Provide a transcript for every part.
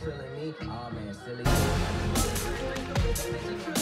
trilling me? oh, man, silly.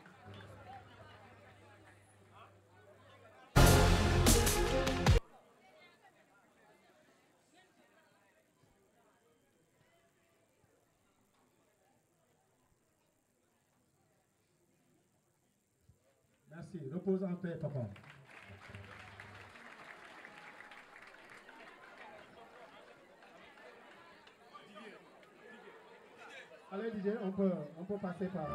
Merci. Repose en paix, papa. Allez, Didier, on peut, on peut passer par...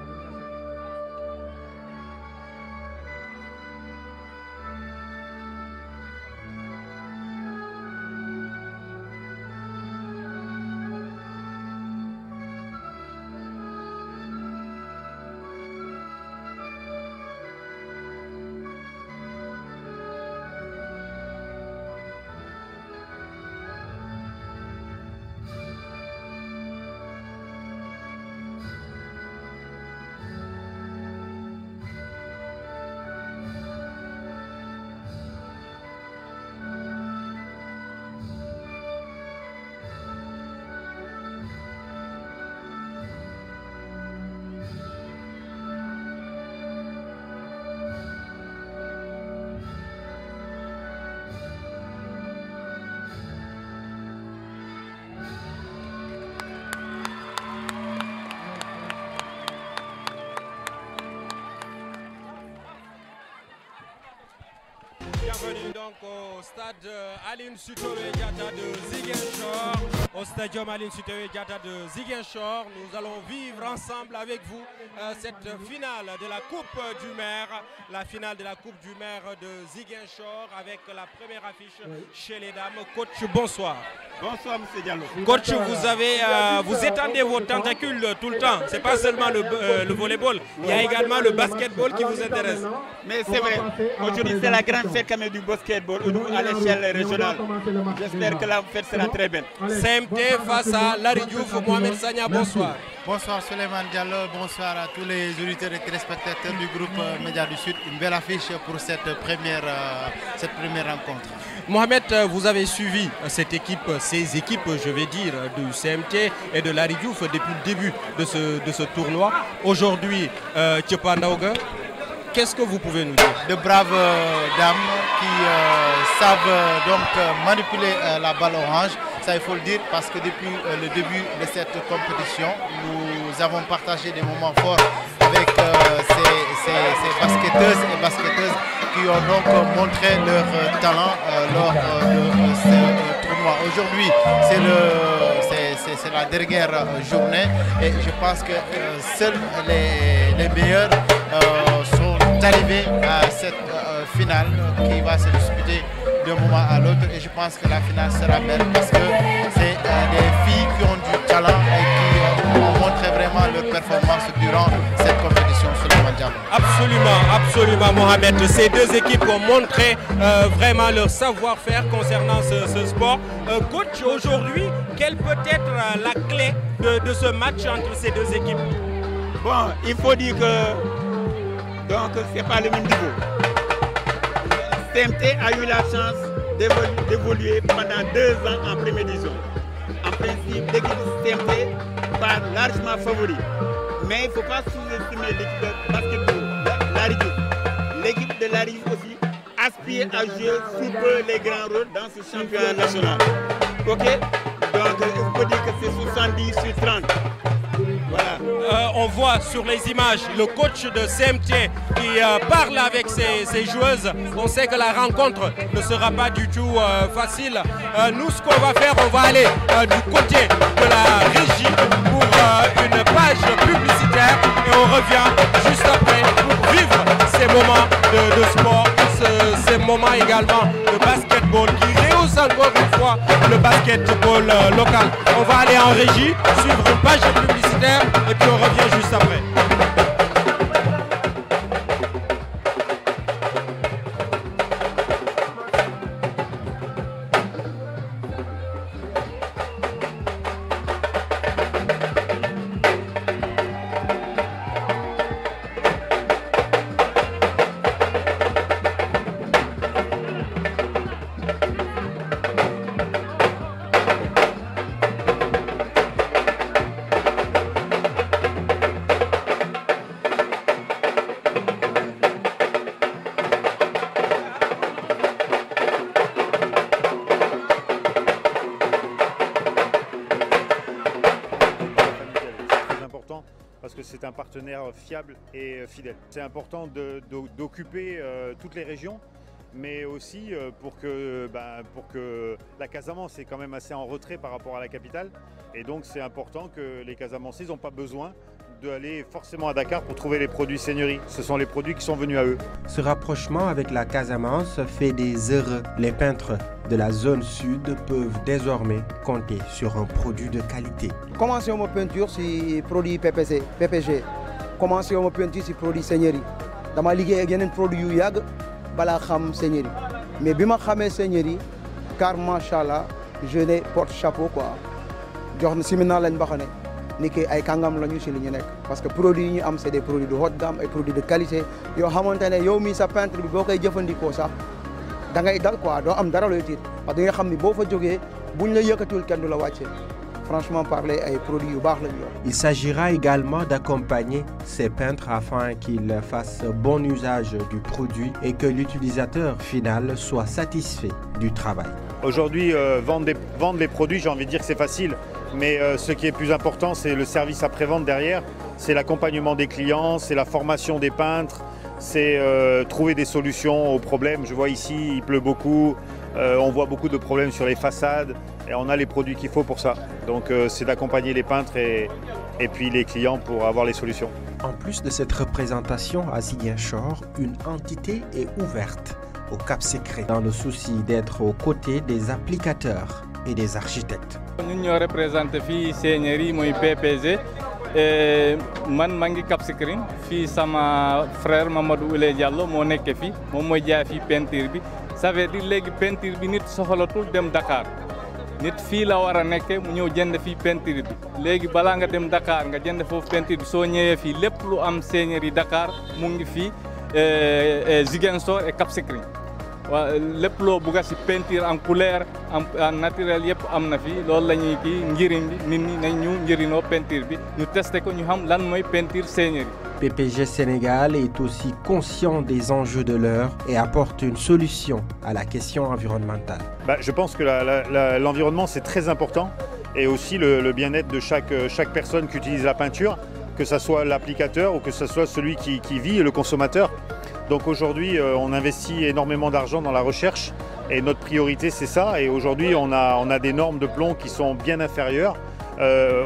Bronco. au stade euh, Aline Sutoé Gata de Ziguinchor. Au de Ziguinchor, nous allons vivre ensemble avec vous euh, cette finale de la Coupe du Maire, la finale de la Coupe du Maire de Ziguinchor avec la première affiche chez les dames. Coach, bonsoir. Bonsoir, Monsieur Diallo. Coach, vous avez, euh, vous étendez vos tentacules tout le temps. ce n'est pas seulement le, le volleyball, il y a également le basketball qui vous intéresse. Mais c'est vrai, aujourd'hui c'est la grande fête quand même du basketball à l'échelle régionale. J'espère que la fête sera très belle. CMT face à Larry Mohamed Sanya, bonsoir. Bonsoir Suleiman Diallo, bonsoir à tous les auditeurs et téléspectateurs du groupe euh, Média du Sud. Une belle affiche pour cette première, euh, cette première rencontre. Mohamed, euh, vous avez suivi cette équipe, ces équipes, je vais dire, du CMT et de Larry Diouf depuis le début de ce, de ce tournoi. Aujourd'hui, euh, Qu'est-ce que vous pouvez nous dire De braves euh, dames qui euh, savent euh, donc manipuler la balle orange. Ça, il faut le dire parce que depuis le début de cette compétition, nous avons partagé des moments forts avec ces, basketteuses et basketteuses qui ont donc montré leur talent lors de ce tournoi. Aujourd'hui, c'est le c'est la dernière journée et je pense que seuls les, les meilleurs d'arriver à cette euh, euh, finale qui va se disputer d'un moment à l'autre. Et je pense que la finale sera belle parce que c'est euh, des filles qui ont du talent et qui ont montré vraiment leur performance durant cette compétition sur le mondial. Absolument, absolument Mohamed. Ces deux équipes ont montré vraiment leur savoir-faire concernant ce, sport. coach, aujourd'hui, quelle peut être la clé de, de ce match entre ces deux équipes Bon, il faut dire que donc, ce n'est pas le même niveau. CMT a eu la chance d'évoluer pendant deux ans en première division. En principe, l'équipe de CMT part largement favori. Mais il ne faut pas sous-estimer l'équipe de basketball, L'équipe de la aussi aspire à jouer sous peu les grands rôles dans ce championnat national. Ok Donc, on peut dire que c'est 70 sur 30. Euh, on voit sur les images le coach de CMT qui euh, parle avec ses, joueuses. On sait que la rencontre ne sera pas du tout euh, facile. nous, ce qu'on va faire, on va aller du côté de la régie pour une page publicitaire et on revient juste après pour vivre ces moments de, sport, ces moments également de basketball qui une fois le basketball euh, local. On va aller en régie, suivre une page publicitaire et puis on revient juste après. fiable et euh, fidèle. C'est important d'occuper euh, toutes les régions, mais aussi euh, bah, pour, que, la Casamance est quand même assez en retrait par rapport à la capitale. Et donc c'est important que les Casamancais n'ont pas besoin d'aller forcément à Dakar pour trouver les produits seigneurie. Ce sont les produits qui sont venus à eux. Ce rapprochement avec la Casamance fait des heureux. Les peintres de la zone sud peuvent désormais compter sur un produit de qualité. Comment c'est mon peinture, c'est produit PPC, PPG commencé à ma peinture produits produit Dans ma dama il ak a produit yu qui balaa xam seigneurie. mais bi ma xamee seigneur car machallah, je ne porte chapeau quoi jox si maintenant naa lañ baxane ni ki ay kangam la ñu chez li ñu parce que produit yi ñu am c'est des produits de haute gamme et produits de qualité Yo xamante ne yow mii sa peinture bi boo koy jëfandikoo sax da ngay dal quoi doo am dara le tiit parce que nga xam ni boo fa jógee buñ la yëkkatul kenn du la wàccee franchement parler ay produits Il s'agira également d'accompagner ces peintres afin qu'ils fassent bon usage du produit et que l'utilisateur final soit satisfait du travail. Aujourd'hui, euh, vendre, les produits, j'ai envie de dire que c'est facile, mais euh, ce qui est plus important, c'est le service après-vente derrière, c'est l'accompagnement des clients, c'est la formation des peintres, c'est euh, trouver des solutions aux problèmes. Je vois ici, il pleut beaucoup, on voit beaucoup de problèmes sur les façades, et on a les produits qu'il faut pour ça. Donc euh, c'est d'accompagner les peintres et, et, puis les clients pour avoir les solutions. En plus de cette représentation à Ziguinchor, une entité est ouverte au Cap Secret dans le souci d'être aux côtés des applicateurs et des architectes. Nous nous représentons ici Seigneurie, moi PPG. je suis ngi Cap Skirring fii sama frère Mamadou Oulé Diallo là. nekk fii moom mooy jaay peinture ça veut dire léegi peinture bi nit soxalatul dem Dakar nit fii la war a nekke mu ñëw jënd fii peinture bi léegi balaa nga dem dakaar nga jënd foofu peinture bi soo ñëwee fii lépp lu am seigneurie dakaar mu ngi fii eh, eh, Ziguinchor et Cap Skirring waa lépp loo bugga si peinture en couleur en naturel yëpp am na fi loolu la ñuy kii njëriñ bi nit ñi nañ ñu njëriñoo peinture bi ñu teste ko ñu xam lan mooy peinture seigneurie PPG Sénégal est aussi conscient des enjeux de l'heure et apporte une solution à la question environnementale. Bah, je pense que l'environnement, c'est très important et aussi le, bien-être de chaque, euh, chaque personne qui utilise la peinture, que ce soit l'applicateur ou que ce soit celui qui, vit, le consommateur. Donc aujourd'hui, euh, on investit énormément d'argent dans la recherche et notre priorité, c'est ça. Et aujourd'hui, on a, des normes de plomb qui sont bien inférieures euh,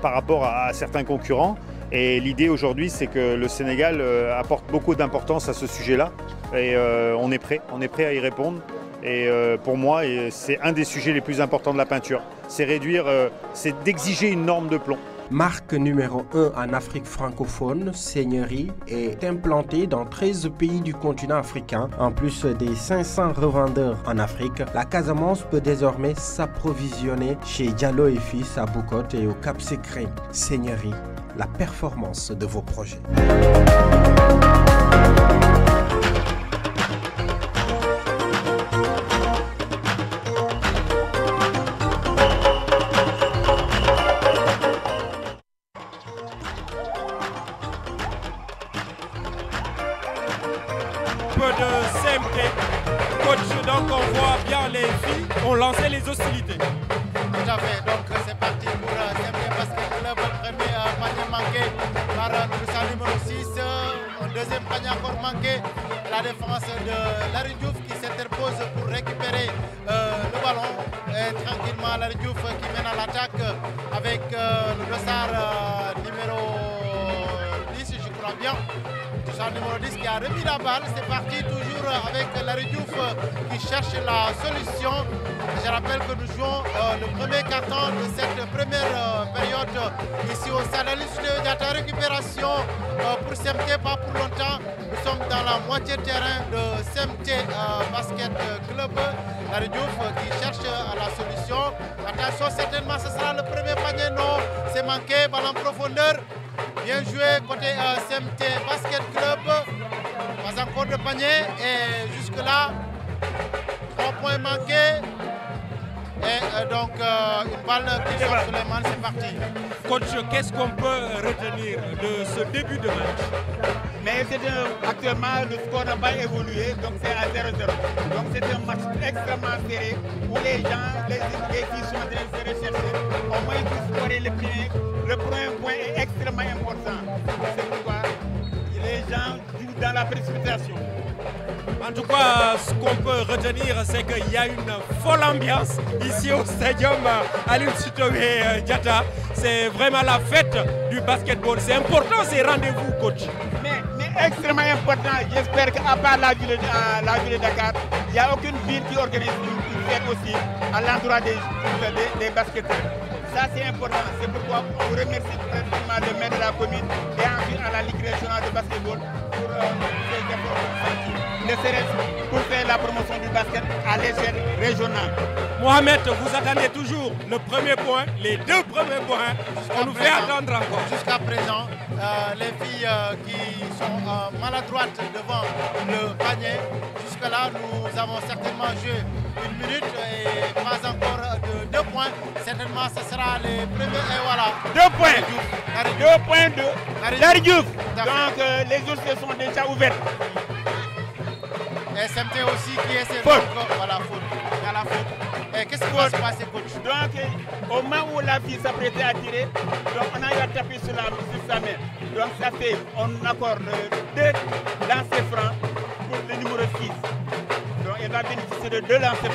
par rapport à certains concurrents. Et l'idée aujourd'hui, c'est que le Sénégal euh, apporte beaucoup d'importance à ce sujet-là. Et euh, on est prêt, on est prêt à y répondre. Et euh, pour moi, c'est un des sujets les plus importants de la peinture. C'est réduire, c'est d'exiger une norme de plomb marque numéro 1 en Afrique francophone, Seigneurie est implantée dans 13 pays du continent africain. En plus des 500 revendeurs en Afrique, la Casamance peut désormais s'approvisionner chez Diallo et Fils à Boucotte et au Cap Secret. Seigneurie, la performance de vos projets. c'est parti. Coach, qu'est-ce qu'on peut retenir de ce début de match Mais c'est actuellement le score n'a pas évolué, donc c'est à 0-0. Donc c'est un match extrêmement serré où les gens, les équipes sont en train de se rechercher. Au moins, il scorer le premier. Le premier point est extrêmement important. C'est pourquoi les gens dans la précipitation. En tout cas, ce qu'on peut retenir, c'est qu'il y a une folle ambiance ici au stadium à Sitoé Diata. C'est vraiment la fête du basketball. C'est important ces rendez-vous, coach. Mais, extrêmement important. J'espère qu'à part la ville, euh, la de Dakar, il n'y a aucune ville qui organise une, fête aussi à l'endroit des, des, Ça, c'est important. C'est pourquoi on remercie le maire de la commune et ensuite à la Ligue régionale de basketball pour faire la promotion du basket à l'échelle régionale. Mohamed, vous attendez toujours le premier point, les deux premiers points. On nous fait attendre encore. Jusqu'à présent, euh, les filles euh, qui sont euh, maladroites devant le panier, jusque-là, nous avons certainement joué une minute et pas encore de deux points. Certainement, ce sera les premier. Et voilà. Deux points. Deux points de l'arrivée. Donc, euh, les autres sont déjà ouvertes. SMT aussi qui est faute. voilà, la faute. qu'est-ce qui va se passer, coach Donc, euh, au moment où la fille s'apprêtait à tirer, donc on a eu à taper sur, la, sur sa main. Donc, ça fait, on accorde deux lancers francs va bénéficier de deux lancers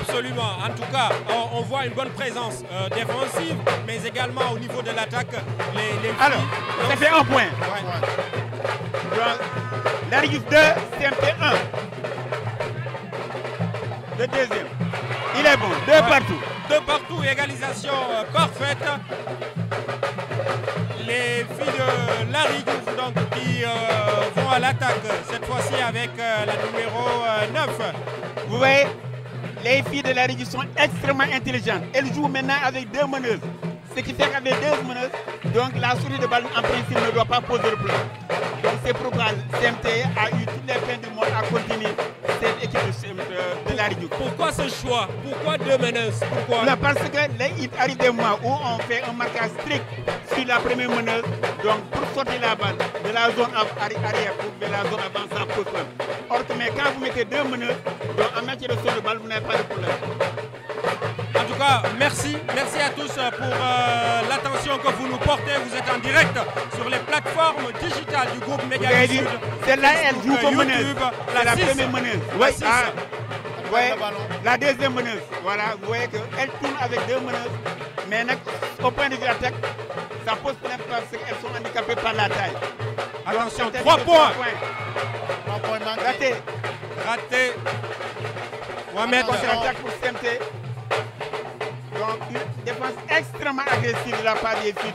Absolument. En tout cas, on, voit une bonne présence euh, défensive, mais également au niveau de l'attaque. Les, Alors, ça fait un point. L'arrive 2, CMP 1. Le deuxième. Il est bon. de partout. Deux partout. Égalisation euh, parfaite. Les filles de Larry donc, qui euh, vont à l'attaque, cette fois-ci avec euh, la numéro 9. Euh, Vous voyez, les filles de Larry sont extrêmement intelligentes. Elles jouent maintenant avec deux meneuses. Ce qui fait qu'avec deux meneuses, donc la souris de balle en principe ne doit pas poser le plan. c'est pourquoi CMT a eu toutes les peines du monde à continuer de, Pourquoi ce choix Pourquoi deux meneuses Pourquoi Parce que il arrive des mois où on fait un marquage strict sur la première meneuse. Donc pour sortir la balle de la zone arrière pour de la zone avant pour problème. Or, mais quand vous mettez deux meneuses, donc en matière de saut de balle, vous n'avez pas de problème cas, merci. Merci à tous euh, pour euh, l'attention que vous nous portez. Vous êtes en direct sur les plateformes digitales du groupe Média C'est là elle joue comme meneuse. la, première ah, meneuse. la, deuxième meneuse. Voilà, vous voyez qu'elle tourne avec deux meneuses. Mais au point de vue attaque, ça pose problème parce qu'elles sont handicapées par la taille. Attention, trois points. Trois points manqués. Raté. Raté. pour CMT. Donc, une défense extrêmement agressive de la part des filles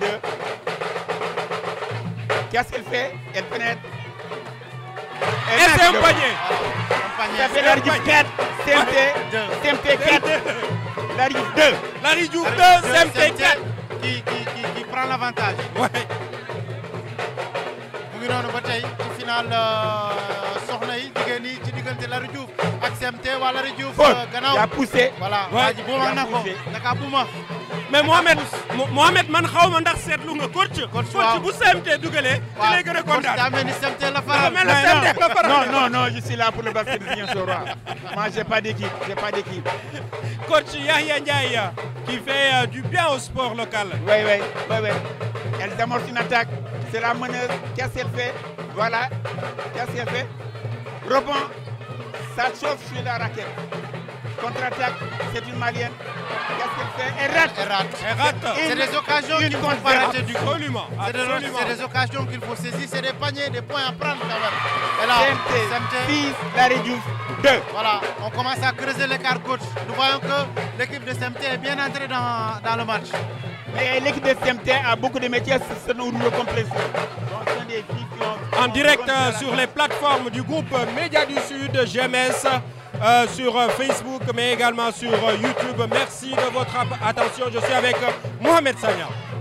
Qu'est-ce qu'elle fait Elle pénètre. Et c'est un panier. fait 4, CMT, 4. L'arrive 2. L'arrivée 2, CMT 4. Qui, qui, qui, qui prend l'avantage. Oui. Nous venons nos au final. Euh, SMT Waly Diouf. Il a poussé. voilà waa ji buuma na pour moi. mais Mohamed Mohamed man xaw ma ndax setlu nga coach. coach bu SMT dugalee. waaw ci lay gën a le SMT la non non non je suis là pour le basket de Ziguinchor. Hein. moi j'ai pas d'équipe j'ai pas d'équipe. coach Yahya Ndiaye qui fait euh, du bien au sport local. oui oui oui oui elle démarre une attaque c'est la meneuse qu'est-ce qu'elle fait voilà qu'est-ce qu'elle fait rebond. Ça chauffe sur la raquette. Contre-attaque, c'est une malienne. Qu'est-ce qu'elle fait Elle rate. Elle rate. C'est des occasions qu'il faut C'est des, occasions qu'il faut saisir. C'est des paniers, des points à prendre quand même. Elle a Semté, Fils, la réduit. Voilà, on commence à creuser l'écart gauche. Nous voyons que l'équipe de CMT est bien entrée dans, le match. Mais l'équipe de CMT a beaucoup de métiers c'est nous mieux complexe. En direct euh, sur les plateformes du groupe Média du Sud, GMS, euh, sur euh, Facebook, mais également sur YouTube. Merci de votre attention. Je suis avec Mohamed Sagna.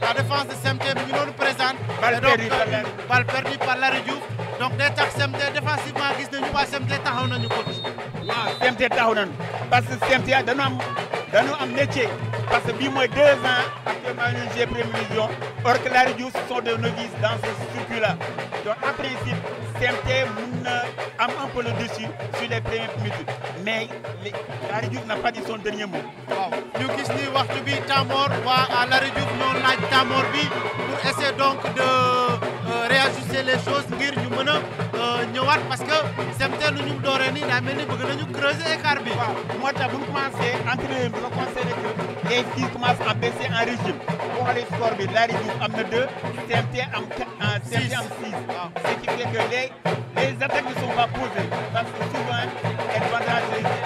la défense de SMT nous présente. balle par par donc des tax défensivement gis nañu wa CMT taxaw nañu ko. CMT taxaw parce que SMT ah, dañu am métier parce que bi moy deux ans actuellement j'ai première or que la sont dans ce circuit là donc en principe CMT un peu le dessus sur les premières mais Larry n'a pas dit son dernier mot. waaw ñu gis ni aujourd'hui bi Tamor à Marie Diouf noonu laaj bi pour essayer donc de euh, réajuster les choses ngir ñu mën euh, ñëwaat parce que semte nu ñu dooree ni daa melni bëgg nañu creuser écart bi. waaw moo tax bu commencé entraîneur bi nga que les filles commencent à baisser en régime pour aller sport bi la Diouf amna na deux CMT am 4 euh, am 6 ce qui fait que les les attaques ne sont pas posées parce que souvent elles vendent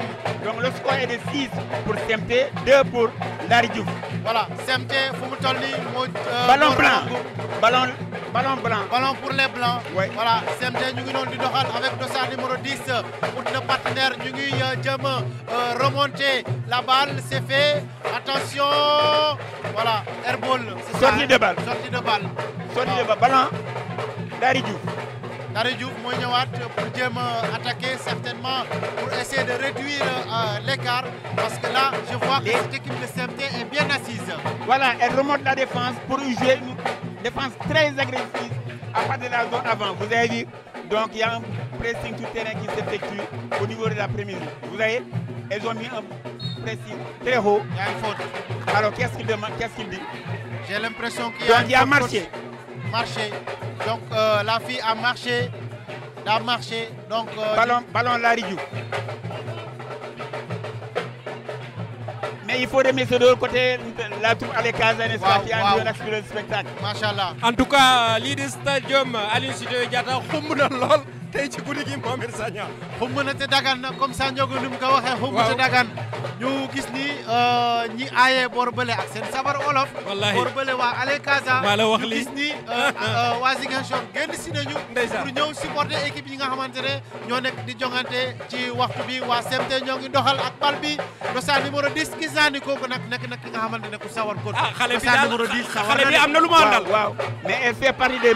donc le score est de 6 pour CMT 2 pour LARIDJOUF. voilà CMT Vous me ballon blanc ballon ballon blanc. ballon pour les blancs. voilà CMT nous ngi du di avec avec dossard numéro 10 pour le partenaire ñu ngi euh, euh, remonter la balle c'est fait attention voilà air ball. sortie de balle sortie de balle. sortie de balle ballon LARIDJOUF. La Diouf pour attaquer certainement pour essayer de réduire euh, l'écart parce que là je vois que cette équipe de CMT est bien assise. Voilà, elle remonte la défense pour jouer une défense très agressive à partir de la zone avant. Vous avez vu, donc il y a un pressing tout terrain qui s'effectue au niveau de la première. Vous voyez, elles ont mis un pressing très haut. Il y a une faute. Alors qu'est-ce qu'il demande, qu'est-ce qu'il dit J'ai l'impression qu'il y a Donc il y a marché marché. Donc euh, la fille a marché, a marché. Donc, euh, ballon, la Larigou. Mais il faut remettre de l'autre côté la troupe à l'écart, qui a wow. un spectacle. En tout cas, euh, l'idée stadium à l'Institut de Diata, tey ci guddi gi Mohamed Sagna. na te dagan na comme ça Ndiogo ni mu ko waxee. dagan ñu gis ni euh, ñi aaye boor bële ak seen sabar olof. wallaahi boor bële waa Ale Casa. maa la wax lii ñu gis ni euh, euh, waa Ziguinchor génn si nañu. ndeysaan pour ñëw supporter équipe yi nga xamante ne ñoo nekk di jongante ci waxtu bi wa CMT ñoo ngi doxal ak bal bi. dosa numéro 10 gis naa ni kooku nag nekk nag ki nga xamante ne ku sawar ko. ah xale bi daal xale bi am na lu mu àndal. waaw mais elle fait partie des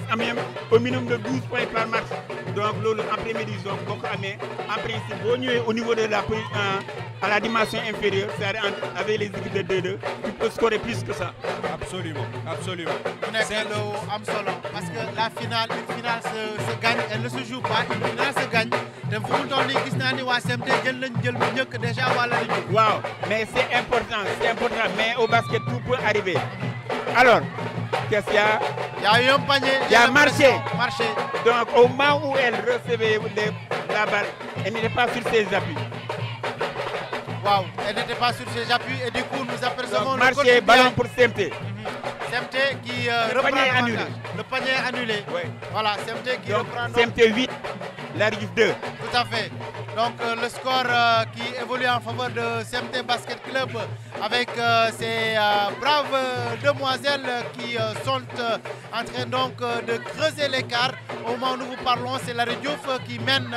moins même au minimum de 12 points par match donc laprès après-midi donc boo ko en principe au niveau de la à la dimension inférieure c'est-à-dire avec les équipes de 2-2 tu peux scorer plus que ça. absolument absolument. c'est le parce que la finale une finale se se gagne elle ne se joue pas une finale se gagne te vous déjà wala mais c'est important c'est important mais au basket tout peut arriver alors qu'est-ce qu'il y a Il y a eu un panier. Il y a marché. marché. Donc au moment où elle recevait la balle, elle n'était pas sur ses appuis. Waouh, elle n'était pas sur ses appuis et du coup nous apercevons Donc, le marché, ballon pour CMT. CMT qui euh, le panier annulé. le panier annulé. Voilà, CMT qui donc, reprend. CMT 8 8, Rive 2. Tout à fait. Donc euh, le score euh, qui évolue en faveur de CMT Basket Club avec ces braves demoiselles qui sont en train donc de creuser l'écart. Au moment où nous vous parlons, c'est la Diouf qui mène,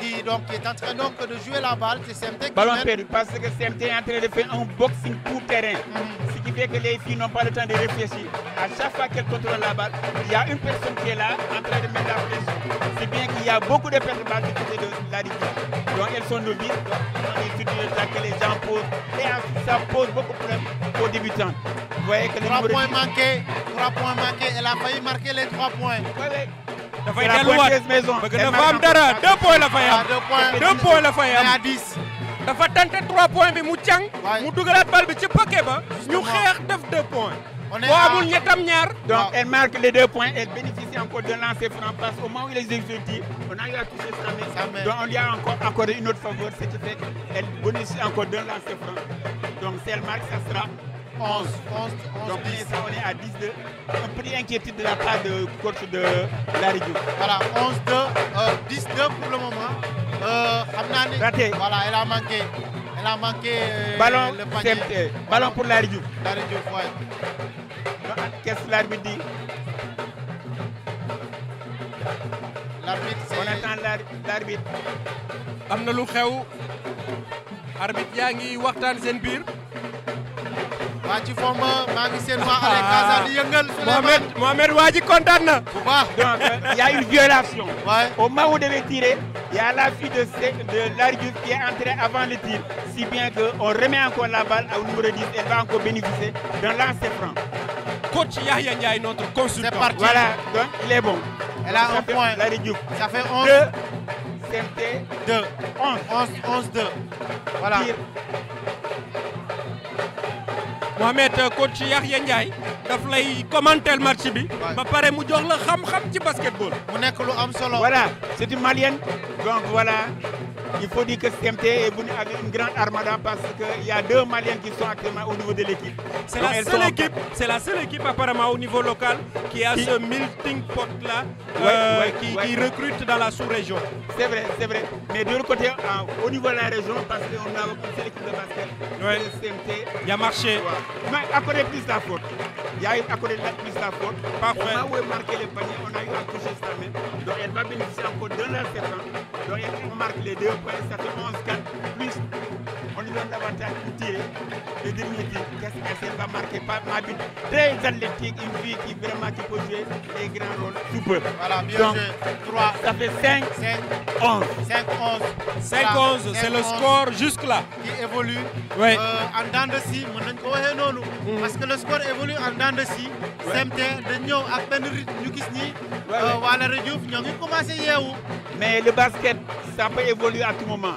qui, donc, est en train donc de jouer la balle. C'est CMT qui Ballon perdu parce que CMT est en train de faire un boxing tout terrain. Mhm. Ce qui fait que les filles pas le temps de réfléchir. À chaque fois qu'elle contrôle la balle, il y a une personne qui est là en train de mettre la pression. C'est bien qu'il y a beaucoup de personnes qui côté de la rivière. Donc elles sont novices, donc ils ont des que les gens posent. Et ça pose beaucoup de problèmes aux débutants. Vous voyez que les Trois points manqués, Trois points manqués, elle a failli marquer les trois points. Oui, dafay La bëgg na deux points la fay am ah, deux points la fay am à 10 va tenter 3 points bi mu càng mu dugalaat bal bi ci paquet ba ñu xeex def deux points boo amul 2 donc elle marque les 2 points elle bénéficie encore d'un lancer franc parce qu'au moment où il les exécute. on a eu à toucher sa main donc on lui a encore accordé une autre faveur cest qui fait qu'elle bénéficie encore d'un lancer franc donc si elle marque ça sera 11 11 11 donc 10. on est à 10 2 un petit inquiétude de la part de coach de la région. voilà 11 2 10 2 pour le moment xam naa ni ballon CMT ballon pour Lari Diouf. Lari Diouf waay. qu'est-ce que l'arbitre dit. am na lu xew. arbitre yaa ngi waxtaan seen biir. waa Fomba Mohamed Mohamed waa ji euh, y a une violation. au moment où vous devez tirer. il y a la fille de de Larry qui est entrée avant le tir. si bien qu'on remet encore la balle au numéro 10 elle va encore bénéficier d'un lancer franc. coach Yahya Ndiaye notre consultant. c'est parti voilà il est bon. elle a un point Larry ça fait 11 2 CMT 2 11 11 11 2 voilà. Tire. Mohamed euh, coach Yaxya Ndiaye daf lay commenter match bi. ba pare mu jox la xam-xam ci basketball. mu nekk lu am solo. voilà c'est une malienne donc voilà. il faut dire que CMT est venu avec une grande armada parce qu'il y a deux Maliens qui sont actuellement au niveau de l'équipe. C'est la, seule équipe, c'est la seule équipe apparemment au niveau local qui a ce melting pot là, euh, qui, recrute dans la sous-région. C'est vrai, c'est vrai. Mais de l'autre côté, euh, au niveau de la région, parce qu'on a repoussé l'équipe de basket, le CMT. Il y a marché. Mais accordé plus la faute. Il y a accordé plus la faute. Parfait. On a marqué les paniers, on a eu à toucher sa main. Donc elle va bénéficier encore de la saison. Donc elle marque les deux conhece essa música, please. fondamental outillé de dignité. Qu'est-ce qu'elle va marquer par ma vie Très athlétique, une fille qui vraiment qui peut jouer les grands rôles tout peu. Voilà, bien Donc, joué. 3. Ça fait 5, 5 11. 5, 11. 5, voilà. 11, c'est le score jusque-là. Qui évolue oui. euh, en dents de scie. Mm. Parce que le score évolue en dents de scie. Oui. CMT, de Nyon, à Ben Nukisni, euh, Wala Redjouf, Nyon, il commence à Mais le basket, ça peut évoluer à tout moment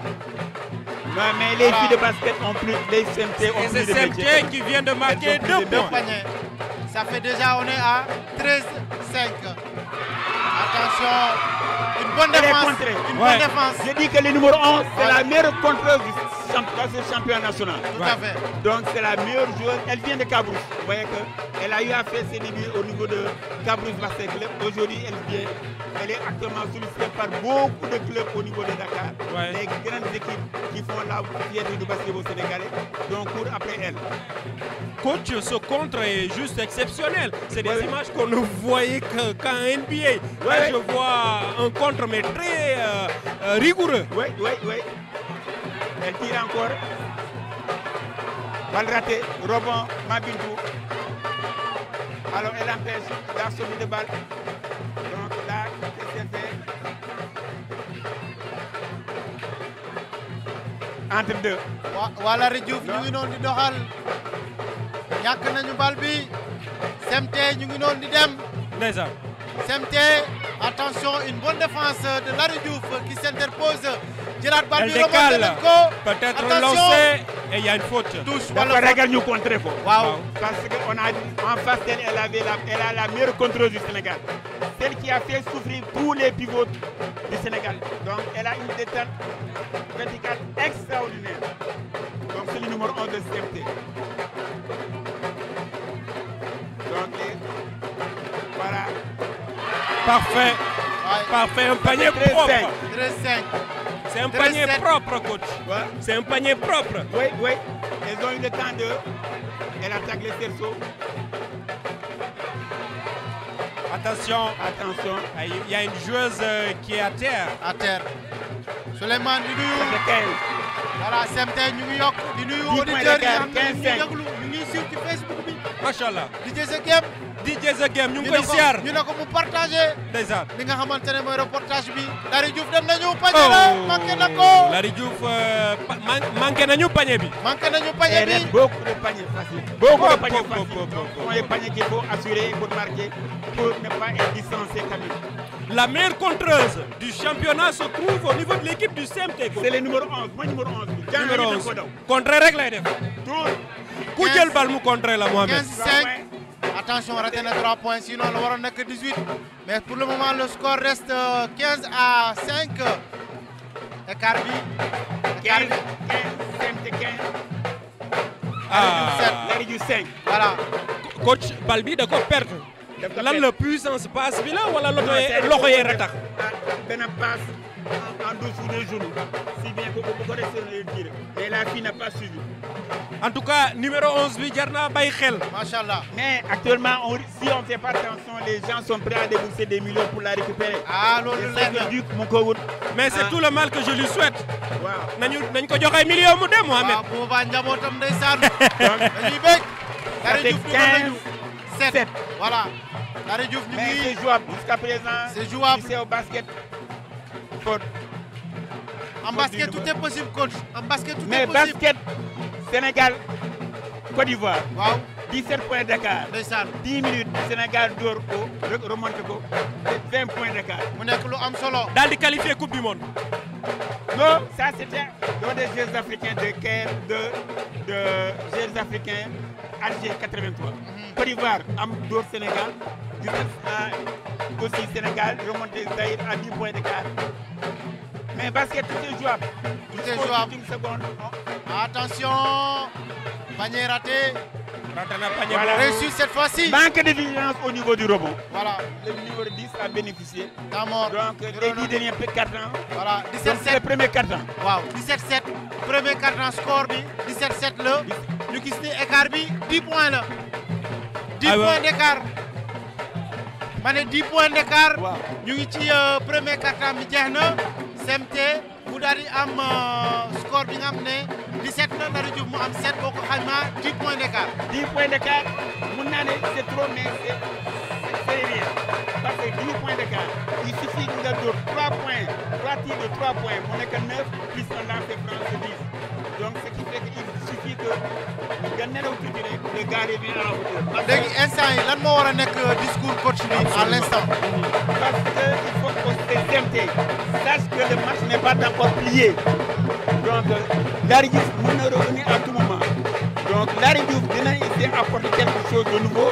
mais les filles de basket ont plus, les CMT ont plus de qui vient de marquer deux points. Ça fait déjà, on est à 13-5. Attention, une bonne défense. Une dis bonne défense. que le numéro 11, c'est la meilleure contre contreuse champion national. Tout à Donc c'est la meilleure joueuse. Elle vient de Cabrousse. Vous voyez qu'elle a eu à faire ses débuts au niveau de Cabrousse Basket Club. Aujourd'hui, elle vient. Elle est actuellement sollicitée par beaucoup de clubs au niveau de Dakar. Des Les grandes équipes qui font la fierté du basketball sénégalais. Donc court après elle. Coach, ce contre est juste exceptionnel. C'est des images qu'on ne voyait qu'en NBA. moi Là, je vois un contre, mais très euh, euh, rigoureux. Oui, oui, oui. Elle tire encore. Balle ratée. Rebond. Mabintou. Alors elle empêche la le de balle. Donc là, c'est certain. Entre deux. Voilà, ridouf nous ngi noonu di Il n'y nañu bal bi CMT ñu ngi dem. CMT attention une bonne défense de la ridouf qui s'interpose Gérard bal le peut-être lancé et il y a une faute. tous voilà. dafa ragal nous contre parce qu'on a dit en face d'elle elle avait la elle a la meilleure contreuse du Sénégal. celle qui a fait souffrir tous les pivots du Sénégal. donc elle a une détente verticale extraordinaire. donc c'est le numéro 11 de fait. donc voilà. parfait. parfait un panier propre. 3 5 c'est un panier propre, coach. C'est un panier propre. Oui, oui. Elles ont eu le temps de. Elles attaquent les cerceaux. Attention. Attention. Ah, il y a une joueuse euh, qui est à terre. À terre. Suleiman 15. Voilà, peu New York. New York, auditeur. 15 New York, New York sur Facebook. DJ Sekep. DJ The Game ñu ngi koy siyaar ñu ne ko mu partagé. ndeysaan li nga reportage bi. Lari Diouf dem nañu pañe la oh. manqué na ko. Lari Diouf euh, manqué nañu pañe bi. manqué nañu pañe bi eh, beaucoup de pañe facile. beaucoup de pañe facile mooy pañe qu'il faut assurer faut marquer pour ne pas être distancé La meilleure contreuse du championnat se trouve au niveau de l'équipe du CMT. C'est le numéro 11 Moi, numéro 11 numéro 11 contre rek lay def. tout ku jël bal mu contre la Mohamed. 15 5 Attention, on retient les 3 points, sinon on Waron que 18. Mais pour le moment, le score reste 15 euh, à 5. Et Carbi. 15, 15, 15. Ah. 5. Voilà. Coach Balbi, de quoi perdre plus la puissance passe, là, ou la l'autre est retac. Ben en, en dessous des genoux, si bien que vous connaissez le tir. Et la fille n'a pas suivi. En tout cas, numéro 11, Bigarna Baïkhel. Machallah. Mais actuellement, on, si on ne fait pas attention, les gens sont prêts à débourser des millions pour la récupérer. Ah, non, Duc, Moukowoud. Mais c'est ah. tout le mal que je lui souhaite. Wow. Nañu nañ ko joxe million mu dem Mohamed. Waaw bu ba njabootam ndeysaan. Dañuy bëgg. Dara Diouf dugal nañu. 7. Voilà. Dara Diouf ñu ngi. C'est jouable jusqu'à présent. C'est jouable. C'est au basket. En basket, tout est possible, coach. En basket, tout est possible. Mais basket, Sénégal, Côte d'Ivoire. Wow. 17 points d'écart. 10 minutes, Sénégal Dorco, ko remonte 20 points d'écart. Dans les lu am solo. coupe du monde. non ça c'était dans des Jeux africains de Caire de de Jeux africains Alger 83. Mhm. Côte d'Ivoire am Sénégal du à, aussi Sénégal, remonté Zaïre à 10 points d'écart. Mais basket, tout est jouable. Tout est jouable. Une seconde, Attention, panier raté. Panier voilà. Reçu cette fois-ci. Manque de vigilance au niveau du robot. Voilà. Le numéro 10 a bénéficié. Mort. Donc, les 10 derniers 4 ans. Voilà. 17-7. Le premier 4 ans. Wow. 17-7. Premier 4 ans score. 17-7 le. écart-bis. Ecarbi, 10 points là. 10 ah points d'écart. ma ne 10 points d'écart. ñu ngi ci euh, premier quart-temps bi jeex na. CMT bu daal di am euh, score bi nga xam ne 17 la Ndara mu am 7 boo ko xaymaa 10 points d'écart. 10 naa ne c'est trop mais c'est c'est rien parce que 10 points nga dóor 3 points 3 tirs de 3 points mu donc ce qui fait qu'il suffit que le gars nelaw de bien à la hauteur. l'instant, instant yi on a euh, discours coach à l'instant. parce qu'il faut qu'on se parce sache que le match n'est pas encore plié donc euh, l'arbitre, Diouf mën revenir à tout moment donc Larry Diouf dina essayer apporter quelque chose de nouveau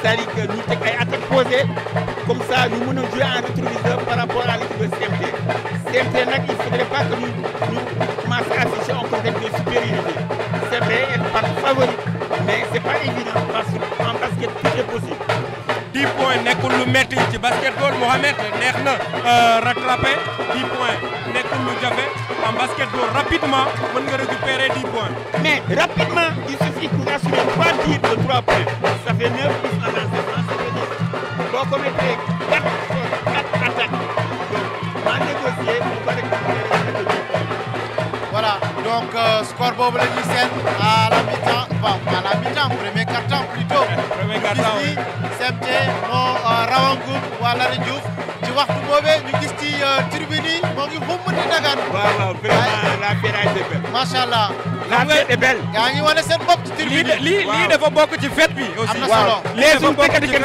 c'est-à-dire que nous à à attaques comme ça nous en rétroviseur par rapport à l'équipe de CMT CMT il faudrait pas que nous nous à afficher un contexte de supériorité c'est vrai elle nous, favori mais c'est pas évident parce que basket tout est possible 10 points nekkul lu métti ci neex na euh, rattrapé 10 points nekkul lu jafe rapidement mën nga récupérer 10 points. mais rapidement il suffit pour assurer 3 tirs de 3 points ça fait 9 plus en défense ça fait 10 boo commettre 4 4 attaques donc en négocier on va récupérer 10 points. voilà donc euh, score boobu la ñuy seet la mi-temps. novembre, à la mi-temps, premier carton plutôt. Gis ni moo rawoon guub waa Lari ci waxtu boobee ñu gis ci euh, tribune yi moo ngi xumb di dagaan. waaw waaw vraiment la fête est yaa ngi wane seen bopp ci tribune lii lii dafa bokk ci fête bi. solo. les jours tekkat yi kenn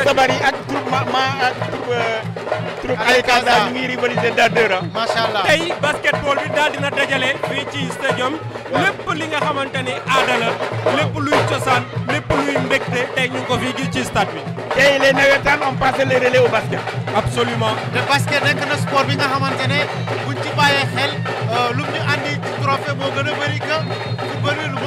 ay kàddaa ñu ngi rivalisé Dadeur ah. macha allah tey basketball bi daal dina dajale fii ci stadium. lépp nga xamante ni aada la lépp luy cosaan lépp tey ñu ngi ko fii gis ci stade bi. tey les nawetaan ont passé les relais basket. absolument te basket bi nga xamante ne buñ ci bàyyee xel euh, lu mu ñu andi trophée moo a bëri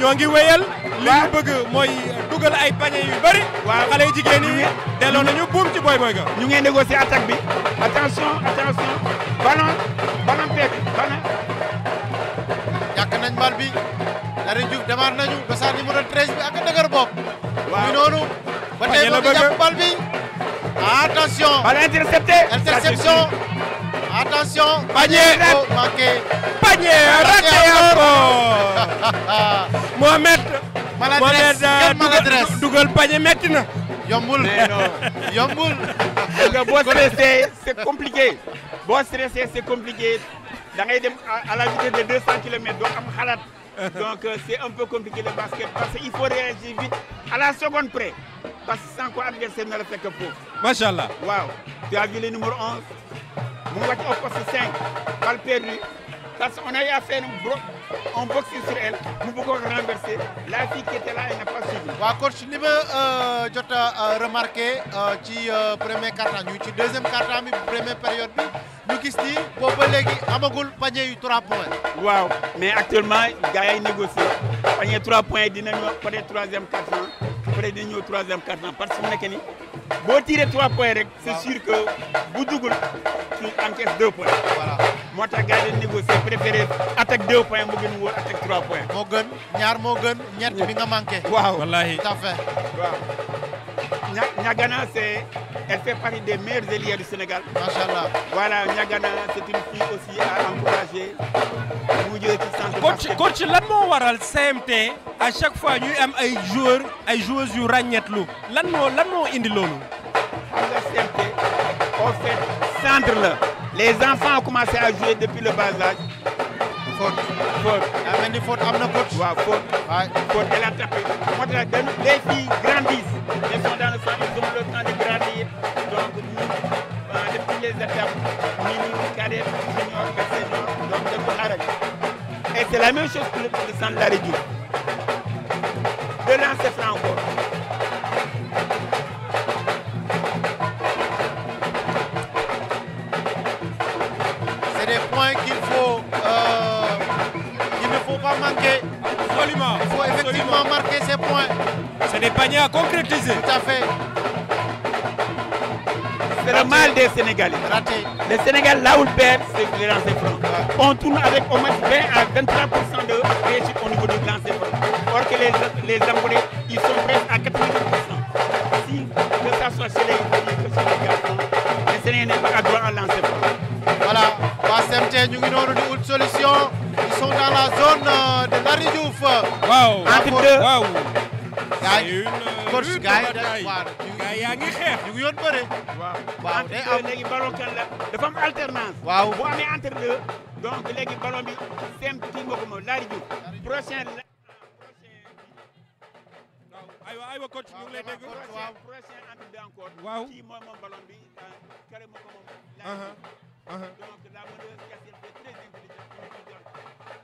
ñoo ngi wéyal li ñu bëgg mooy dugal ay pañe yu bëri waaw xale yu jigéen yi delloo buum ci boy boy ga ñu ngi négocier attaque bi attention attention ballon ballon peek ballon ñàkk nañ bal bi Lari Diouf démarre nañu dosaar numéro 13 bi ak dëgër bopp waaw noonu ba tey bëgg jàpp bal bi attention bal intercepté interception Attention, panier panier, Panier raté Mohamed maladresse Mohamed euh, maladresse panier metti na. yomoul yombul. nga boo C'est compliqué bon stressé c'est compliqué da à la vitesse de 200 km donc euh, c'est un peu compliqué le basket parce qu'il faut réagir vite à la seconde près parce que sans quoi adversaire ne la que que macha allah waouh tu as vu le numéro 11 mu wàcc au poste 5 balle perdue parce qu'on a eu à faire un, bloc, un boxing sur elle mu bëggoon renverser la fille qui était là elle n'a pas suivi. waaw coach li ma euh, jot euh, remarqué remarqué ci euh, premier quart-temps ñu ci deuxième quart-temps la première période nous avons gis ni boobu ba pas amagul panier 3 points. waaw mais actuellement gars yi négocié panier 3 points dinañu peut-être troisième quart-temps peut-être dinañu ñëw troisième quart-temps parce que mu nekk boo tiré 3 points rek sûr que bu dugul tu encaisses 2 points. voilà moo tax gars yi négocier préféré attaque 2 points mu gën wóor attaque 3 points. moo gën ñaar moo gën ñett bi nga manqué. waaw wallaahi tout à fait waaw. Niagana, elle fait partie des meilleures élites du Sénégal. Voilà, Niagana, c'est une fille aussi à encourager. Coach, centre coach coach lan waral CMT à chaque fois il am ay joueurs joueur, joueuses yu ràññeetlu lan moo lan moo indi Le CMT en fait centre là les enfants ont commencé à jouer depuis le bas âge foot. daa mel ni faute am na faute. waaw faute waaye elle a tapé moo tax les filles grandissent. elles sont dans le sang ils ont le temps de grandir donc ñun bah, depuis les étapes mini cadette junior ba senior donc dañ ko arrêté et c'est la même chose pour le centre Lary Diouf de lancer franc encore. c'est des points qu'il faut. Euh... Il ne faut pas manquer. Absolument. Il faut effectivement marquer ses points. C'est des paniers à concrétiser. Tout à fait. C'est le mal des Sénégalais. Raté. Le Sénégal, là où le perd, c'est les lancers francs. On tourne avec au moins 20 à 23% de réussite au niveau du lancement. alors Or que les, les ils sont prêts à 90%. Si que ça soit chez les, les Sénégalais le Sénégal n'est pas à droit à lancer Voilà. Pas nous avons une solution. sont dans la zone euh, de Laridjouf. waaw waaw. gars yi euh, coach gars yaa ngi xeex ñu ngi yoon bëre. waaw day am léegi ballon kan la dafa am alternance. waaw bu amee entre deux donc léegi ballon bi seen kii moo ko moom Laridjouf prochain la. aywa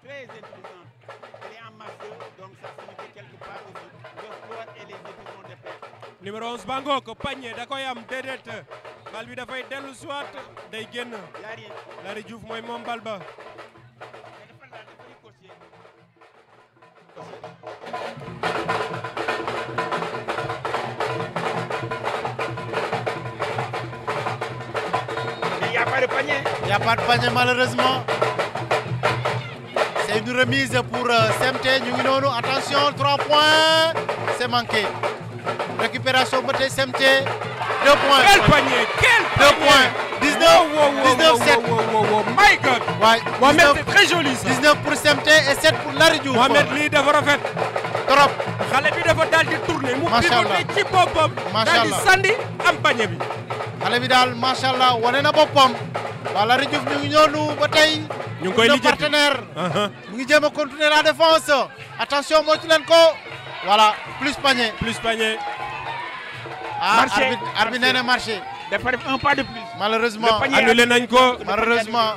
très intéressante, Elle est en masse, donc ça signifie quelque part aussi le sport et les décisions de paix. numéro 11 Bangok Pagné Dakoyam, Dedet, Balbi déedéet bal bi dafay dellu soit day Lari Lari Diouf mooy Mom Balba. Il n'y a pas de panier. Il n'y a pas de panier malheureusement et une remise pour Semté euh, ñu ngi noonu attention 3 points c'est manqué récupération pour tey 2 points. quel panier quel 2 points 19 19 7 my God. waay Mohamed c'est très joli ça 19 pour Semté et 7 pour Lari Mohamed lii dafa rafet. trop xale bi dafa daal di tourner. macha allah mu pivoter ci boppam. macha allah daal di sandi am panier bi. xale bi daal macha allah wane na boppam. Voilà, nous sommes ñu nous ba sommes ñu partenaires. partenaire. Uh-huh. continuer la défense. attention Moïse Lenko, voilà plus panier. plus panier. Ah, marché ah un pas de plus. malheureusement malheureusement.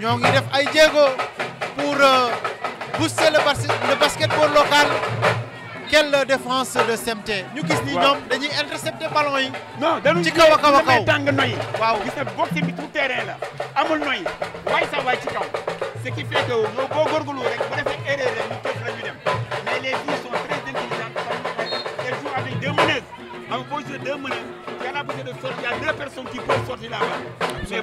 Nous avons def ay pour euh, booster le basketball local quelle défense de CMT. Nous gis ni ñom dañuy intercepter ballon non nous ci kaw terrain la amul sa ce qui fait que Nous, avons fait rek mais les filles sont très intelligents. jouent avec deux en de deux y de sortir y a deux personnes qui peuvent sortir là-bas mais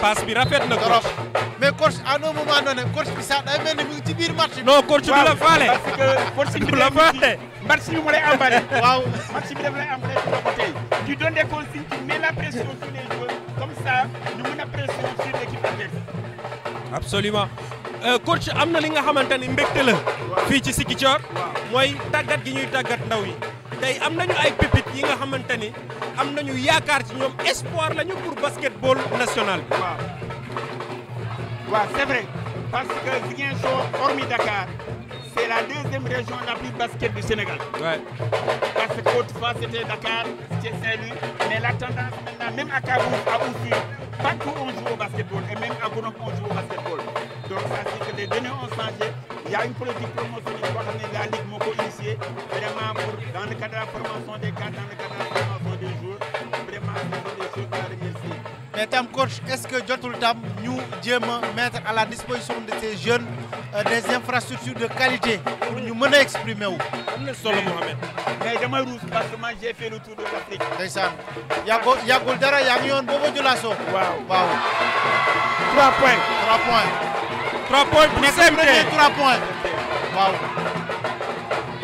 passe bi rafet na mais coach à un moment donné coach bi day ci match non coach bi la falé parce que coach bi la faale match bi mu lay emballé waaw bi tu donnes des consignes tu mets la pression sur les joueurs comme ça tu mets la pression sur l'équipe adverse absolument euh, coach amna li nga xamante ni la fi ci Ziguinchor moy tagat gi ñuy tagat ndaw yi tay amnañu ay pépites yi nga xamante amnañu yaakar ci ñom espoir lañu pour basketball national wa c'est vrai parce que Ziguinchor hormis Dakar c'est la deuxième région la plus basket du Sénégal. Ouais. Parce face c'était Dakar, c'était saint mais la tendance maintenant même à Kaboul, a aussi, partout on joue au basketball et même à Gonob on joue au basketball donc ça c'est que les données ont changé il y a une politique promotion qui xam de la ligue moko vraiment pour dans le cadre de la formation des cadres dans le cadre mais tam coach est-ce que jotul tam ñu mettre à la disposition de ces jeunes euh, des infrastructures de qualité pour nous mener à exprimer wu. suis pas solo Mohamed. mais damay rouge parce que j'ai fait le tour de l'Afrique. a y y y a ngi yoon de Julasso. waaw wow. 3 points. 3 points. 3 points pour CMT 3 points. Waouh.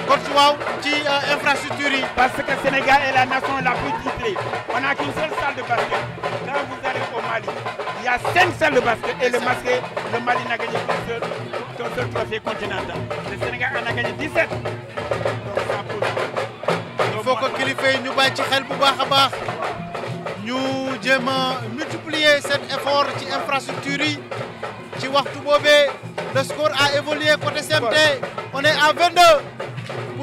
coach as ci euh, infrastructure parce que le Sénégal est la nation la plus titrée on n'a qu'une seule salle de basket quand vous allez au Mali, il y a 5 salles de basket et le, basket, le Mali n'a gagné qu'un seul, trophée continental. Le Sénégal en a gagné 17. Il faut que Kilifé nous batte Nous bu multiplier cet effort sur l'infrastructure, le score a évolué le CMT on est à 22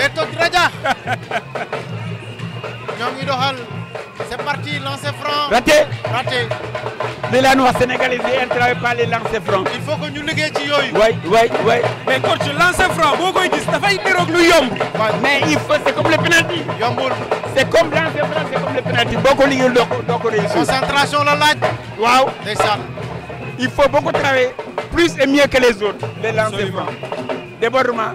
Et toog raja c'est parti lancez franc. raté raté. li la wax sénégalais elle ne travaille pas les lancez francs. il faut que nous le ci Oui, Oui, oui, mais coach lancez franc boo koy gis que nous lu yomb. mais il faut c'est comme le penalty. yombul c'est comme lancez franc c'est comme le penalty Beaucoup ko liggéeyul doo concentration la waaw il faut beaucoup travailler plus et mieux que les autres. les lancez francs débordement.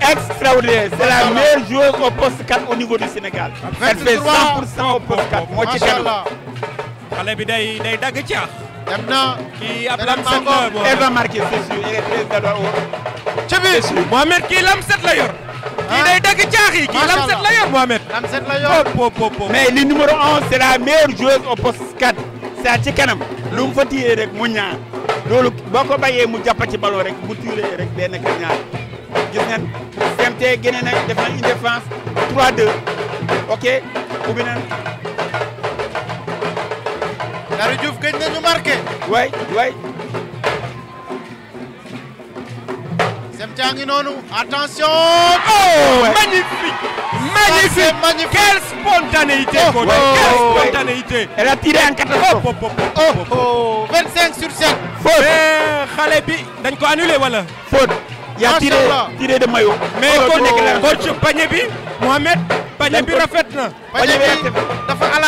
extraordinaire. C'est la meilleure joueuse au poste 4 au niveau du Sénégal. Elle fait 100% au poste 4. moo ci kenn. xale bi day day dagg caax. dem na kii ab lamset la boo. elle va marquer c'est sûr il est très galvaudé. ci Mohamed kii la yor. kii day dagg caax yi kii lamset la yor Mohamed. la mais le numéro 11 c'est la meilleure joueuse au poste 4. saa ci kanam lu mu fa tiiree rek mu ñaar loolu boo ko mu jàpp ci ballon rek mu tiiree rek benn ka gis nañ CMT génne def nañ une défense 3-2 ok ubbi nañ. Daara Diouf gëj nañu marqué. waay waay. attention. oh magnifique. magnifique magnifique quelle spontanéité. oh quelle oh, spontanéité. elle a tiré en catastrophe. Oh, oh oh oh, oh. Oh, 25 sur 7. faute mais eh, xale bi dañ ko annulé wala. faute y a ah, tiré tiré de maillot. mais coach coach panier bi. Mohamed panier bi rafet na. panier bi dafa à la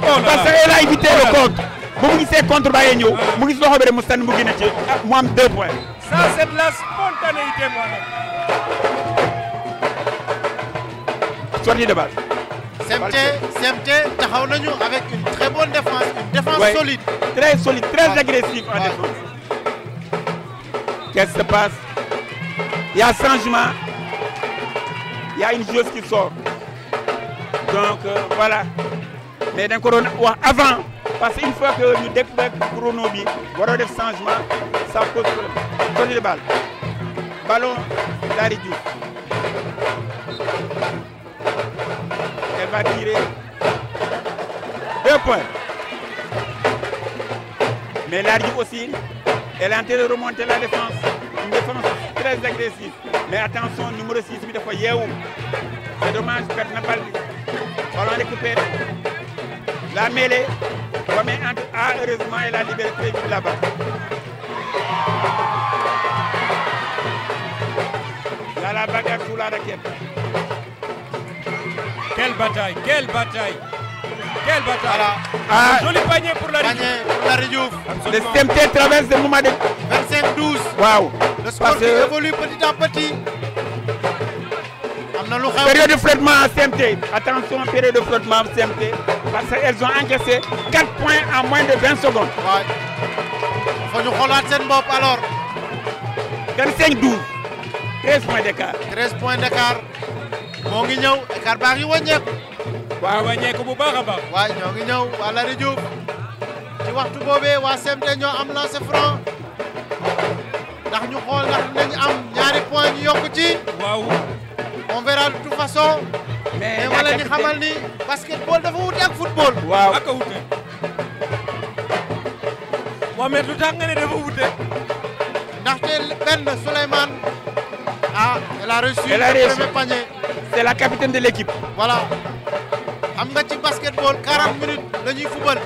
parce que a évité le compte... bu contre Bayenio... ngi ah. ñëw mu gis loxo bi rek mu mu ci ah, deux points. ça c'est de la spontanéité Mohamed. sortie de balle. CMT CMT taxaw avec une très bonne défense une défense solide. très solide très agressif en défense. qu'est-ce qui se passe. Il y a changement. Il y a une joueuse qui sort. Donc euh, voilà. Mais d'un corona avant. Parce qu'une fois que nous découvrons le chrono, on a des changements, ça pose problème. le balle. Ballon, la réduit. Elle va tirer. Deux points. Mais la aussi, elle est en train de remonter la défense. Une défense très agressive. Mais attention, numéro 6, il faut Yéou. C'est dommage, pas la On va récupérer. La mêlée. Comme entre A, heureusement, elle a libéré là-bas. Là, la bagarre sous la raquette. Quelle bataille, quelle bataille quel bataille voilà. Ah. Joli panier pour la Réjouf. Le CMT traverse le moment de... 25-12. Waouh. Le sport qui évolue petit à petit. Période de flottement en CMT. Attention, période de flottement en CMT. Parce qu'elles ont encaissé 4 points en moins de 20 secondes. Ouais. Faut nous Bob alors. 25-12. 13 points d'écart. 13 points d'écart. Mon guignol, écart barri waaw wàññeeku bu baax a ñoo ngi ñëw waa Lari Diouf ci waxtu boobee waa CMT ñoo am lancé franc ndax ñu xool ndax nañ am ñaari point yokk ci. waaw on verra de toute façon. ñu xamal ni basketball dafa wute ak football. waaw ak a wute. Mohamed lu ne dafa wute. ndaxte benn Souleymane. elle a reçu le premier panier. C'est la capitaine de l'équipe. Voilà. Am nga ci basketball 40 minutes la ñuy de football.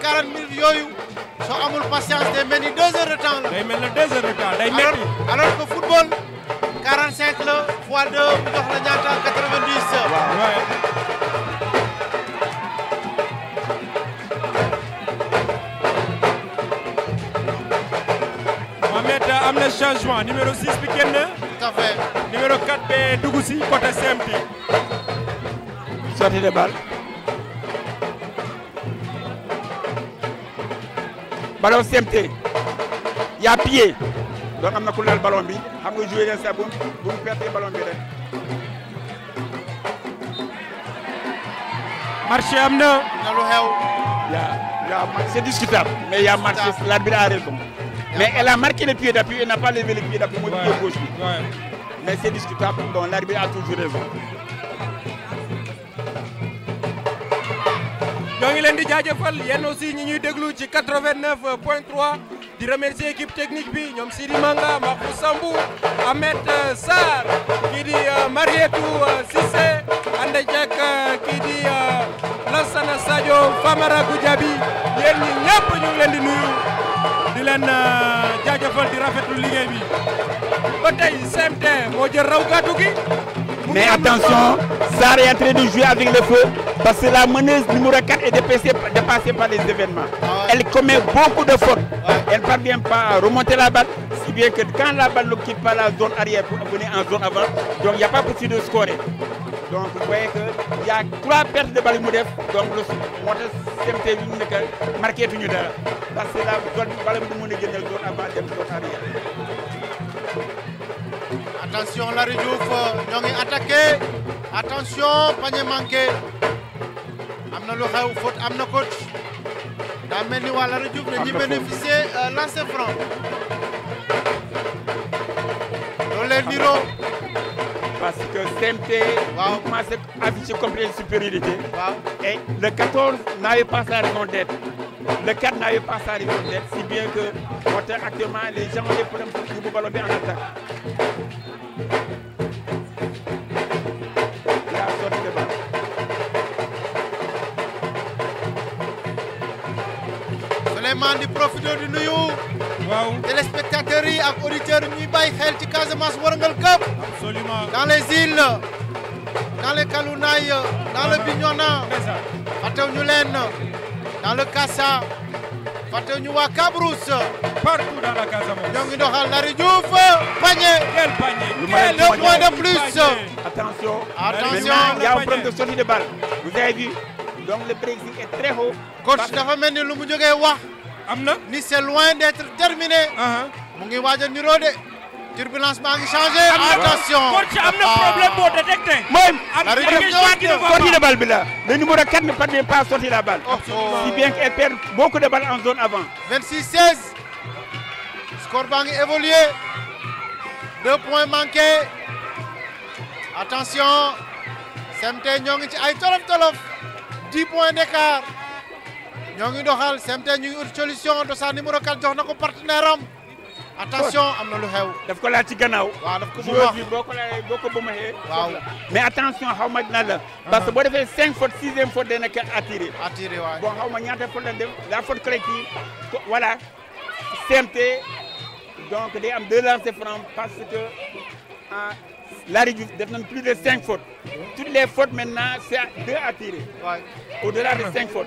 40 minutes yoyu so amul patience day mel 2 heures de temps la. day mel ni 2 heures de temps day alors que football 45 le fois 2 mu la 90 90. waaw waaw. mettre un changement numéro 6 bi à Numéro 4B, Dougoussi, côté CMT. Sortez les balles. Ballon CMT. Il y a pied. Donc, on a coulé le ballon. On a joué dans sa boum. Vous perdez le ballon. Marché amna. C'est discutable. Mais il y a marché. La bille a raison. Mais elle a marqué les pieds d'appui, elle n'a pas levé les pieds d'appui, gauche. Mais c'est discutable, donc l'arbitre a toujours raison. Donc il y di aussi ñi ñuy déglu ci 89.3, remercier équipe technique bi Ahmed euh, Sarr qui dit euh, Marietou Sissé, euh, Sadio Famara Goudjabi, il ñi a euh, mais attention ça est en de jouer avec le feu parce que la menace numéro 4 est dépassée, par les événements. Ah Elle commet beaucoup de fautes. Elle ne parvient pas à remonter la balle, si bien que quand la balle quitte pas la zone arrière pour venir en zone avant, donc il n'y a pas possible de scorer donc vous voyez que y a trois pertes de balles donc le CMT marqué parce que là zone mu a attention la Diouf nous attaqué attention panier manqué manquer. ou faute amna coach ni bénéficier euh, lancer franc Dans parce que CMT waaw commencé afficher complet de supériorité et le 14 n'avait pas sa raison d'être le 4 n'avait pas sa raison d'être si bien que actuellement les gens ont des problèmes pour vous ballon en attaque la sortie de balle du les les spectateurs auditeurs dans les îles dans les Kalounaye dans le Bignona dans le Kassa dans partout dans la Casamance panier quel panier deux de plus attention attention il y a un problème de sortie de balle vous avez vu donc le président est très haut mais ni c'est loin d'être terminé. mu ngi a de. turbulence ma changé. attention ah. problème le numéro 4 ne permet pas de sortir la balle. Oh, oh. si bien qu'elle perd beaucoup de balles en zone avant. 26-16. score bang évolué. deux points manqués. attention. tolof 10 points d'écart ñoo ngi doxal CMT ñu ngi ut solution do sa numéro 4 jox nako partenaire am attention amna lu xew daf ko la ci gannaaw waaw daf ko bu wax la mais attention xawma dina la parce que bo defé 5 fautes, 6 ème fois dina ka attirer attirer waaw bo xawma ñaata fois la faute clé voilà CMT donc day am 2 lancers francs parce que ah, la Diouf def nañ plus de 5 fautes toutes les fautes maintenant c'est 2 à tirer au delà de 5 fautes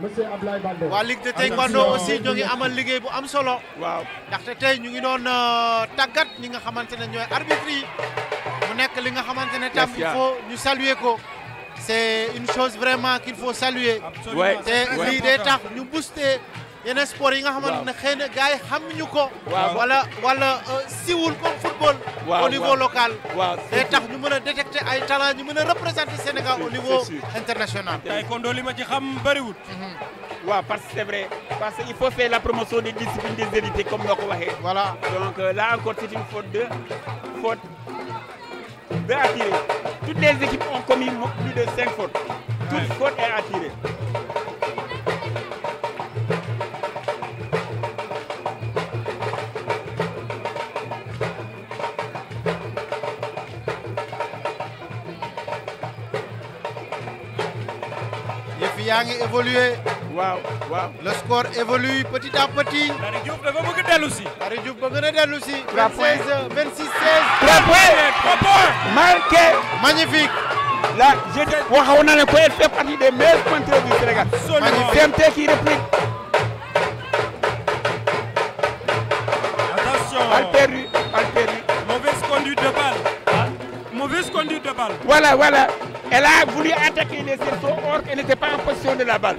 monsieur wa ligue de taekwondo aussi ñoo ngi amal liggéey bu am solo. waaw ndaxte tay ñu ngi doon euh, tagat ñi nga xamante ñoy arbitre yi mu nekk li nga xamante tam il faut ñu saluer ko. c'est une chose vraiment qu'il faut saluer. te lii day tax ñu booster. Il sport yi nga sports qui xëy na voilà, ko. wala wala euh, siwul football. au niveau local. Et day tax ñu mëna détecter ay talent ñu mëna représenter Sénégal au niveau international. li ma ci xam mhm. parce que c'est vrai parce qu'il faut faire la promotion des disciplines des hérités comme le ko voilà donc euh, là encore c'est une faute de faute de attirer toutes les équipes ont commis plus de 5 fautes. toute fautes est attirée. yaa waaw le score évolue petit à petit. Dari Diouf dafa bëgg a dellu si. Diouf bëgg na dellu si. 16 26 16. 3 marqué. magnifique. là je te waxoon na ne ko fait partie des meilleurs pointeurs du Sénégal. magnifique CMT qui réplique. attention balle perdue mauvaise conduite de balle. mauvaise conduite de balle. voilà voilà. Elle a voulu attaquer les cerceaux, or qu'elle n'était pas en position de la balle.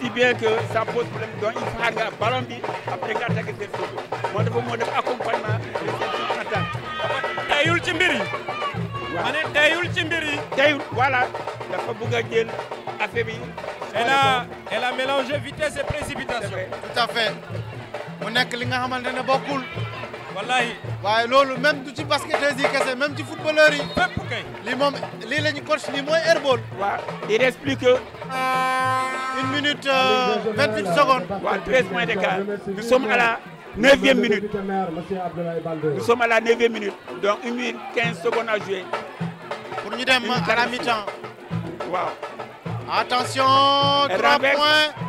Si bien que ça pose problème. Donc il faut avoir ballon après qu'elle attaque les cerceaux. Moi, je veux accompagnement les cerceaux attaque. Tayoul ci mbir yi. Tayoul ci la voilà dafa a jël elle a elle a mélangé vitesse et précipitation. tout à fait mu nekk li nga xamante ne voilà, même petit basket, même petit footballeur. Il explique 1 minute 28 euh, secondes. 13 points d'écart. Nous sommes à la 9e minute. Nous sommes à la 9e minute. Donc 1 minute 15 secondes à jouer. Pour nous, à la mi-temps. Attention, 3 points.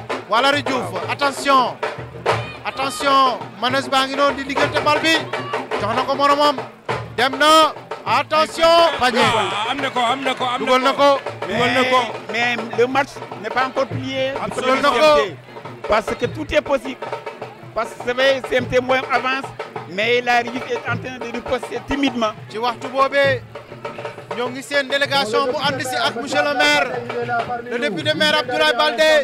Voilà Ridjouf, attention attention Manes Bangino, ngi par di bi attention panier am mais le match n'est pas encore plié parce que tout est possible parce que c'est vrai CMT moins avance mais la rive est en train de riposter timidement ci vois tout beau Nous une délégation une délégation pour ak monsieur le maire le député maire Abdoulaye Baldé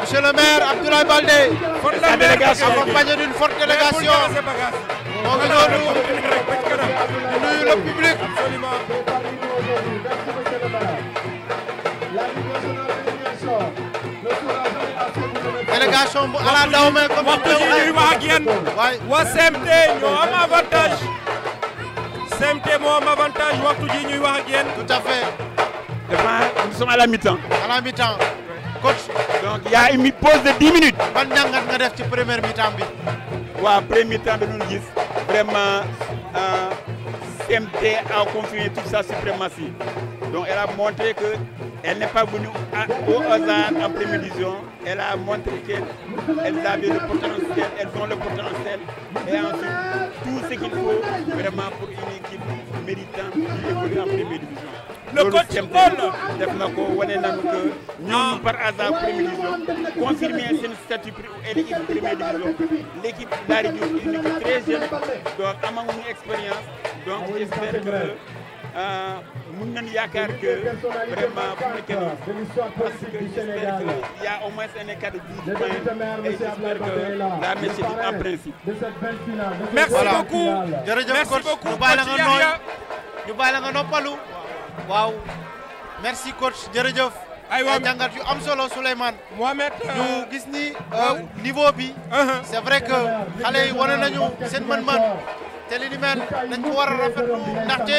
monsieur le maire Abdoulaye Baldé. forte la délégation accompagné d'une forte délégation. Nous nous, le public. délégation à la comme CMT avantage CMT avantage tout à fait nous sommes à la mi-temps. À la mi-temps. Coach. Donc il y a une pause de 10 minutes. Ban première mi-temps bi. Wa première mi-temps de nous vraiment euh, CMT a confirmé toute sa suprématie. Donc elle a montré que elle n'est pas venue au hasard en première division. Elle a montré qu'elle avait le potentiel, elles ont le potentiel. Et ensuite, tout ce qu'il faut vraiment pour une équipe méritante qui évolue en première division le coach Paul def na par hasard première division Confirmer seen statut équipe première division l' équipe est une équipe très jeune donc amaguñu expérience donc j'espère que euh, mën nañu yaakaar que vraiment bu nekkee noonu parce que j' espère y' a au moins un écart de 10 points et j'espère que la match est en principe. merci beaucoup merci beaucoup. ñu bàyyi la nga nooy ñu bàyyi Waouh, merci coach jërëjëf. aywa jàngat yu am solo Souleymane. Mohamed euh, ñu gis ni euh, niveau bi. Uh-huh. c'est vrai que xalé yi woné nañu seen man man té li ni mel dañ ko wara a rafetlu ndaxte.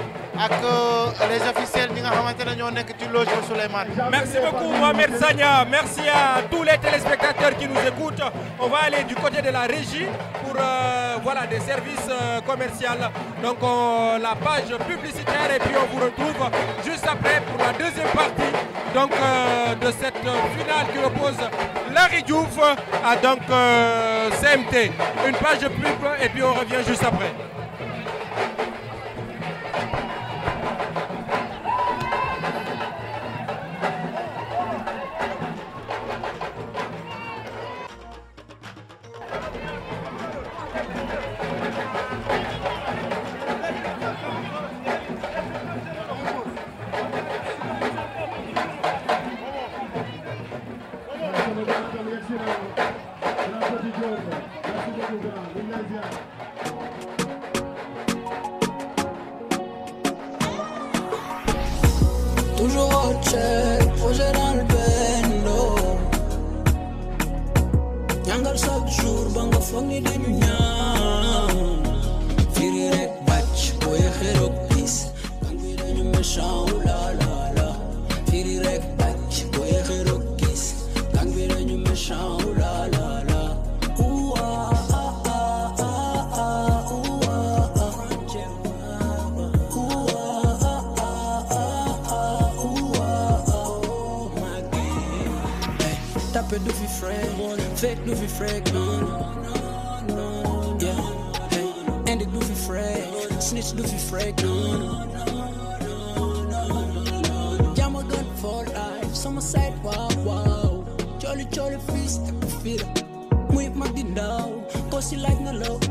Euh, les officiels merci beaucoup Mohamed Zania, merci à tous les téléspectateurs qui nous écoutent on va aller du côté de la régie pour euh, voilà des services euh, commerciaux donc la page publicitaire et puis on vous retrouve juste après pour la deuxième partie donc de cette finale qui repose Larry Diouf à donc CMT une page de pub et puis on revient juste après. said do fi frag, fake do fi frag, none. Yeah, hey, and it do fi frag, snitch do fi frag, none. Yeah, my gun for life, someone said wow wow. Jolly jolly feast, feel. Moet maar die nou, cause je lijkt naar low.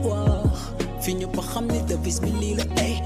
Vind je op een gamma niet, dat is mijn lille, ey.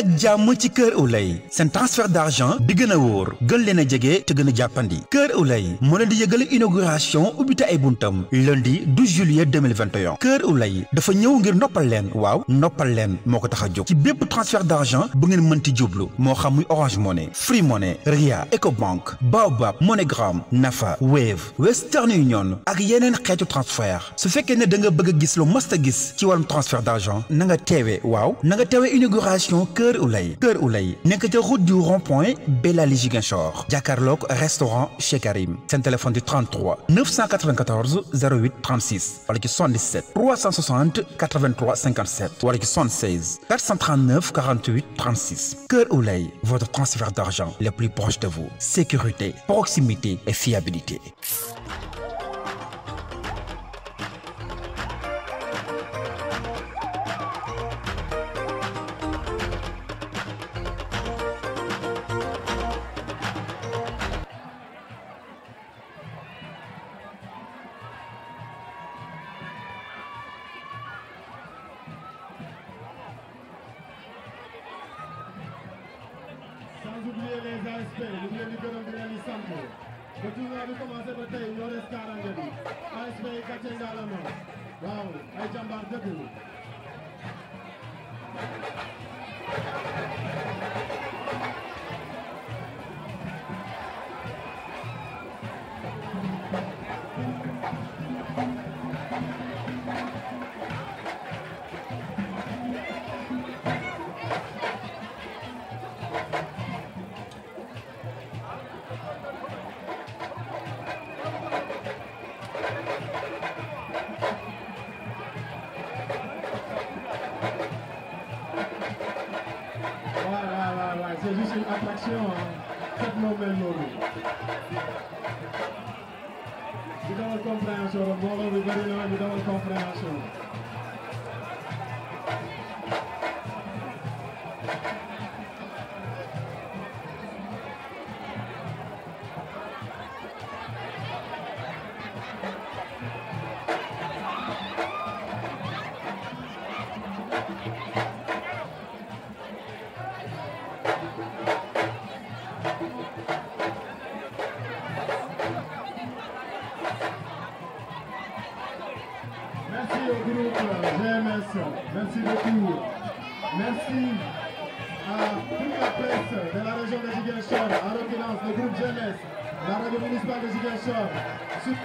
ak jàmm ci Kër u lay seen transfert d'argent di gën a wóor gën leen a jege te gën a jàppandi Kër Oulay moo leen di yëgale inauguration Ta ay buntam lundi 12 juillet 2021 Kër Oulay dafa ñew ngir noppal leen waw noppal leen moko ko ci bép transfert d'argent bu ngeen mënti jublu mo xam muy Orange Money Free Money Ria Eco Ecobank Baobab MoneyGram Nafa Wave Western Union ak yenen xétu transfert su fekkee né da nga bëgg gis lu mës gis ci wàllum transfert d'argent na nga téwé waw na nga téwé inauguration Kër Oulay Kër Oulay nekk ca route du rond-point Bella Ziguinchor jakarlok restaurant Chez Karim seen téléphone du 33 980 94 08 36 wala 77 360 83 57 76 439 48 36 Que Oulay votre transfert d'argent le plus proche de vous sécurité proximité et fiabilité Thank you.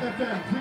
FM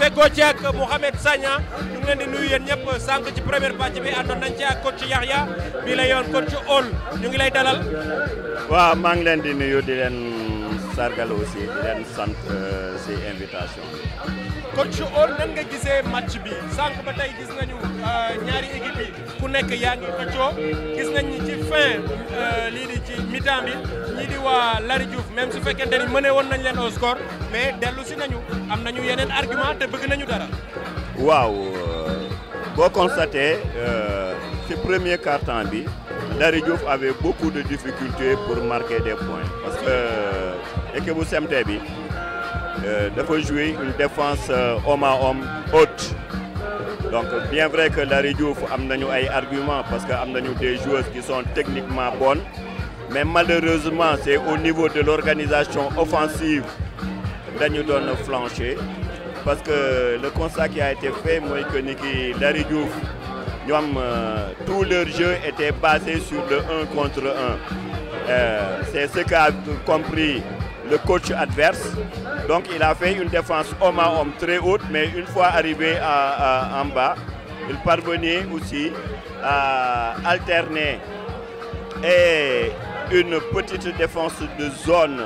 feggoo ci ak Mouhamed Sagna ñu ngi leen di nuyu yéen ñëpp sànq ci première partie bi àndoon nañ ci ak coach Yahya bi la yoon coach All ñu ngi lay dalal. waaw maa ngi leen di nuyu di leen sargal aussi di leen sant si euh, invitation coach All nan nga gisee match bi sànq ba tey gis nañu euh, ñaari équipe yi ku nekk yaa ngi xëccoo gis nañ ni ci fin euh, lii di ci mi-temps ñii di waa Lari Diouf même su fekkee ne mëne woon nañ leen au score mais dellu si nañu. am nañu yeneen argument te bëgg nañu dara. waaw euh, premier quart-temps bi Dari avait beaucoup de difficultés pour marquer des points parce que vous euh, bu CMT bi euh, dafa jouer une défense homme à homme haute. Donc bien vrai que Larry a des arguments parce qu'il a des joueurs qui sont techniquement bonnes. Mais malheureusement, c'est au niveau de l'organisation offensive nous donne flancher parce que le constat qui a été fait moi que ni Daridouf, Larry nous euh, tout leur jeu était basé sur le 1 contre 1 euh, c'est ce qu'a compris le coach adverse donc il a fait une défense homme à homme très haute mais une fois arrivé en bas il parvenait aussi à alterner et une petite défense de zone.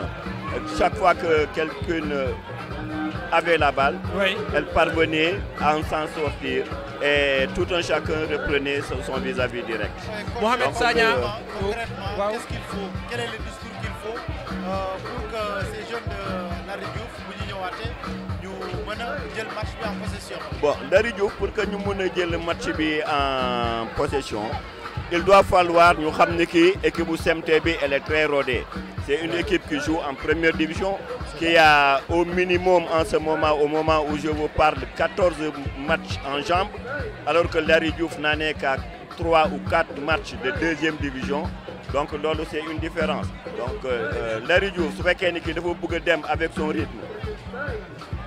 Chaque fois que quelqu'un avait la balle, elle parvenait à en s'en sortir et tout un chacun reprenait son vis-à-vis direct. Mohamed Sanya, euh, concrètement, qu'est-ce qu'il faut Quel est le discours qu'il faut euh, pour que ces jeunes de la Diouf, nous le match en possession Bon, Diouf, pour que nous mènent le match en possession, il doit falloir nous ramener que l'équipe CMTB elle est très rodée. C'est une équipe qui joue en première division, qui a au minimum en ce moment, au moment où je vous parle, 14 matchs en jambes, alors que Larry Diouf n'en est qu'à 3 ou 4 matchs de deuxième division. Donc c'est une différence. Donc euh, euh, Larry Diouf, ce qu'il qui avec son rythme.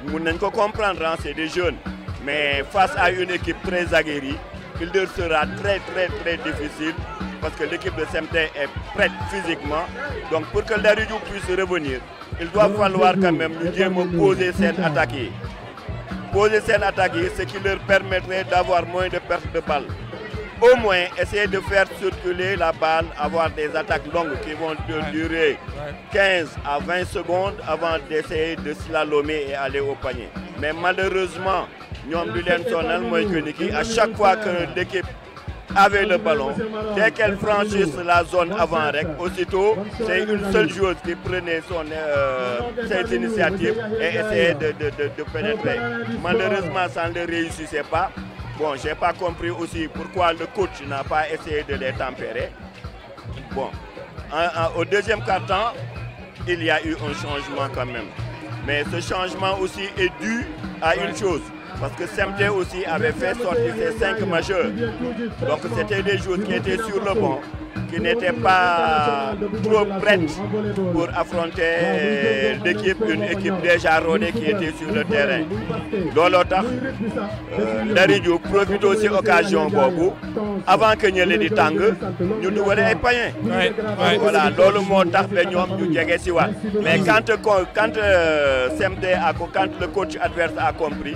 Nous ne comprendre, hein, c'est des jeunes. Mais face à une équipe très aguerrie, il leur sera très très très difficile parce que l'équipe de SEMTE est prête physiquement. Donc pour que Darudou puisse revenir, il doit falloir quand même poser cette attaque. Poser cette attaque, ce qui leur permettrait d'avoir moins de pertes de balles. Au moins, essayer de faire circuler la balle, avoir des attaques longues qui vont durer 15 à 20 secondes avant d'essayer de slalomer et aller au panier. Mais malheureusement, nous à chaque fois que l'équipe avait le ballon dès qu'elle franchissait la zone avant règle aussitôt c'est une seule joueuse qui prenait son euh, et essayait de pénétrer malheureusement ça ne réussissait pas bon n'ai pas compris aussi pourquoi le coach n'a pas essayé de les tempérer bon au deuxième quart-temps il y a eu un changement quand même mais ce changement aussi est dû à une chose parce que CMT aussi avait fait sortir ses cinq majeurs. Donc c'était des joueurs qui étaient sur le banc, qui n'étaient pas trop prêts pour affronter l'équipe, une équipe déjà rodée qui était sur le terrain. Dans le temps, euh, Daridou profite aussi occasion Bobo avant que nous ne di nous nous ne ay rien. voilà dans le monde, nous mais quand quand euh, quand le coach adverse a compris.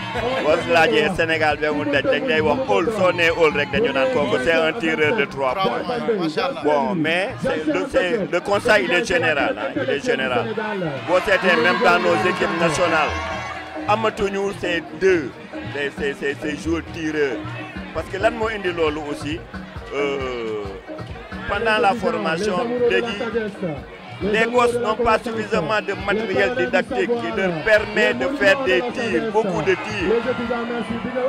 boo si Sénégal bi amul que dañ lay wax óol soo nee óol rek dañu c'est un tireur de trois points bon mais le le conseil hein, il est général ah il est général Vous seetee même dans nos équipes nationales Amatounou, ces deux c'est ces ces joueurs tireurs parce que lan moo indi loolu aussi euh, pendant la formation les gosses n'ont pas suffisamment de matériel didactique qui leur permet de faire des tirs, beaucoup de tirs.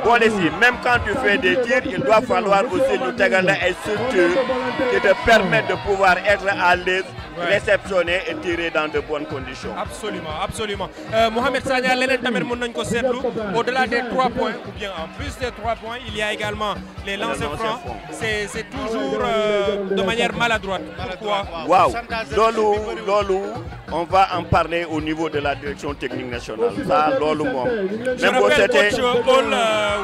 Bon, ici, même quand tu fais des tirs, il doit falloir aussi nous tagarder une structure qui te permet de pouvoir être à l'aise réceptionné réceptionner et tiré dans de bonnes conditions. Absolument, absolument. Euh, Mohamed Sagna, l'élève Tamer Serlou, au-delà des trois points, ou bien en plus des trois points, il y a également les lancers francs. C'est toujours euh, de manière maladroite. Pourquoi Waouh Lolo, on va en parler au niveau de la direction technique nationale. Ça, Lolo, moi. Je Même rappelle, coach euh, Paul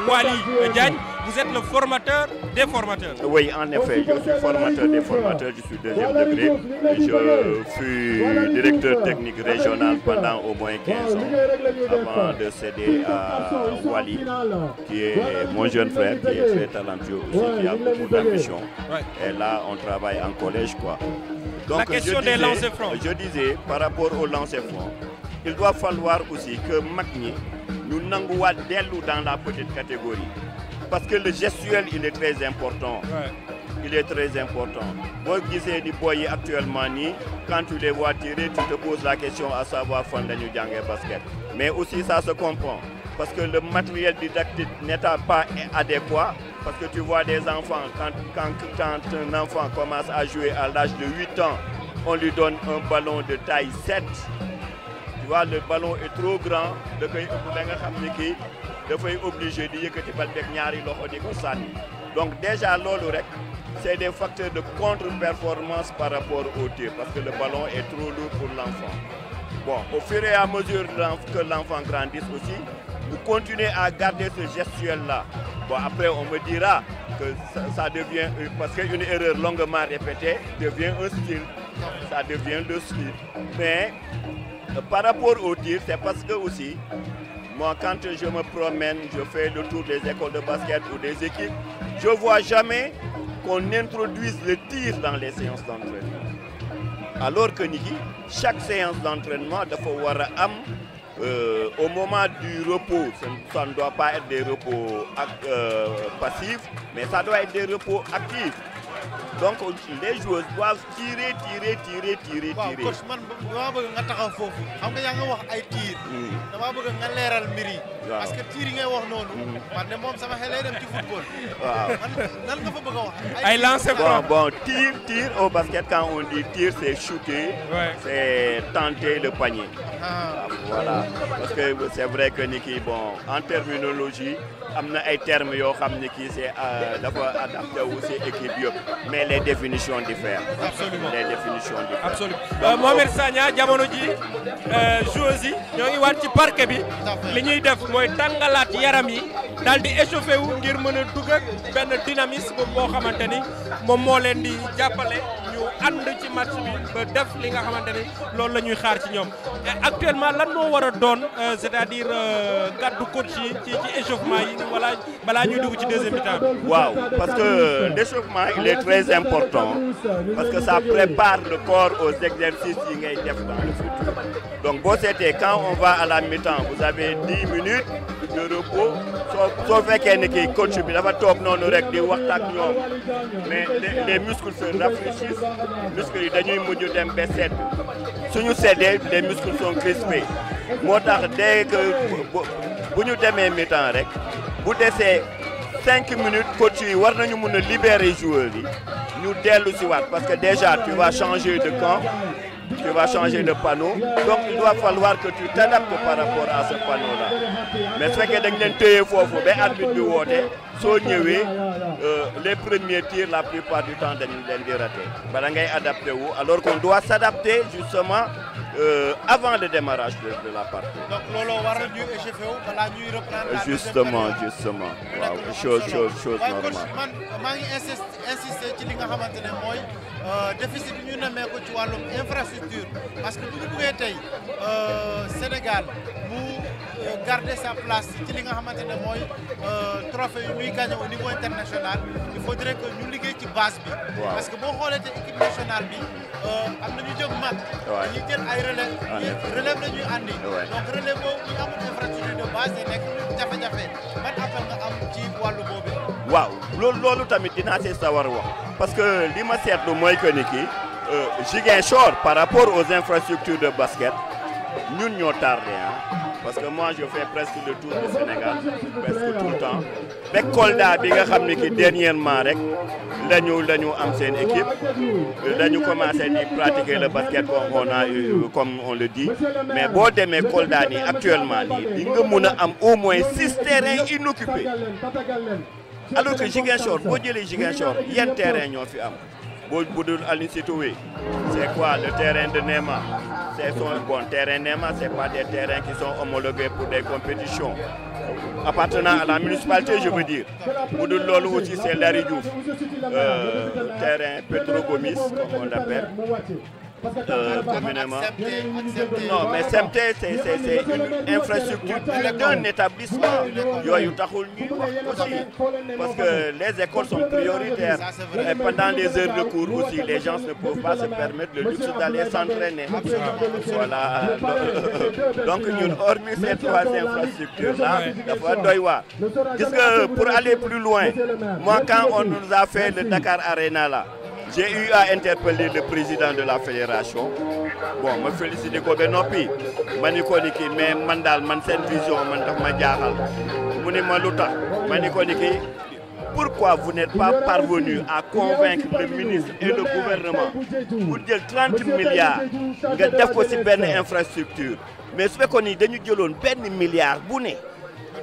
Wali vous êtes le formateur des formateurs. Oui, en effet, je suis formateur des formateurs, je suis deuxième degré. Je fut directeur technique régional pendant au moins 15 ans avant de céder à Wali, qui est mon jeune frère, qui est très talentueux aussi, qui a beaucoup d'ambition. Et là, on travaille en collège, quoi. Donc, La question des lancers francs. Je disais, par rapport aux lancers francs, il doit falloir aussi que Magni nous dès d'elle dans la petite catégorie. Parce que le gestuel, il est très important il est très important. Vous gisez les boys actuellement, quand tu les vois tirer, tu te poses la question à savoir Fandani Djangé Basket. Mais aussi ça se comprend, parce que le matériel didactique n'est pas adéquat, parce que tu vois des enfants, quand, quand, quand un enfant commence à jouer à l'âge de 8 ans, on lui donne un ballon de taille 7. Tu vois, le ballon est trop grand, donc il faut obligé de dire que tu vas le faire. Donc déjà, l'eau, c'est des facteurs de contre-performance par rapport au tir, parce que le ballon est trop lourd pour l'enfant. Bon, au fur et à mesure que l'enfant grandisse aussi, vous continuez à garder ce gestuel-là. Bon, après, on me dira que ça, devient, parce qu'une erreur longuement répétée devient un style, ça devient le style. Mais euh, par rapport au tir, c'est parce que aussi, moi, quand je me promène, je fais le tour des écoles de basket ou des équipes, je vois jamais qu'on introduise le tir dans les séances d'entraînement alors que Niki, chaque séance d'entraînement doit avoir un, au moment du repos ça ne doit pas être des repos euh, passifs mais ça doit être des repos actifs donc les joueurs doivent tirer tirer tirer tirer. tirer parce que tir yi ngay wax nonou mhm. man de mom sama xel dem ci football. waaw man nan nga fa bëgg wax. ay lancer bon bon tir tir au basket quand on dit tir c'est shooter. Ouais. c'est tenter le panier. Ah. ah voilà parce que c'est vrai que niki bon en terminologie amna ay termes yo xam ki kii c'est euh, dafa adapté wu c'est équipe mais les définitions diffèrent. absolument les définitions diffèrent. absolument euh, Mohamed Sagna jamono ji euh, joueurs yi ñoo ngi waat ci parquet bi li ñuy def mooy tàngalaat yaram yi daal di échauffé wu ngir mën a dugg ak benn dynamisme boo xamante ni moom moo leen di jàppale. ànd ci match bi ba def li nga xamanteni loolu lañuy xaar ci ñom actuellement lan moo wara doon euh, c'est-à-dire euh, gaddu coach yi ci ci échauffement yi wala bala ñuy dugg ci deuxième mi-temps waaw parce que euh, l'échauffement il est très important parce que ça prépare le corps aux exercices yi ngay def dans le foot donc bo sété quand on va à la mi-temps vous avez 10 minutes de repos so soo fekkee ni kii coach bi dafa toog noonu rek di waxtaan ak ñoom mais les muscles se rafraîchissent muscles dañuy les muscles sont crispés dès que mi-temps minutes pour tu war nañu libérer joueurs Nous parce que déjà tu vas changer de camp tu vas changer de panneau. Donc il doit falloir que tu t'adaptes par rapport à ce panneau-là. Mais ce que tu as téye foofu ba arbitre bi woote soo euh, les premiers tirs la plupart du temps dañu tu di raté adapté alors qu'on doit s'adapter justement euh, avant le démarrage de, la partie. Donc Lolo, Justement, justement. Wow. Chose, chose, chose normale. Euh, déficit bi ñu nemmee ko ci wàllum infrastructure parce que bu ñu buggee tey euh, Sénégal mu euh, garder sa place ci li nga xamante ne mooy trophée yu muy gagné au niveau international il faudrait que ñu liggéey ci base bi. parce que boo xoolee te équipe nationale bi am na ñu jëm mag. waaw dañuy jël ay relève. Ah, relève la ñuy andi. donc relève boobu ñu amul infrastructure de base yi nekk jafe-jafe ban appel nga am ci wàllu boobu waaw c'est loolu tamit dinaa see parce que je veux dire, c'est que j'ai kii euh, short par rapport aux infrastructures de basket ñun ñoo tardé Hein. parce que moi je fais presque le tour du Sénégal presque tout le temps Mais Kolda bi dernièrement rek avons une équipe. équipe, euh, am commencé à pratiquer le basket euh, comme on le dit mais boo demee Kolda actuellement nous avons au moins 6 terrains inoccupés alors que Ziguinchor il y a un terrain ñoo fi un, budul c'est quoi le terrain de Néma c'est son bon terrain ce n'est pas des terrains qui sont homologués pour des compétitions appartenant à la municipalité je veux dire Le aussi c'est Larry Diouf euh, terrain Petro comme on l'appelle euh, non, mais c'est une infrastructure d'un établissement. Parce que les écoles sont prioritaires. Et pendant les heures de cours aussi, les gens ne peuvent pas se permettre de luxe d'aller s'entraîner. Donc, nous, hormis ces trois infrastructures-là, pour aller plus loin, moi, quand on nous a fait le Dakar Arena là, j'ai eu à interpeller le président de la fédération bon je me ko gouvernement. Maniko Niki, mais man man vision Je suis ma jaaxal pourquoi vous n'êtes pas parvenu à convaincre le ministre et le gouvernement pour dire 30 milliards pour faire ko ci infrastructure mais su fekkoon ni dañu jëloon 1 milliard bu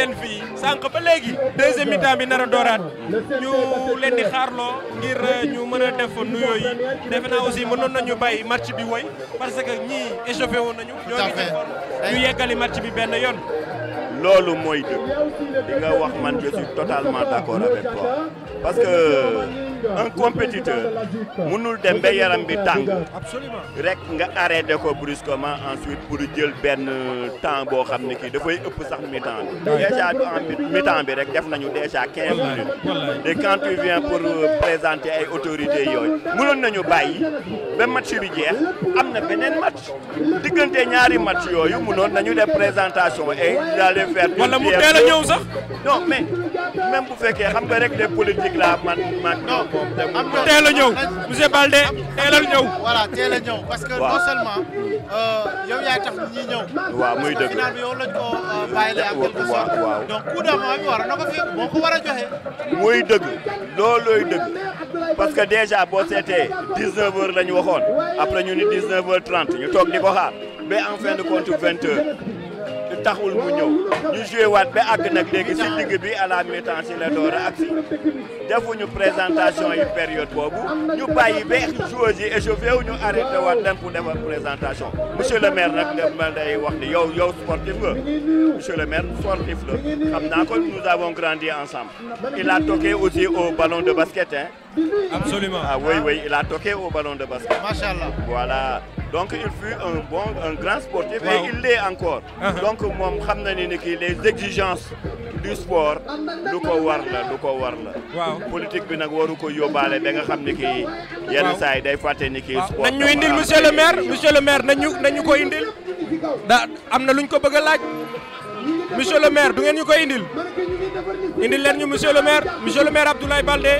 leen fii sànq ba léegi deuxième mi-temps bi nar a dooraat ñu leen di xaarloo ngir euh, ñu mën a def nuyoo yi defe naa aussi mënoon nañu bàyyi match bi woy parce que ñii échauffé woon nañu ñoo ngi ñu yeggali match bi benn yoon loolu mooy dëgg li nga wax man je suis totalement d'accord avec toi parce que un compétiteur mënul dem ba yaram bi tàng rek nga arrêté ko brusquement ensuite pour jël benn temps boo xam ne kii dafay ëpp sax mi-temps déjà mi-temps bi déjà 15 minutes. et quand tu viens pour euh, présenter ay autorités yooyu nañu match bi match match présentation et d'aller faire. Voilà, mu non mais même pour faire des politiques là maintenant. non am monsieur Baldé voilà parce que non seulement euh, yow tax ñi ñëw. waaw donc coup d'avant bi war na ko fi moo ko war a joxe. muy dëgg loolooy dëgg parce que déjà boo seetee 19 heures la ñu waxoon après ñu ni 19 h 30 ñu toog di en fin de compte 20 h taxul mu ñëw ñu joué waat ba àgg nag léegi si digg bi à la mi-temps si la door ak agsi defuñu présentation yi période boobu ñu bàyyi ba joueurs yi échauffé wu ñu arrêté waat leen pour defar présentation monsieur le maire nag dama day wax ni yow yow sportif nga monsieur le maire sportif la xam naa ko nous avons grandi ensemble il a toqué aussi au ballon de basket hein Absolument. Ah oui, oui, il a toqué au ballon de basket. Voilà. Donc il fut un bon, un grand sportif et il l'est encore. Uh-huh. Donc moi, je les exigences du sport, nous là, politique bi waru ko nga monsieur le maire monsieur le maire nous nañu ko indil. da monsieur le maire nous sommes. indil. indil monsieur le maire monsieur le maire Abdoulaye Baldé.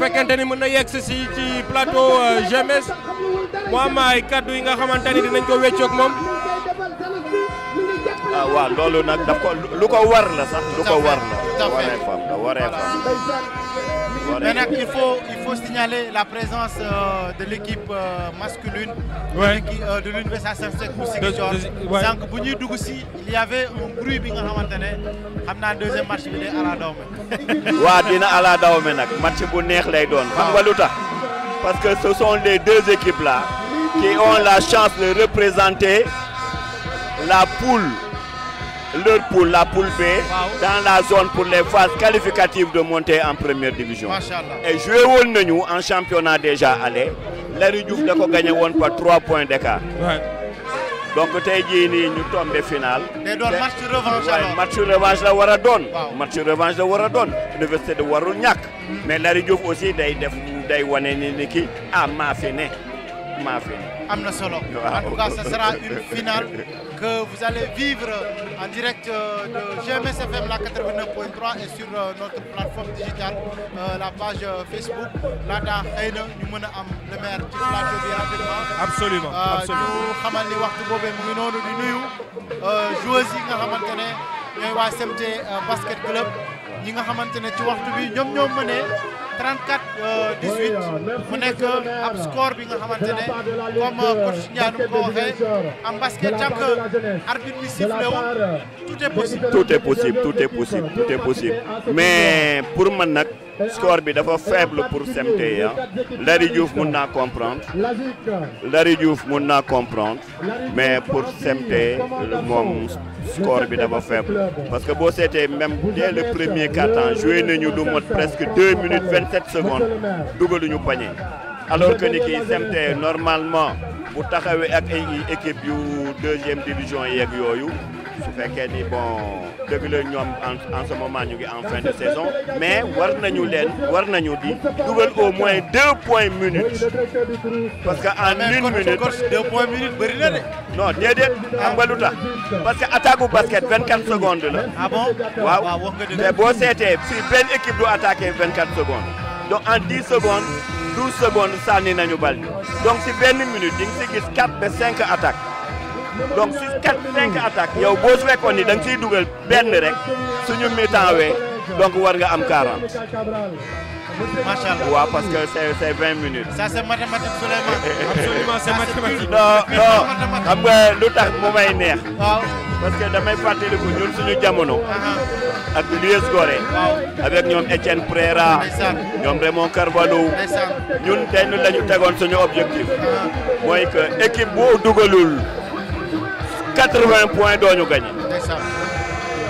fekkente ni mën na yegg si ci plateau euh, GMS mu am ay yi nga xamante ni dinañ ko wéccoog moom. ah waaw loolu nag daf ko luko war la sax luko war la fam da waré mais nag il faut il faut signaler la présence euh, de l'équipe euh, masculine de euh, l'université Assane Seck bu Ziguinchor sànq bu ñuy dugg si il y avait un bruit bi nga xamante ne xam deuxième match bi day ala daw me waaw dina ala daw me nag match bu neex lay doon xam nga parce que ce sont les deux équipes là qui ont la chance de représenter la poule le pour la poule B, dans la zone pour les phases qualificatives de montée en première division. Et jouer nous en championnat déjà allé. Larry Diouf a gagné par 3 points d'écart. Ouais. Donc nous sommes des finales. match de revanche Match de revanche la Waradon. Match de revanche la Waradon. L'université de Warul mm. Mais Larry Diouf aussi day def day wané ni ki ah, ma en tout cas ce sera une finale que vous allez vivre en direct euh, de GMSFM la 89.3 et sur euh, notre plateforme digitale euh, la page Facebook là xëy le maire rapidement. absolument absolument club ñi nga xamantene ci waxtu bi ñom ñom 34 18 mu nekk ab score bi nga xamantene comme euh, coach Ndiaye ko waxee en basket tant arbitre tout est possible. tout est possible tout est possible tout est possible mais pour man nak score bi dafa faible pour SMT ah hein. Larry Diouf mun naa comprendre Larry Diouf mun comprendre mais pour le mom score bi faible parce que même dès le premier quart-temps joué nañu presque 2 minutes 27 secondes panier alors que ni semte normalement bu de ak ay équipe yu deuxième division su fekkee ni bon depuis le en ce moment ñu en fin de saison mais war nañu leen war nañu au moins deux points minutes parce qu'en en une minute deux points minutes minute? non déedéet xam nga lu parce que attaque au basket 24 secondes Là. ah bon c'était mais si une équipe du en 24 secondes donc en 10 secondes 12 secondes ça nañu pas bi donc si benn minute di 4 ou 5 attaques. donc su quatre cinq attaques yow boo su fekkoon ni da nga siy dugal benn rek suñu mi-temps wee donc war nga am 40. macha allah waaw parce que c' est c' est 20 minutes. ça c' est mathématique Souleymane. absolument c' est mathématique. non non lu tax mu may neex. waaw parce que damay fàttaliku ñun suñu jamono. Uh-huh. ak ñoom Étienne Préra. ñoom Raymond ñun dañu la ñu tegoon suñu objectif. Uh-huh. mooy que équipe bu dugalul. 80 points dont nous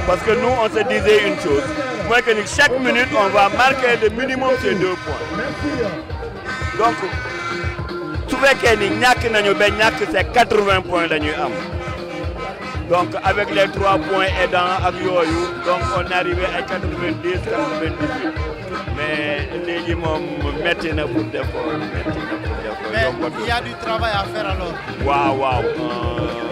Parce que nous, on se disait une chose. Moi, que chaque minute, on va marquer le minimum de deux points. Donc, trouver qu'il ni a nañu ba c'est 80 points dans donc avec les trois points aidants à yooyu donc on est arrivé à 90, 98. mais les gens mettent. na pour mais il y a du travail à faire alors. Waouh, waouh.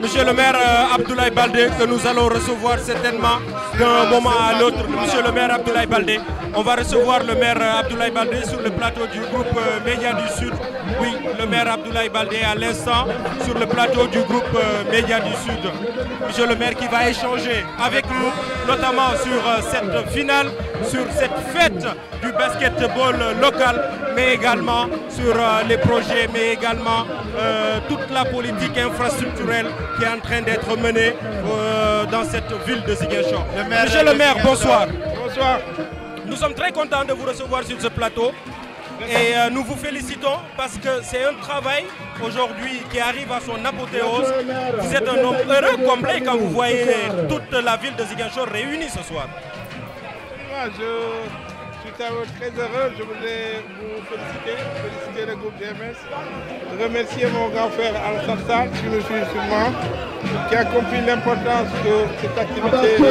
Monsieur le maire euh, Abdoulaye Baldé, que nous allons recevoir certainement d'un moment à l'autre. Monsieur le maire Abdoulaye Baldé, on va recevoir le maire euh, Abdoulaye Baldé sur le plateau du groupe euh, Média du Sud. Oui, le maire Abdoulaye Baldé à l'instant sur le plateau du groupe Média du Sud. Monsieur le maire qui va échanger avec nous, notamment sur cette finale, sur cette fête du basketball local, mais également sur les projets, mais également toute la politique politique infrastructurelle qui est en train d'être menée euh, dans cette ville de Ziguinchor. Monsieur le maire, bonsoir. Bonsoir. Nous sommes très contents de vous recevoir sur ce plateau et euh, nous vous félicitons parce que c'est un travail aujourd'hui qui arrive à son apothéose. Vous êtes un homme heureux, complet quand vous voyez toute la ville de Ziguinchor réunie ce soir. Je suis très heureux. Je voudrais vous féliciter, féliciter le groupe GMS, remercier mon grand frère Al-Sassar qui me suit souvent, qui a compris l'importance de cette activité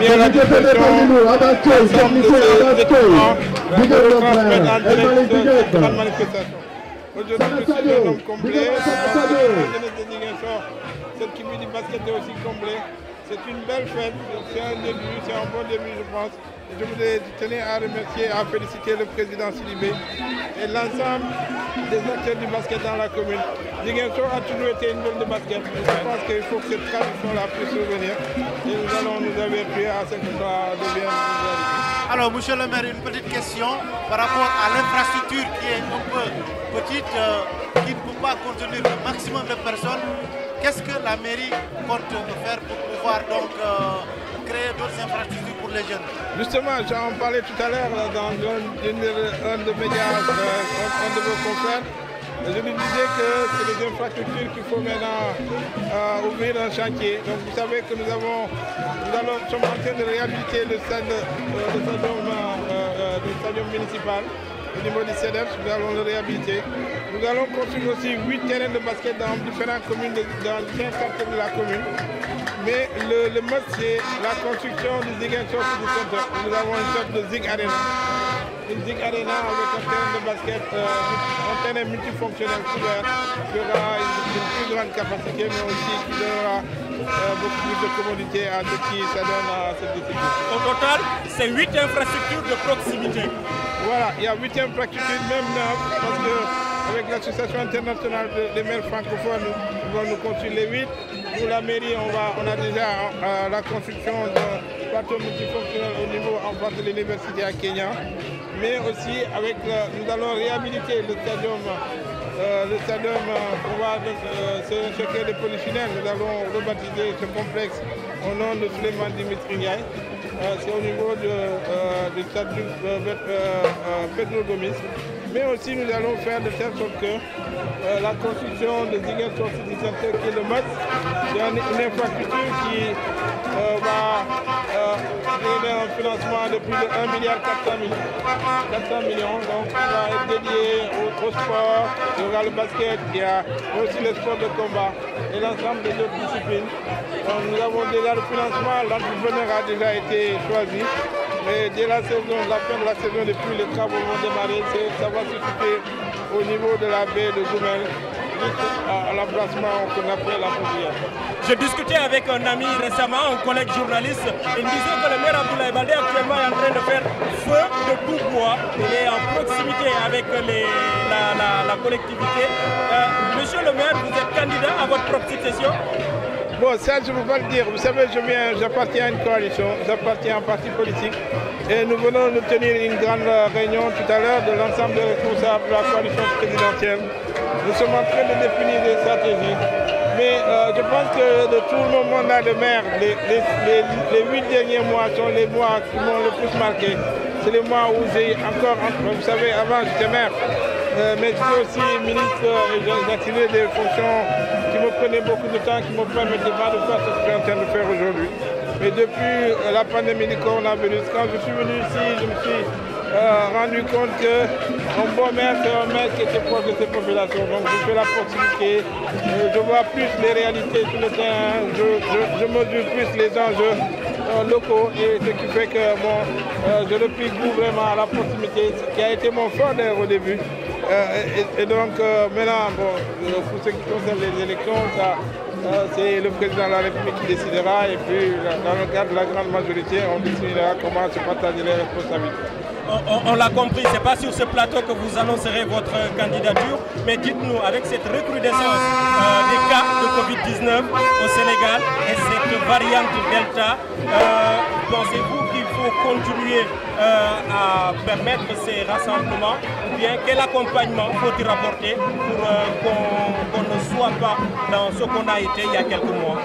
mis à la disposition l'ensemble de équipements pour transmettre en direct cette grande manifestation. Aujourd'hui, je suis complet, homme complet. Cette communauté basket est aussi comblée. C'est une belle fête, c'est un début, c'est un bon début, je pense. Je voudrais tenir à remercier, à féliciter le président Silibé et l'ensemble des acteurs du basket dans la commune. Ziguinchor a toujours été une bonne de basket. Je pense qu'il faut que cette tradition-là puisse revenir et nous allons nous avertir à ce que ça devienne Alors, monsieur le maire, une petite question par rapport à l'infrastructure qui est un peu petite, euh, qui ne peut pas contenir le maximum de personnes. Qu'est-ce que la mairie compte faire pour pouvoir donc euh, créer d'autres infrastructures Justement, j'en parlais tout à l'heure dans une, un de médias, un de vos concerts. Je lui disais que c'est les infrastructures qu'il faut maintenant euh, ouvrir un chantier. Donc vous savez que nous avons, sommes en train de réhabiliter le stade, euh, euh, euh, le stadium municipal au niveau du CDF, nous allons le réhabiliter. Nous allons construire aussi 8 terrains de basket dans différentes communes, dans différents quartiers de la commune. Mais le, mode c'est la construction du Zig Nous avons une sorte de Zig Arena. Une Zig Arena avec un terrain de basket, euh, un terrain multifonctionnel couvert qui aura une, plus grande capacité, mais aussi qui donnera euh, beaucoup plus de commodité à ce qui s'adonne à cette difficulté. Au total, c'est 8 infrastructures de proximité. Voilà, il y a huitième pratique, même parce avec l'association internationale des maires francophones, nous allons nous construire les huit. Pour la mairie, on, a déjà euh, la construction d'un plateau multifonctionnel au niveau en face de l'université à Kenya. Mais aussi, avec nous allons réhabiliter le stadium euh, le stadium euh, va euh, Nous allons rebaptiser ce complexe au nom de Suleiman Dimitri euh, c'est au niveau du euh, euh, statut Pedro Gomis mais aussi nous allons faire de telle sorte que euh, la construction de Ziguinchor City Center, qui est c'est une infrastructure qui euh, va euh, donner un financement de plus de 1 milliard 400 millions, donc qui va être dédié au, au sport, il y aura le basket, il y a aussi le sport de combat et l'ensemble des autres disciplines. Donc, nous avons déjà le financement, l'entrepreneur a déjà été choisi. Mais dès la saison, la fin de la saison, depuis les travaux vont démarrer, ça va s'occuper au niveau de la baie de Goumel à, l'emplacement qu'on appelle la poussière. J'ai discuté avec un ami récemment, un collègue journaliste, il me disait que le maire Abdoulaye Baldé actuellement en train de faire feu de tout Il est en proximité avec les, la, collectivité. Euh, monsieur le maire, vous êtes candidat à votre propre succession Bon, ça, je ne veux pas le dire. Vous savez, je viens, j'appartiens à une coalition, j'appartiens à un parti politique. Et nous venons de tenir une grande réunion tout à l'heure de l'ensemble des responsables de la coalition présidentielle. Nous sommes en train de définir des stratégies. Mais euh, je pense que de tout le mandat de maire, les, les, huit derniers mois sont les mois qui m'ont le plus marqué. C'est les mois où j'ai encore, vous savez, avant j'étais maire, euh, mais j'étais aussi ministre et activé des fonctions je prenais beaucoup de temps qui me permettait pas de faire ce que je suis en train de faire aujourd'hui. Mais depuis euh, la pandémie du coronavirus, quand je suis venu ici, je me suis euh, rendu compte qu'un bon maire, c'est un maire qui était proche de ces populations. Donc je fais la proximité, euh, je vois plus les réalités sur le terrain, je, je, mesure plus les enjeux locaux et ce qui fait que bon, je le pique vraiment à la proximité, ce qui a été mon fond d'air au début. Euh, et, donc euh, maintenant, bon, euh, pour ce qui concerne les élections, c'est le président de la République qui décidera et puis dans le cadre de la grande majorité, on décidera comment se partager les responsabilités. On, l'a compris, ce n'est pas sur ce plateau que vous annoncerez votre candidature, mais dites-nous, avec cette recrudescence des cas de Covid-19 au Sénégal et cette variante Delta, pensez-vous pour continuer euh, à permettre ces rassemblements bien quel accompagnement faut-il apporter pour euh, qu'on ne soit pas dans ce qu'on a été il y a quelques mois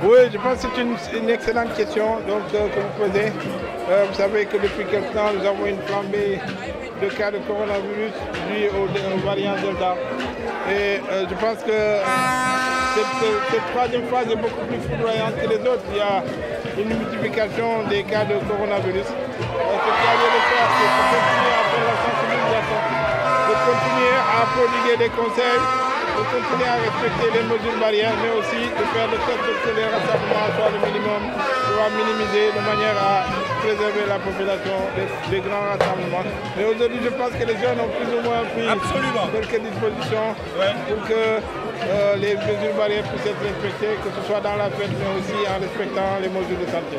oui, je pense que c'est une, excellente question donc, euh, que vous posez. vous savez que depuis quelques temps, nous avons une flambée de cas de coronavirus liés aux, variant variants Delta. Et euh, je pense que cette, troisième phase est beaucoup plus foudroyante que les autres. Il y a une multiplication des cas de coronavirus. Et euh, ce qu'il y a de faire, c'est de continuer à faire la sensibilisation, de continuer à prodiguer des conseils de continuer à respecter les mesures barrières, mais aussi de faire de sorte que les rassemblements soient le minimum, soient minimiser, de manière à préserver la population des, grands rassemblements. mais aujourd'hui, je pense que les jeunes ont plus ou moins pris Absolument. quelques dispositions pour que euh, les mesures barrières puissent être respectées, que ce soit dans la fête, mais aussi en respectant les mesures de santé.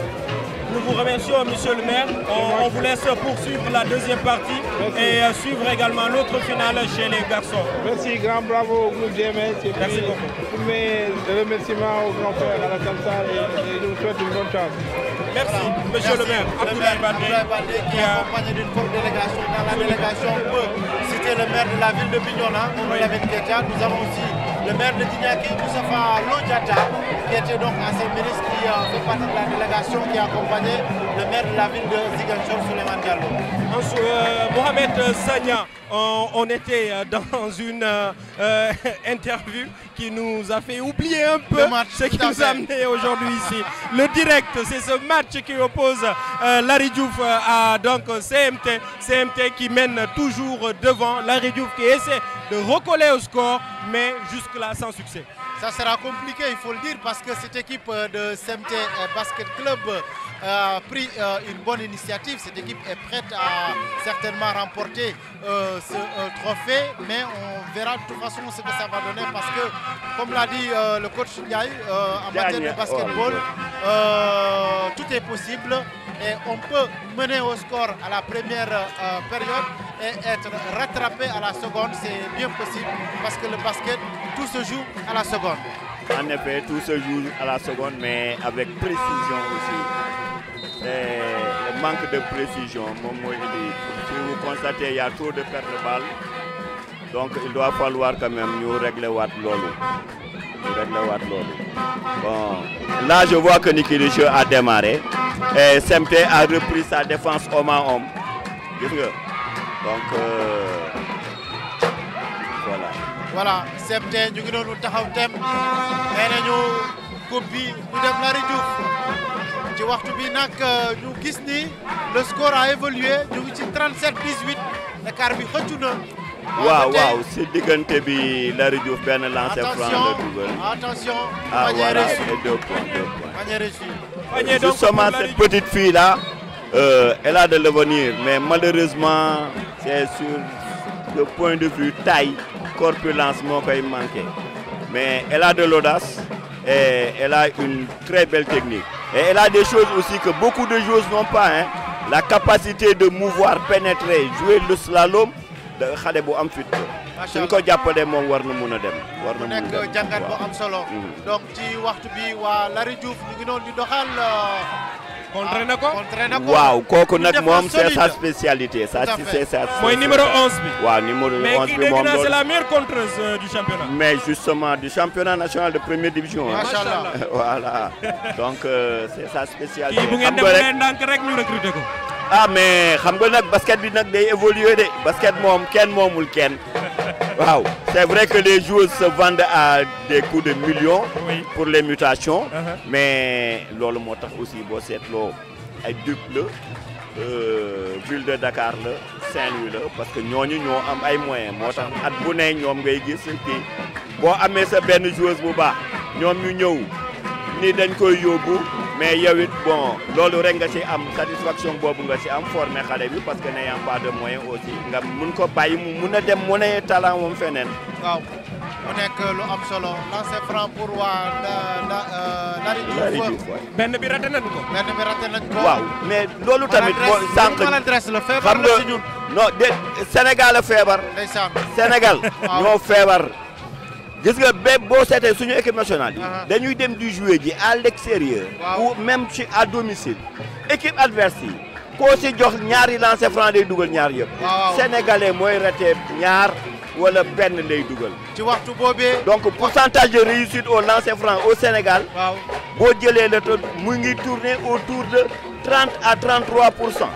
Nous vous remercions, monsieur le maire. On, on vous laisse poursuivre la deuxième partie et euh, suivre également l'autre finale chez les garçons. Merci, grand bravo au groupe GMS. Merci beaucoup. beaucoup. Mes remerciements au grand frère à la Kamsar et, nous je souhaite une bonne chance. Merci, monsieur le maire. Abdoulaye Bandé, qui est accompagné d'une forte délégation. Dans la délégation, on peut citer le maire de la ville de Bignona, hein, oui. avec Kétia. Nous avons aussi le maire de Dignaki, Moussafa Lodjata, qui était donc ancien ministres qui euh, fait partie de la délégation qui a accompagné le maire de la ville de Ziganchor, Souleymane Diallo. Euh, Mohamed Sagna, on, était euh, dans une euh, interview qui nous a fait oublier un peu ce qui nous a amené aujourd'hui ici. Le direct, c'est ce match qui oppose euh, à donc, CMT. CMT qui mène toujours devant. Larry qui essaie de recoller au score, mais jusque-là sans succès. Ça sera compliqué, il faut le dire, parce que cette équipe euh, de CMT euh, Basket Club a euh, pris euh, une bonne initiative. Cette équipe est prête à certainement remporter euh, ce trophée, mais on verra de toute façon ce que ça va donner parce que, comme l'a dit le coach euh, en matière de basketball, tout est possible et on peut mener au score à la première période et être rattrapé à la seconde, c'est bien possible parce que le basket, tout se joue à la seconde. En effet, tout se joue à la seconde, mais avec précision aussi. Et le manque de précision, dit, si vous constatez, il y a trop de perte de balles. Donc, il doit falloir quand même nous régler Watt Lolo. Bon, là, je vois que Niki a démarré. Et Semte a repris sa défense homme à homme. Donc, euh, voilà septembre, ñu ngi doon taxaw Et nous, nañu coupe bi ñu dem la Diouf ci waxtu bi nous euh, ñu le score a évolué Nous ngi ci 37 18 le bi retourne. Waouh, Waouh, c'est si bi la Diouf benn lancer franc la dugal. attention ah voilà deux points deux points. panier cette petite fille là euh, elle a de l'avenir mais malheureusement c'est sur le point de vue taille lancement quand il manquait, mais elle a de l'audace et elle a une très belle technique et elle a des choses aussi que beaucoup de joueuses n'ont pas hein. la capacité de mouvoir pénétrer jouer le slalom de khadebo en donc contre na ko contre na ko c'est sa spécialité ça c'est ça Moi numéro 11 bi waaw numéro 11 bi mom. Mais c'est la meilleure contreuse euh, du championnat mais justement du championnat national de première division hein. machallah voilà donc euh, c'est sa spécialité bu ngeen rek ñu recruter ko ah mais xam nga nak basket bi nak day évoluer de basket mom kenn momul kenn C'est vrai que les joueurs se vendent à des coûts de millions pour les mutations, uh-huh. mais lolo aussi bo setlo ay euh, ville de Dakar Saint-Louis parce que nous sommes am moyens motax Nous ni dañ koy yóbbu mais yow it bon loolu rek nga ci am satisfaction boobu nga ci am former xale bi parce que n'ayant pas de moyen aussi nga mun ko bàyyi mu mun a dem mu ne talent moom feneen. waaw mu solo lancer franc pour euh, benn bi raté mais loolu tamit. boo sànq xam nga non de Sénégal a feebar. Sénégal ñoo feebar. gis que bépp boo seetee suñu équipe nationale yi. dañuy dem jouer à l'extérieur ou même chez à domicile. équipe adverse yi koo si jox ñaari lancer franc day dugal ñaar yëpp. sénégalais mooy raté ñaar wala benn lay dugal. ci waxtu bobé. donc pourcentage de réussite au lancer franc au Sénégal. waaw boo le la tourner autour de 30 à 33 Alors, pour cent.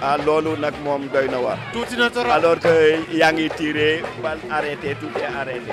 ah loolu nag na alors que yaa ngi tiré bal arrêté tout est arrêté.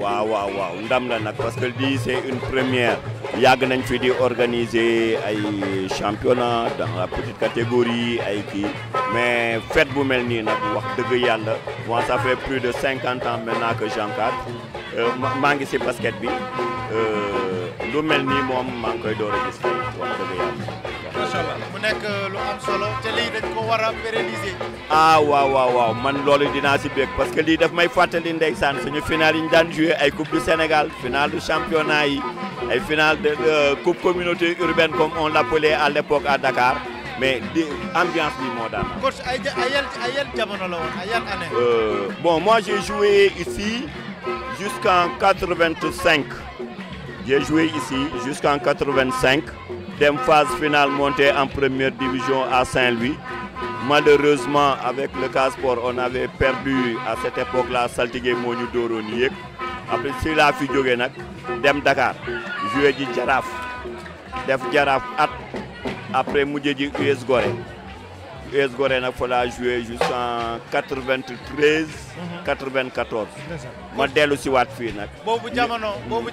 waaw waaw waaw ndam la nag parce que lii c'est une première yàgg nañ fi di organiser ay championnat dans la petite catégorie ay kii mais fête bu mel nii nag wax dëgg yàlla bon ça fait plus de 50 ans maintenant que j'encadre euh, maa ngi ci basket bi euh, lu mel nii moom maa ngi koy door gis macha allah mu nekk euh, lu am solo te lii dañ ko war a pérenniser. ah waaw waaw waaw man loolu dinaa si bég parce que lii daf may fàttali ndeysaan suñu final yi ñu daan de ay coupe du Sénégal final du championnat yi ay final de coupe communauté urbaine comme on l'appelait à l'époque à Dakar. mais di ambiance bi moo daan. coach ay ja ay yan euh, bon moi j'ai joué ici jusqu'en 85 j'ai joué ici jusqu'en 85 dem phase finale montée en première division à Saint-Louis. Malheureusement, avec le Casport, on avait perdu à cette époque-là Saltigué Monu Doroniek. Après, c'est la que je dem Dakar, joué du Djaraf. Def Djaraf Après, j'ai US Goré. US Goré, il jouer joué jusqu'en 93, 94. Je aussi Watt. vous bon. Vous vous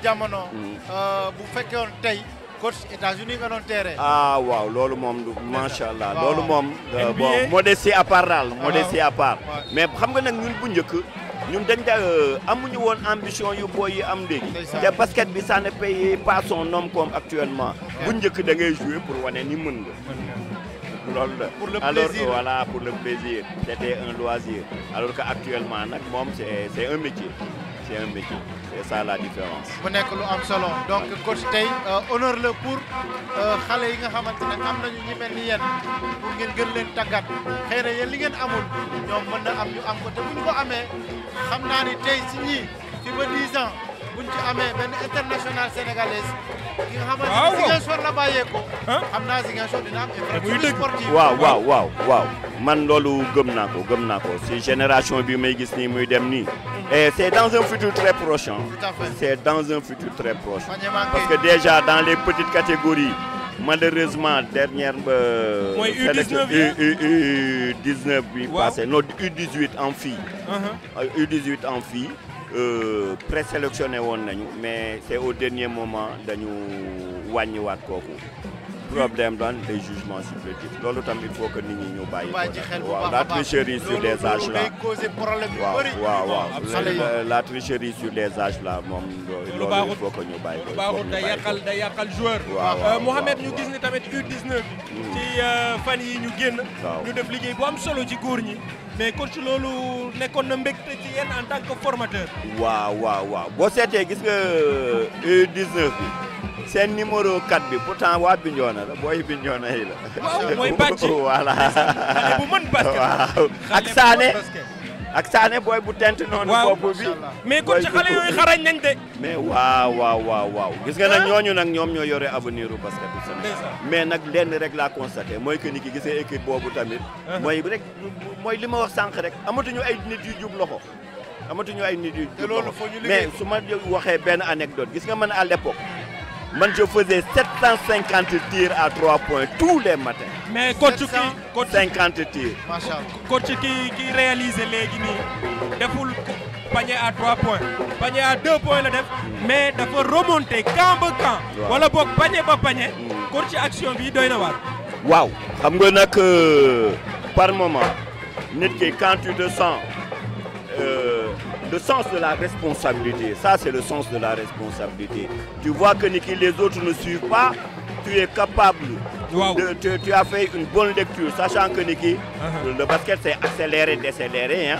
un coach États-Unis nga ah waaw lolo mom, du lolo allah loolu euh, bon modestie à part là, modestie à part ah, mais xam nga nak ñun bu ñëk ñun dañ da euh, amuñu won ambition yu boy yi am léegi Té basket bi ça ne paye pas son nom comme actuellement bu ñëk da ngay jouer pour wane ni mën nga pour le alors plaisir. voilà pour le plaisir c'était un loisir alors que actuellement nag c'est c'est un métier c'est un métier. C'est ça la différence. mu nekk lu donc coach Tay, euh, honneur le pour euh, xale yi nga xamante am nañu ñi mel ni pour ngeen gën leen li ngeen amul am ñu am ko te ko ni ba 10 ans. buñ ci amee benn internationale sénégalaise. ki nga xamante ah, ne Ziguinchor la bàyyeekoo. Ah. xam naa Ziguinchor génération am infrastructure sportive. waaw waaw waaw waaw man gëm gëm si génération bi may gis nii muy dem mm. et dans un futur très proche. C'est dans un futur très proche. Hein. parce que déjà dans les petites catégories. malheureusement dernière euh, U19 bi passé non U18 en filles. U18 uh-huh. euh, en filles. Euh, présélectionné woon nañu mais c'est au dernier moment dañu wàññiwaat kooku problème dans les jugements supplétifs loolu temps il faut que nous ñi ñu la tricherie sur les âges là waaw waaw la tricherie sur les âges là moom loolu il faut que ñu bàyyi ko baaxul da yàqal da yàqal joueur euh, Mohamed ñu gis tamit U19 hmm. ci euh, fan yi ñu génn ñu def liggéey bu am solo ci góor ñi mais coach loolu nekkoon na mbekté ci yéen en tant que formateur. waaw waaw waaw bo sété gis nga e euh, 19 bi seen numéro 4 bi pourtant wa Bignona la booy Bignona yi la. waaw mooy bàcc voilà. bu mën basket. waaw ak Sané. ak saane booy bu tent noonu. bopp bi mais kon ci xale yooyu xarañ nañ de. mais waaw waaw waaw gis nga nag ah. ñooñu nag ñoom ñoo yore avenir u basket bu Sénégal mais nag lenn rek laa constaté mooy que ni ki gisee équipe boobu tamit. Ah. mooy rek mooy li ma wax sànq rek amatuñu ay nit yu jub loxo. amatuñu ay nit yu jub loxo mais su ma waxee benn anecdote gis nga man à l'époque man je faisais 750 tirs a 3 points tous les matins. mais coach qui coach 50 tirs macha allah coach qui ki à 3 points panier à 2 points mais def mais dafa remonter camp en camp. wala pourquoi panier ba panier. coach action bi doit na waaw xam que euh, par moment quand tu te sens euh, le sens de la responsabilité ça c'est le sens de la responsabilité tu vois que les autres ne suivent pas tu es capable tu, as fait une bonne lecture, sachant que Niki, uh-huh. le basket c'est accéléré, décéléré. Hein.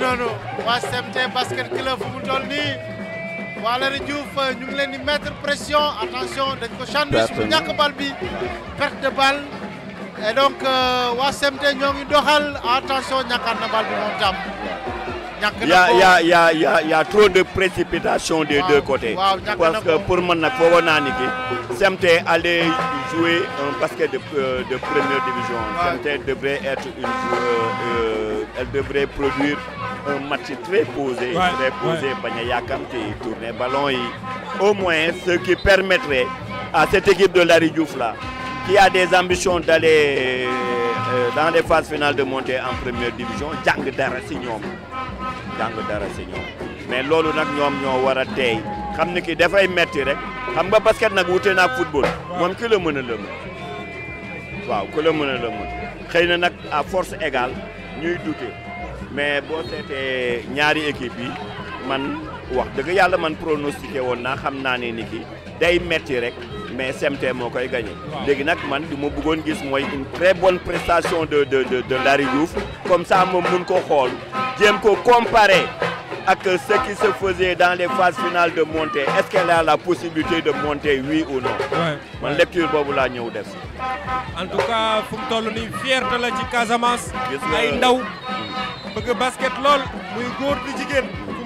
ngi noonu waa CMT basket club fu mu toll nii waa Lare Diouf ñu ngi leen di mettre pression attention dañ ko sandwich bu ñàkk bal bi perte de balle et donc euh, waa CMT ñoo ngi doxal attention ñàkkaat na bal bi moom il y a, trop de précipitations des deux côtés. Parce que pour moi, Semte allait jouer un basket de, euh, première division. devrait être euh, euh, elle devrait produire un match très posé, très posé, Au moins, ce qui permettrait à cette équipe de Larry Diouf qui a des ambitions d'aller dans les phases finales de monter en première division, Djang Dara jàng dara si ñoom mais loolu nag ñoom ñoo war a teey xam ni ki dafay metti rek xam nga basket nag wute naa football moom ki mën a waaw ku la mën a la mën xëy na nag à force égale ñuy dute mais boo seetee ñaari équipe yi man wax dëgg yàlla man pronostiqué woon naa xam naa ne ni ki day metti rek mais CMT moo gagné. léegi nag man du voir gis une très bonne prestation de de de de Larry Diouf comme ça moom le ko Je jéem ko comparer ak ce qui se faisait dans les phases finales de montée est-ce qu'elle a la possibilité de monter oui ou non. man lecture boobu la ñëw en tout cas fu mu toll fier de la ci Casamance. ay ndaw hmm. bëgg basket lool muy góor di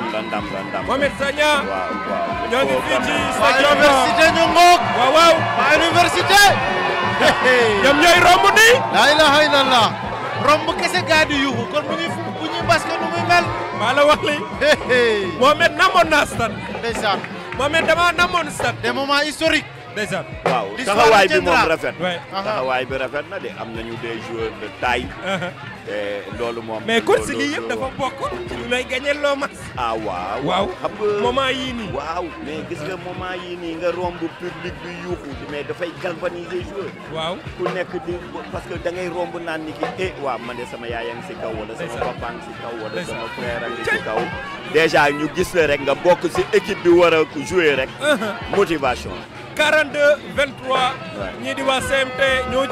ndam la ndam la ndam. Mohamed Sagna. waaw waaw ñoo ngi fii ci stadium université ñu ngoog. waaw waaw. waa université. ñoom ñooy romb nii. laa ilaha illallah. romb kese gaa di yuuxu mu ngi bu ñuy mbas nu muy mel. maa la wax lii. Mohamed namoon naa stade. ndeysaan. Mohamed damaa namoon stade. des moments historiques. ndeysaan waaw taxawaay bi moom rafet ah, ah. taxawaay bi rafet na de am na ñu joueurs de taille uh-huh. te loolu moom mais coach lii yëpp dafa bokk ci lu lay loo mas ah waaw waaw xam nga yii nii waaw mais gis nga moment yii nii nga romb public bi yuuxu mais dafay galvaniser joueurs waaw ku nekk di parce que da ngay romb naan ni ki eh waaw man sama yaay a si kaw wala sama papa a ngi si kaw wala sama frère a ngi si kaw déjà ñu gis la rek nga bokk si équipe bi war a jouer rek uh-huh. motivation 42 23 ni CMT ñoo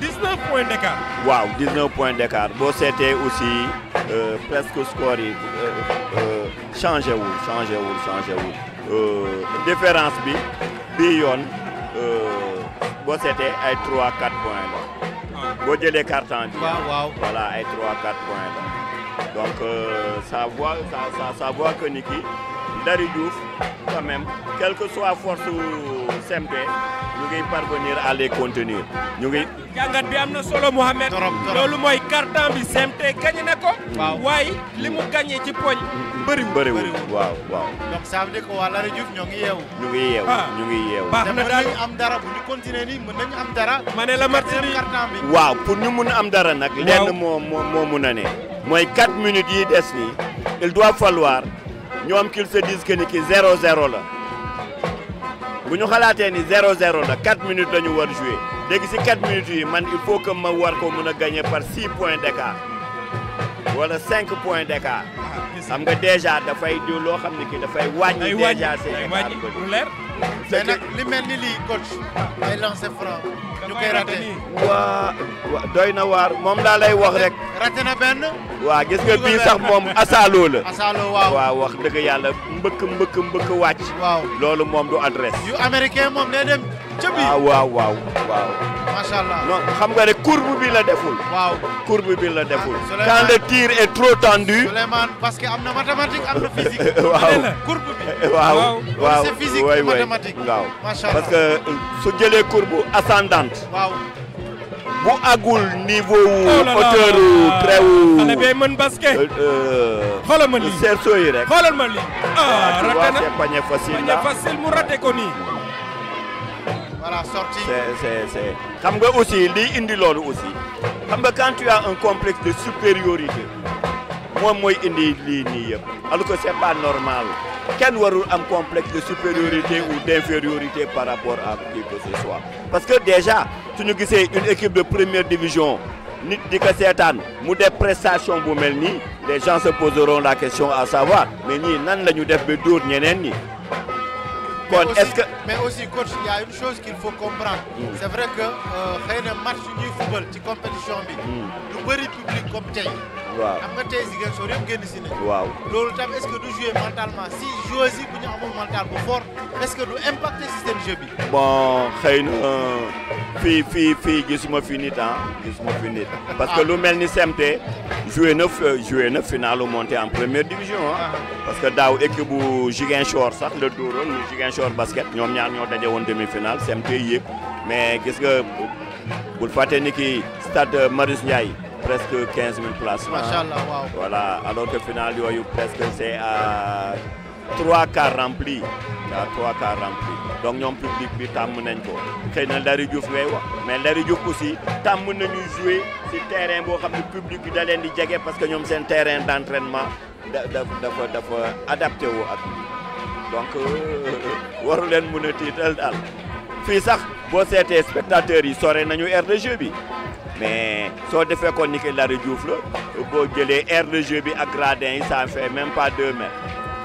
19 euh, points d'écart. Wow, 19 points d'écart c'était aussi euh, presque score changez-vous, euh, changez-vous, changez-vous. différence bi 3 4 points la. Ah. boo voilà 3 4 points donc euh, ça voit ça ça ça voit que ni ki Diouf quand même quelle que soit force CMP ñu ngi parvenir à les contenir ñu ngi. bi am solo Mohamed. loolu moy carton bi CMT gagné na ko. waaw waaye gagné ci poñ. bari bëriwul waaw waaw. donc ça veut dire que waa Lare Diouf ñoo ngi yeewu. ñu ngi yeewu ah. ñu ngi yeewu. baax na am dara bu ñu continuer ni mën nañu am dara. Mané la match bi waaw pour ñu mëna am dara nak waaw lenn mo moo mun a mooy 4 minutes yi des il doit falloir qu'ils se disent que c'est 0 0 la nous avons 0 0 4 minutes de ñu war jouer que si 4 minutes il faut que ma war ko gagner par 6 points d'écart wala 5 points d'écart ah, xam nga déjà dafay di loo xam ne ki dafay wàññi déjà seen mais nag li mel ni lii coach ay lancer franc ñu koy raté waa doy na waar moom laa lay wax rek raté na benn waa gis nga bii sax moom asaaloo la asaaloo waaw waaw wax dëgg yàlla mbëkk mbëkk mbëkk wàcc waaw loolu moom du adresse yu américain moom nee dem ca biir ah, waaw waaw waaw waaw. macha allah non xam nga ne courbe bi la deful. waaw courbe bi la deful. Ah, quand le tir est trop tendu. Souleymane parce que am mathématique am physique. waaw courbe bi. waaw waaw c'est physique mathématique. waaw macha parce que euh, su jëlee courbe ascendante. waaw. bu agul niveau wu oh hauteur wu trait wu. xale bee mën basket. Euh, euh, xoolal ma lii cerceau ah, ah raté na tu vois c'est panier facile là facile mu raté ko nii voilà c'est c'est aussi aussi quand tu as un complexe de supériorité moi, je indi alors que ce n'est pas normal quel warul un complexe de supériorité ou d'infériorité par rapport à qui que ce soit parce que déjà nous disons une équipe de première division nit di ko nous prestations, prestation les gens se poseront la question à savoir mais nous, nan nous des def mais aussi, coach, il y a une chose qu'il faut comprendre. Mm. C'est vrai que un euh, match mm. du football, tu compétition, mm. le public comme est ce que nous jouons mentalement si joueurs yi fort est ce que impactez le système jeu bon je suis fii fii fini. Ah, parce que nous, ah. mel ni CMT joué neuf, en première division ah. parce que daaw équipe bu sommes basket ñaar ñoo demi-finale, demi mais quest que vous faites niki, stade presque 15 000 places. Hein. Voilà, alors que final, il y a presque c'est à 3 quarts remplis. Donc, nous avons public qui mais aussi jouer terrain public parce que c'est un terrain d'entraînement adapté donc euh, ça, pour certains spectateurs, ils saurait nous air de jeu. Mais si on fait qu'on la rue du flot, on peut dire air de jeu à gradin, ça ne fait même pas deux mètres.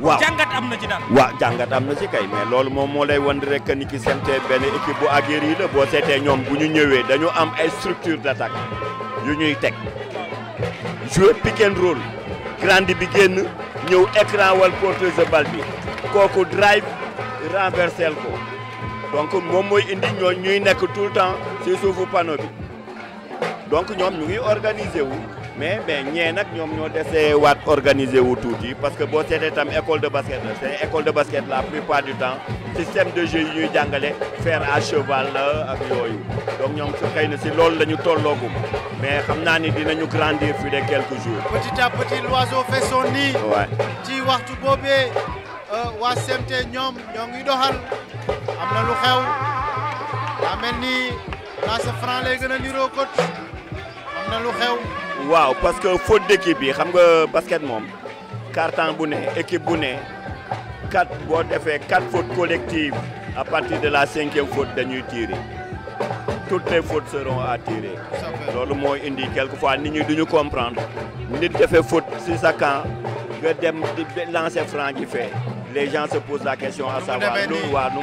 waaw jàngat am na ci daal. waaw jàngat am na ci kay mais loolu moom moo lay wan rek ni ki seen benn équipe bu aguerri yi la boo seetee ñoom bu ñu ñëwee dañu am ay structure d' attaque yu ñuy teg jouer pick and grande bi génn ñëw écran wal porteuse de balle bi kooku drive renversel ko donc moom mooy indi ñooñu ñuy nekk tout le temps ci suufu panneau bi donc ñoom ñu ngi organiser wu. mais ben ñee nag ñoom ñoo déssé wat organisé wu tuuti parce que bo cété tam école de basket c'est école de basket la plupart du temps système de jeu ñuy jàngalé faire à cheval la ak yooyu donc ñom su xëy na si loolu la mais xamna ni dinañu grandir fi de quelques jours. petit à petit l'oiseau fait son nid. waay ci waxtu boobee euh, waa CMT ñoom ñoo ngi doxal amna lu xew amel mel ni Lac Franc lay gën a niroo coach Wow, parce que faute d'équipe yi xam basket monde carton bouné, équipe quatre fautes collectives à partir de la cinquième faute nous tirer toutes les fautes seront à tirer. le mooy indi quelquefois nous devons comprendre nit fait faute si sa quand franc qui fait. les gens se posent la question à savoir Nous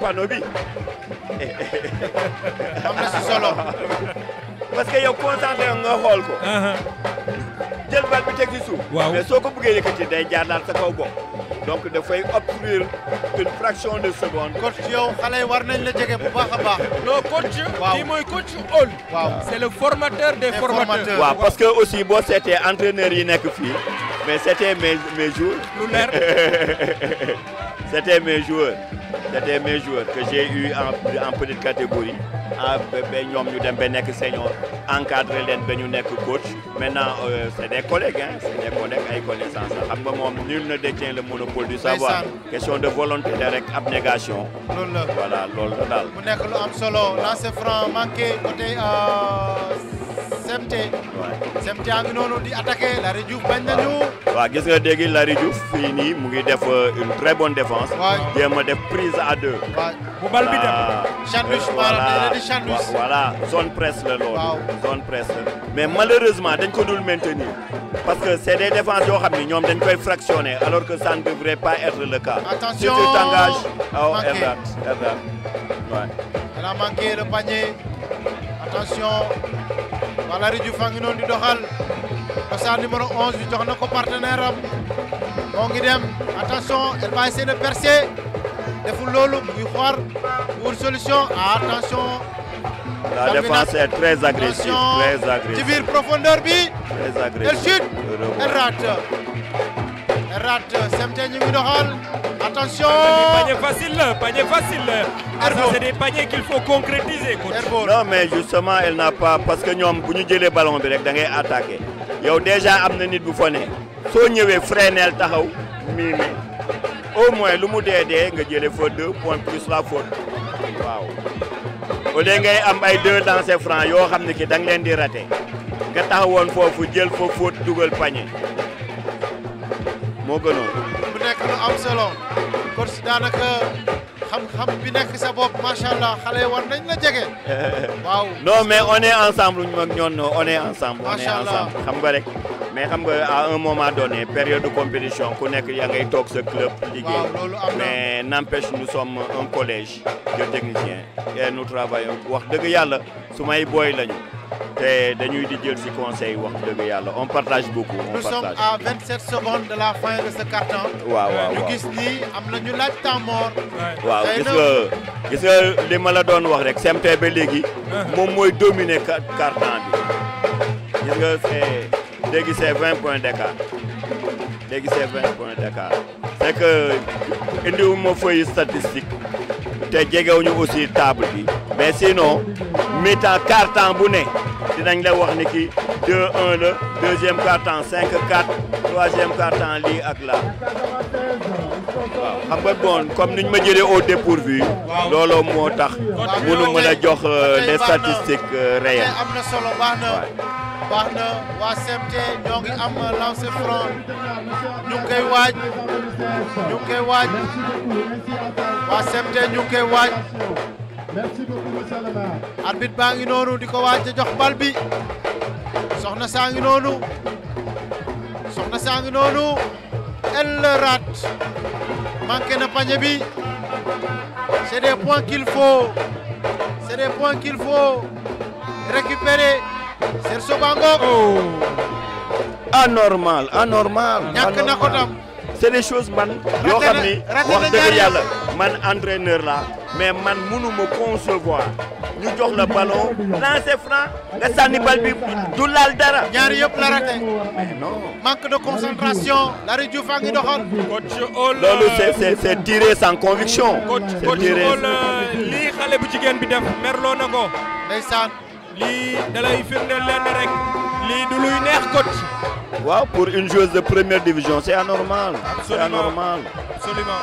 panobi bi solo parce que yow concentré nga xool ko uh-huh. jël bal bi teg ci suuf mais soo ko bëggee yëkkati day jaar daal sa kaw bopp donc da fay obstruire une fraction de seconde coach yow xalé war nañ la jege bu baax a baax non coach kii moy coach Hall c'est le formateur des formateurs waaw parce que aussi bo seetee entraîneur yi nek fi mais c'était mes, mes jours. c'était mes joueurs. C'était mes joueurs que j'ai eu en, en, petite catégorie. Ah, ben, ben, encadré les coach. Maintenant, euh, c'est des collègues, hein? c'est des collègues avec connaissance. Nul ne détient le monopole du savoir. Question de volonté, avec abnégation. Voilà, lol. Vous solo. franc, manqué côté. Euh, CMT. CMT a di attaqué la Diouf bañ nañu. waaw gis nga léegi Lari Diouf fii def euh, une très bonne défense. Il a fait def prise à deux. waaw bu bal bi dem. voilà zone presse le loolu. zone presse mais malheureusement dañ ko dul maintenir. parce que c'est des défenses Qui xam ni ñoom koy fractionner alors que ça ne devrait pas être le cas. attention si tu t'engages. oh Erdat Erdat waay. elle a manqué le panier attention. Valérie rue du Doral, noonu di numéro 11 du jox partenaire Bon, attention elle va essayer de percer Il loolu mu ngi pour solution attention. la défense est très agressive très agressive Tu profondeur bi. très agressive elle chute elle rate elle rate attention Panier facile, panier facile. Ah, c'est des paniers qu'il faut concrétiser. Coach. Non, mais justement, elle n'a pas. Parce que nous, si nous le ballon, nous allons attaquer. yow déjà am na nit bu fa ne soo ñëwee taxaw mii mi au moins le mu dee dee nga le faute deux points plus la faute waaw au lieu ngay am ay deux lancers francs yo xamni ki dang len di raté nga taxawoon fofu jël fofu faute panier moo gënoon. bu nekk lu am solo kon si daanaka xam-xam bi nekk sa bopp macha allah xale war nañ la jege. waaw non mais on est ensemble ñu mag ñoon on est ensemble. on est xam nga mais xam nga à un moment donné période de compétition ku nekk ya ngay toog sa club liggéey mais n'empêche nous sommes un collège de techniciens et nous travaillons wax dëgg yàlla sumay boy booy lañu te dañuy di jël ci conseil wax dëgg yàlla on partage beaucoup. on partage nous sommes à 27 secondes de la fin de ce carton. waaw waaw ñu gis ni am na ñu laaj temps mort. waaw gis nga gis nga li ma la doon wax rek CMT ba léegi. moom mooy dominer carton bi gis nga c'est léegi c'est 20 points d'écart c'est 20 points d'écart c'est que indiwuma feuille statistique te jegewuñu aussi table bi mais sinon mettez un carte en bu ne dinañ la wax ni 2-1 la deuxième carte en 5-4 troisième carte en lii ak là. xam nga bon comme niñ ma jëlee au dépourvu looloo moo tax munu a jox euh, les statistiques euh, réelles am na solo baax na baax na waa CMT ñoo ngi am lancé franc ñu ngi waaj waa CMT ñu ngi waaj arbitre baa ngi noonu di ko waaj a jox bal bi soxna saa ngi noonu soxna saa ngi noonu elle rate Man na panier bi c'est des points qu'il faut c'est des points qu'il faut récupérer Serge Bango oh. anormal anormal c'est des choses man yo xamni wax deug yalla man entraîneur là, mais man me concevoir ñu jox la ballon lancer franc nga sànni bal bi du lal dara. ñaar yëpp la raté. Eh non manque de concentration. Larry Diouf a ngi doxal. coach Hall loolu c' est c' tiré sans conviction. c' tiré coach Hall lii xale bu jigéen bi def merlo na ko. li dalay da lay lenn rek li du luy neex coach. waaw pour une joueuse de première division c'est anormal. c'est anormal. absolument.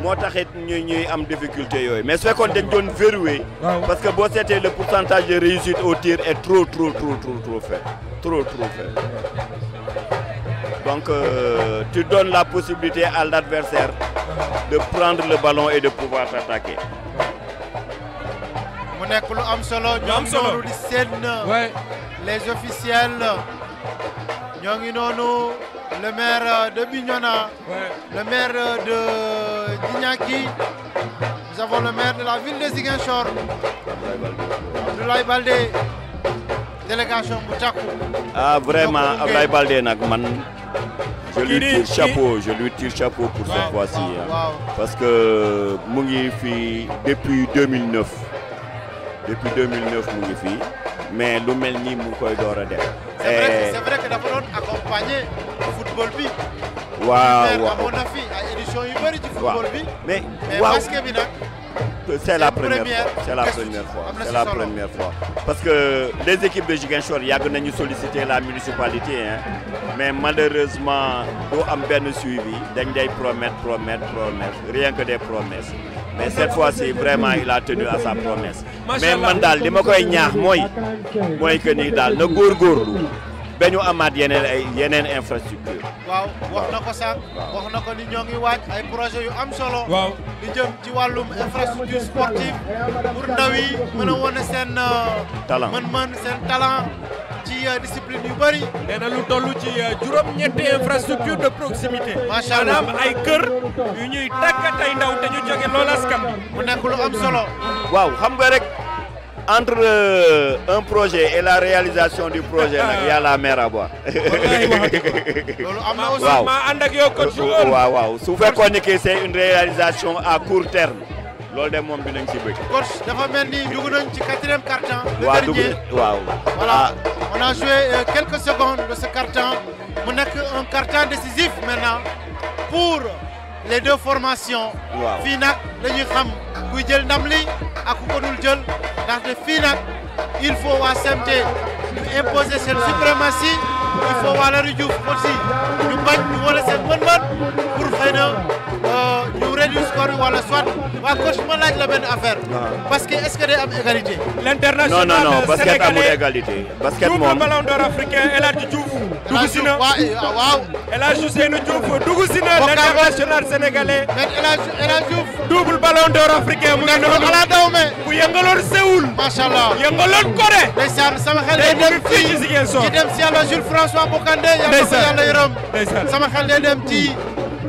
Moi tu as ñuy am difficulté mais ce qu'on a verroué, parce que le pourcentage de réussite au tir est trop trop trop trop trop faible trop trop faible donc euh, tu donnes la possibilité à l'adversaire de prendre le ballon et de pouvoir s'attaquer. On est lu am solo. les officiels. Nous avons le maire de Bignona le maire de Dignaki, nous avons le maire de la ville de Ziguinchor Abdoulaye Baldé délégation Moutchakou. ah vraiment Abdoulaye Baldé Nagman. je lui tire chapeau je lui tire chapeau pour cette fois-ci hein. parce que mu depuis 2009 depuis 2009 mu mais lu mel nii mu koy door def. c'est vrai que dafa accompagne le football bi. waaw waaw amoon na fi ay football mais waaw bi c'est la première fois c'est la première fois c'est la première fois parce que les équipes de Ziguinchor yàgg nañu sollicité la municipalité hein mais malheureusement doo am bien suivi dañ day promettre promettre promettre rien que des promesses mais cette fois-ci vraiment il a tenu à sa promesse mais ne bañu ñu amaat yeneen ay yenen infrastructure waaw wax na ko wax ni ñongi wacc ay projet yu am solo waaw di jëm ci walum infrastructure sportive pour ndaw yi mën a wane euh, talent man man sen talent ci euh, discipline yu bari nee lu tollu ci euh, juroom ñett infrastructure de proximité macha allah maanaam ay kër yu ñuy tàggat ay ndaw te ñu joggé lolaskam mu nekk lu am solo waaw xam nga rek entre euh, un projet et la réalisation du projet il y a la mer à boire. waaw waaw waaw su fekkoon ni que c'est une réalisation à court terme C'est ce que dinañ ci bëgg. coach dafa mel ni dugg nañ ci quatrième carton. le dernier. voilà ah. on a joué euh, quelques secondes de ce carton On a un carton décisif maintenant pour les deux formations. Finak, le savons que nous devons prendre l'âme et que il faut à SMT imposer cette suprématie. Il faut voir la Rue aussi nous battre, pour voir cette bonne bonne xëy na euh, ñu réduire score wala soit wa coach ma laaj la benn affaire. Ah. parce que est-ce que day am égalité. l'international non non non euh, basket amul égalité. basket mom Coupe Ballon d'Or africain El Hadj Diouf. Ah, dugg si eh, ah, waaw El Hadj Ousseynou Diouf dugg si l'international sénégalais. El Hadj El Hadj Diouf. double Ballon d'Or africain mu ngi ala daw me bu yëngaloon Séoul. machallah allah yëngaloon Corée. ndeysaan sama xel day dem fii ci dem si yàlla Jules François Bocandé. ndeysaan yàlla yalla ko yàlla yërëm. sama xel day dem ci.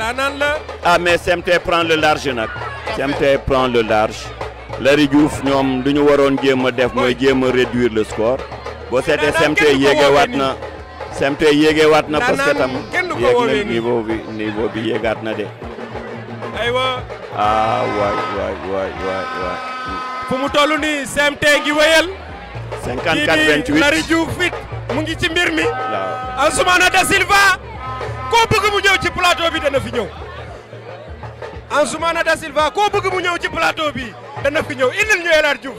ndaanaan la. ah mais CMT prend le large nak CMT prend le large. Lari Diouf ñom duñu waron waroon def moy jéem réduire le score. bo seetee CMT yéegewaat na CMT yéegewaat na parce que tam yéeg na niveau bi niveau bi yéegaat na de. aywa. ah waay waay waay waay waay. fu mu toll nii CMT ngi wéyal. 54 28 kii di Diouf it mu ngi ci mbir mi. Ansoumana Da Silva. koo bëgg mu ñëw ci plateau bi dana fi ñëw Ansoumana Da Silva koo bëgg mu ñëw ci plateau bi dana fi ñëw indil ñu Elaar Diouf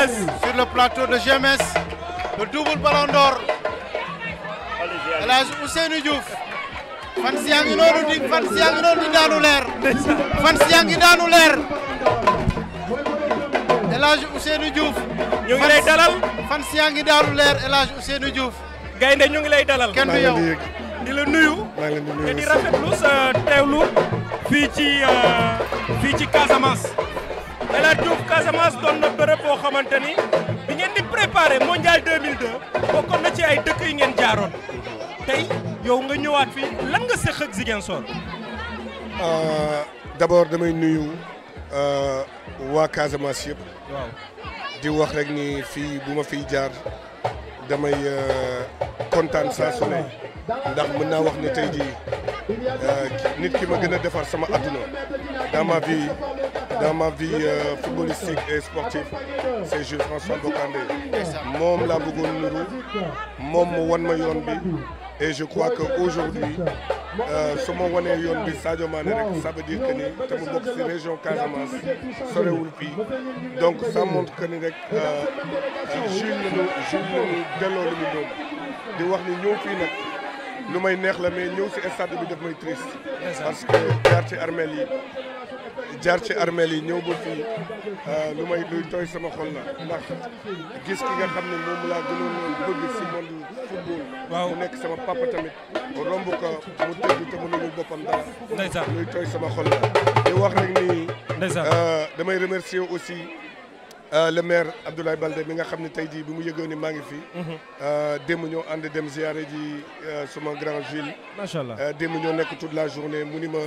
GMS sur le plateau de GMS le double ballon d'or El Hadj Ousseynou Diouf fan si yaa ngi noonu fan si yaa ngi noonu di daanu leer fan si yaa ngi daanu leer El Hadj Ousseynou Diouf. lay dalal fan si yaa leer El Hadj Ousseynou Diouf. gaynde ñu ngi dalal kenn du di la nuyu. te di rafetlu sa teewlu fii ci euh, fii ci Casamance. El Hadj Casamance doon na bërëb boo xamante ni bi ngeen di préparé mondial 2002 bokkoon na ci ay dëkk yi ngeen jaaroon tey yow nga ñëwaat fii lan nga séq ak Ziguinchor. Euh, damay nuyu euh, waa Casamance yëpp. waaw di ni fii bu ma fiy jaar damay euh, kontaan saa su ndax mën naa wax ne tey jii euh, nit ki ma gën a defar sama adduna dans ma vie dans ma vie euh, footballistique et sportif, c'est Jules François Bocandé moom laa bëggoon nuru moom mu wan ma yoon bi et je crois que aujourd'hui euh, su ma wanee yoon bi Sadio Mané rek ça veut dire que ni te mu bokk ci région Casamance sorewul fii donc ça montre que ni rek Jules nañu Jules nañu delloo li mu doon di wax ni ñëw fii nag lu may neex la mais ñëw si stade bi daf may triste. parce que jaar ci armel yi jaar ci armel yi ñëw ba fii euh, lu may luy tooy sama xol la ndax gis ki nga xam ne moom laa gënoon bëgg si monde football. waaw mu nekk sama papa tamit romb ko mu tëdd te mënulul boppam dara. luy tooy sama xol la. di wax rek ni. ndeysaan euh, damay remercier aussi. Euh, le maire Abdoulaye Balde mi nga xamni tay di bi mu yëgoon ni ngi fi. Mhm. Euh, démb ñoo and dem ziare ji euh, suma grand Jules. macha allah démb ñoo nek toute la journée mu ni ma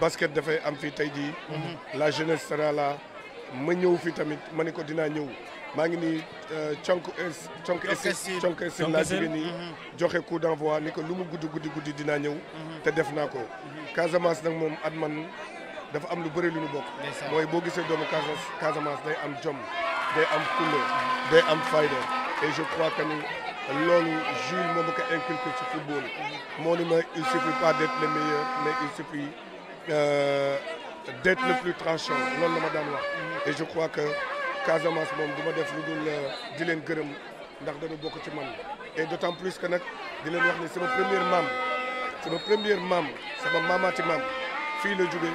basket dafay am fii tey jii. Mhm. la jeunesse sera là ma ñëw fi tamit maniko dina ko ma ñëw. maa ngi nii conk conk esi conk esi laa jóge nii mhm. joxe coup d'envoi ni lu mu gudd gudd gudd dina ñëw te def nako ko Casamance nag moom at man dafa am lu bëri lu ñu bokk. mooy boo gisee doomu Casamance day am jom day am fulla day am fayda et je crois que ni loolu Jules moom ko inculqué ci football mm-hmm. moo ni ma il suffit pas d'être le meilleur mais il suffit euh, d'être le plus tranchant loolu la ma daan wax. Mm-hmm. et je crois que Casamance moom du ma def lu dul euh, di leen gërëm ndax dañu bokk ci man et d'autant plus que nag di leen wax ni sama première maam sama première maam sama maamaati maam fii la jógee.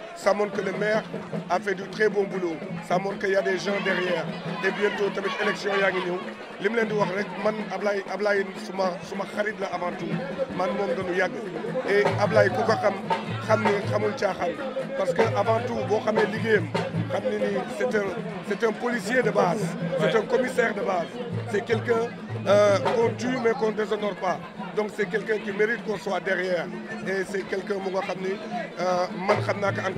Ça montre que le maire a fait du très bon boulot. Ça montre qu'il y a des gens derrière. Et bientôt, avec l'élection il y a li mu leen di wax rek man Ablaye Ablaye suma suma kharid la avant tout man moom dañu yàgg. et Ablaye qui ko xam xam ni xamul caaxaan parce que avant tout vous xamee liggéeyam xam ni c'est un c'est un policier de base. c'est un commissaire de base. c'est quelqu'un euh, qu'on tue mais qu'on ne déshonore pas. donc c'est quelqu'un qui mérite qu'on soit derrière et c'est quelqu'un mu nga xam euh, man xam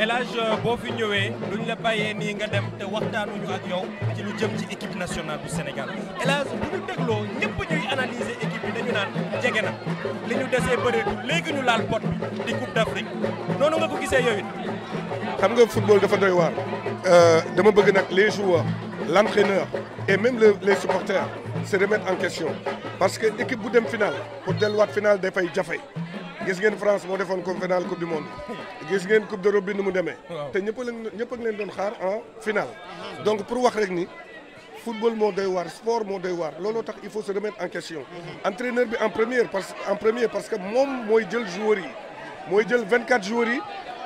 El euh, bo fi ñëwee luñ la bàyyee ni nga dem te waxtaanuñu ak yow ci lu jëm ci équipe nationale du Sénégal El bu ñu dégloo ñëpp ñuy analyser équipe bi dañu naan jege na li ñu déssé desee bëreetu légui ñu laal pot bi di Coupe d'Afrique nonu nga ko gissé yow it xam nga football dafa doy war euh dama bëgg nak les joueurs l'entraîneur et même les supporters se remettre en question parce que équipe bu dem finale pour delluwaat finale fay jafay vous voyez France qui a fait une finale de Coupe du Monde. Vous voyez la Coupe de Robin qui est venue. Et tout le monde attend en finale. Donc pour dire que le football le sport, il faut se remettre en question. Entraîneur en première parce que c'est lui qui a pris les joueurs. Il a 24 joueurs.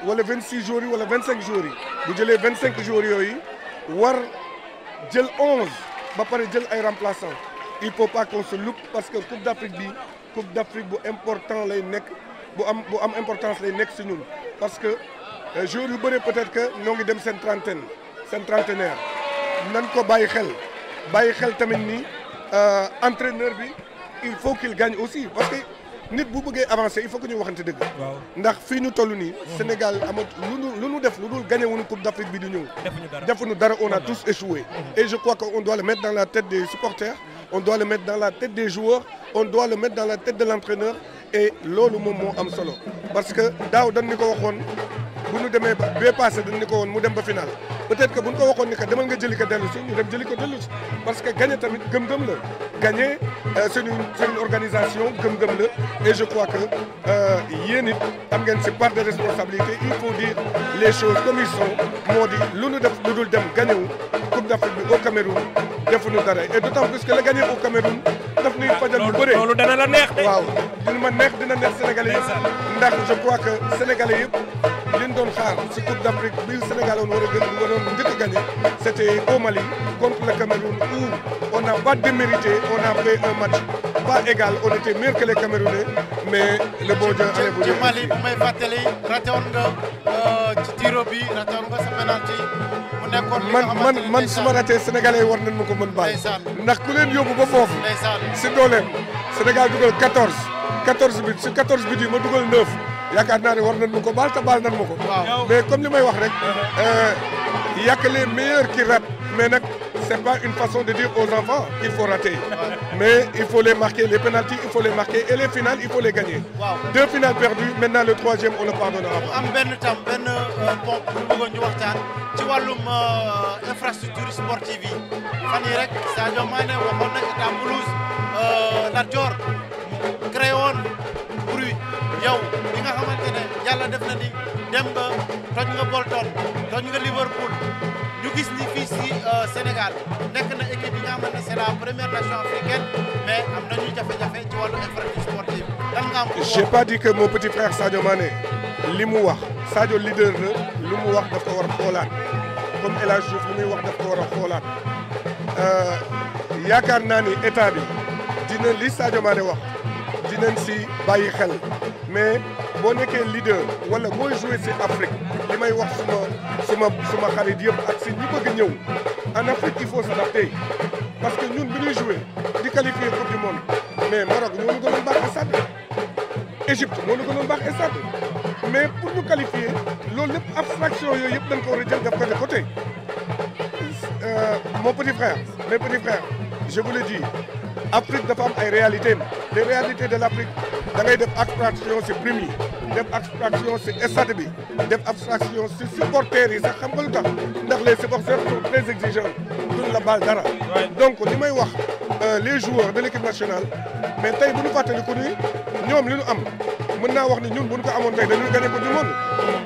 Ou 26 jours ou 25 jours. Vous les 25 jours, vous avez 11 jours, vous un remplaçant. Il ne faut pas qu'on se loupe parce que la Coupe d'Afrique dit coupe d'Afrique bu important lay nek, bu am bu am importance lay nek ci ñun parce que euh, jour yu bëri peut-être que ñoo ngi dem sen trentaine sen trentenaire nan ko bàyyi xel bàyyi xel tamit ni euh, entraîneur bi il faut qu'il gagne aussi parce que nit bu bëggé avancer il faut que ñu waxante deug ndax fi ñu tollu ni mhm. Sénégal amat lu nu lu nu def lu dul gagner wuñu coupe d'Afrique bi di ñëw. defuñu dara dara on a tous échoué. Mhm. et je crois que on doit le mettre dans la tête des supporters on doit le mettre dans la tête des joueurs on doit le mettre dans la tête de l'entraîneur et l'eau momo am solo parce que d'abord, dañ bunu ñu demee ba bee passé dañ ni ko won mu dem ba final peut-être que buñ ko waxone ni que demal nga jëli ko dellu si ñu dem jëli ko parce que gagner tamit gëm-gëm la gagner euh, c'est une c'est une organisation gëm-gëm la et je crois que euh, yéen it am ngeen ci part de responsabilité il faut dire les choses comme ils sont modi di lu ñu def lu dem gagner wu Coupe d'Afrique bi au Cameroun defuñu dara et d'autant plus que la gagner au Cameroun daf ñuy fajal lu bëree loolu dana la neex waaw dina ma neex dina neex Sénégalais ndax je crois que Sénégalais yëpp doon xaar si Coupe d'Afrique bi Sénégal woon wara gën waroon njëkk a gagné c'était au Mali contre le Cameroun où on a pas démérité on a fait un match pas égal on était meilleur que les Camerounais mais le bon Dieu allait vous dire. ci Mali bu may fàttali raté woon nga euh, ci tiro bi raté on nga sa penalty mu nekkoon man man man suma raté Sénégalais war nañ mako ko mën bàyyi. ndax ku leen yobbu ba fofu si dooleem Sénégal dugal 14 14 bi si 14 bi yi ma dugal 9. Il y a war nañu ko baal te baal nañu ma ko. mais comme limay wax rek. il euh, y a que les meilleurs qui rap mais nak c'est pas une façon de dire aux enfants qu'il faut rater. mais il faut les marquer les pénalties il faut les marquer et les finales il faut les gagner. deux finales perdues maintenant le troisième on le pardonnera pas. am ben tam ben bon euh, bu bëggoon ñu waxtaan ci walum euh, infrastructure sportive yi rek Sadio Mané waxoon na état pelouse Lat Dior créé un bruit yow li nga xamante ne yàlla def na ni dem ba toj nga Bolton toj nga Liverpool ñu gis ni fii si euh, Sénégal nekk na équipe yi nga xamante ne c'est la première nation africaine mais am nañu jafe-jafe ci wàllu infrastructure sportive lan nga am j'ai pas dit que mon petit frère Sadio Mané li mu wax Sadio leader la lu mu wax daf ko war a xoolaat comme El Hadj Diouf li muy wax daf ko war a xoolaat euh, yaakaar naa ni état bi dina li Sadio Mané wax dinañ si bàyyi xel mais bo nekkee leader wala booy jouer ci Afrique li may wax suma suma suma xarit yëpp ak si ñi bëgg ñëw en Afrique il faut s'adapter parce que ñun bi jouer di qualifier coupe du monde mais Maroc moo ngi gënoon baax stade Égypte mo ngi gënoon baax stade mais pour nous qualifier loolu lépp abstraction yooyu yëpp dañ ko war a jël def ko de côté euh, mon petit frère mes petits frères je vous le dis Afrique dafa am ay réalité La réalité de l'Afrique, da ngay def abstraction def abstraction les supporters les supporters sont très exigeants la balle dara. donc li wax euh, les joueurs de l'équipe nationale mais nous bu ñu ko ni li ñu am wax ni ñun ko du monde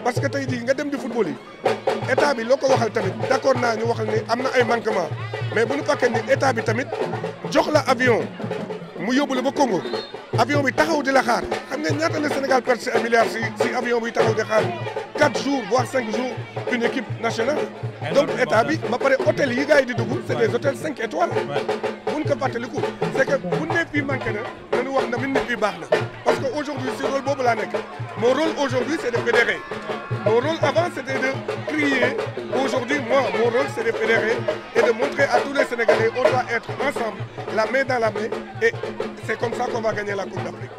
parce que tey jii nga dem di football état bi loko waxal tamit d'accord na ñu waxal ni amna ay manquement mais buñu ñu ni état bi tamit jox la avion mu yobul ba Congo avion bi taxaw di la xaar xam nga ñaata la Sénégal perte si milliard si si avion bi taxaw di xaar 4 jours voire 5 jours une équipe nationale. donc état bi ba paré hôtel yi gars di dugg. c'est des hôtels 5 étoiles c'est que vous ne pouvez manqué de nous wax na min parce qu'aujourd'hui, aujourd'hui le rôle Bob la mon rôle aujourd'hui c'est de fédérer mon rôle avant c'était de crier aujourd'hui moi mon rôle c'est de fédérer et de montrer à tous les Sénégalais qu'on doit être ensemble la main dans la main et c'est comme ça qu'on va gagner la Coupe d'Afrique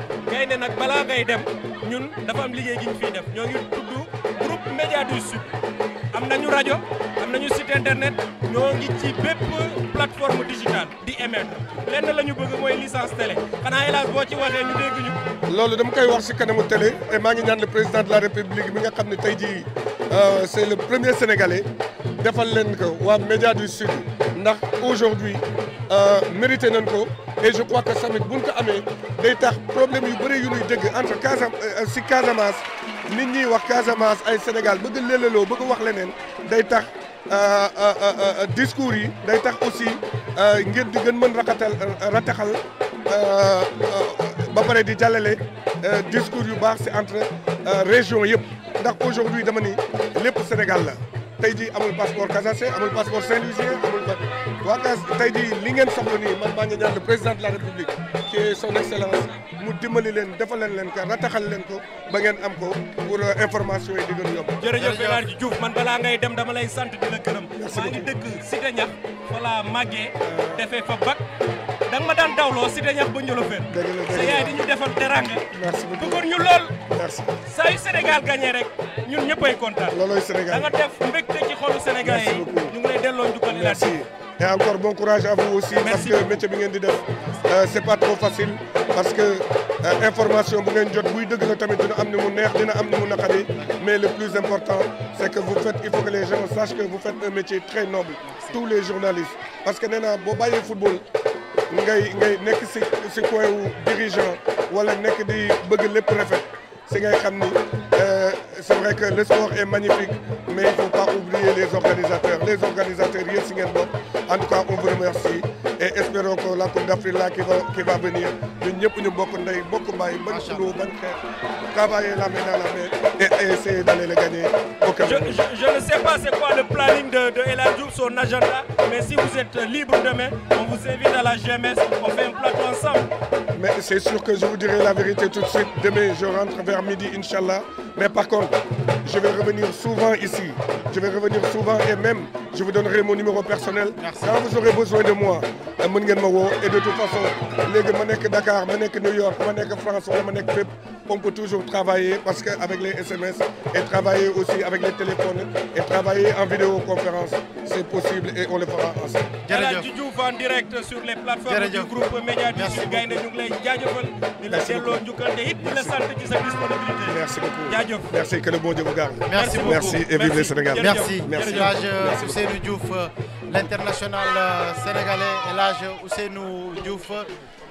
Nous ne groupe média du sud amnañu radio amnañu site internet ñoo ngi ci bépp plateforme digitale di émettre lenn lañu bëgg mooy licence télé xanaa hélas boo ci waxee ñu dégg ñu. loolu dama koy wax si kanamu télé et maa ngi ñaan le président de la république mi nga xam ne tey jii euh, c'est le premier sénégalais defal leen ko waa média du sud ndax aujourd'hui euh, mérité nañ ko et je crois que samit buñ ko amee day tax problème yu bëri yu ñuy dégg entre Casam si euh, Casamance nit ñi wax Casamance ay Sénégal bëgg bëgg wax leneen day tax euh, euh, euh, discours aussi ngir di gën discours entre région aujourd'hui dama Sénégal tey jii amul passeport casacé amul passeport saint lucien amul wa cas tey jii li ngeen soxlo ni man ma ñaan le président de la république ci son excellence mu dimbali leen defal leen ko rataxal leen ko ba ngeen am ko pour euh, information yi di gën yomb. jërëjëf El Hadj djouf man bala ngay dem dama lay sante di la gërëm. ma ngi dëkk Cité Niax fa laa màggee fa bac dang ma daan dawloo Cité Niax ba Ndiolofène. dëgg la sa yaay di ñu defal teranga. merci beaucoup bëggoon ñu lol merci sa yu Sénégal gagné rek ñun ñëppay kontaan. lolay Sénégal da nga def mbég et encore bon courage à vous aussi parce que métier bi euh, c'est pas trop facile parce que information mais le plus important c'est que vous faites il faut que les gens sachent que vous faites un métier très noble tous les journalistes parce que football ngay ngay dirigeant wala nekk di c'est vrai que le sport est magnifique, mais il ne faut pas oublier les organisateurs. Les organisateurs, en tout cas, on vous remercie et espérons que la Coupe d'Afrique qui va, qui va venir, nous nous beaucoup de beaucoup travailler la main dans la main et, essayer d'aller le gagner. Je, ne sais pas c'est quoi le planning de, de sur son agenda, mais si vous êtes libre demain, on vous invite à la GMS, on fait un plateau ensemble. Mais c'est sûr que je vous dirai la vérité tout de suite. Demain, je rentre vers midi, Inch'Allah. Mais par contre, je vais revenir souvent ici. Je vais revenir souvent et même, je vous donnerai mon numéro personnel. Quand vous aurez besoin de moi, et de toute façon, les gens Dakar, New York, France, on peut toujours travailler parce qu'avec les SMS et travailler aussi avec les téléphones et travailler en vidéoconférence, c'est possible et on le fera ensemble. Merci beaucoup. Merci que le bon Dieu vous garde. Merci Merci et vive le Sénégal. Merci. Merci.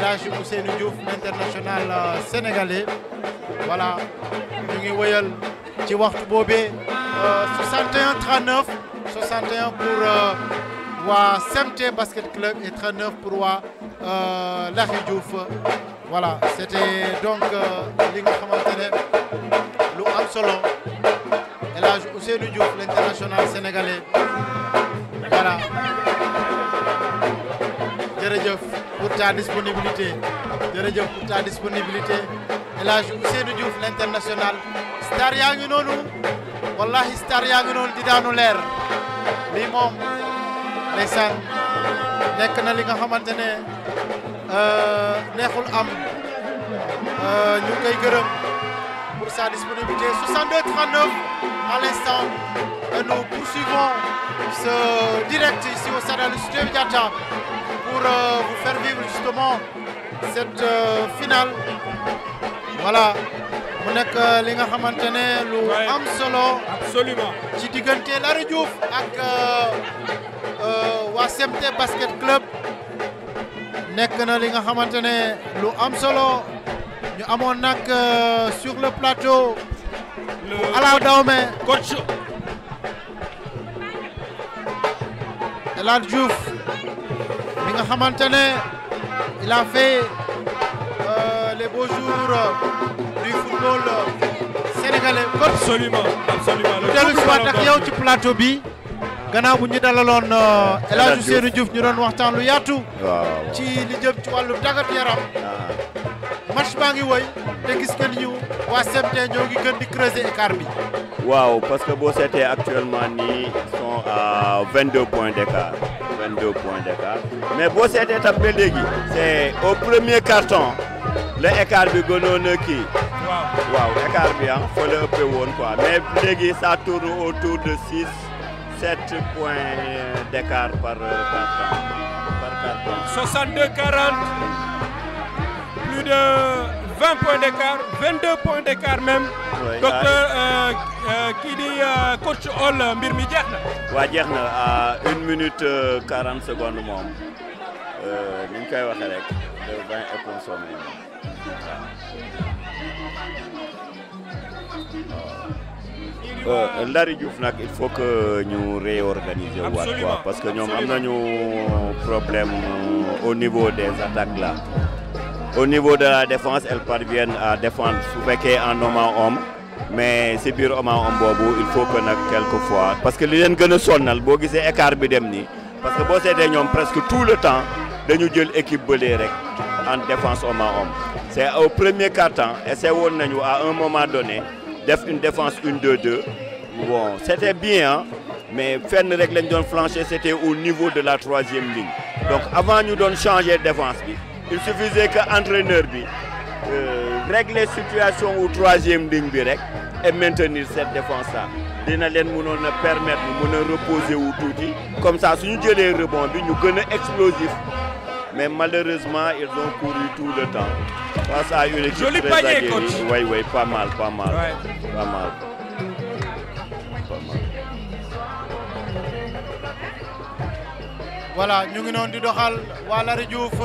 village Ousseynou Diouf international euh, sénégalais voilà ñu ngi wëyal ci waxtu bobé, 61 39 61 pour euh, Wa CMT basket club et 39 pour Wa euh, La Diouf voilà c'était donc li nga xamante Et lu am solo El l'international sénégalais voilà jërëjëf. pour ta disponibilité jërëjëf pour ta disponibilité El Hadj Ousseynou Diouf international star ngi noonu wallahi star ngi noonu di daanu leer lii moom ndeysaan nekk na li nga xamante ne euh, neexul am euh, ñu ngi koy gërëm pour sa disponibilité 62 39 à l' instant nous poursuivons ce direct ici au stade Iba Mar pour euh, vous faire vivre justement cette euh, finale voilà mu nekk euh, li nga xamante lu am solo absolument ci dit la Diouf ak waa basket club nest na li nga xamante ne lu am solo ñu sur le plateau Alaw Dawme coach la nga xamantene il a fait euh, les beaux jours euh, du football euh, sénégalais. absolument absolument. le soir si waat plateau bi ganaw bu ñu dalaloon euh, El Hadj Ousseynou ñu doon waxtan lu yatu ci li jëm ci walu tagat yaram. Ah. match baa ngi woy te gis ngeen ñu wa CMT ñoo ngi gën di creuser écart bi. waaw parce que boo seetee actuellement nii ils sont à 22 points d'écart 22 points d'écart mais boo seetee tam ba léegi. c'est au premier carton le écart bi gënoon a kii. waaw waaw écart bi ah fa la ëppee woon quoi mais léegi ça tourne autour de 6. 7 euh, points d'écart par, par, 62 40 plus de 20 points d'écart 22 points d'écart même docteur euh, euh, qui dit euh, coach Hall Mirmi mi à 1 minute 40 secondes moom ni euh, Diouf il faut que nous réorganisions quoi parce que nous avons un problème euh, au niveau des attaques là au niveau de la défense elles parviennent à défendre su en homme à homme mais c'est un homme à homme il faut que quelquefois parce que les gens qui a sonnal ils sont écart parce que nous seetee presque tout le temps dañu jël équipe l'équipe en défense homme à homme c'est au premier quart-temps et où à un moment donné une défense 1-2-2 bon c'était bien hein, mais fenn rek lañ flancher c'était au niveau de la troisième ligne donc avant nous doon changer défense il suffisait que l'entraîneur bi euh, régler situation au troisième ligne direct et maintenir cette défense là Nous nous permettre de nous reposer wu tuuti comme ça si nous rebond rebondir, nous devons explosif mais malheureusement, ils ont couru tout le temps. Face à une équipe Joli très panier, Oui, oui, pas mal, pas mal. Pas mal. Voilà, nous sommes du voilà le Juve.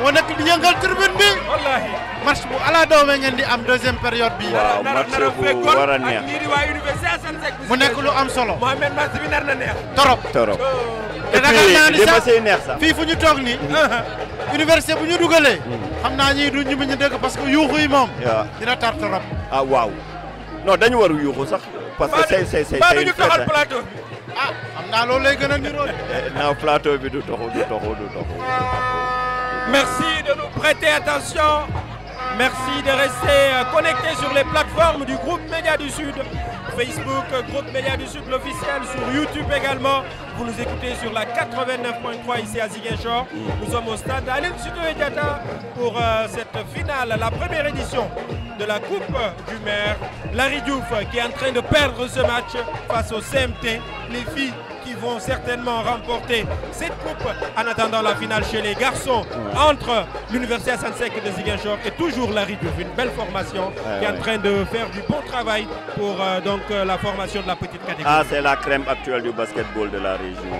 moo nekk di yëngal tribune bi. wallaahi bu ala doome ngeen di am deuxième période bi. waaw match bu war a neex mu nekk lu am solo. Mohamed match bi nar na torop te dagal naa ni sax fii fu ñu toog nii. Uh-huh. université bu ñu dugalee. Hmm. xam naa ñii du ñu ñu dëkk parce que yuuxu yi moom. dina tar torop. ah waaw non dañu war a yuuxu sax. parce que say say say say ñu taxal plateau bi. ah xam naa loolu lay gën a niróo. Eh, non plateau bi du toxu du toxu du toxu. Merci de nous prêter attention. Merci de rester euh, connectés sur les plateformes du groupe Média du Sud. Facebook, groupe Média du Sud l'officiel, sur YouTube également. Vous nous écoutez sur la 89.3 ici à Ziguinchor. Nous sommes au stade Alim Sud-Ouediata pour euh, cette finale, la première édition de la Coupe du Maire. Larry Diouf qui est en train de perdre ce match face au CMT. Les filles vont certainement remporter cette coupe en attendant la finale chez les garçons entre l'Université Sansec de Ziguinchor et toujours la d'une Une belle formation qui est en train de faire du bon travail pour euh, donc, euh, la formation de la petite catégorie. Ah, c'est la crème actuelle du basketball de la région.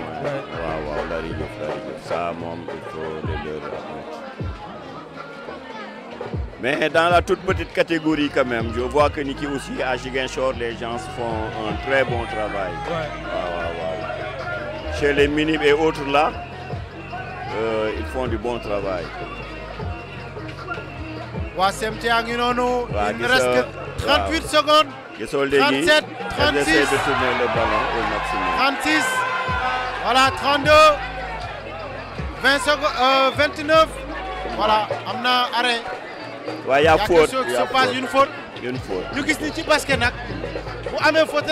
mais dans la toute petite catégorie quand même, je vois que Niki aussi à Giguinchor, les gens font un très bon travail chez les minimes et autres là, euh, ils font du bon travail. il ne reste que 38 euh, secondes. 37 36 36 voilà 32 20 secondes 29 euh, voilà on arrêt. y' a faute y' y' a se passe une faute. une faute faute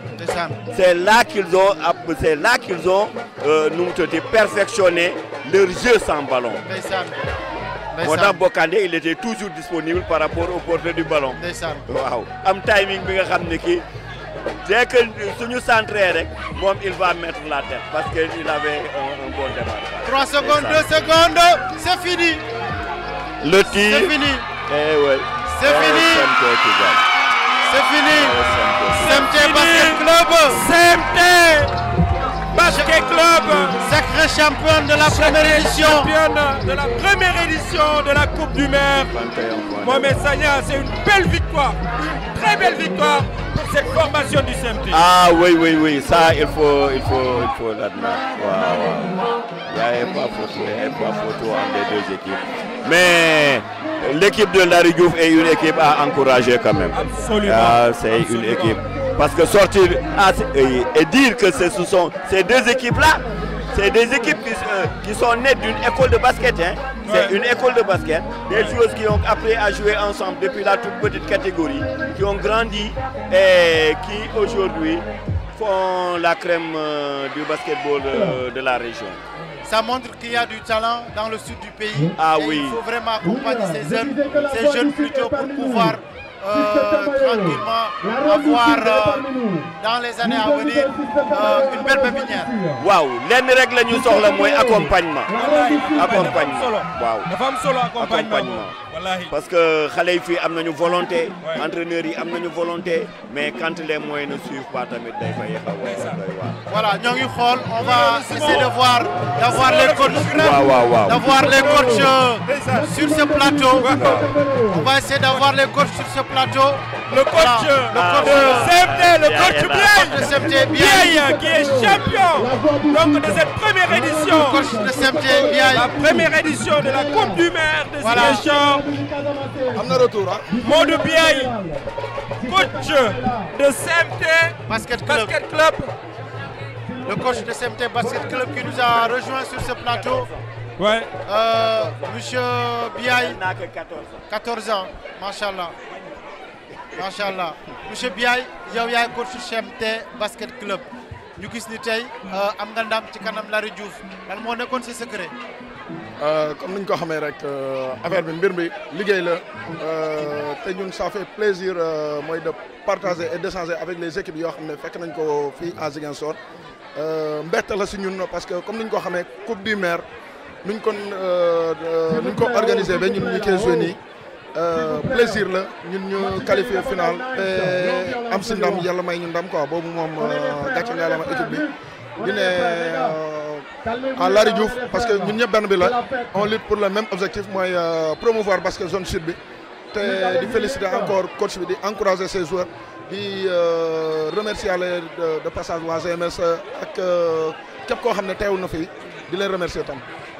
C'est là qu'ils ont, c'est là qu'ils ont euh, nous perfectionné leur jeu sans ballon. Madame Bokande, il était toujours disponible par rapport au portrait du ballon. Wow. Am timing bi nga xamné dès que suñu centré rek il va mettre la tête parce qu'il avait un, bon départ. 3 secondes, 2 secondes, c'est fini. Le tir. C'est fini. Eh ouais. C'est eh, fini. C'est fini. Eh, CMT Basket Club. Basket Club. Sacré champion de la première édition. de la première édition de la Coupe du Maire. Mohamed c'est une belle victoire. Une très belle victoire pour cette formation du CMT. Ah oui, oui, oui. Ça, il faut Il faut, il n'y a pas photo, a pas photo entre les deux équipes. Mais l'équipe de Larry est une équipe à encourager quand même. Absolument. Ah, c'est une équipe parce que sortir et dire que ce sont ces deux équipes-là, c'est des équipes qui, euh, sont nées d'une école de basket. Hein. C'est une école de basket. Des choses qui ont appris à jouer ensemble depuis la toute petite catégorie, qui ont grandi et qui aujourd'hui font la crème euh, du basketball euh, de la région. Ça montre qu'il y a du talent dans le sud du pays. Ah oui. Il faut vraiment accompagner ces jeunes, ces jeunes plutôt pour pouvoir euh, tranquillement avoir euh, dans les années à venir euh, une belle pépinière. Waouh, les règles nous sont soxla moyens accompagnement. accompagnement accompagnement. parce que khaleifi yi fii volonté. l'entraînerie a une volonté. mais quand les moyens ne suivent pas tamit voilà on va essayer de voir d'avoir les coachs. d'avoir les coachs sur ce plateau. on va essayer d'avoir les coachs sur ce plateau plateau. Le coach, ah, le coach de CMT, le coach Blaise Biaille, qui est champion donc, de cette première édition. Le coach de CMT Biaille. La première édition de la Coupe du Maire de voilà. Amna retour. Hein. coach de CMT Basket Club. Basket Club. Le coach de CMT Basket Club qui nous a rejoint sur ce plateau. Ouais. Euh, monsieur Biaï, 14 ans, 14 ans Machallah. macha allah monsieur Biaye yow yaay coach su CMT basket club ñu gis ni tey am nga ndam ci kanam Larry Diouf lan moo nekkoon si secret. comme niñ ko xamee rek affaire bi mbir mi liggéey la te ñun ça fait plaisir mooy de partager et d'échanger avec les équipes yoo xam ne fekk nañ ko fii à Ziguinchor mbett la si ñun parce que comme niñ ko xamee coupe du maire nuñ kon nuñ ko organiser ba ñun ñi koy joué nii. Euh, plaisir la ñun ñu qualifier final te am si ndam yalla may ñu ndam quoi boobu mom euh, gàcce nga ma équipe bi ñu ne euh, à Lari Diouf parce que ñun ñëpp sommes bi la on lutte pour le même objectif Moi, promouvoir basket zone sud bi té di féliciter encore coach bi di encourager ses joueurs di remercier de passage waa GMS ak képp ko xamné ne teewul na fii di les remercier tam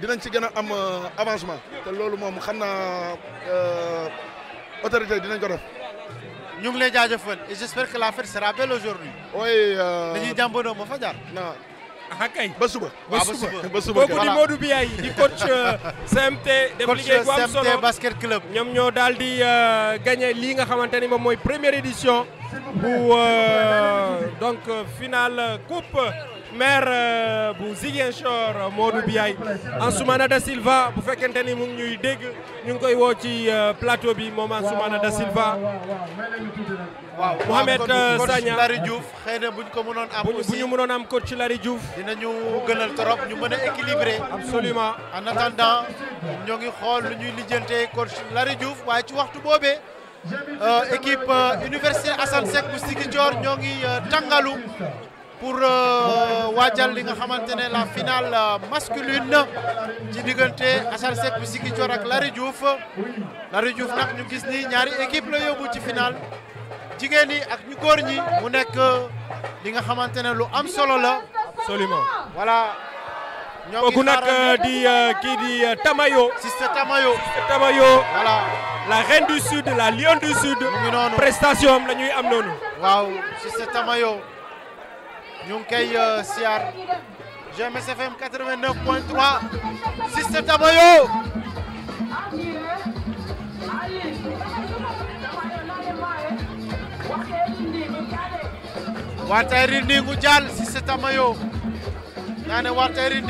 dinañ ci avancement et j'espère que la sera belle aujourd'hui. oui. Euh, dañuy je ma fa non. Ah, ba suba. ba suba ba suba di di coach euh, CMT. basket club. ñoom ñoo daal euh, gagner gagné nga première édition bu donc finale coupe. maire bu Ziguinchor Modou Biaye Ansoumana Da Silva bu fekkente ni mu ngi ñuy dégg ñu ngi koy woo ci plateau bi moom Ansoumana Da Silva. waaw Mohamed Sagna Larry Diouf xëy na buñ ko mënoon am. bu ñu mënoon am coach Larry Diouf. dinañu gënal trop ñu mën a équilibré. absolument en ñoo ngi xool lu ñuy lijjantee coach Larry Diouf waaye ci waxtu boobee. équipe université Assane Seck bu Ziguinchor ñoo ngi tàngalu. pour euh, waajal li nga xamantene la finale euh, masculine ci diggante Assane Seck bu Ziguinchor ak Lari Diouf Lari Diouf nag ñu gis ni ñaari équipe la yóbbu ci finale jigéen ñi ak ñu góor ñi mu nekk euh, li nga xamantene lu am solo la. absolument voilà. ñoo nak di ki di Tamayo. Sister Tamayo. Sister Tamayo. voilà la reine du sud la lion du sud. prestation am la am noonu. waaw Sister Tamayo ñu ngi koy FM euh, 89.3 Système Tamayo wartayri n'ingujal, dial Système Mayo. nane wartayri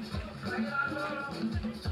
Thank you.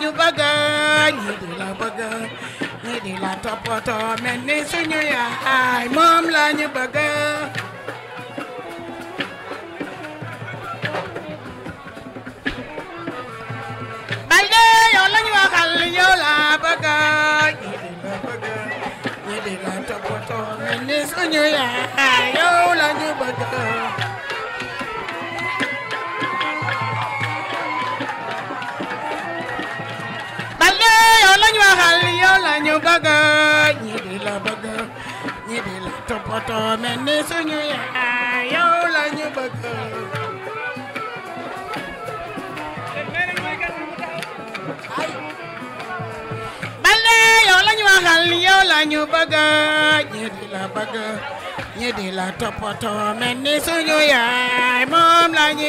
ñu bëgg ñi di la bëgg ñi di la toppatoo mel ni suñu yaay moom la ñu bëgg Balde yow la ñu waxal yow la bëgg ñi di la bëgg ñi di la toppatoo mel ni suñu yaay yow la ñu bëgg waxal yow la ñu ñi di la bëgg ñi di la toppatoo mel suñu yaay yow la ñu bale yow la ñu ñi di la bëgg ñi suñu yaay moom la ñu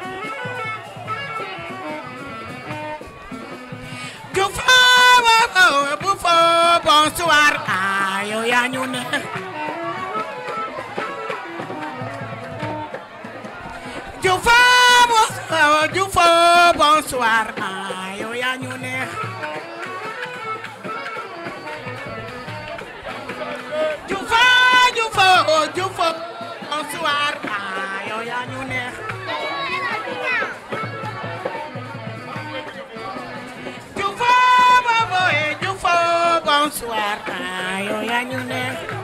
fo bu fo bonsoir ayo yaa ñu ne ju fo bonsoir ju fo bonsoir ayo yaa ñu ne ju fo ju fo ju fo bonsoir ayo yaa ñu ne bonsoir. Ay, oigan una.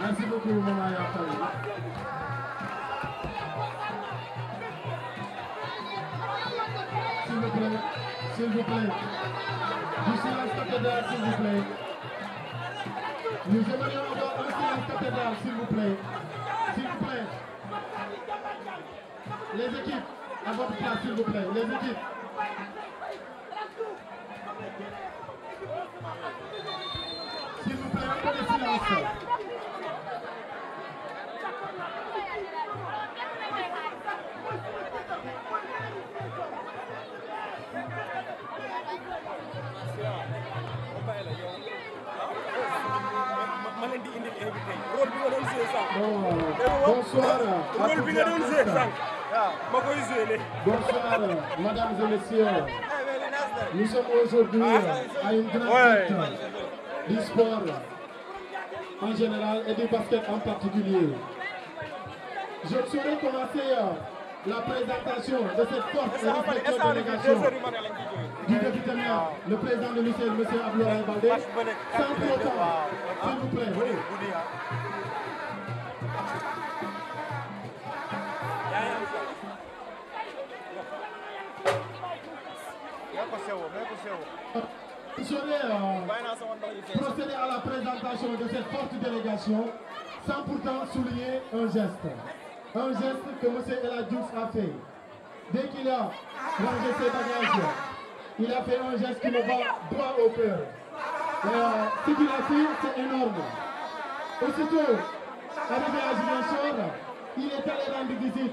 Merci beaucoup, Maman Yafari. S'il vous plaît, s'il vous plaît. Du silence cathédrale, s'il vous plaît. Nous aimerions encore un silence cathédrale, s'il vous plaît. votre place, s'il vous plaît. Les équipes. S'il vous plaît, un peu de silence. Bonsoir. Rôle bi nga doon joué sànq. Bonsoir, mesdames et messieurs. Nous sommes aujourd'hui ah, à une grande fête du sport en général et du basket en particulier. Je souhaiterais commencer euh, la présentation de cette forte et respectueuse délégation du député le président de l'Université, M. Abdoulaye Baldé, sans s'il vous plaît. Hein. Je procéder à la présentation de cette forte délégation sans pourtant souligner un geste. Un geste que M. Eladoux a fait. Dès qu'il a rangé ses bagages, il a fait un geste qui me va droit au cœur. ce qu'il a fait, c'est énorme. Aussitôt, arrivé à Julian il est allé rendre visite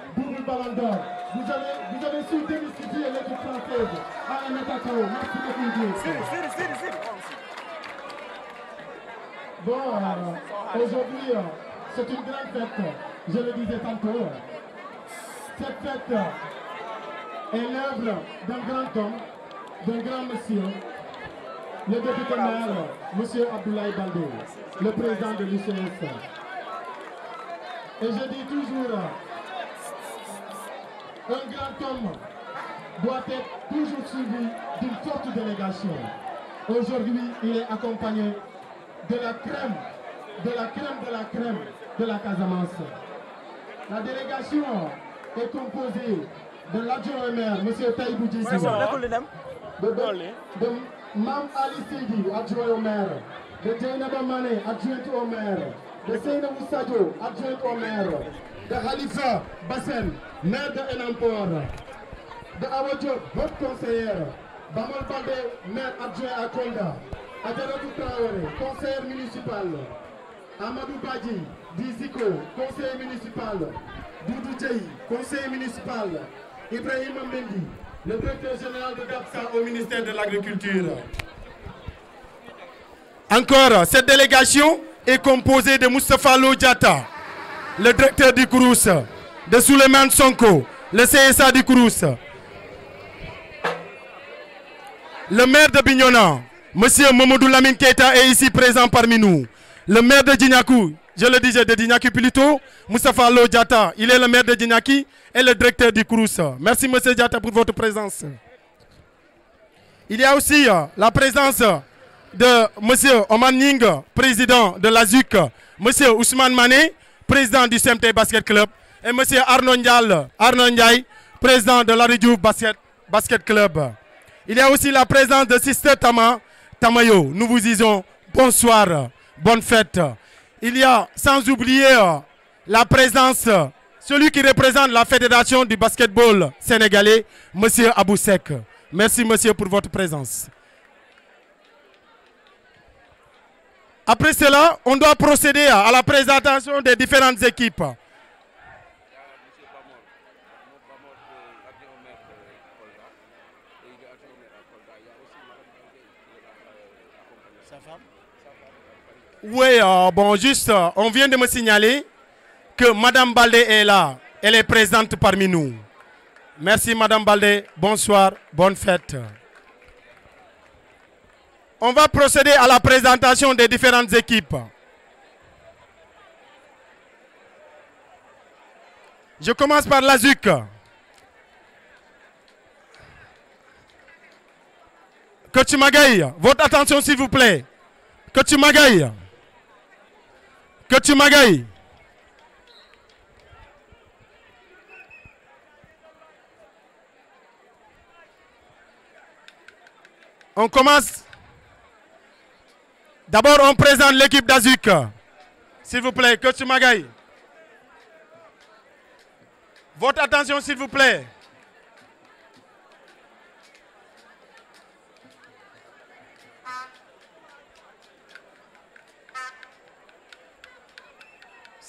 Bourgoul Barandor. Vous avez, vous avez su démystifier l'équipe française. merci beaucoup. Bon, aujourd'hui, hein, c'est une grande fête. Je le disais tantôt. Cette fête est l'œuvre d'un grand homme, d'un grand monsieur, le député maire, M. Abdoulaye Baldo, le président de l'UCS. Et je dis toujours, un grand homme doit être toujours suivi d'une forte délégation. Aujourd'hui, il est accompagné de la crème, de la crème, de la crème de la Casamance. La délégation est composée de l'adjoint au maire, M. Taïbou de, de, Mam Ali Sidi, adjoint au maire, de Jaina Bamane, adjoint au maire, de Seyna Moussado, adjoint au maire, de Khalifa Bassem, maire de Enampor, de Awadjo, votre conseillère, Bamal maire adjoint à Konda, Adjaratou Traoré, conseiller municipal. Amadou Badi, Diziko, conseiller municipal, Doudou Djei, conseiller municipal, Ibrahim Mbendi, le directeur général de DAPSA au ministère de l'Agriculture. Encore, cette délégation est composée de Moustapha Lodjata, le directeur du Crous, de Suleiman Sonko, le CSA du Kourous le maire de Bignona, M. Momodou Lamine Keita est ici présent parmi nous. Le maire de Dinaku je le disais de plus plutôt, Moustapha Lo il est le maire de Dinaki et le directeur du Kourous Merci M. Diata pour votre présence. Il y a aussi euh, la présence de Monsieur Oman Ning, président de la ZUC Monsieur Ousmane Mané, président du CMT Basket Club, et monsieur Arnaud Ndiaye, président de la Basket, Basket Club. Il y a aussi la présence de Sister Tama, Tamayo. Nous vous disons bonsoir, bonne fête. Il y a, sans oublier, la présence, celui qui représente la Fédération du basketball sénégalais, monsieur Sek. Merci monsieur pour votre présence. Après cela, on doit procéder à la présentation des différentes équipes. Oui, euh, bon, juste, euh, on vient de me signaler que Madame Baldé est là. Elle est présente parmi nous. Merci Madame Baldé. Bonsoir, bonne fête. On va procéder à la présentation des différentes équipes. Je commence par la ZUC. tu magailles. votre attention s'il vous plaît. Que tu magailles tu m'agailles. On commence. D'abord, on présente l'équipe d'Azuka, S'il vous plaît, tu m'agailles. Votre attention, s'il vous plaît.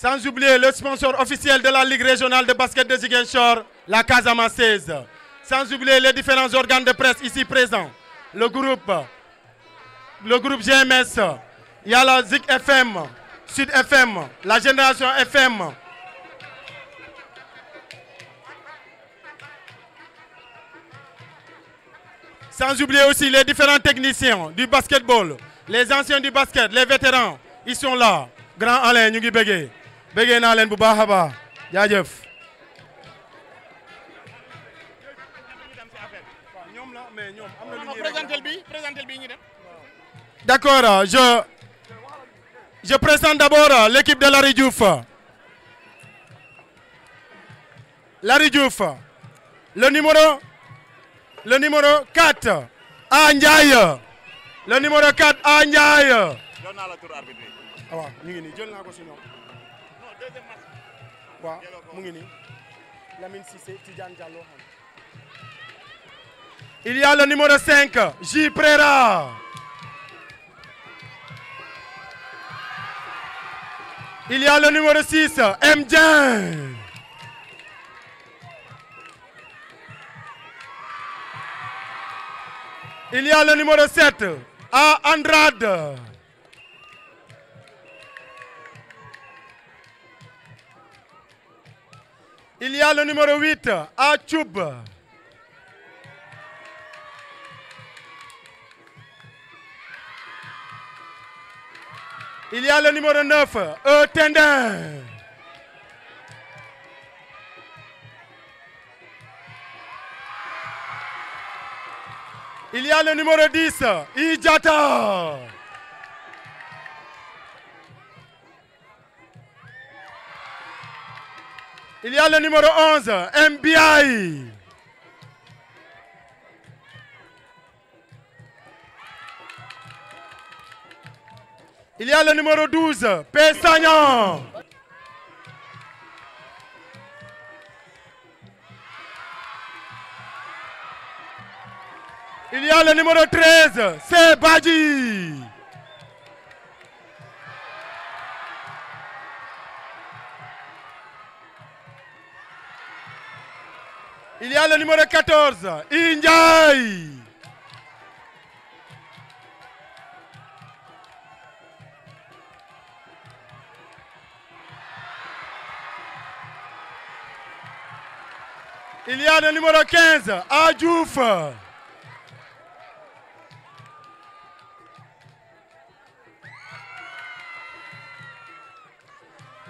Sans oublier le sponsor officiel de la Ligue régionale de basket de Ziguinchor, la Casa 16. Sans oublier les différents organes de presse ici présents. Le groupe, le groupe GMS, il y a la FM, Sud FM, la Génération FM, Sans oublier aussi les différents techniciens du basketball, les anciens du basket, les vétérans, ils sont là. Grand Alain bégué bëggee naa leen bu baax a baax jaajëf. D'accord, ah, je, je présente d'abord ah, l'équipe de Larry Diouf. Larry Diouf, le numéro, le numéro 4, Anjaye. Le numéro 4, Anjaye. Ah, il y a le numéro 5 J Prera il y a le numéro 6 M il y a le numéro 7 A Andrade Il y a le numéro 8, Achoub. Il y a le numéro 9, Eutendin. Il y a le numéro 10, Ijata. Il y a le numéro 11, MBI. Il y a le numéro 12, Pessagnan. Il y a le numéro 13, Badi Il y a le numéro 14, Injay. Il y a le numéro 15, Adjouf.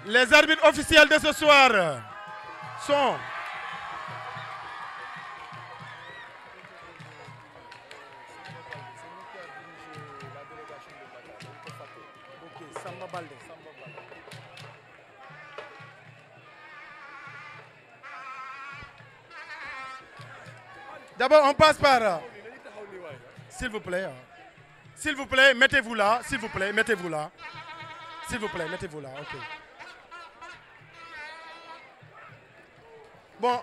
Les arbitres officiels de ce soir sont D'abord, on passe par... Euh, s'il vous plaît. Hein. S'il vous plaît, mettez-vous là. S'il vous plaît, mettez-vous là. S'il vous plaît, mettez-vous là. Bon.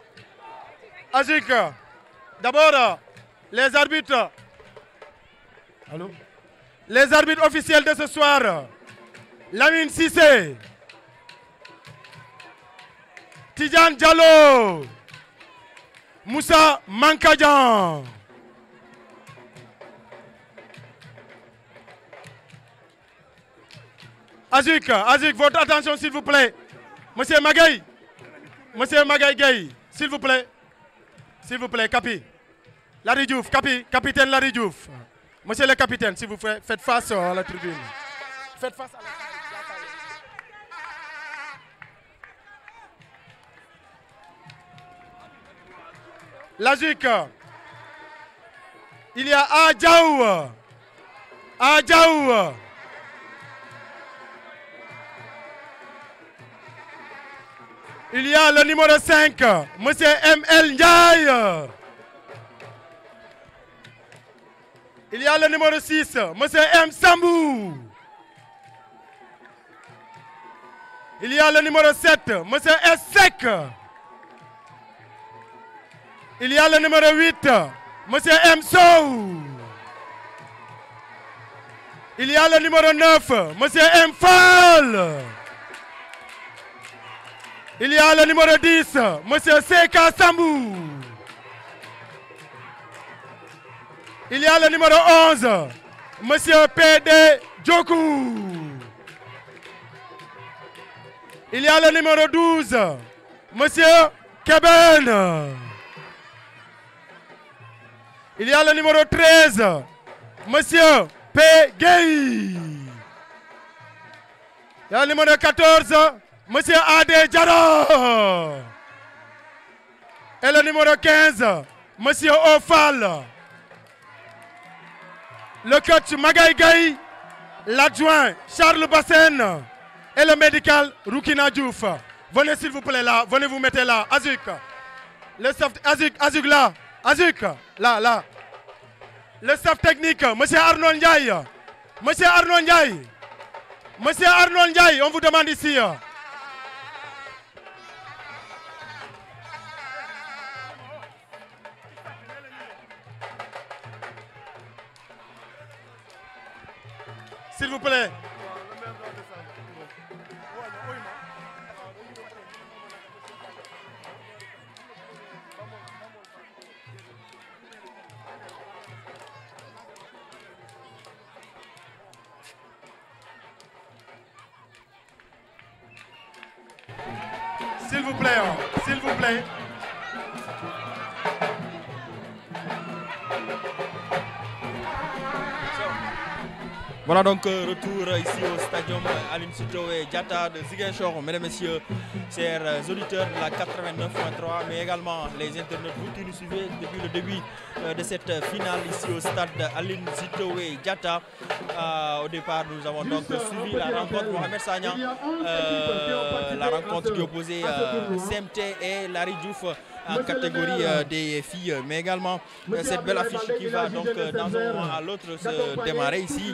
Azik, d'abord, euh, les arbitres. Allô Les arbitres officiels de ce soir. Euh, Lamine Sissé. Tidjan Diallo. Moussa Mankadjan. Azik, Azik, votre attention s'il vous plaît. Monsieur Magay, Monsieur Magay Gay, s'il vous plaît. S'il vous plaît, Capi. Laridjouf, Capi, capitaine Laridjouf. Monsieur le capitaine, s'il vous plaît, faites face à la tribune. Faites face à la tribune. Zika, Il y a Adjaou. Adjaou. Il y a le numéro 5, Monsieur M.L. Ndiaye. Il y a le numéro 6, Monsieur M. Sambou. Il y a le numéro 7, Monsieur S. Sek. Il y a le numéro 8, Monsieur M. Sow. Il y a le numéro 9, Monsieur M. Fall. Il y a le numéro 10, Monsieur Seka Sambou. Il y a le numéro 11, Monsieur P.D. Joku. Il y a le numéro 12, Monsieur Kebene. Il y a le numéro 13, Monsieur P. Gay. Il y a le numéro 14, Monsieur Ade Jaro. Et le numéro 15, Monsieur Ofal. Le coach Magaï Gay, l'adjoint Charles Bassène et le médical Roukina Diouf. Venez s'il vous plaît là, venez vous mettre là, Azuk. Le soft, Azuk, Azuk là, Azuk, là, là le staff technique, Monsieur Arnaud Ndiaye. Monsieur Arnaud Ndiaye. Monsieur Arnaud Ndiaye, on vous demande ici. S'il vous plaît. vous plaît, hein. s'il vous plaît. Voilà donc euh, retour ici au stadium Alim et Diata de Ziguinchor. Mesdames et messieurs, chers euh, auditeurs de la 89.3, mais également les internautes, vous qui nous suivez depuis le début euh, de cette finale ici au stade Alim et Diata. au départ, nous avons donc suivi la rencontre Mohamed Sagnan, la rencontre qui opposait CMT hein. et Larry Diouf en catégorie euh, des filles, euh, mais également euh, cette belle affiche qui va donc dans un moment à l'autre se démarrer ici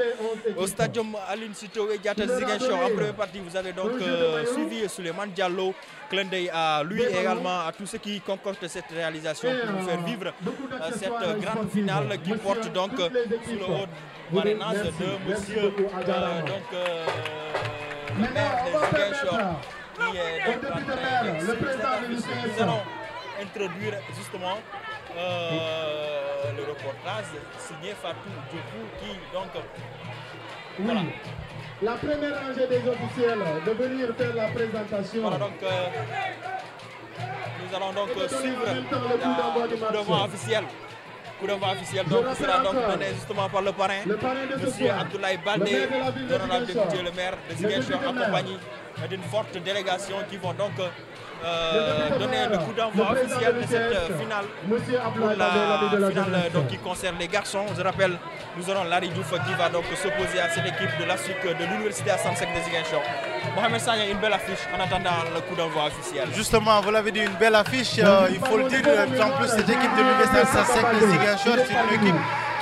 au stadium Aline et Diata Ziguinchor. En première partie, vous avez donc suivi Suleiman Diallo, clin d'œil à lui également, à tous ceux qui concordent cette réalisation pour faire vivre cette grande finale qui porte donc sous le haut marénage de monsieur donc, le maire de Ziguinchor qui est donc le de introduire justement euh, le reportage signé Fatou Djokou qui donc... Voilà. La première rangée des officiels de venir faire la présentation. Voilà donc... Euh, nous allons donc suivre le coup d'envoi officiel coup d'envoi officiel donc sera donc mené justement par le parrain, le parrain de monsieur Abdoulaye Baldé, l'honorable député le maire de Ziguinchor, accompagné d'une forte délégation qui vont donc euh, donner le coup d'envoi officiel de cette euh, finale finale qui concerne les garçons. Je rappelle, nous aurons Larry Douf qui va donc s'opposer à cette équipe de la suite de l'Université à Sansec des Iguinchon. Mohamed Sagna, une belle affiche en attendant le coup d'envoi officiel. Justement, vous l'avez dit, une belle affiche, euh, il faut le dire. En plus, cette équipe de l'Université à des Iguinchon, c'est une équipe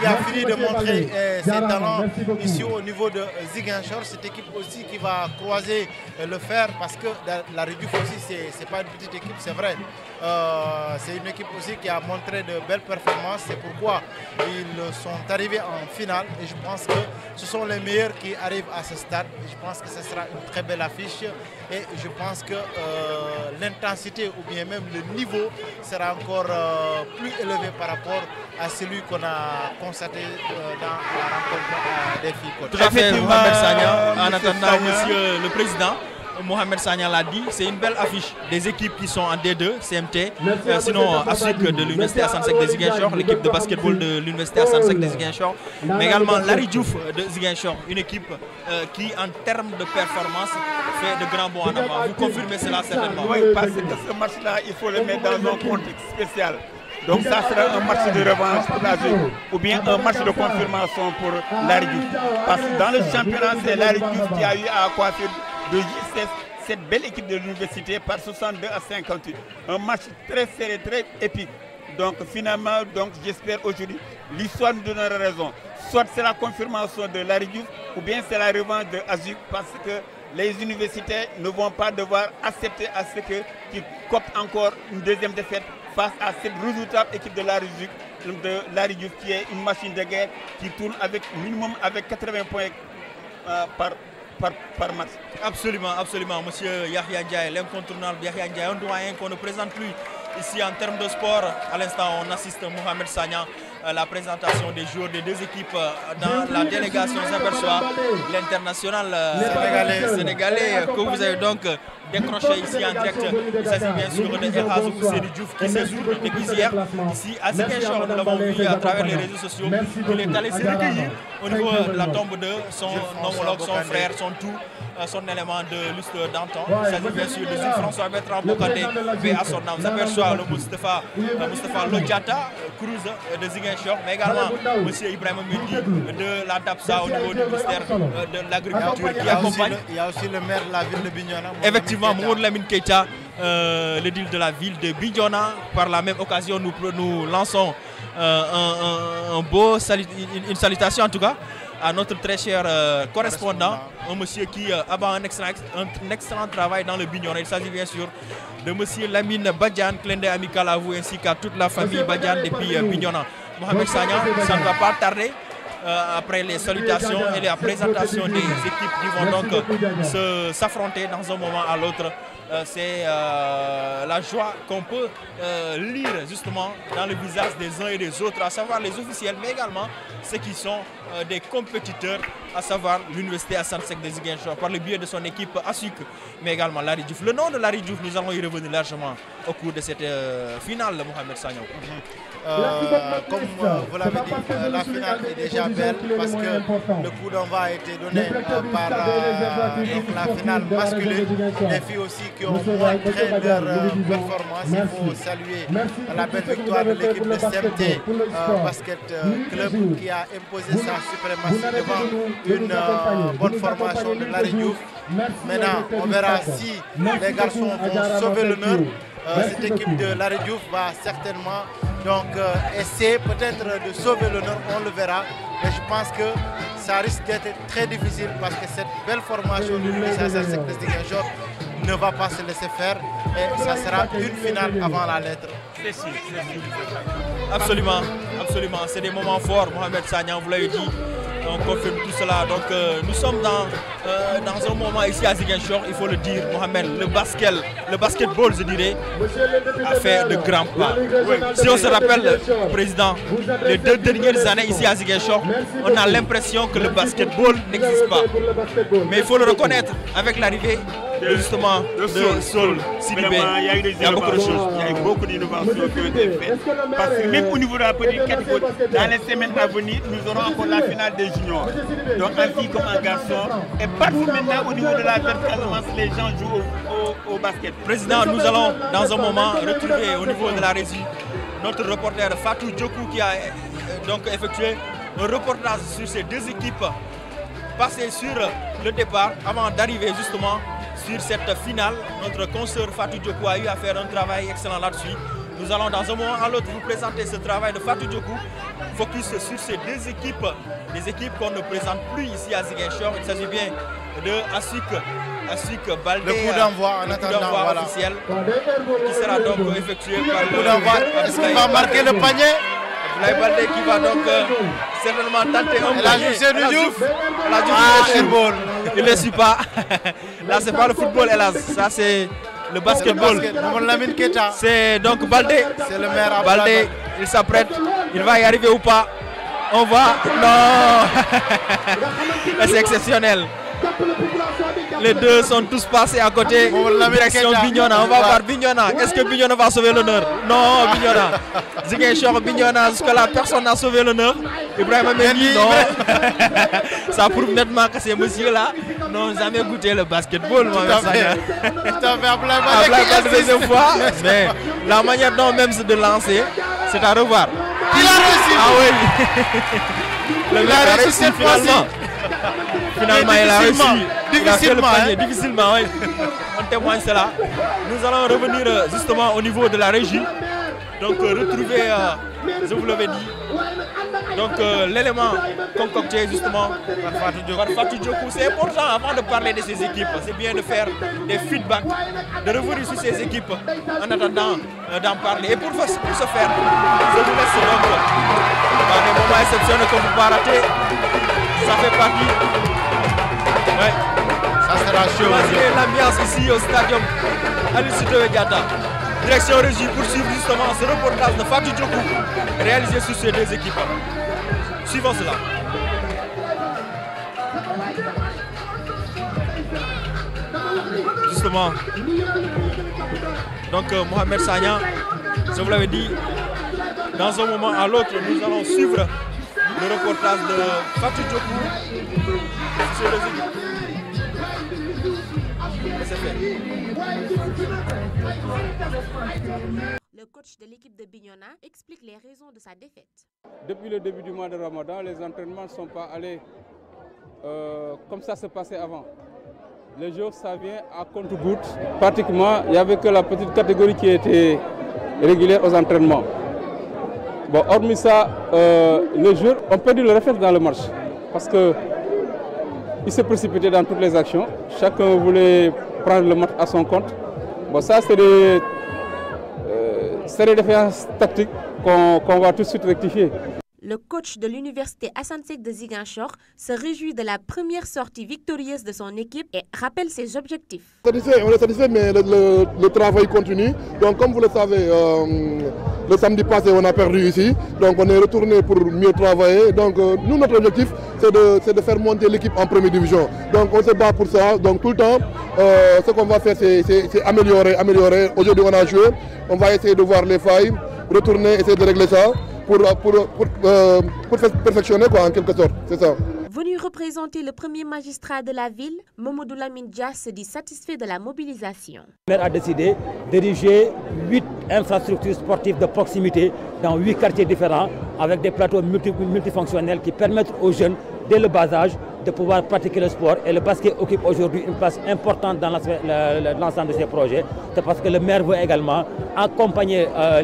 a fini de montrer euh, ses talents ici au niveau de euh, Ziguinchor. Cette équipe aussi qui va croiser euh, le fer parce que la Reduc aussi, ce n'est pas une petite équipe, c'est vrai. c'est une équipe aussi qui a montré de belles performances. C'est pourquoi ils sont arrivés en finale. Et je pense que ce sont les meilleurs qui arrivent à ce stade. Je pense que ce sera une très belle affiche. Et je pense que l'intensité ou bien même le niveau sera encore plus élevé par rapport à celui qu'on a construit constaté euh, dans la rencontre euh, des filles. Tout à fait, Mohamed Sagna. Euh, en attendant, monsieur le président, Mohamed Sagna l'a dit, c'est une belle affiche des équipes qui sont en D2, CMT, sinon ASUC de l'Université Sec de Ziguinchor, l'équipe de basketball de l'Université Sec de Ziguinchor, mais également Larry Djouf de Ziguinchor, une équipe qui, en termes de performance, fait de grands bons en avant. Vous confirmez cela certainement Oui, parce que ce match-là, il faut le mettre dans un contexte spécial. Donc ça sera un match de revanche pour la ou bien un match de confirmation pour Larry Parce que dans le championnat, c'est Larry qui a eu à coiffer de justesse cette belle équipe de l'université par 62 à 58. Un match très serré, très épique. Donc finalement, donc j'espère aujourd'hui, l'histoire nous donnera raison. Soit c'est la confirmation de Larry ou bien c'est la revanche de l'Azur parce que les universités ne vont pas devoir accepter à ce qu'ils copent encore une deuxième défaite face à cette redoutable équipe de la de la qui est une machine de guerre qui tourne avec minimum avec 80 points euh, par, par, match. Absolument, absolument, monsieur Yahya Ndiaye, l'incontournable Yahya Ndiaye, un doyen qu'on ne présente plus ici en termes de sport. À l'instant, on assiste Mohamed Sagnan à la présentation des joueurs des deux équipes euh, dans la délégation s'aperçoit l'international euh, sénégalais, sénégalais que vous avez donc décroché ici en direct. Il s'agit bien sûr de Erhaz de Diouf qui séjourne depuis hier ici à Ziguinchor. Nous l'avons vu à travers les réseaux sociaux. Il est allé se recueillir au niveau de la tombe de son homologue, son frère, son tout euh, son élément de lustre d'antan. Il s'agit bien sûr de François Bertrand Bokandé, mais à son nom. Vous s'aperçoit le Moustapha Mustafa Lodjata, Cruz de Ziguinchor, mais également M. Ibrahim Mendy de la TAPSA au niveau du ministère euh, de l'Agriculture qui accompagne. Il y a aussi le maire de la ville de Bignona. Effectivement également Lamine Keita, euh, le deal de la ville de Bidjona. Par la même occasion, nous, nous lançons euh, un, beau une, salutation en tout cas à notre très cher euh, correspondant, un monsieur qui a un excellent, un excellent, travail dans le Bignona. Il s'agit bien sûr de monsieur Lamine Badjan, clin d'œil amical à vous ainsi qu'à toute la famille Badjan depuis Bignona. Mohamed Sagnan, ça ne va pas tarder. Euh, après les salutations et la présentation des équipes qui vont donc euh, s'affronter dans un moment à l'autre. Euh, c'est la joie qu'on peut lire justement dans le visage des uns et des autres, à savoir les officiels, mais également ceux qui sont des compétiteurs, à savoir l'Université à Saint-Sec des par le biais de son équipe ASUC, mais également Larry Le nom de Larry nous allons y revenir largement au cours de cette finale, Mohamed Sagnon. Euh, comme vous l'avez dit, la finale est déjà belle parce que le coup d'envoi a été donné euh, par euh, la finale masculine. Les filles aussi qui ont montré leur performance. Il faut saluer la belle victoire de l'équipe de CMT Basket Club qui a imposé sa suprématie devant une bonne formation de la Réunion Maintenant, on verra si les garçons vont sauver l'honneur. Euh, cette équipe de la va certainement donc, euh, essayer peut-être de sauver l'honneur, on le verra. Mais je pense que ça risque d'être très difficile parce que cette belle formation du ne va pas se laisser faire et ça sera une finale avant la lettre. C'est Absolument, absolument. C'est des moments forts, Mohamed Sagnan vous l'avez dit on confirme tout cela. Donc euh, nous sommes dans, euh, dans un moment ici à Ziguinchor, il faut le dire, Mohamed, le basket, le basketball, je dirais, a fait de grands pas. Si on se rappelle, Président, les deux dernières années ici à Ziguinchor, on a l'impression que le basketball n'existe pas. Mais il faut le reconnaître avec l'arrivée justement de sol, sol Il y a beaucoup des choses Il y a beaucoup d'innovations qui ont été faites. Parce que même au niveau de la politique dans les semaines à venir, nous aurons encore la finale des donc un fille comme un garçon. Et partout maintenant au niveau de la tête, les gens jouent au, basket. Président, nous allons dans un moment retrouver au niveau de la régie notre reporter Fatou Djokou qui a euh, donc effectué un reportage sur ces deux équipes passées sur le départ avant d'arriver justement sur cette finale. Notre consoeur Fatou Djokou a eu à faire un travail excellent là-dessus. Nous allons dans un moment à l'autre vous présenter ce travail de Fatou Djokou, focus sur ces deux équipes, les équipes qu'on ne présente plus ici à Ziguinchor. Il s'agit bien de Asuk, Asuk Baldé, le coup d'envoi voilà. officiel qui sera donc effectué par le coup d'envoi. va marquer le panier Abdoulaye Baldé qui va donc euh, certainement tenter un La joué de Diouf. La joué de ah, football. Il ne suit pas. Là, c'est pas le football, hélas. Ça, c'est le basketball. C'est donc Baldé. C'est le maire Baldé, il s'apprête. Il va y arriver ou pas On va. Non C'est exceptionnel les deux sont tous passés à côté. Direction Bignona, on va voir Bignona. Est-ce que Bignona va sauver l'honneur Non, Bignona. est Bignona, que la personne n'a sauvé l'honneur. Ibrahim non. Ça prouve nettement que ces messieurs-là n'ont jamais goûté le basketball. Il à fait. fais à la fois. Mais la manière dont même c'est de lancer, c'est à revoir. Il a réussi Ah oui Le Il a réussi cette fois Finalement, elle a réussi. Difficilement. Difficilement, hein. oui. On témoigne cela. Nous allons revenir euh, justement au niveau de la régie. Donc, euh, retrouver, euh, je vous l'avais dit, donc l'élément concocté justement par Fatou Djokou. C'est important avant de parler de ces équipes, c'est bien de faire des feedbacks, de revenir sur ces équipes en attendant d'en parler. Et pour, ce faire, je vous laisse donc des moments exceptionnels que vous ne pouvez pas rater. Ça fait partie Ouais. Ça sera chaud. Parce que l'ambiance ici au stadium Gata. Direction Régie suivre justement ce reportage de Fatou Djokou réalisé sur ces deux équipes. Suivons cela. Justement, donc euh, Mohamed Sagnan, je vous l'avais dit, dans un moment à l'autre, nous allons suivre le reportage de Fatou Djokou le Le coach de l'équipe de Bignona explique les raisons de sa défaite. Depuis le début du mois de Ramadan, les entraînements ne sont pas allés euh, comme ça se passait avant. Le jour, ça vient à compte-goutte. Pratiquement, il n'y avait que la petite catégorie qui était régulière aux entraînements. Bon, hormis ça, euh, les joueurs ont perdu le réflexe dans le match parce que il s'est précipité dans toutes les actions. Chacun voulait prendre le match à son compte. Bon, ça, c'est des, euh, des, tactiques qu'on va tout de suite rectifier. Le coach de l'université Asantec de Ziguinchor se réjouit de la première sortie victorieuse de son équipe et rappelle ses objectifs. On est satisfait, mais le, travail continue. Donc comme vous le savez, euh, le samedi passé on a perdu ici. Donc on est retourné pour mieux travailler. Donc euh, nous, notre objectif, c'est de, faire monter l'équipe en première division. Donc on se bat pour ça. Donc tout le temps, euh, ce qu'on va faire, c'est améliorer, améliorer. Aujourd'hui on a joué. On va essayer de voir les failles, retourner, essayer de régler ça pour, euh, euh, euh, perfectionner en quelque sorte. Venu représenter le premier magistrat de la ville, Momodou Lamine se dit satisfait de la mobilisation. Le maire a décidé d'ériger huit infrastructures sportives de proximité dans huit quartiers différents avec des plateaux multifonctionnels qui permettent aux jeunes, dès le bas âge, de pouvoir pratiquer le sport. Et le basket occupe aujourd'hui une place importante dans l'ensemble de ces projets. C'est parce que le maire veut également accompagner euh,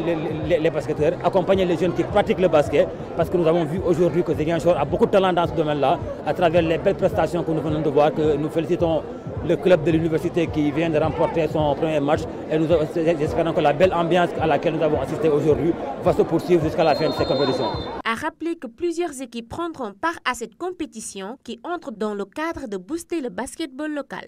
les, basketteurs, accompagner les jeunes qui pratiquent le basket. Parce que nous avons vu aujourd'hui que Zéguin a beaucoup de talent dans ce domaine-là, à travers les belles prestations que nous venons de voir, que nous félicitons le club de l'université qui vient de remporter son premier match et nous espérons que la belle ambiance à laquelle nous avons assisté aujourd'hui va se poursuivre jusqu'à la fin de cette compétition. A rappeler que plusieurs équipes prendront part à cette compétition qui entre dans le cadre de booster le basketball local.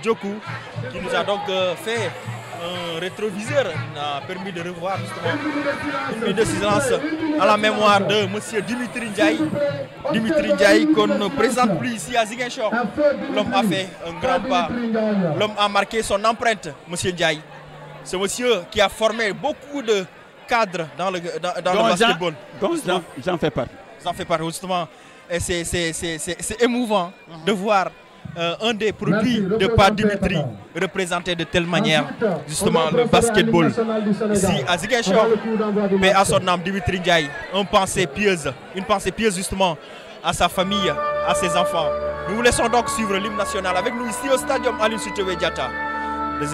Djoku qui nous a donc euh, fait un rétroviseur, a permis de revoir une décision à la mémoire de monsieur Dimitri Ndiaye. Dimitri Ndiaye qu'on ne présente plus ici à Ziguinchor. L'homme a fait un grand pas. L'homme a marqué son empreinte, monsieur Ndiaye. Ce monsieur qui a formé beaucoup de cadres dans le, dans, le basketball. J'en fais part. J'en fais part, justement. C'est émouvant de voir euh, un des produits de Dimitri représenté de telle manière justement le basketball ici à Mais à son nom, Dimitri Ndiaye, une pensée pieuse, une pensée pieuse justement à sa famille, à ses enfants. Nous vous laissons donc suivre l'hymne national avec nous ici au stadium Aline Sutewe Diata de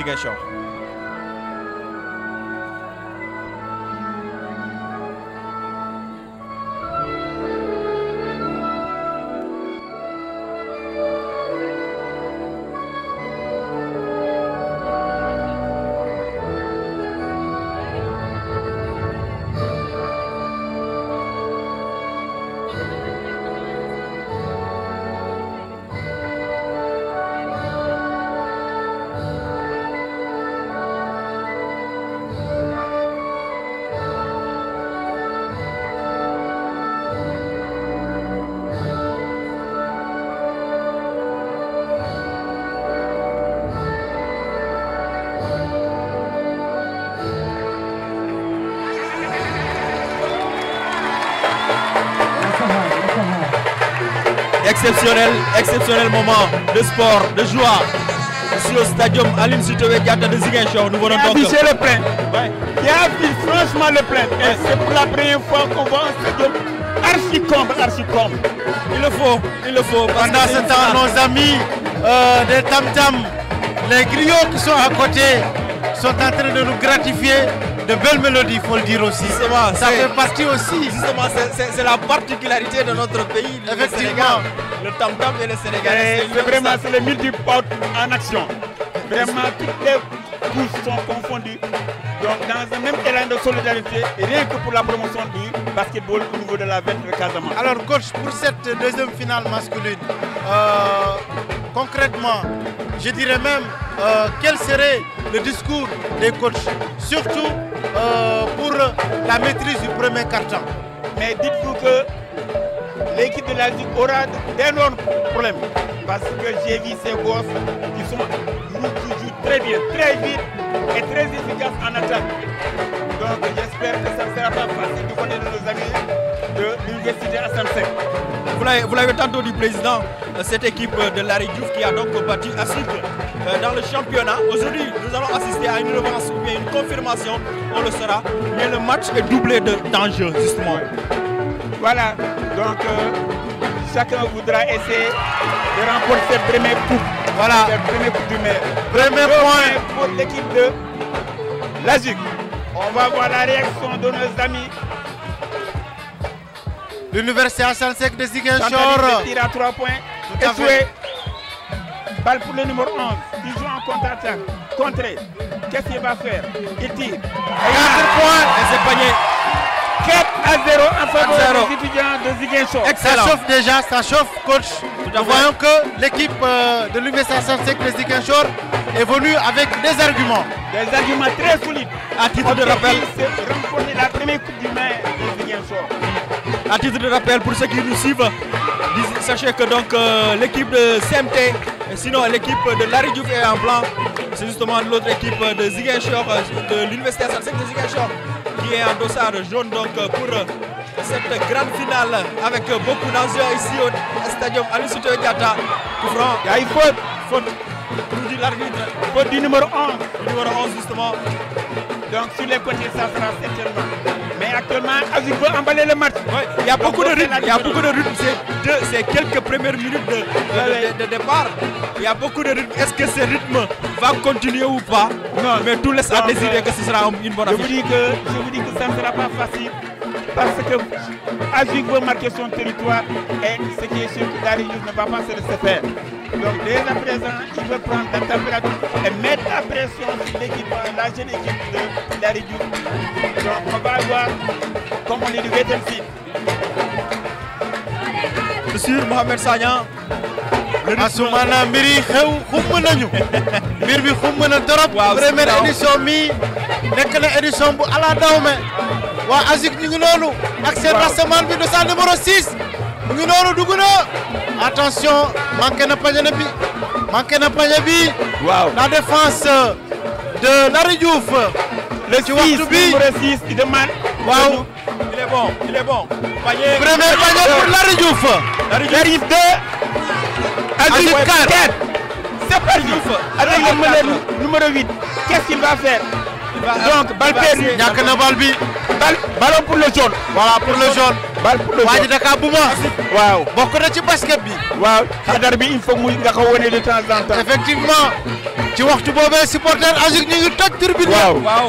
exceptionnel, exceptionnel moment de sport, de joie. sur le stadium Aline Sitoé de Ziguinchor, nous venons donc... Il a le plein. Il a affiché franchement le plein. Et c'est pour la première fois qu'on voit un stadium archi-comble, archi Il le faut, il le faut. Pendant ce temps, nos amis euh, des Tam Tam, les griots qui sont à côté, sont en train de nous gratifier de belles mélodies, il faut le dire aussi. Justement, ça fait partie aussi. Justement, c'est la particularité de notre pays, le Effectivement. Sénégal. Le tam-tam et le Sénégalais. C'est vraiment, c'est le mille du en action. Vraiment, toutes les couches sont confondues. Donc, dans un même terrain de solidarité, rien que pour la promotion du basketball au niveau de la veine de Casamance. Alors, coach, pour cette deuxième finale masculine, euh, concrètement, je dirais même, euh, quel serait le discours des coachs Surtout euh, pour la maîtrise du premier carton. Mais dites-vous que l'équipe de la Ligue aura d'énormes problèmes parce que j'ai vu ces gosses qui sont toujours très bien, très vite et très efficaces en attaque. Donc j'espère que ça ne sera pas facile de côté de nos amis de l'Université 5 Vous l'avez tantôt dit, Président, cette équipe de la Diouf qui a donc battu à Sucre. Euh, dans le championnat. Aujourd'hui, nous allons assister à une revanche ou bien une confirmation, on le saura. Mais le match est doublé de danger justement. Voilà, donc euh, chacun voudra essayer de remporter ses premier coup. Voilà. Le premier coup du maire. Premier point pour l'équipe de On va voir la réaction de nos amis. L'université à Sansec de Ziguinchor. tire à 3 points. Tout Balle pour le numéro 11 en contre-attaque, Qu'est-ce qu'il va faire Il tire. Et il point et c'est 4 à 0 en faveur des étudiants de Ça chauffe déjà, ça chauffe, coach. Nous voyons que l'équipe euh, de l'Université Saint-Sec de Ziguinchor évolue avec des arguments. Des arguments très solides. À titre de rappel. remporter la première Coupe du maire de à titre de rappel, pour ceux qui nous suivent, sachez que donc euh, l'équipe de CMT, sinon l'équipe de Larry Diouf est en blanc. C'est justement l'autre équipe de Ziguinchor, euh, de l'Université saint de Ziguinchor, qui est en dossard jaune donc euh, pour cette grande finale avec beaucoup d'enjeux ici au Stadium Alisuto Diata. Il y a une pour l'arbitre, du numéro 1, numéro 11 justement. Donc sur les côtés, ça sera certainement. Mais actuellement, il faut emballer le match. Il y a beaucoup de rythme, il y a beaucoup de rythme. C'est quelques premières minutes de, de, départ. Il y a beaucoup de rythme. Est-ce que ce rythme va continuer ou pas Non. Mais tout laisse à désirer que ce sera une bonne affaire. Je vous dis que, je vous dis que ça ne sera pas facile parce que suivre veut marquer son territoire et ce qui est sûr que Réunion ne va pas se laisser faire. Donc dès à présent, il veut prendre la température et mettre la pression sur l'équipe, la jeune équipe de Réunion. Donc on va voir comment on est du Monsieur Mohamed Sagnan, asu miri mbir yi xew xumb nañu mbir bi xumb na trop première édition mi nek na édition bu ala dawme wa azik ñu ngi noonu ak seen rassemblement bi de sa numéro 6 ñu nonu duguna attention manqué na pañe bi manqué na pañe bi waaw la défense de Larry Diouf le ci waxtu bi numéro 6 il demande waaw il est bon il est bon premier panier pour Larry Diouf Larry Diouf 2 Aziz Kane c'est perdu avec le meneur numéro 8 qu'est-ce qu'il va faire donc balle perdue ñàkk na balle bi bal ballon pour le jaune voilà pour le jaune bal pour le jaune waa ji na ci basket bi waaw xadar bi il faut mu nga ko wone de temps en effectivement ci waxtu boobee supporter Aziz ñu ngi toj tribune waaw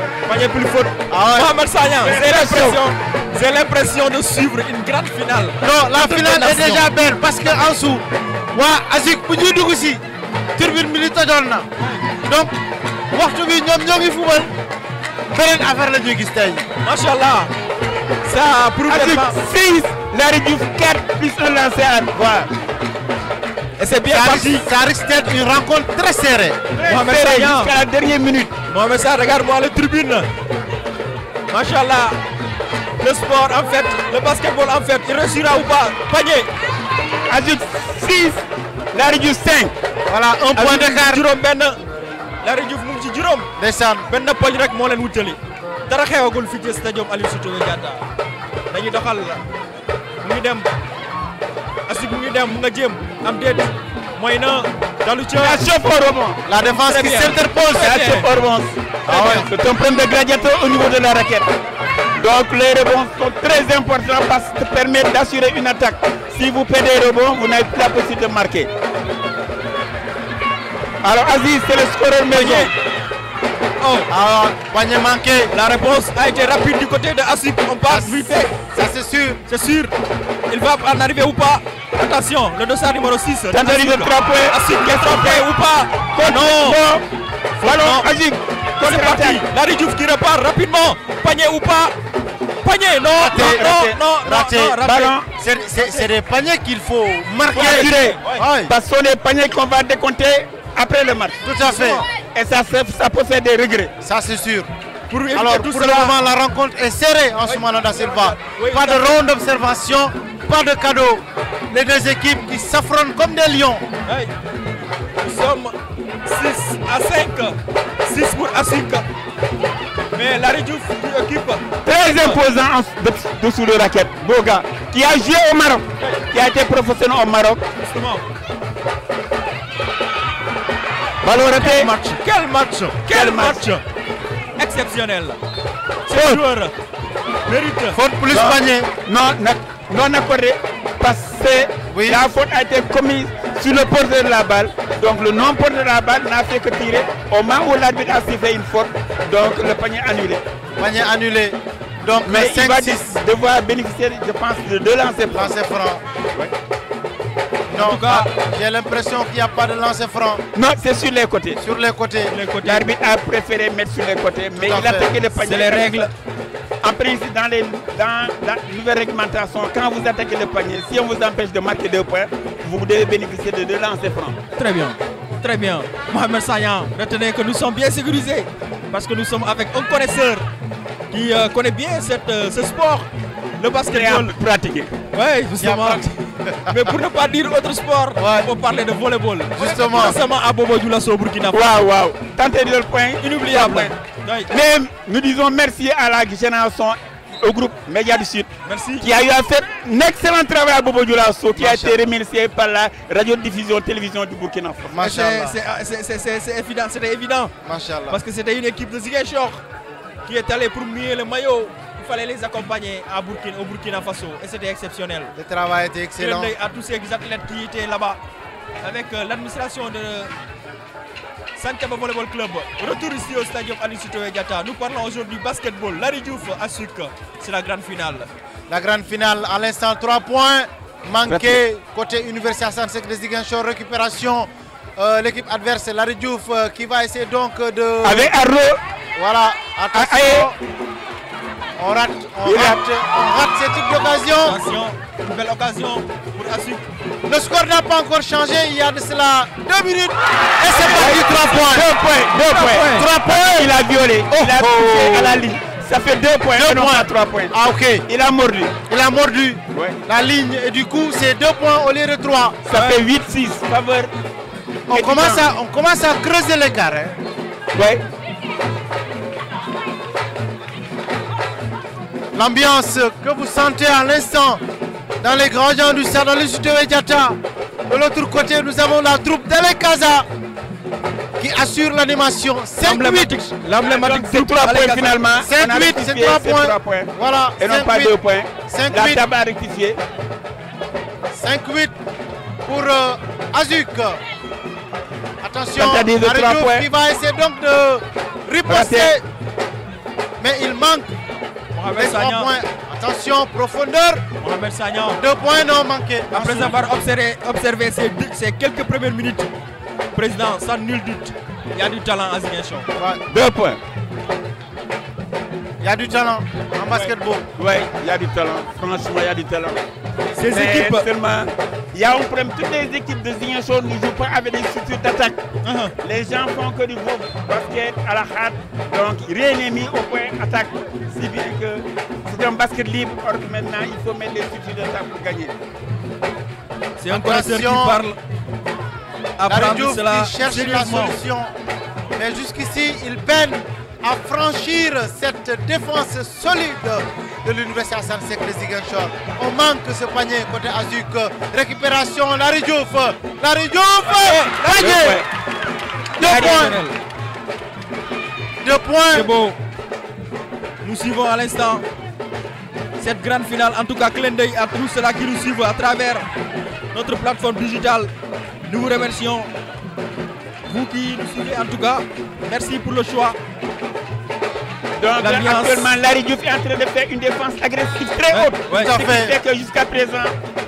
Manier plus fort. Ah ouais. Mohamed Sagnan, j'ai l'impression, j'ai l'impression de suivre une grande finale. Non, la finale est déjà belle parce que en dessous, wa Azik bu ñuy turbine bi li donc waxtu bi ñoom ñoo ngi faire beneen affaire la ñuy gis tey. Machallah, ça prouve 6. la Diouf 4 plus un lancé à. waaw. et c'est bien parti. ça risque d'être une rencontre très serrée. très serrée jusqu'à la dernière minute. Mohamed Sarr, regarde-moi les tribunes. Machallah, le sport en fait, le basketball en fait, il réussira ou pas Panier Ajoute 6, la Diouf 5. Voilà, un point d'écart. Juróom benn Larry Diouf mu ngi ci juróom. ndeysaan benn poñ rek mo len wutali. dara xewagul fi ci stadium Aline Sitoé Ndiata. dañuy doxal mu ngi dem asib mu ngi dem mu nga jéem am déet. La La défense qui s'interpose. Ah c'est un problème de gradient au niveau de la raquette. Donc les rebonds sont très importants parce qu'ils permettent d'assurer une attaque. Si vous perdez les rebonds, vous n'avez plus la possibilité de marquer. Alors Aziz, c'est le scoreur meilleur. Oh. Alors, ah, panier manqué. La réponse a été rapide du côté de Asip. On passe vite Ça, c'est sûr. C'est sûr. Il va en arriver ou pas Attention, le dossier numéro 6. frappé. Asip qui est frappé ou pas Côte, Non. Ballon, Asip. C'est parti. La Diouf qui repart rapidement. Panier ou pas Panier, non, non, non, raté, non, C'est des paniers qu'il faut marquer. Ouais, Parce que les paniers qu'on va décompter après le match. Tout à fait. Et ça, ça des regrets. Ça, c'est sûr. Alors, tout pour le moment, la rencontre est serrée en ce moment dans cette Oui, pas de ronde d'observation, pas de cadeau. Les deux équipes qui s'affrontent comme des lions. Nous sommes 6 à 5. 6 pour à 5. Mais la réduction équipe très imposante de, dessous de raquette. Boga, qui a joué au Maroc, qui a été professionnel au Maroc. Quel match Quel match Exceptionnel. Ce Faute. joueur plus non. panier. Non, non accordé. Parce Oui. La faute a été commise sur le porteur de la balle. Donc le non-porteur de la balle n'a fait que tirer au moment où l'arbitre a sifflé une faute. Donc le panier annulé. Panier annulé. Donc Mais 5, il va devoir bénéficier, je pense, de deux lancers francs. Non, j'ai l'impression qu'il n'y a pas de lancer franc. Non, c'est sur les côtés. Sur les côtés. L'arbitre a préféré mettre sur les côtés, mais il a attaqué le panier. C'est les règles. En principe, dans, les, dans, la nouvelle réglementation, quand vous attaquez le panier, si on vous empêche de marquer deux points, vous devez bénéficier de deux lancers francs. Très bien. Très bien. Mohamed Sayan, retenez que nous sommes bien sécurisés parce que nous sommes avec un connaisseur qui euh, connaît bien cette, euh, ce sport, le basketball. Pratiqué. Oui, justement. mais pour ne pas dire autre sport. il on parler de volleyball. justement récemment à Bobo Dioulasso au Burkina Faso. waouh. et de le point. inoubliable Même mais nous disons merci à la génération au groupe Média du Sud. Merci. Qui a eu un excellent travail à Bobo Dioulasso, qui a été remercié par la radio radiodiffusion télévision du Burkina Faso. Ah, c'est évident, c'était évident. Parce que c'était une équipe de Ziguinchor qui est allée pour mieux le maillot fallait les accompagner à Burkina, au Burkina Faso et c'était exceptionnel. Le travail était excellent. à tous ces athlètes qui étaient là-bas avec euh, l'administration de Sankaba Volleyball Club. Retour ici au stadium Anisitoe Gata. Nous parlons aujourd'hui basketball. Larry Diouf à c'est la grande finale. La grande finale à l'instant, 3 points manqués côté Université Hassan de Ziguinchor, récupération. Euh, l'équipe adverse, Larry euh, qui va essayer donc de... Avec Arro. Voilà, ah, attention. On rate, on rate, on rate occasion pour Assou. Le score n'a pas encore changé, il y a de cela 2 minutes et c'est parti, 3 points. 2 points, 2 points. 3 points, oh il a violé, oh. il a touché à la ligne. Ça fait 2 points, 2 à 3 points. Ah ok. Il a mordu. Il a mordu la ligne et du coup c'est 2 points au lieu de 3. Ça fait 8-6, faveur. On commence, à, on commence à creuser l'écart. Hein. Ouais. L'ambiance que vous sentez à l'instant dans les grands gens du salon du Diata. De l'autre côté, nous avons la troupe d'Alekaza qui assure l'animation. 5-8. L'emblématique, c'est 3 points finalement. 5-8, c'est 3 points. Voilà. Et 5, non pas 2 points. 5, la table a rectifié. 5-8 pour euh, Azuc Azuk. Attention, Arejo qui va essayer donc de riposter. Mais il manque Mohamed Attention, profondeur. Mohamed Sagnan. Deux points non manqués. Après avoir observé, ces, quelques premières minutes, président, sans nul doute, il y a du talent à Zignation. Deux points. Il y a du talent en basketball. Oui, il y a du talent. Franchement, il y a du talent. Ces équipes. Seulement, il y a un problème. Toutes les équipes de Show ne jouent pas avec des structures d'attaque. Uh-huh. Les gens font que du groupe basket à la hâte. Donc, rien n'est mis au point attaque. Si bien que c'est un basket libre. Or, maintenant, il faut mettre des structures d'attaque pour gagner. C'est un connaisseur qui parle. Après, cela. Il cherche la solution. Mais jusqu'ici, il peine à franchir cette défense solide de l'Université Hassan Ziguinchor. On manque ce panier côté Azuc. Récupération, la Diouf. la Diouf, Deux points. Deux points. C'est beau. Nous suivons à l'instant cette grande finale. En tout cas, clin d'œil à tous ceux qui nous suivent à travers notre plateforme digitale. Nous vous remercions. Vous qui nous suivez en tout cas, merci pour le choix. Donc actuellement, Larry Diouf est en train de faire une défense agressive très haute. cest fait que jusqu'à présent,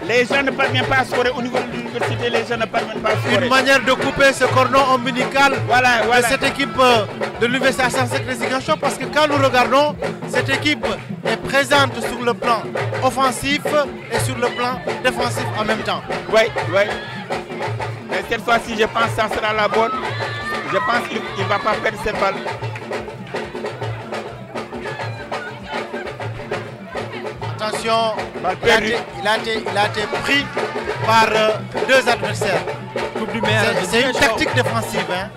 les gens ne parviennent pas à scorer au niveau de l'université, les gens ne parviennent pas à scorer. Une manière de couper ce cordon ombilical voilà, de cette équipe euh, de l'Université Saint-Sacré parce que quand nous regardons, cette équipe est présente sur le plan offensif et sur le plan défensif en même temps. Oui, oui. Mais cette fois-ci, je pense que ça sera la bonne. Je pense qu'il ne va pas perdre ses balles. Attention, il a, été, pris par euh, deux adversaires. C'est une tactique défensive. Hein.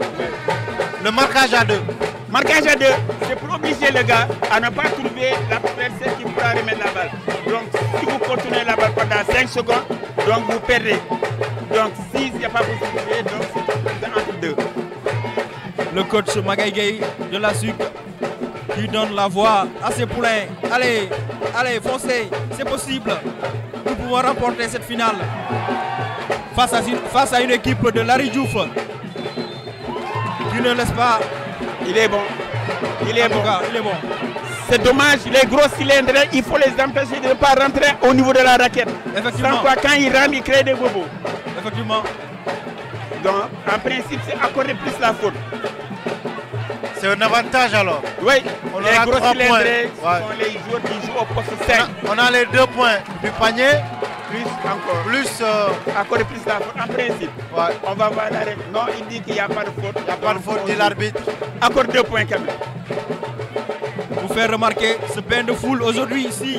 Le marquage à deux. Marquage à deux, c'est pour obliger le gars à ne pas trouver l'adversaire qui pourra remettre la balle. Donc, si vous continuez la balle pendant 5 secondes, donc vous perdez. Donc, si il n'y a pas possibilité, donc c'est entre deux. Le coach Magaï de la SUC qui donne la voix à ces poulains. Allez, allez, foncez, c'est possible Nous pouvons remporter cette finale face à une, équipe de Larry Diouf Tu ne laisse pas. Il est bon. Il est bon. il est bon. C'est dommage, les gros cylindres, il faut les empêcher de ne pas rentrer au niveau de la raquette. Effectivement. Sans quoi, quand il rament, il crée des bobos. Effectivement. Donc, en principe, c'est accorder plus la faute un avantage alors. Oui, on les aura points. sont les joueurs qui jouent au poste 5. On a, les deux points du panier. Plus encore. Plus. Euh, encore plus la En principe, on va voir l'arrêt. Non, il dit qu'il n'y a pas de faute. Il n'y a pas de faute, de l'arbitre. Encore deux points quand même. Vous faire remarquer ce bain de foule aujourd'hui ici,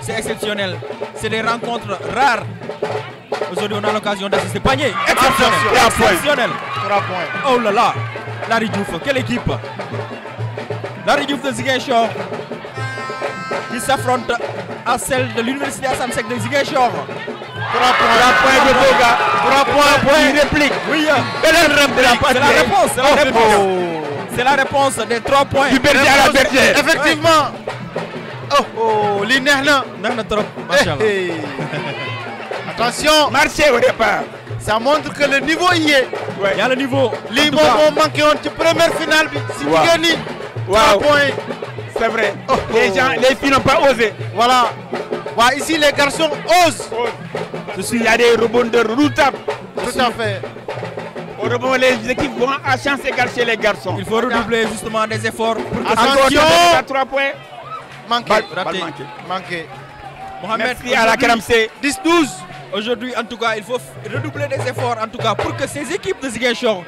c'est exceptionnel. C'est des rencontres rares. Aujourd'hui, on a l'occasion d'assister panier. Exceptionnel. Exceptionnel. Trois points. Oh là là. Larry Diouf. Quelle équipe Larry Diouf de Ziguinchor qui s'affronte à celle de l'Université Assamsec de Ziguinchor. 3 points. La point de Boga. 3 points. Point. Une réplique. Oui. C'est la réponse. C'est la oh, réponse. C'est la réponse des 3 points. Du berger à la Berger. Effectivement. Oh, oh, li neex na. trop. Machallah. Attention. Marché au départ ça montre que le niveau y est. il y a le niveau. Les moments vont manqué en première finale si points c'est vrai. Oh. les gens les filles n'ont pas osé. voilà ici les garçons osent. il y a des rebondeurs redoutables. tout à fait. au rebond les équipes vont à chance les garçons. il faut redoubler justement des efforts. pour que trois points. manqué raté manqué. Mohamed merci à la 10-12. Aujourd'hui, en tout cas, il faut redoubler des efforts en tout cas, pour que ces équipes de Ziguinchor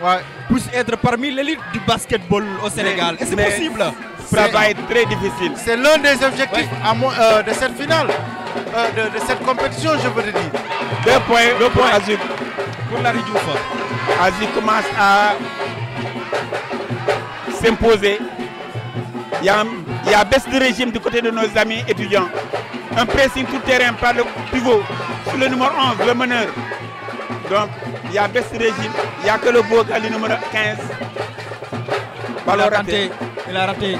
puissent être parmi l'élite du basketball au Sénégal. c'est possible. Ça très difficile. C'est l'un des objectifs euh, de cette finale, euh, de, cette compétition, je veux dire. Deux points, deux points, Pour la commence à s'imposer. Il il y a baisse de régime du côté de nos amis étudiants. Un pressing tout terrain par le pivot sur le numéro 11, le meneur. Donc, il y a baisse de régime. Il n'y a que le à le numéro 15. il, a raté. il a raté.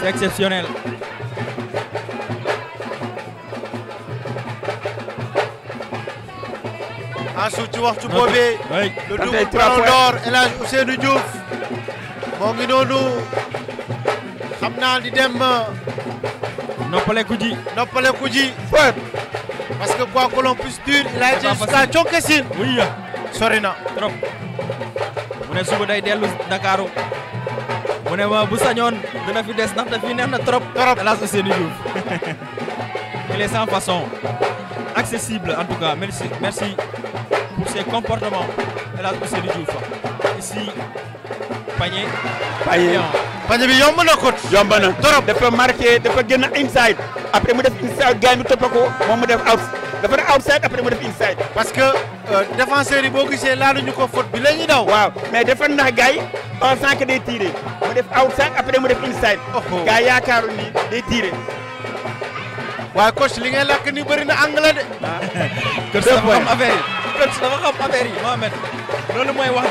C'est exceptionnel. Assou ci waxtu le double ballon d'or là, c'est Ousseynou Diouf Bon, ngi nous di dem. Euh, parce que quoi que l'on puisse dire il a été jusqu'à oui sorina, trop. venu à day suis pas bu dina fi des suis fi trop. trop Là c'est il est sans façon. accessible en tout cas merci merci pour ses comportements Là c'est jouf. ici. pañe. pañe bi yomb na ko. yomb na trop dafa marqué dafa génn inside. après mu def inside gars yi topp ko moom mu def out dafa def outside après mu def inside. parce que euh, défenseurs yi boo gisee laaluñu ko faute bi la ñuy daw. waaw mais dafa nax gars yi pensant que day tiré mu def outside après mu def inside. Oh, oh. gars yaakaaru ni day tiré. waaye coach li ni bëri na de. Ah. coach dafa dafa xam affaire yi loolu mooy wax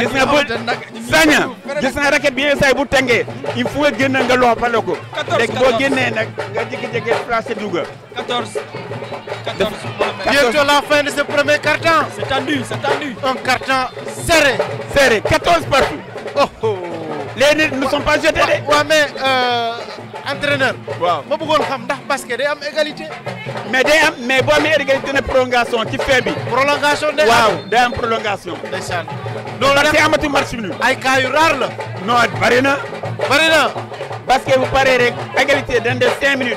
il faut 14 14 la fin de ce premier carton. c'est tendu c'est tendu. un carton serré. serré 14 partout. oh. oh. les nit ne sont pas jetés de. waaw mais euh, waaw ma bëggoon xam ndax basket day am égalité. mais day am mais boo amee égalité ne prolongation ci fin bi. prolongation day am waaw day am prolongation. ndeysaan. loolu amati match bi ay cas yu raar la. non bari na. bari parce que vous parlez, égalité dans 5 minutes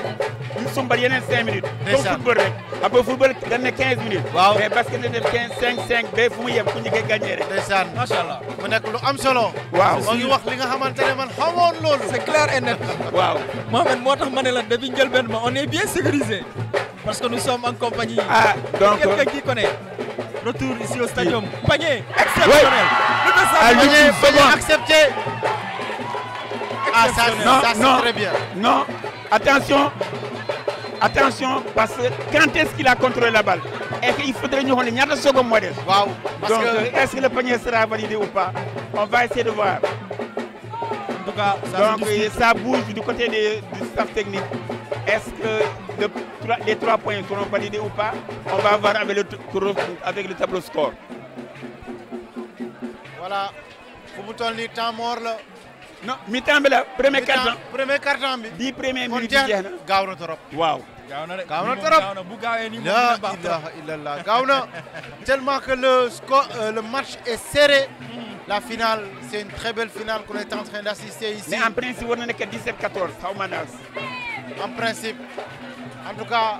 sommes sommes 5 minutes. Donc, football football dans les 15 minutes. mais que dans les 15 5 5 vous gagné on est bien sécurisé. parce que nous sommes en compagnie. Ah, donc quelqu'un euh, qui connaît. retour ici au stadium. panier exceptionnel. oui accepté ah, ça, ça, non, très bien. Non, attention, attention, parce que quand est-ce qu'il a contrôlé la balle Est-ce qu'il faudrait nous rendre une seconde modèle. Wow. Donc, est-ce que le panier sera validé ou pas On va essayer de voir. En tout cas, ça, Donc, ça bouge du côté du staff technique. Est-ce que les trois points seront validés ou pas On va voir avec le, avec le tableau score. Voilà. Vous temps mort là non le premier la premier carton premier carton bi. premier première minute jeex na tellement que euh, le match est serré. la finale c'est une très belle finale qu'on est en train d'assister ici. mais en principe on na que 17 14 en principe en tout cas.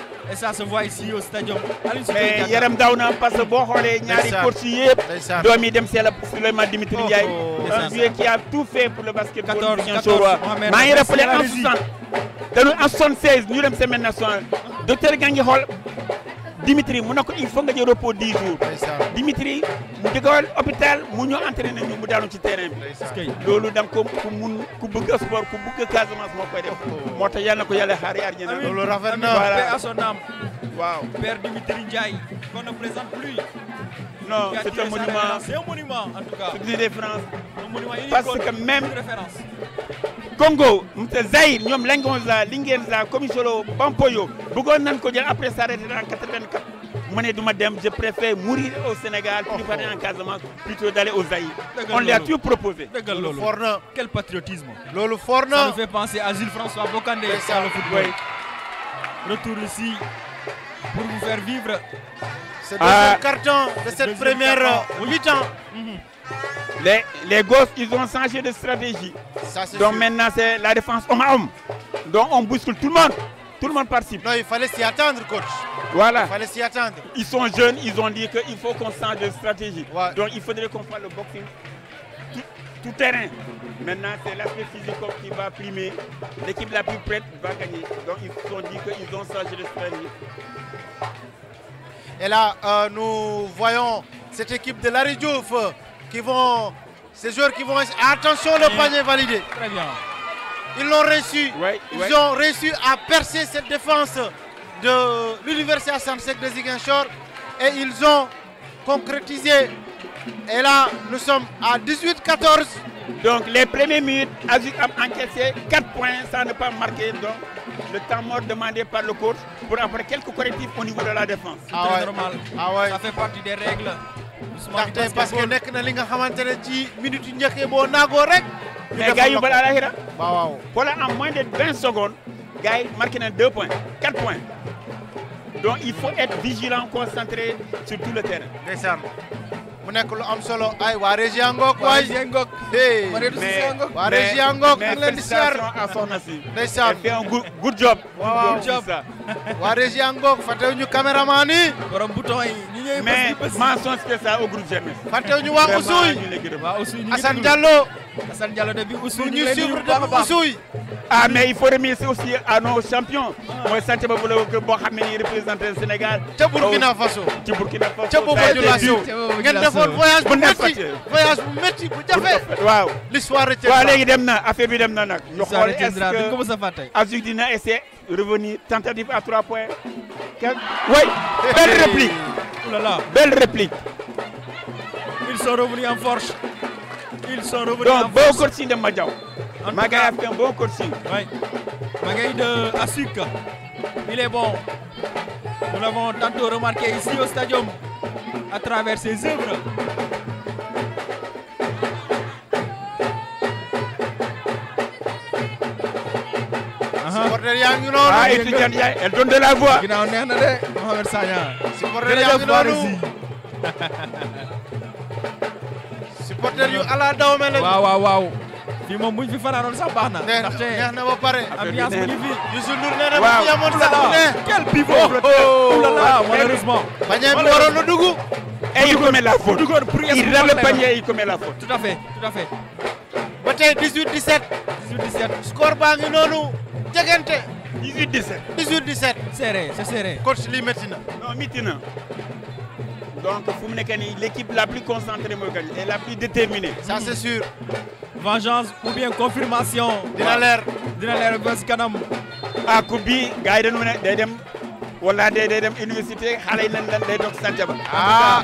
et ça se voit ici au stadium. mais yaram daw na parce que boo xoolee ñaari course yëpp. doom yi dem c'est la Souleymane Dimitri oh, Ndiaye. un vieux qui a tout fait pour le basketball. 14 14 maa ngi rappelé en 60. dañu en 76 ñu dem semaine nationale docteur Gangi xool. Dimitri mu ne ko il faut nga jël repos 10 jours. Dimitri mu jógewal hôpital mu ñoo entraîné ñu mu daanu ci terrain bi. loolu da nga ko ku mun ku bëgg sport ku bëgg Casamance moo koy def. Oh. moo tax yal na ko yàlla xaar yaar ñeneen. loolu rafet na voilà waaw père Dimitri Ndiaye. qu'on ne présente plus. non c'est un monument c'est un monument en tout cas. c'est une référence. parce que même. Congo te Zaïre ñoom Langonza la Komisolo Bampoyo bëggoon nañ ko jël après s'arrêter en 84 je préfère mourir au Sénégal préparer en casement, plutôt d'aller au Zaïre on lui a tout proposé quel patriotisme Lolo Forna ça me fait penser à gilles François Bocandé sur le football retour ici pour vous faire vivre ah. ce deuxième carton de cette première 8 euh, ans. Mm-hmm. Les, les gosses, ils ont changé de stratégie. Donc maintenant, c'est la défense homme à homme. Donc on bouscule tout le monde. Tout le monde participe. il fallait s'y attendre, coach. Voilà. Il fallait s'y attendre. Ils sont jeunes, ils ont dit qu'il faut qu'on change de stratégie. Donc il faudrait qu'on fasse le boxing tout, terrain. Maintenant, c'est l'aspect physique qui va primer. L'équipe la plus prête va gagner. Donc ils se sont dit qu'ils ont changé de stratégie. Et là, euh, nous voyons cette équipe de la Diouf qui vont. Ces joueurs qui vont. Attention, le panier validé. Très bien. Ils l'ont reçu ils ont réussi à percer cette défense de l'Université à sec de Ziguinchor. Et ils ont concrétisé. Et là, nous sommes à 18-14. Donc, les premiers minutes, Azuc a encaissé 4 points sans ne pas marquer. Donc, le temps mort demandé par le coach pour avoir quelques correctifs au niveau de la défense. Ah ouais. normal. Ah ouais. Ça fait partie des règles ndaxte parce que nekk na li nga xamante ne ci minute yu njëkkee boo naagoo rek. ñu mais gars yu bal alaxira waaw waaw Paulin de vingt secondes. gars yi marqué na deux points quatre points. il faut être vigilant concentré sur tout le terrain. ndeysaan mu nekk lu am solo ay waa Régia Ngok. waa Régia waa Régia Ngok. mais mais mais félicitations job. mais ah mais il faut remercier aussi à nos champions. Je c'est que vous voulez le Sénégal. Oh. Burkina Faso Burkina Faso. voyage Sénégal voyage à trois points. Oui, belle réplique. Oh là là. Belle réplique. Ils sont revenus en force. Ils sont revenus Donc, en bon cours de Madjaou. Magaï a fait un bon cours Oui. Magaï de Asuka Il est bon. Nous l'avons tantôt remarqué ici au stadium à travers ses œuvres. supporter yaa ngi noonu ah Étudiant Ndiaye elle donne de la voix. ginnaaw neex na de Mohamed Sagna. supporter yaa ngi noonu supporter yu ala daw mel waaw waaw waaw. moom buñ fi fanaanoon sax baax na. neex na ba pare. ambiance bi fi. Youssou na bu ñu yemoon sax mu ne. quel pivot. oh, oh. oh là malheureusement. bañe bi waroon na dugg. et il commet la faute. il rate le panier il commet la faute. tout à fait tout à fait. ba tey baa ngi noonu. jegante 18 17 18 17 serré c'est serré coach lii Metina non Mitina. donc fu mu l'équipe la plus concentrée mooy gagne et la plus déterminée ça c'est sûr vengeance ou bien confirmation dina leer dina leer ba kanam a coupe bi gars yi dañu ne day dem wala day dem université xale yi lan lan day ah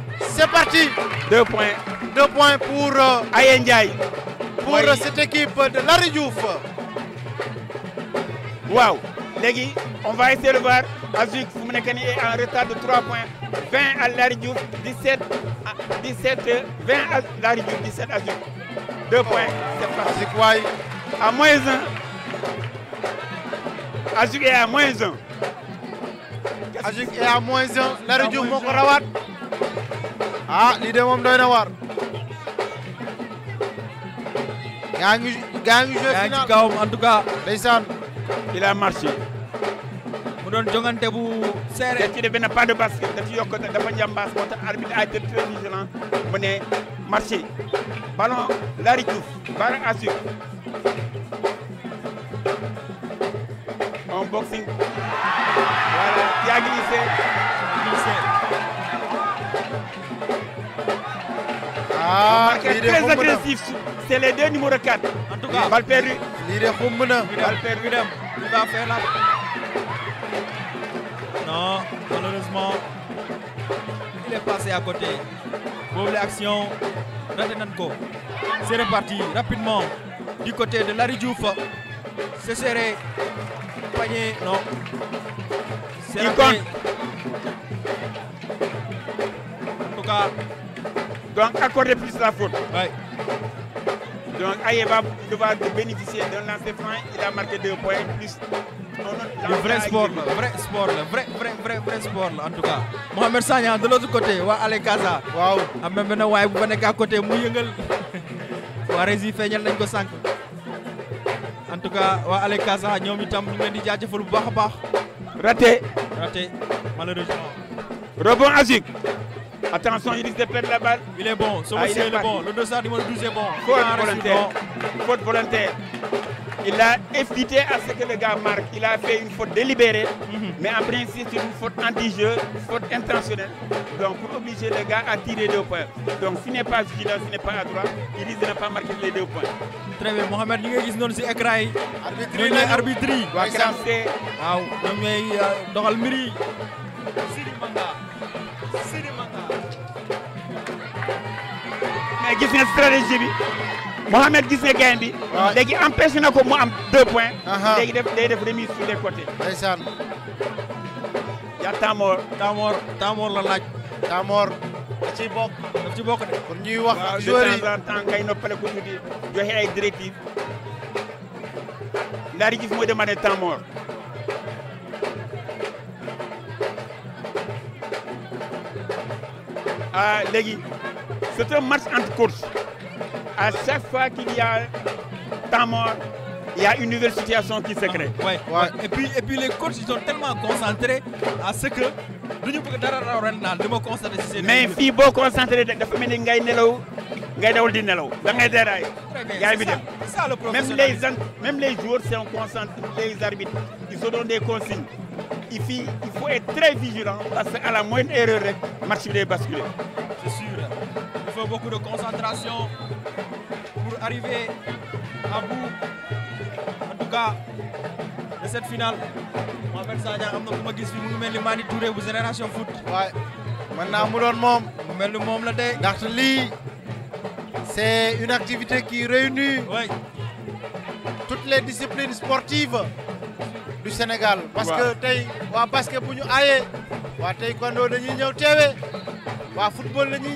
C'est parti. Deux points. Deux points pour euh, Pour euh, cette équipe de Larry Waouh. Légui, on va essayer de voir. Azouk Foumenekani est en retard de 3 points. 20 à l'Aridouf. 17, à, 17, 20 à Laridouf, 17 à Azouk. Deux points. C'est parti. quoi à moins 1. Azouk est à moins 1. Azouk est à moins 1. Larry Diouf, mon ah lii de moom doy na waar. yaa ngi gaa ngi joué final ci kawam en tout cas. mu doon jongante bu serré. daf ci def basket daf ci yokk dafa moo tax arbitre a été très vigilant mu ne marché ballon Larry Diouf barre à sucre. en boxing. voilà ah est très agressif c'est les deux numéro 4. en tout cas balle perdue. est de xumb il va faire la. non malheureusement il est passé à côté Pour l'action, action c'est reparti rapidement du côté de Larry Diouf c'est serré non. c'est raté en tout cas. Donc, accorder plus la faute. Ouais. Donc, va va bénéficier d'un lancer franc. Il a marqué deux points, plus le vrai sport le vrai sport là, vrai, vrai, vrai, vrai sport là en tout cas. Mohamed Sagna de l'autre côté, wa Kaza. Kaza. Waaw. Am na benn waay bu à côté mu yëngal. Wa Rézi, feeñal nañ ko En tout cas, wa Kaza ñoom itam ñu un leen di bu a Raté. Raté malheureusement. Rebond Azik. Attention, il risque de perdre la balle. Il est bon, son ah, il est, bon. Le dossard numéro 12 est bon. Faute volontaire. Bon. Faute volontaire. Il a évité à ce que le gars marque. Il a fait une faute délibérée, mhm. mais en principe, c'est une faute anti-jeu, faute intentionnelle. Donc, pour obliger le gars à tirer deux points. Donc, s'il n'est pas vigilant, ce n'est pas à droite, il risque de ne pas marquer les deux points. Très bien, Mohamed, nous non c'est à Arbitre, arbitre. Nous avons arbitre. le miri. arbitre. gis nga stratégie bi Mohamed gis nga gain bi. waaw empêché na ko mu am deux points. léegi def day def remise sur les côtés. ndeysaan. yaa Tamor. Tamor Tamor la laaj. Tamor. da ciy bokk da de. kon ñuy wax joueur yi waaw de temps en temps ko ñu di joxe ay directives. Ndari Diouf moo demandé Tamor. ah léegi. C'est un match entre courses. À chaque fois qu'il y a temps mort, il y a une nouvelle situation qui se crée. Ouais, ouais. Et, puis, et puis les coachs, ils sont tellement concentrés à ce que duñu bëgg dara raw ren daal di ma concentré si seen. mais fii boo concentré dafa mel ni ngay nelaw ngay dawal di nelaw da ngay dérailler. gars bi même les même les joueurs sont concentrés les arbitres ils se donnent des consignes. il faut il faut être très vigilant parce que à la moindre erreur rek match bi basculer. c'est sûr. Il faut beaucoup de concentration pour arriver à bout, en tout cas, de cette finale. Mabel Sadia am na ku ma gis fi mu ngi mel Mani Touré bu génération foot. ouais, maintenant, naa mu doon moom. mu mel ni moom la de. c'est une activité qui réunit. toutes les disciplines sportives du Sénégal. parce que parce que pour nous, ñu aayee. waa quand on dañuy ñëw teewe waa football la ñuy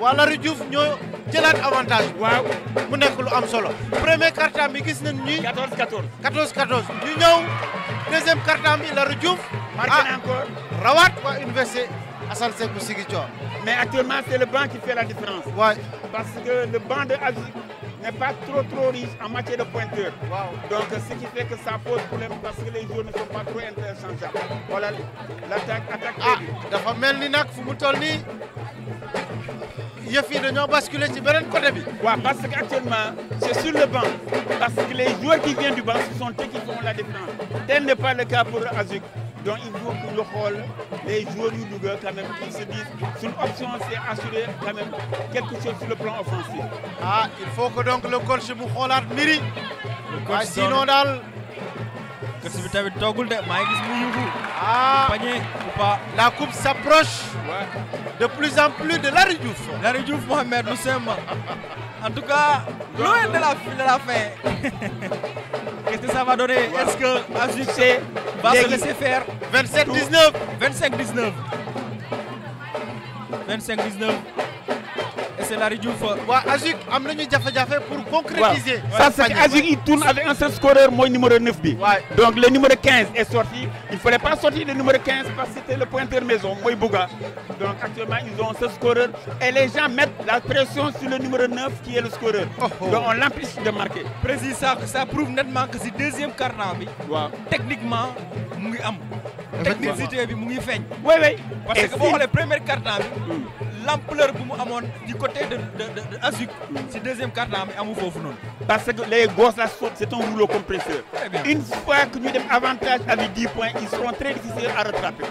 waa Larou Diouf ñoo jëlaat avantage waaw mu nekk lu am solo premier carton bi gis nañ ñi 14 14 14 14 ñu ñëw deuxième carton bi Larou Diouf marqué ah, encore Rawat wa université Assane Seck Sigi Ziguinchor mais actuellement c'est le banc qui fait la différence ouais. parce que le banc de n'est pas trop trop riche en matière de pointeur. Donc ce qui fait que ça pose problème parce que les joueurs ne sont pas trop interchangeables. Voilà l'attaque attaque. Ah dafa mel Nak Fumutoli, Il y a basculer ci beneen côté bi. parce qu'actuellement c'est sur le banc parce que les joueurs qui viennent du banc sont ceux qui font la défense. Tel n'est pas le cas pour Azuc. Donc il faut que le rôle, des joueurs du Douga quand même, qui se disent, son option c'est assurer quand même quelque chose sur le plan offensif. Ah, il faut que donc le coach Moukholat Miri. sinon dal. Ah, La coupe s'approche de plus en plus de la La Diouf. moi Diouf Mohamed doucement. en tout cas, loin de la, de la fin. Qu'est-ce que ça va donner Est-ce que AJC va se laisser faire 25, 19 25-19 25-19 et c'est la Diouf. waa il a fait des pour concrétiser. ça c'est Azik il tourne avec un seul scoreur moi numéro 9 bi. donc le numéro 15 est sorti il ne fallait pas sortir le numéro 15 parce que c'était le pointeur maison moi, Bouga. donc actuellement ils ont un seul scoreur et les gens mettent la pression sur le numéro 9 qui est le scoreur. Oh, oh. donc on l'empêche de marquer. Président, ça prouve nettement que le deuxième quart techniquement il ngi am. technicité bi mu ngi oui oui parce que pour les premières l'ampleur du coup, côté de, de, de Azuc, si deuxième quart là, amu fofu non. Parce que les gosses là, c'est un rouleau compresseur. Une fois que nous avons avantage avec 10 points, ils seront très difficiles à rattraper.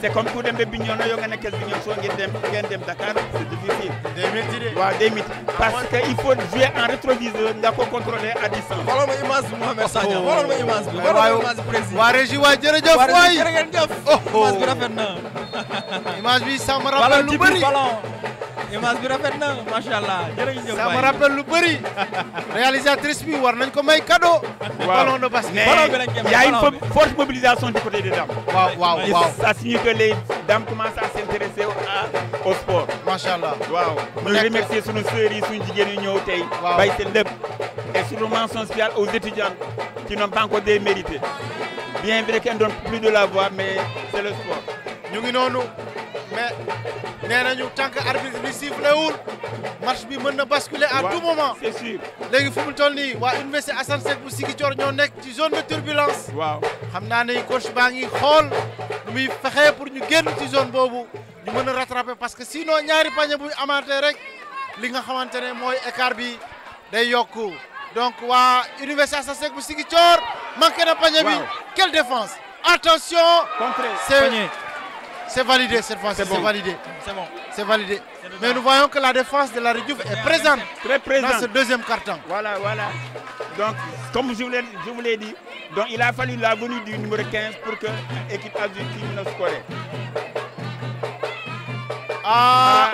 C'est comme pour Dembe Bignono, il y a des Bignono, il y a des Dakar, c'est difficile. Des mythes. Ah, ouais, des mythes. Parce qu'il faut jouer en rétroviseur, il faut contrôler à distance. Voilà mon image, Mohamed Sadio. Voilà mon image, voilà ma image président. Wa régie wa président way. Jërëjëf. Oh. Image bi rafet na. Image bi ça me rappelle lu bari. Ballon bi rafet na macha allah jërëjëf ça me rappelle lu bëri. réalisatrice bi war nañ ko may cadeau. il ballon de mais y a une forte mobilisation du côté des dames. waaw waaw waaw ça signifie que les dames commencent à s'intéresser au sport. macha allah waaw. ñu remercier sunu sœur yi sunu jigéen yi ñëw tey. waaw bàyyi seen et mention aux étudiants qui n'ont pas encore démérité. bien vrai qu'elles ne donnent plus de la voix mais c'est le sport. ñu ngi nonu mais nee tant que arbitre bi sifflé wul match bi meuna basculer à tout moment. c'est sûr légui fu mu toll nii Université Assane Seck bu Ziguinchor ñoo nek ci zone de turbulence. waaw xam né coach baangi xol xool nu muy fexe pour ñu génn ci zone bobu ñu meuna rattraper parce que sinon ñaari pañe bu amaatee rek li nga xamantene moy écart bi day yokku donc wa Université Assane Seck bu Ziguinchor manqué na pañe bi. quelle défense attention. c'est c'est validé cette fois-ci, c'est bon. validé. C'est bon. C'est validé. Mais nous voyons que la défense de la Redouf est présente, très présente dans ce deuxième carton. Voilà, voilà. Donc, comme je vous l'ai, je vous dit, donc il a fallu la venue du numéro 15 pour que l'équipe adjective ne score. Ah,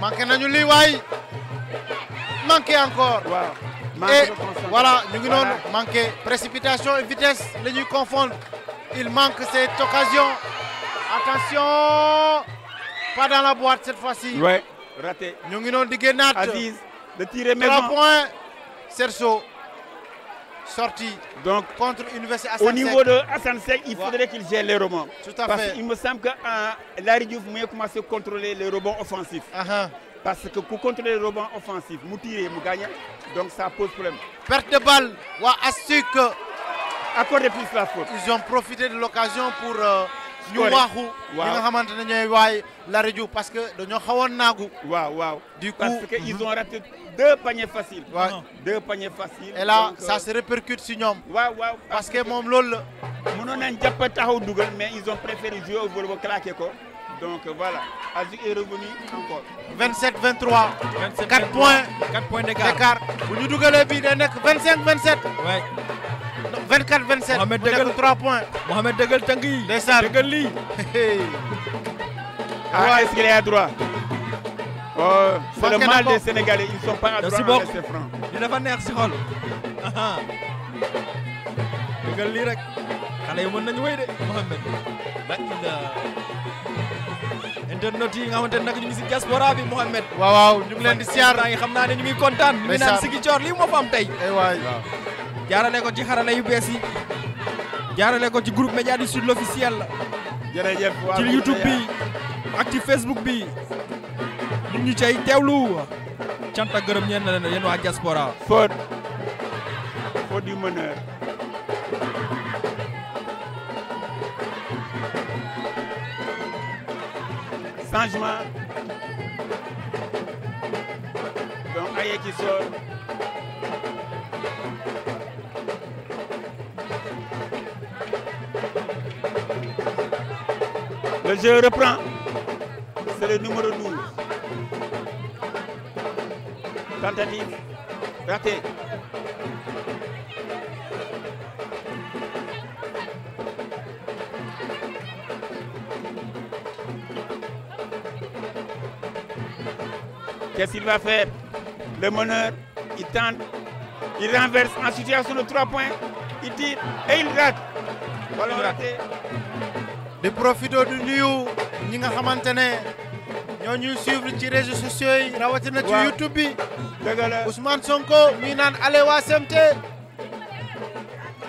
manqué Nanyou oui. Manqué encore. Et voilà, nous voilà. manqué. Précipitation et vitesse, les nuits confondent. Il manque cette occasion. Attention Pas dans la boîte cette fois-ci. Ouais, raté. Nous avons dit Aziz, de tirer maintenant. 3 points, Serso. Sorti Donc, contre l'Université Au niveau de Hassan il faudrait qu'il gère les rebonds. Tout à Parce qu'il me semble que l'Aridjouf euh, Larry Diouf mieux commencer à contrôler les rebonds offensifs. Ah, ah. Parce que pour contrôler les rebonds offensifs, nous tirer, nous gagner, donc ça pose problème. Perte de balle, ou ouais, Astuk. Accordez plus la faute. Ils ont profité de l'occasion pour. Euh, ñu avons ñi nga parce que nous avons naagu waaw waaw du parce que ils mm-hmm. ont raté deux paniers faciles deux paniers faciles et là euh, ça se répercute sur nous. waaw waaw parce que moom loolu la mënoon nañ taxaw mais ils ont préféré jouer au volleyball claqué ko donc euh, voilà Azuc est revenu encore 27 23 4 points 4 points d'écart bu ñu 25 27 24 27. Mohamed dëggal mu nekk 3 points. Mohamed dëggal tënk yi. ndeysaan dëggal lii. ah est-ce qu'il est à droit. oh c'est le mal des Sénégalais ils dafa neex si xol. dëggal lii rek. xale yi mën nañu wéy de Mohamed. ba internet yi nga xamante ne ñu ngi si diaspora bi Mohamed. waaw waaw ñu leen di siyaar. xam naa ne ñu ngi kontaan. ñu ngi naan Ziguinchor lii moo fa tey. ay eh waay jaarale ko ci xarala yu bees yi jaarale ko ci groupe média du sud l'officiel jërëjëf ci youtube bi ak ci facebook bi ñu ngi cay teewlu cant ak gërëm ñeen leen yéen waa diaspora faute faute du meneur changement donc aye ci sol Je reprends, C'est le numéro 12. Tentative Raté. Qu'est-ce qu'il va faire Le meneur, il tente, il renverse en situation de 3 points, il tire et il rate. Voilà. raté. di profito du nuyu ñi nga xamante ne ñoo ñuy suivre ci réseaux sociaux yi rawatina ci YouTube bi dëgg la Ousmane Sonko mi naan allé waa CMT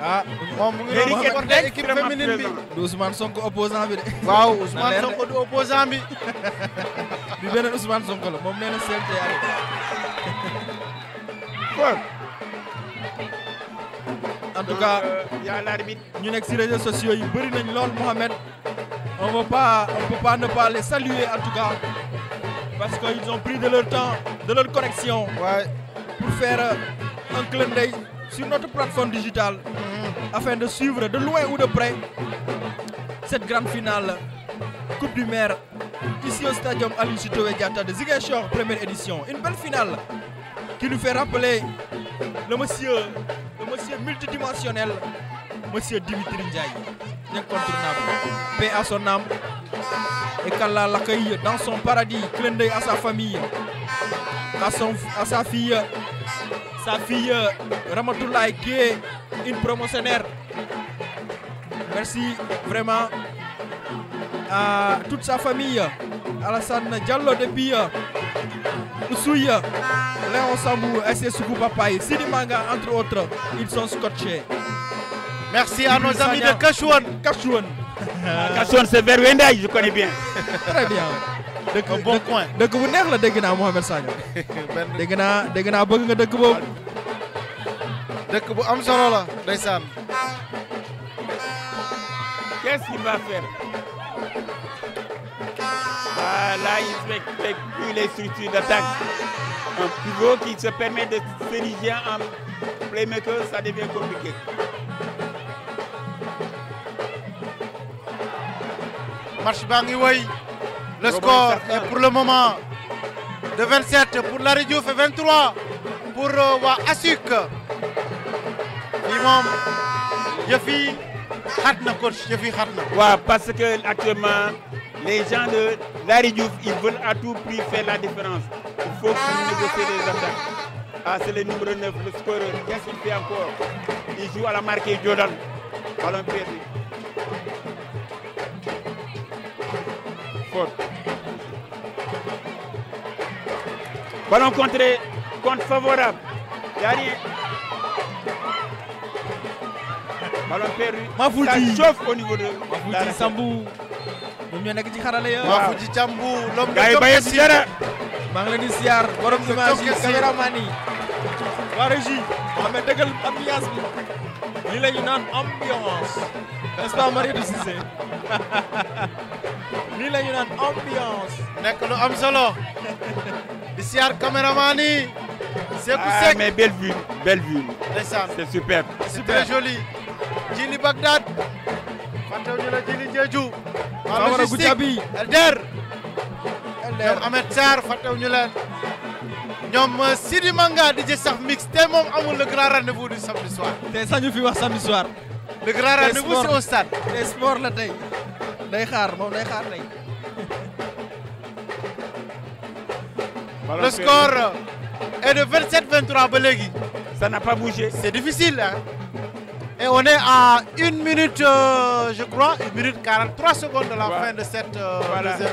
ah moom mu ngi doon supporter équipe féminine bi du Ousmane Sonko opposant bi de waaw Ousmane Sonko du opposant bi bi beneen Ousmane Sonko la moom nee na CMT en tout cas il l'arbitre ñu sur les réseaux sociaux yi Mohamed on ne peut pas ne pas les saluer en tout cas parce qu'ils ont pris de leur temps de leur connexion ouais. pour faire euh, un clin d'œil sur notre plateforme digitale mm-hmm. afin de suivre de loin ou de près cette grande finale Coupe du Maire ici au stadium Aline Sitoé de Ziguinchor première édition une belle finale qui nous fait rappeler le monsieur multidimensionnel, Monsieur Dimitri Ndiaye, incontournable. Paix à son âme. Et qu'Allah l'accueille dans son paradis. Clin d'œil à sa famille, à, son, à sa fille, sa fille Ramatoulaye qui est une promotionnaire. Merci vraiment à toute sa famille. à Alassane Diallo depuis euh, Oussouille. Léon Sambou, SS Papaye, Sidi Manga, entre autres, ils sont scotchés. Merci à nos amis de Kachouan. Kachouan. Kachouan, euh, c'est vers Wendai, je connais bien. Très bien. De un bon coin Donc vous n'êtes la de naa Mohamed Sadio. Ben dégg naa dégg de bëgg nga dëkk boobu. dëkk bu am solo la qu'est-ce qu'il va faire. ah là il respecte plus les structures d'attaque un pivot qui se permet de s'ériger en playmaker, ça devient compliqué. Marche Bangiway, le score est pour le moment de 27 pour la et 23 pour euh, Wa Il fii moom un coach parce que actuellement. Les gens de Larry Diouf, ils veulent à tout prix faire la différence. Il faut que nous négocions les attaques. Ah, c'est le numéro 9, le scoreur. Qu'est-ce qu'il fait encore Il joue à la marque de Jordan. Ballon perdu. Fort. Ballon contre favorable. Il rien. Ballon perdu. Ma Ça chauffe au niveau de la Sambou. ñoom ñoo nekk ci xarale ya waaw fu ci lom ngay baye ci dara maa ngi leen di siyaar borom image yi yi waa régie amee dëggal la naan ambiance n'est-ce pas Marie du Cissé lii la naan ambiance nekk lu am solo di siyaar caméraman yi Seku ah, Seck mais belle vue belle vue ndeysaan c'est superbe super joli Jili Bagdad fàttewu ñu la Jili Jeeju Famara Goudia bi Elder ñoom Ahmed Sarr fàttewu ñu leen ñoom euh, Sidi Manga di jë sax te moom amul le grand rendez-vous du samedi soir te sañu fi wax samedi soir le la tey day xaar moom day xaar tey le score est de 27 23 ba léegi ça n'a pas bougé c'est difficile hein Et on est à 1 minute, euh, je crois, 1 minute 43 secondes de la fin de cette euh,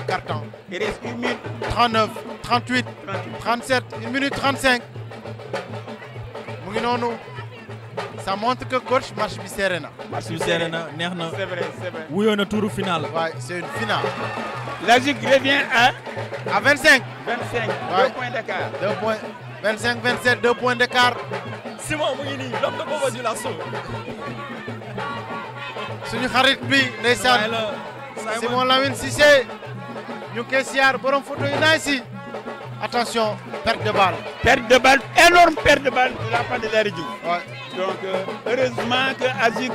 carton. Il reste 1 minute 39, 38, 37, 1 minute 35. Ça montre que coach marche plus serena. Marche plus serena, c'est C'est vrai, c'est vrai. est tour final. Oui, c'est une finale. La revient à à 25. 25. 2 points d'écart. 2 points. 25 27 deux points d'écart. Simon Mouini, l'homme de Bobo Lasso. suñu xarit bi Simon Lawine Cissé ñu ngi borom photo attention perte de balle. perte de balle énorme perte de balle de la part de la donc euh, heureusement que Azik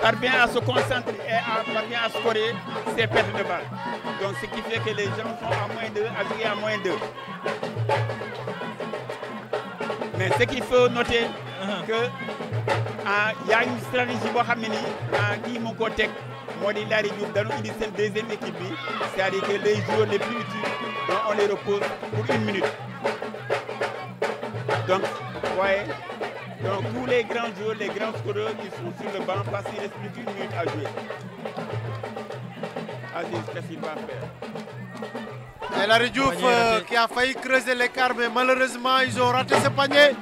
parvient à se concentrer et à, parvient à scorer ses pertes de balle donc ce qui fait que les gens sont à moins deux, Azik est à moins deux. Mais ce qu'il faut noter, que il ah, y a une stratégie qui est qui nii ah, kii mu ngi il teg deuxième équipe c'est-à-dire que les joueurs les plus utiles on les repose pour une minute donc vous donc tous les grands joueurs les grands scoreurs qui sont sur le banc parce qu'il reste plus qu'une minute à jouer Aziz qu'est-ce qu'il va faire la Redouf euh, qui a failli creuser l'écart, mais malheureusement, ils ont raté ce panier.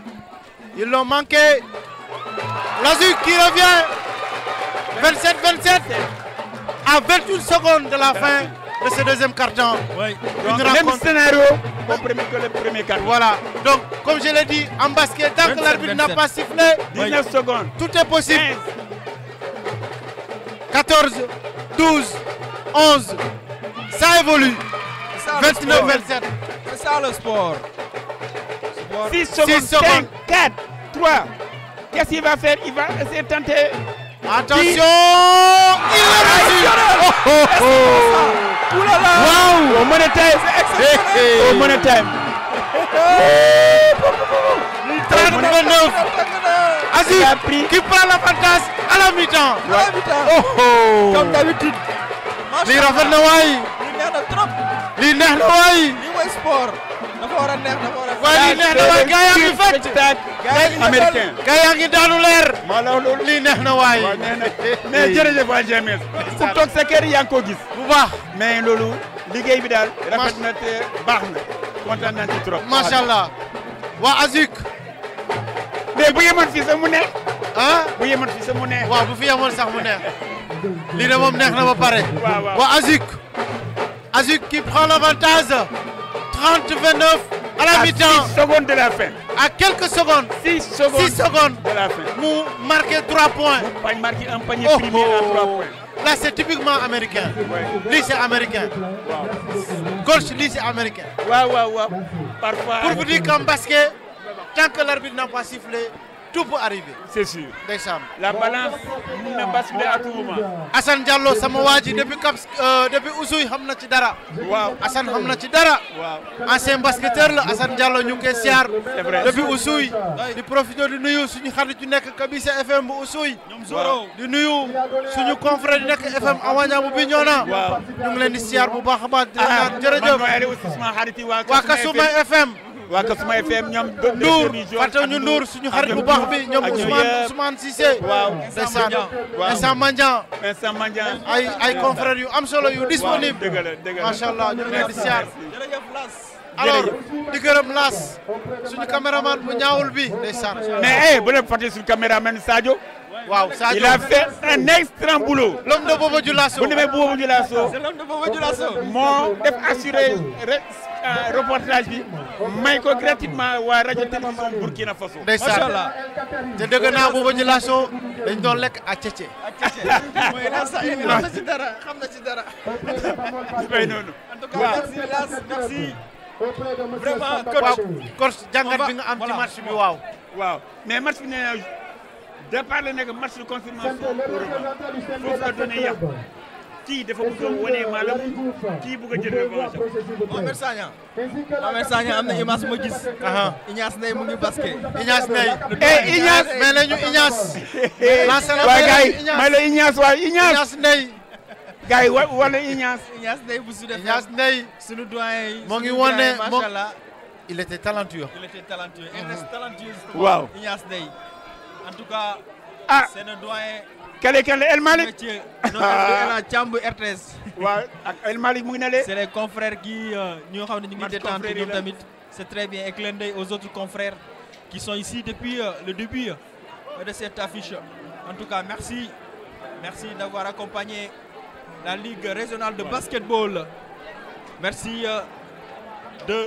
Ils l'ont manqué. Lazu qui revient. 27-27 à 21 secondes de la fin de ce deuxième carton. Oui. Donc, même scénario que le premier carton. Voilà. Donc, comme je l'ai dit, en basket, tant que l'arbitre n'a pas sifflé, 19 Tout est possible. 14, 12, 11. Ça évolue. 29 27. C'est ça le sport. 6 secondes, secondes. 5, 4, 3. Qu'est-ce qu'il va faire Il va essayer de tenter. Attention Il l'a réussi oh, oh, oh. Ouh là là Waouh Au money time Au money time 39 Aziz qui prend l'avantage à la mi-temps. À la mi-temps. Oh oh. Comme d'habitude. Li rafet na Waï lii neex na waay. lii a neex dafa war a. waaye lii neex na waay gaa yaa fekk. américain gaa yaa daanu leer. lii neex na waay. mais jërëjëf waa GMS. ku toog sa kër gis. bu baa mais loolu liggéey bi daal. rafet na te baax na. kontaan waa Azik. mais bu yemoon fii sax mu neex. ah bu yemoon sax mu neex. waaw bu fi yemoon lii de moom neex na ba waa Azik. Azuc qui prend l'avantage. 30-29 à la mi-temps. 6 À quelques secondes. 6 secondes, vous marquez 3 points. Oh, là, c'est typiquement américain. Ouais. Lycée américain. Wow. Gauche, lycée américain. Parfois. Pour vous dire qu'en basket, tant que l'arbitre n'a pas sifflé, tout peut arriver. c'est sûr ndeysaan. la balance mun na basculer à tout moment. Assane Diallo sama waa ji depuis Cap euh, depuis Oussouye na ci dara. waaw Assane xam na ci dara. waaw ancien basketteur la Assane Diallo ñu ngi koy siyaar. c'est vrai depuis di profité di nuyu suñu xarit yu nekk Kabisa FM bu Oussouye. ñoom di nuyu suñu confrère yu nekk FM Awañaamu bi ñoo na. waaw ñu ngi leen di baax a baax. Ah, waa Kasumay FM. waa Kasuma FM ñoom. Ndour fàttewu ñu Ndour suñu xarit bu baax bi ñoom Ousmane Ousmane Cissé. waaw ndeysaan waaw instant Mandian. instant ay ay confrères yu am solo yu disponible. dëgg la dëgg la macha allah ñu ngi leen di siyaar. alors di gërëm Laas suñu caméraman bu ñaawul bi ndeysaan. mais eh bu leen fàtte suñu caméraman Sadio. il a fait un extrême boulot. l'homme de Bobo Dioulasso pas Bobo c'est l'homme de Bobo Dioulasso. assuré euh, reportage bi ko gratuitement la radio Burkina Faso. Je te un Bobo Dioulasso je suis lekk à Tchétché. à Tchétché en tout cas merci merci. vraiment coach coach match bi waaw. mais match départ la nekk match de confirmation foofu la doonee yàq kii defa bëgg a wane maalam kii bëgg a jël révolution. Mohamed Sagna Mohamed Sagna am image ma gis. Ignace Ney mu ngi basket. Ignace Ney. eh, eh, eh Ignace mais lañu Ignace. way gay waaye may la Ignace way Ignace. Ignace Ney. gay yi wala Ignace. Ignace Ney bu su def Ignace Ney sunu doyen mo ngi wane moom il était talentueux. il était talentueux il reste talentueux. waaw Ignace Ney en tout cas. Ah. c'est le doyen. quel est El El c'est les confrères qui euh, ñoo ont ne ñu c'est très bien et aux autres confrères qui sont ici depuis euh, le début euh, de cette affiche. En tout cas, merci. Merci d'avoir accompagné la Ligue régionale de basketball. Merci de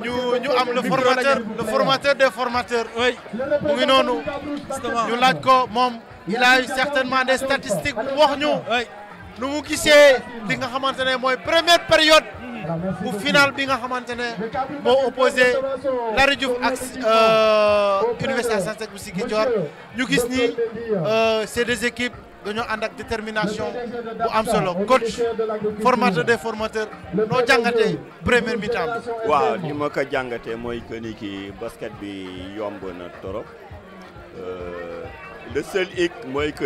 ñu ñu am le formateur le formateur des formateurs. oui mu ngi noonu. ñu laaj ko il a eu certainement des statistiques pour wax ñu. nous mu gisee li nga xamantene moy première période. bu final bi nga xamantene ne opposé la Diouf ak euh, Université Assane Seck bu Ziguinchor ñu gis ni euh, c'est des équipes nous avons une détermination pour am solo coach formateur des formateurs avons une première mi-temps waaw ni ko que basket bi yomb na euh, le seul hic que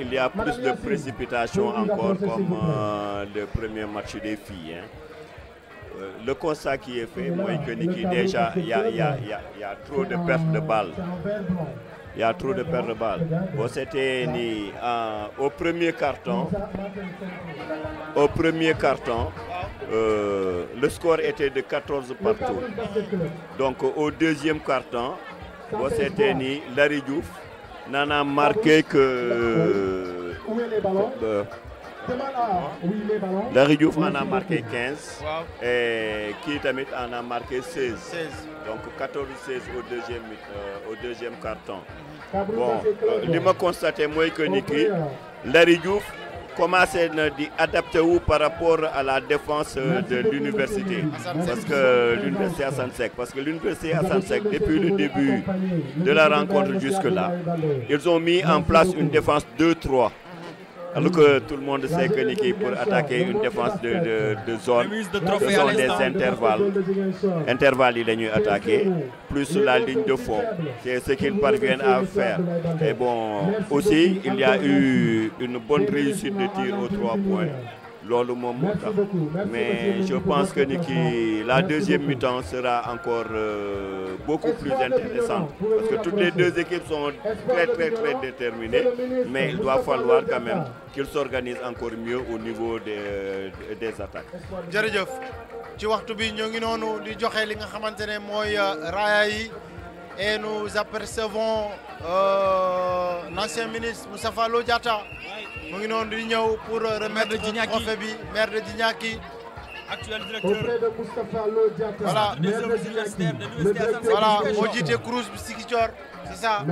il y a plus de précipitation encore comme euh, le premier match des filles hein. Euh, le constat qui est fait il que déjà, y a y trop de pertes de balles il y a trop de perles de balles. Bon, c'était euh, au premier carton. Au premier carton, euh, le score était de 14 partout. Donc au deuxième carton, bon, c'était Larry Diouf n'en a marqué que. Où est euh, en a marqué 15 et Kitamit en a marqué 16. Donc 14-16 au, deuxième, au deuxième carton bon euh, li moi constaté que Niki, Larry Diouf commencé na par rapport à la défense de l'université parce que l'université à Sansec. parce que l'université à Sansec, depuis le début de la rencontre jusque là ils ont mis en place une défense 2-3 alors que tout le monde sait que Niki, pour attaquer une défense de, de, de zone, ce sont des intervalles. Intervalles, il est mieux attaqué, plus la ligne de fond. C'est ce qu'ils parviennent à faire. Et bon, aussi, il y a eu une bonne réussite de tir aux trois points mais je pense que la deuxième mi-temps sera encore euh, beaucoup plus intéressante parce que toutes les deux équipes sont très très très déterminées mais il doit falloir quand même qu'ils s'organisent encore mieux au niveau des euh, des attaques. tu vois bi bien, ngi nous li nga euh, et nous apercevons l'ancien ministre Moussafa Lodjata mu ngi noonu di ñëw pour euh, remettre trophée bi maire de Djignaki actuel directeur voilà voilà moo jiite Crous bi Ziguinchor c'est ça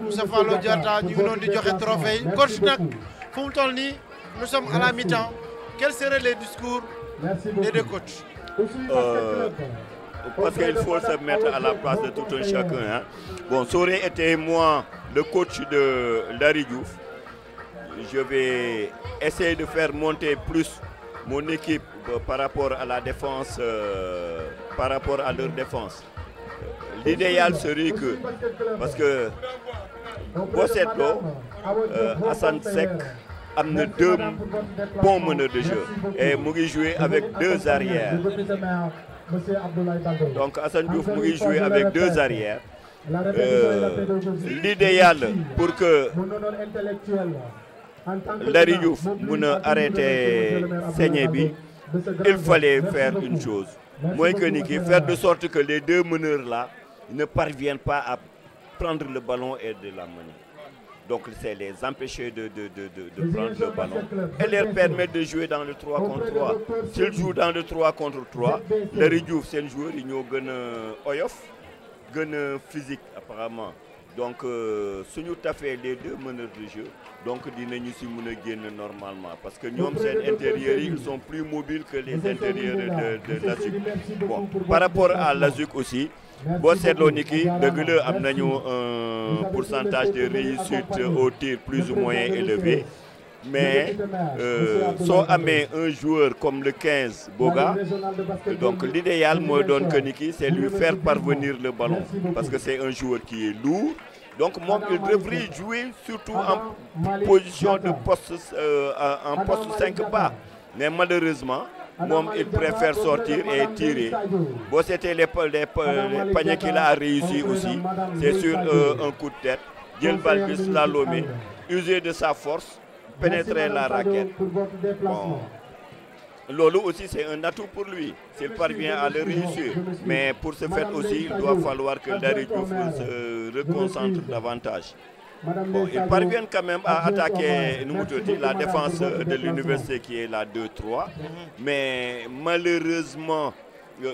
Moustapha Lo Diatta ñu ngi noonu di joxe trophée coach Nak, fu toll nii nous sommes à la mi-temps quels seraient les discours des deux coachs euh, parce qu'il faut se mettre à la place de tout un chacun hein. bon ça était moi le coach de Larry Diouf je vais essayer de faire monter plus mon équipe euh, par rapport à la défense, euh, par rapport à leur défense. Euh, l'idéal serait que, parce que cette euh, Hassan Sek, a deux bons meneurs de jeu et Mouri jouait avec deux arrières. Donc Hassan Diouf Mouri jouait avec deux arrières. L'idéal pour que Larry Diouf arrêter il fallait faire une chose Moins que niquer faire de sorte que les deux meneurs là ne parviennent pas à prendre le ballon et de l'amener donc c'est les empêcher de de de de prendre le ballon et leur permettre de jouer dans le 3 contre 3 s'ils jouent dans le 3 contre 3 Larry Diouf c'est joueurs joueur physique apparemment donc euh, suñu fait les deux meneurs de jeu donc nous normalement parce que nous sommes intérieurs ils sont plus mobiles que les intérieurs de la ZUC. par rapport à ZUC aussi bon, c'est un pourcentage de réussite au tir plus ou moins élevé mais euh, on a un joueur comme le 15 Boga donc l'idéal moi, donne que c'est lui faire parvenir le ballon parce que c'est un joueur qui est lourd donc Mom, il devrait jouer surtout en position de poste euh, en poste 5 pas. mais malheureusement moi, il préfère sortir et tirer C'était les les paniers qu'il a réussi aussi c'est sur euh, un coup de tête jël l'a l'a user de sa force pénétrer la raquette Lolo aussi, c'est un atout pour lui, s'il parvient à le réussir. Mais pour ce fait aussi, il doit falloir que Larry se euh, reconcentre davantage. Bon, ils parviennent quand même à attaquer la défense euh, de l'université qui est la 2-3. Mais malheureusement, euh,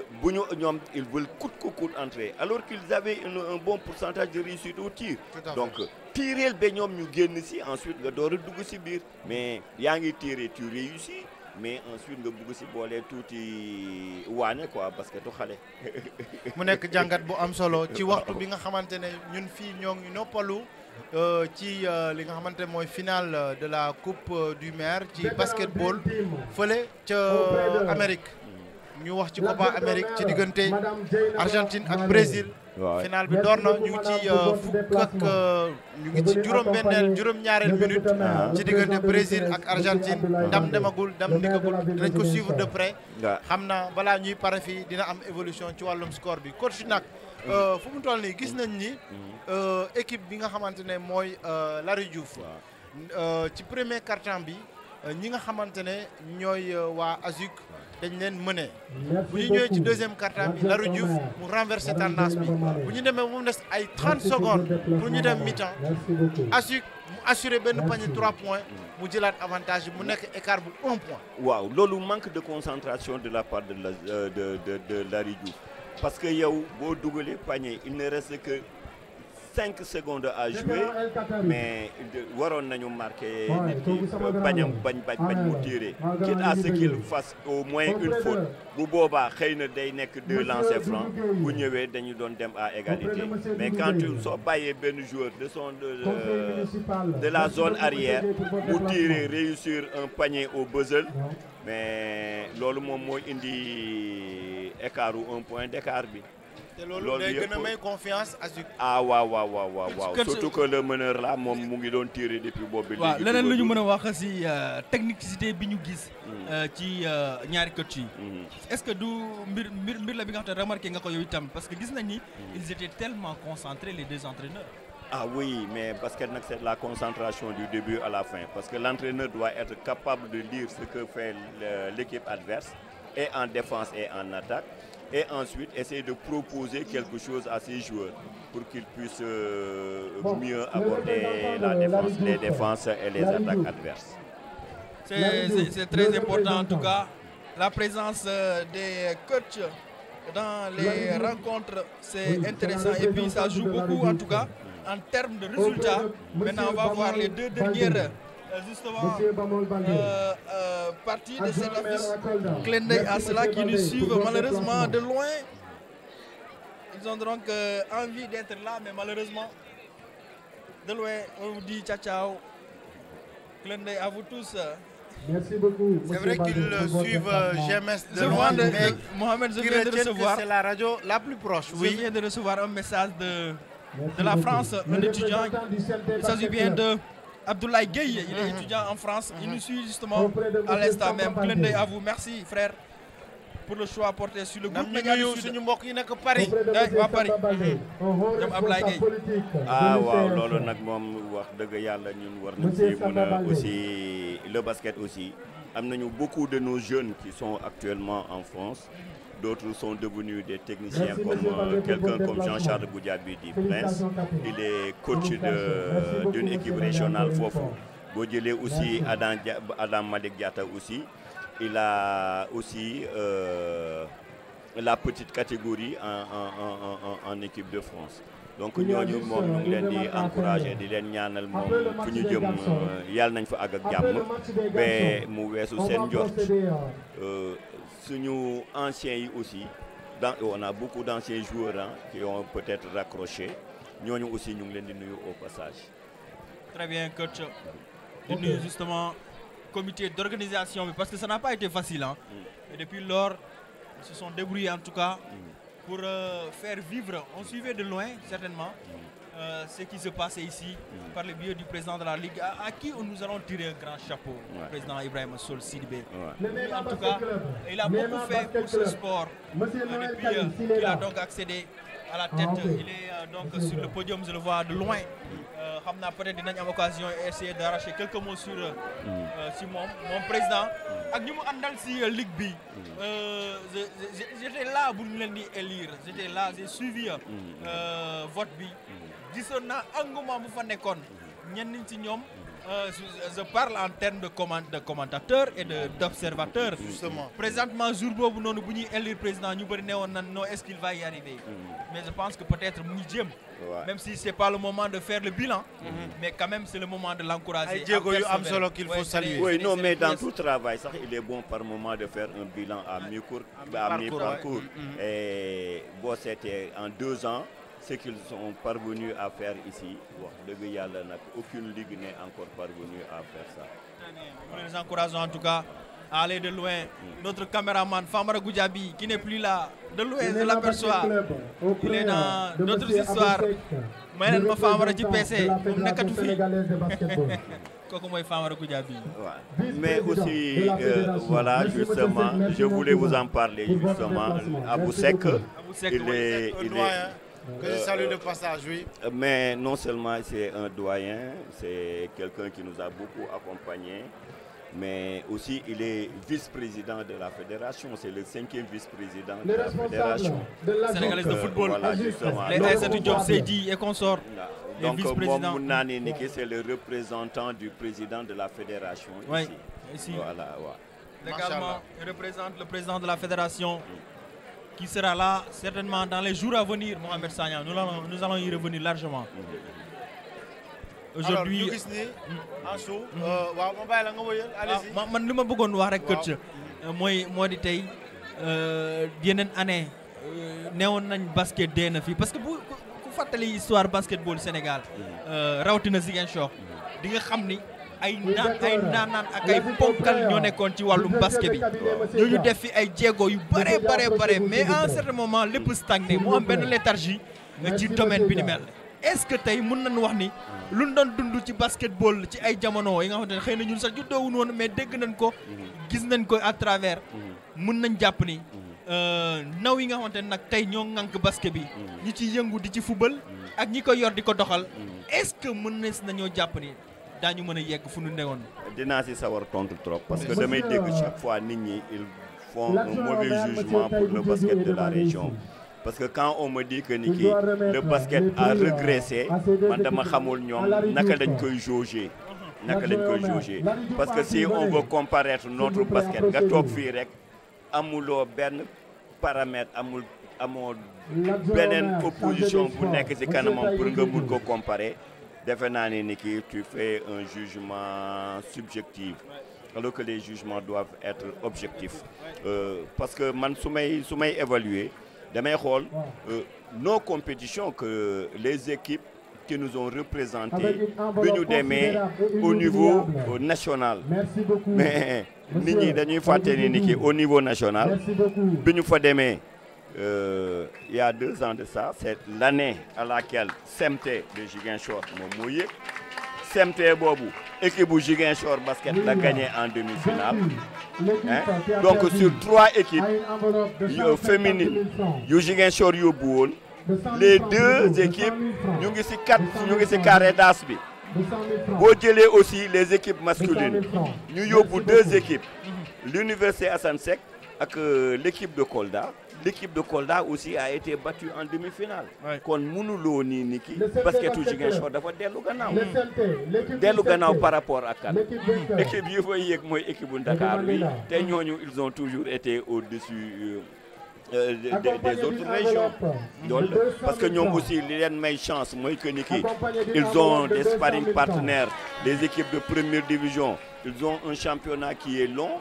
ils veulent coûte coûte entrer. Alors qu'ils avaient un bon pourcentage de réussite au tir. Donc, tirer le Benyom, nous ici, ensuite, le Doré Dougou Sibir. Mais, Yang tiré, tu réussis mais ensuite nga bugg tout bolé touti quoi parce que xalé mu bu am finale de la coupe euh, du maire ci basketball feulé Amérique. ñu wax ci Copa Amérique ci diggante Argentine ak Brésil final bi door na ñu ngi ci euh, fukk ak euh, ñu ngi ci juróom-benneel juróom-ñaareel minute ci diggante Brésil ak Argentine ndam demagul ndam dikkagul dinañ ko suivre de près xam na balaa ñuy pare fi dina am évolution ci wàllum score bi coach nag euh, fu mu toll nii gis nañ ni mm-hmm. équipe bi nga xamante ne mooy la Diouf ci premier quart bi ñi nga xamante ne ñooy waa ASUC dañ leen mënee bu ñu ci deuxième quart-temps bi Larou Diouf pour renverser tendance bi bu 30 secondes pour ñu dem mi-temps Assurer mu assuré 3 points mu jëlaat avantage bi mu écart bu 1 point. Waouh, le manque de concentration de la part de la euh, de Diouf parce que yow boo dugalee panier il ne reste que cinq secondes à jouer mais waroon nañu marqué nit ki bañam bañ ah, tiré ah, quitte à ce qu'il fasse au moins une faute Bouboba, boobaa xëy que deux lancers francs pour ñëwee dañu dem à égalité mais quand tu ne bàyyee pas joueur de son de la zone arrière pour tirer réussir un panier au buzzer mais moment où il indi écart ou un point d'écart bi c'est loolu day gën a may confiance Azuc. ah waaw waaw waaw waaw surtout que le meneur là mon mu ngi tiré depuis boobu. waaw leneen lu ñu mën a wax si euh, technicité bi ñu gis. Hmm. Euh, ci euh, ñaari coach yi. Hmm. est-ce que du mbir la bi nga nga ko parce que gis nañ ni. Hmm. ils étaient tellement concentrés les deux entraîneurs. Ah oui, mais parce que c'est la concentration du début à la fin. Parce que l'entraîneur doit être capable de lire ce que fait l'équipe adverse, et en défense et en attaque et ensuite essayer de proposer quelque chose à ces joueurs pour qu'ils puissent euh, mieux aborder la défense, les défenses et les attaques adverses. C'est très important en tout cas. La présence euh, des coachs dans les rencontres, c'est intéressant et puis ça joue beaucoup en tout cas en termes de résultats. Maintenant, on va voir les deux dernières euh, justement euh, euh, partie de cet office. Clin à ceux-là qui nous suivent malheureusement de loin. Ils ont donc euh, envie d'être là, mais malheureusement, de loin, on vous dit ciao ciao. Clin à vous tous. Merci beaucoup. C'est vrai qu'ils suivent GMS de loin, mais Mohamed, je de recevoir. C'est la radio la plus proche. Oui. Je de recevoir un message de, de la France, un étudiant. Il s'agit bien de. Abdoulaye Gueye, il est étudiant en France. Il nous suit justement à l'instant même. Plein d'œil à vous. Merci, frère, pour le choix apporté sur le groupe Nous sommes Sud. suñu yi Paris. Eh, waa Paris. Mhm. Abdoulaye Gueye. ah waaw loolu nak mom wax deug yalla ñun war nañ ci aussi le basket aussi am nañu beaucoup de nos jeunes qui sont actuellement en France. D'autres sont devenus des techniciens comme euh, quelqu'un comme Jean-Charles Boudiabi Prince. Il est coach euh, d'une équipe régionale Fofo. Bodjele aussi, Adam, Adam aussi. Il a aussi euh, la petite catégorie en, équipe de France. donc nous nous encouragé nous nous anciens aussi on a beaucoup d'anciens joueurs hein, qui ont peut-être raccroché Nous aussi nous ngi au passage. très bien coach mm. nous justement comité d'organisation parce que ça n'a pas été facile hein. mm. et depuis lors ils se sont débrouillés en tout cas. Mm. pour euh, faire vivre on suivait de loin certainement. Euh, ce qui se passe ici mm. par le biais du président de la Ligue, à, qui nous allons tirer un grand chapeau, le président Ibrahim Sol Sidibé. En tout cas, il a beaucoup fait pour ce sport euh, euh, Il depuis qu'il a donc accédé à la ah, tête. Il est donc sur le podium, je le vois de loin. Hamna peut-être occasion essayer d'arracher quelques mots sur mm. mon président ak ñu j'étais là pour nous j'étais là j'ai suivi mm. votre bi euh, je parle en termes de commentateurs commentateur et d'observateurs justement présentement jour boobu noonu bu président ñu est ce qu'il va y arriver mm-hmm. mais je pense que peut être mu même si c'est n'est pas le moment de faire le bilan mm-hmm. mais quand même c'est le moment de l'encourager ay jéego yu qu'il faut saluer oui non mais dans tout travail ça il est bon par moment de faire un bilan à mi court à mi-parcours mm-hmm. et boo en deux ans ce qu'ils sont parvenus à faire ici aucune ligue n'est encore parvenue à faire ça. Nous les encourageons en tout cas à aller de loin. Mm. Notre caméraman Famara Goudjabi, qui n'est plus là, de loin je l'aperçois. Il est dans d'autres histoires. Maintenant, Famara ci PC mais aussi euh, voilà justement je voulais vous en parler justement Abou Seck. il est. Que je euh, salue euh, de passage, oui. Mais non seulement c'est un doyen, c'est quelqu'un qui nous a beaucoup accompagnés, mais aussi il est vice-président de la fédération. C'est le cinquième vice-président de la fédération. De de football. Voilà, justement. Les Aïssatou Seydi et consorts. Donc, vice-président. c'est le représentant du président de la fédération ici. Voilà, Légalement, il représente le président de la fédération qui sera là certainement dans les jours à venir, Mohamed Sagna. Nous allons, nous allons y revenir largement. aujourd'hui ñu gis ni euh, en suuf. Mm-hmm. Euh, waaw ma nga wëyal. Ah, allez-y waaw man li ma bëggoon wax rek. waaw euh, mooy moo di tey yeneen année neewoon nañ basket dee na fii parce que bu ku fàttali histoire basketball Sénégal mm-hmm. euh, rawatina Ziguinchor mm-hmm. di nga xamni ay naan ay naanaan ak ay ponkal ñoo nekkoon ci wàllum basket bi ñu def fi ay jéego yu bare bare bare mais à moment lépp stagné mu am benn léthargie euh, ci domaine bi ni mel est-ce que tey mën nañu wax ni lu ñu doon dund ci basketball ci ay jamono yi nga xamante ne xëy na ñun sax juddoowuñu woon mais dégg nañ ko mhm. gis nañ ko à travers mën mhm. nañ jàpp ni mhm. euh, naw yi nga xamante ne nag tey ñoo ŋànk basket bi ñu ci yëngu di ci fubal ak ñi ko yor di ko doxal est-ce que mën nañoo jàpp ni Je ne sais yegg fu ñu va dina trop parce que damay dégg chaque fois nit ñi ils font un mauvais jugement pour le basket de la région. parce que quand on me dit que niki le basket a régressé man dama xamul ñom naka lañ koy jauger naka lañ koy parce que si on veut comparer notre basket nga toog fi rek amulo ben paramètre amul amo beneen opposition bu nekk ci kanamam pour nga mun ko comparer. Devenant tu fais un jugement subjectif alors que les jugements doivent être objectifs euh, parce que man suis évalué, je mes évaluer euh, nos compétitions que les équipes qui nous ont représentés nous ñu au niveau national mais beaucoup. Mais au niveau national nous nous euh, il y a deux ans de ça, c'est l'année à laquelle SMT de Giguinchor m'a mouillé. CMT Bobou, équipe Giguinchor Basket l'a gagné en demi-finale. Hein? Donc sur trois équipes féminines, Giguinchor Yoboul, les deux équipes, nous avons quatre, nous carré d'Asbi. Vous aussi les équipes masculines. Nous avons deux équipes, l'Université Assansec Et euh, l'équipe de Kolda l'équipe de Kolda aussi a été battue en demi-finale. kon mënuloo lo ni ki basketu Ziguinchor d'avoir des gannaaw. des gannaaw par rapport à kan. L'équipe yi fay équipe Dakar ils ont toujours été au-dessus. Euh, euh, des autres régions. parce que nous aussi, len may chance moi, que Niki, ils ont des sparring partenaires des équipes de première division. Ils ont un championnat qui est long,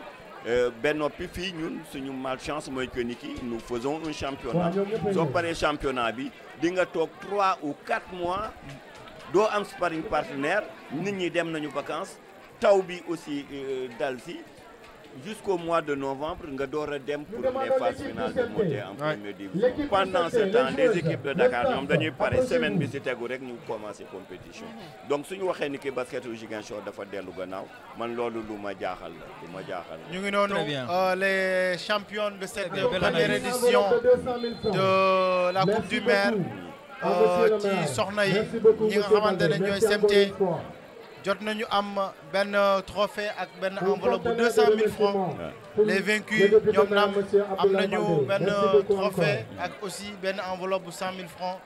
euh, benn bi fii ñun suñu malchance mooy que ni kii nous faisons un championnat soo paree championnat bi di nga toog trois ou 4 mois doo am sparring partenaire nit ñi dem nañu vacances taw bi aussi euh, dal si jusqu'au mois de novembre, Ngadora Dem pour les phases finales de monter en première division. Pendant ce temps, les équipes de Dakar, nous avons par semaine, mais c'était correct, nous commençons la compétition. Donc, si nous avons que basket au Gigan Shore de Fadel Luganao, man lolo luma diakhal, luma Nous sommes les champions de cette première édition de la Coupe du Maire. qui sont là, qui sont là, qui nous avons am ben trophée avec une enveloppe de 200 000 francs les vaincus ont un trophée avec aussi ben enveloppe de 100 000 francs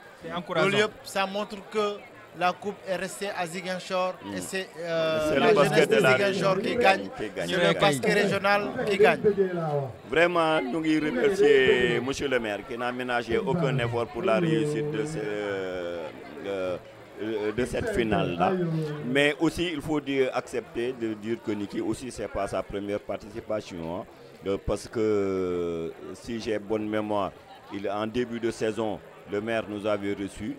ça montre que la coupe est restée à Ziguinchor mm. et c'est la jeunesse de Ziguinchor qui gagne c'est le basket régional qui gagne vraiment nous remercions remercier monsieur le maire qui n'a ménagé aucun effort pour la réussite de ce euh, euh, de cette finale-là. Mais aussi, il faut dire, accepter de dire que Niki aussi, c'est pas sa première participation. Hein. parce que euh, si j'ai bonne mémoire, il, en début de saison, le maire nous avait reçu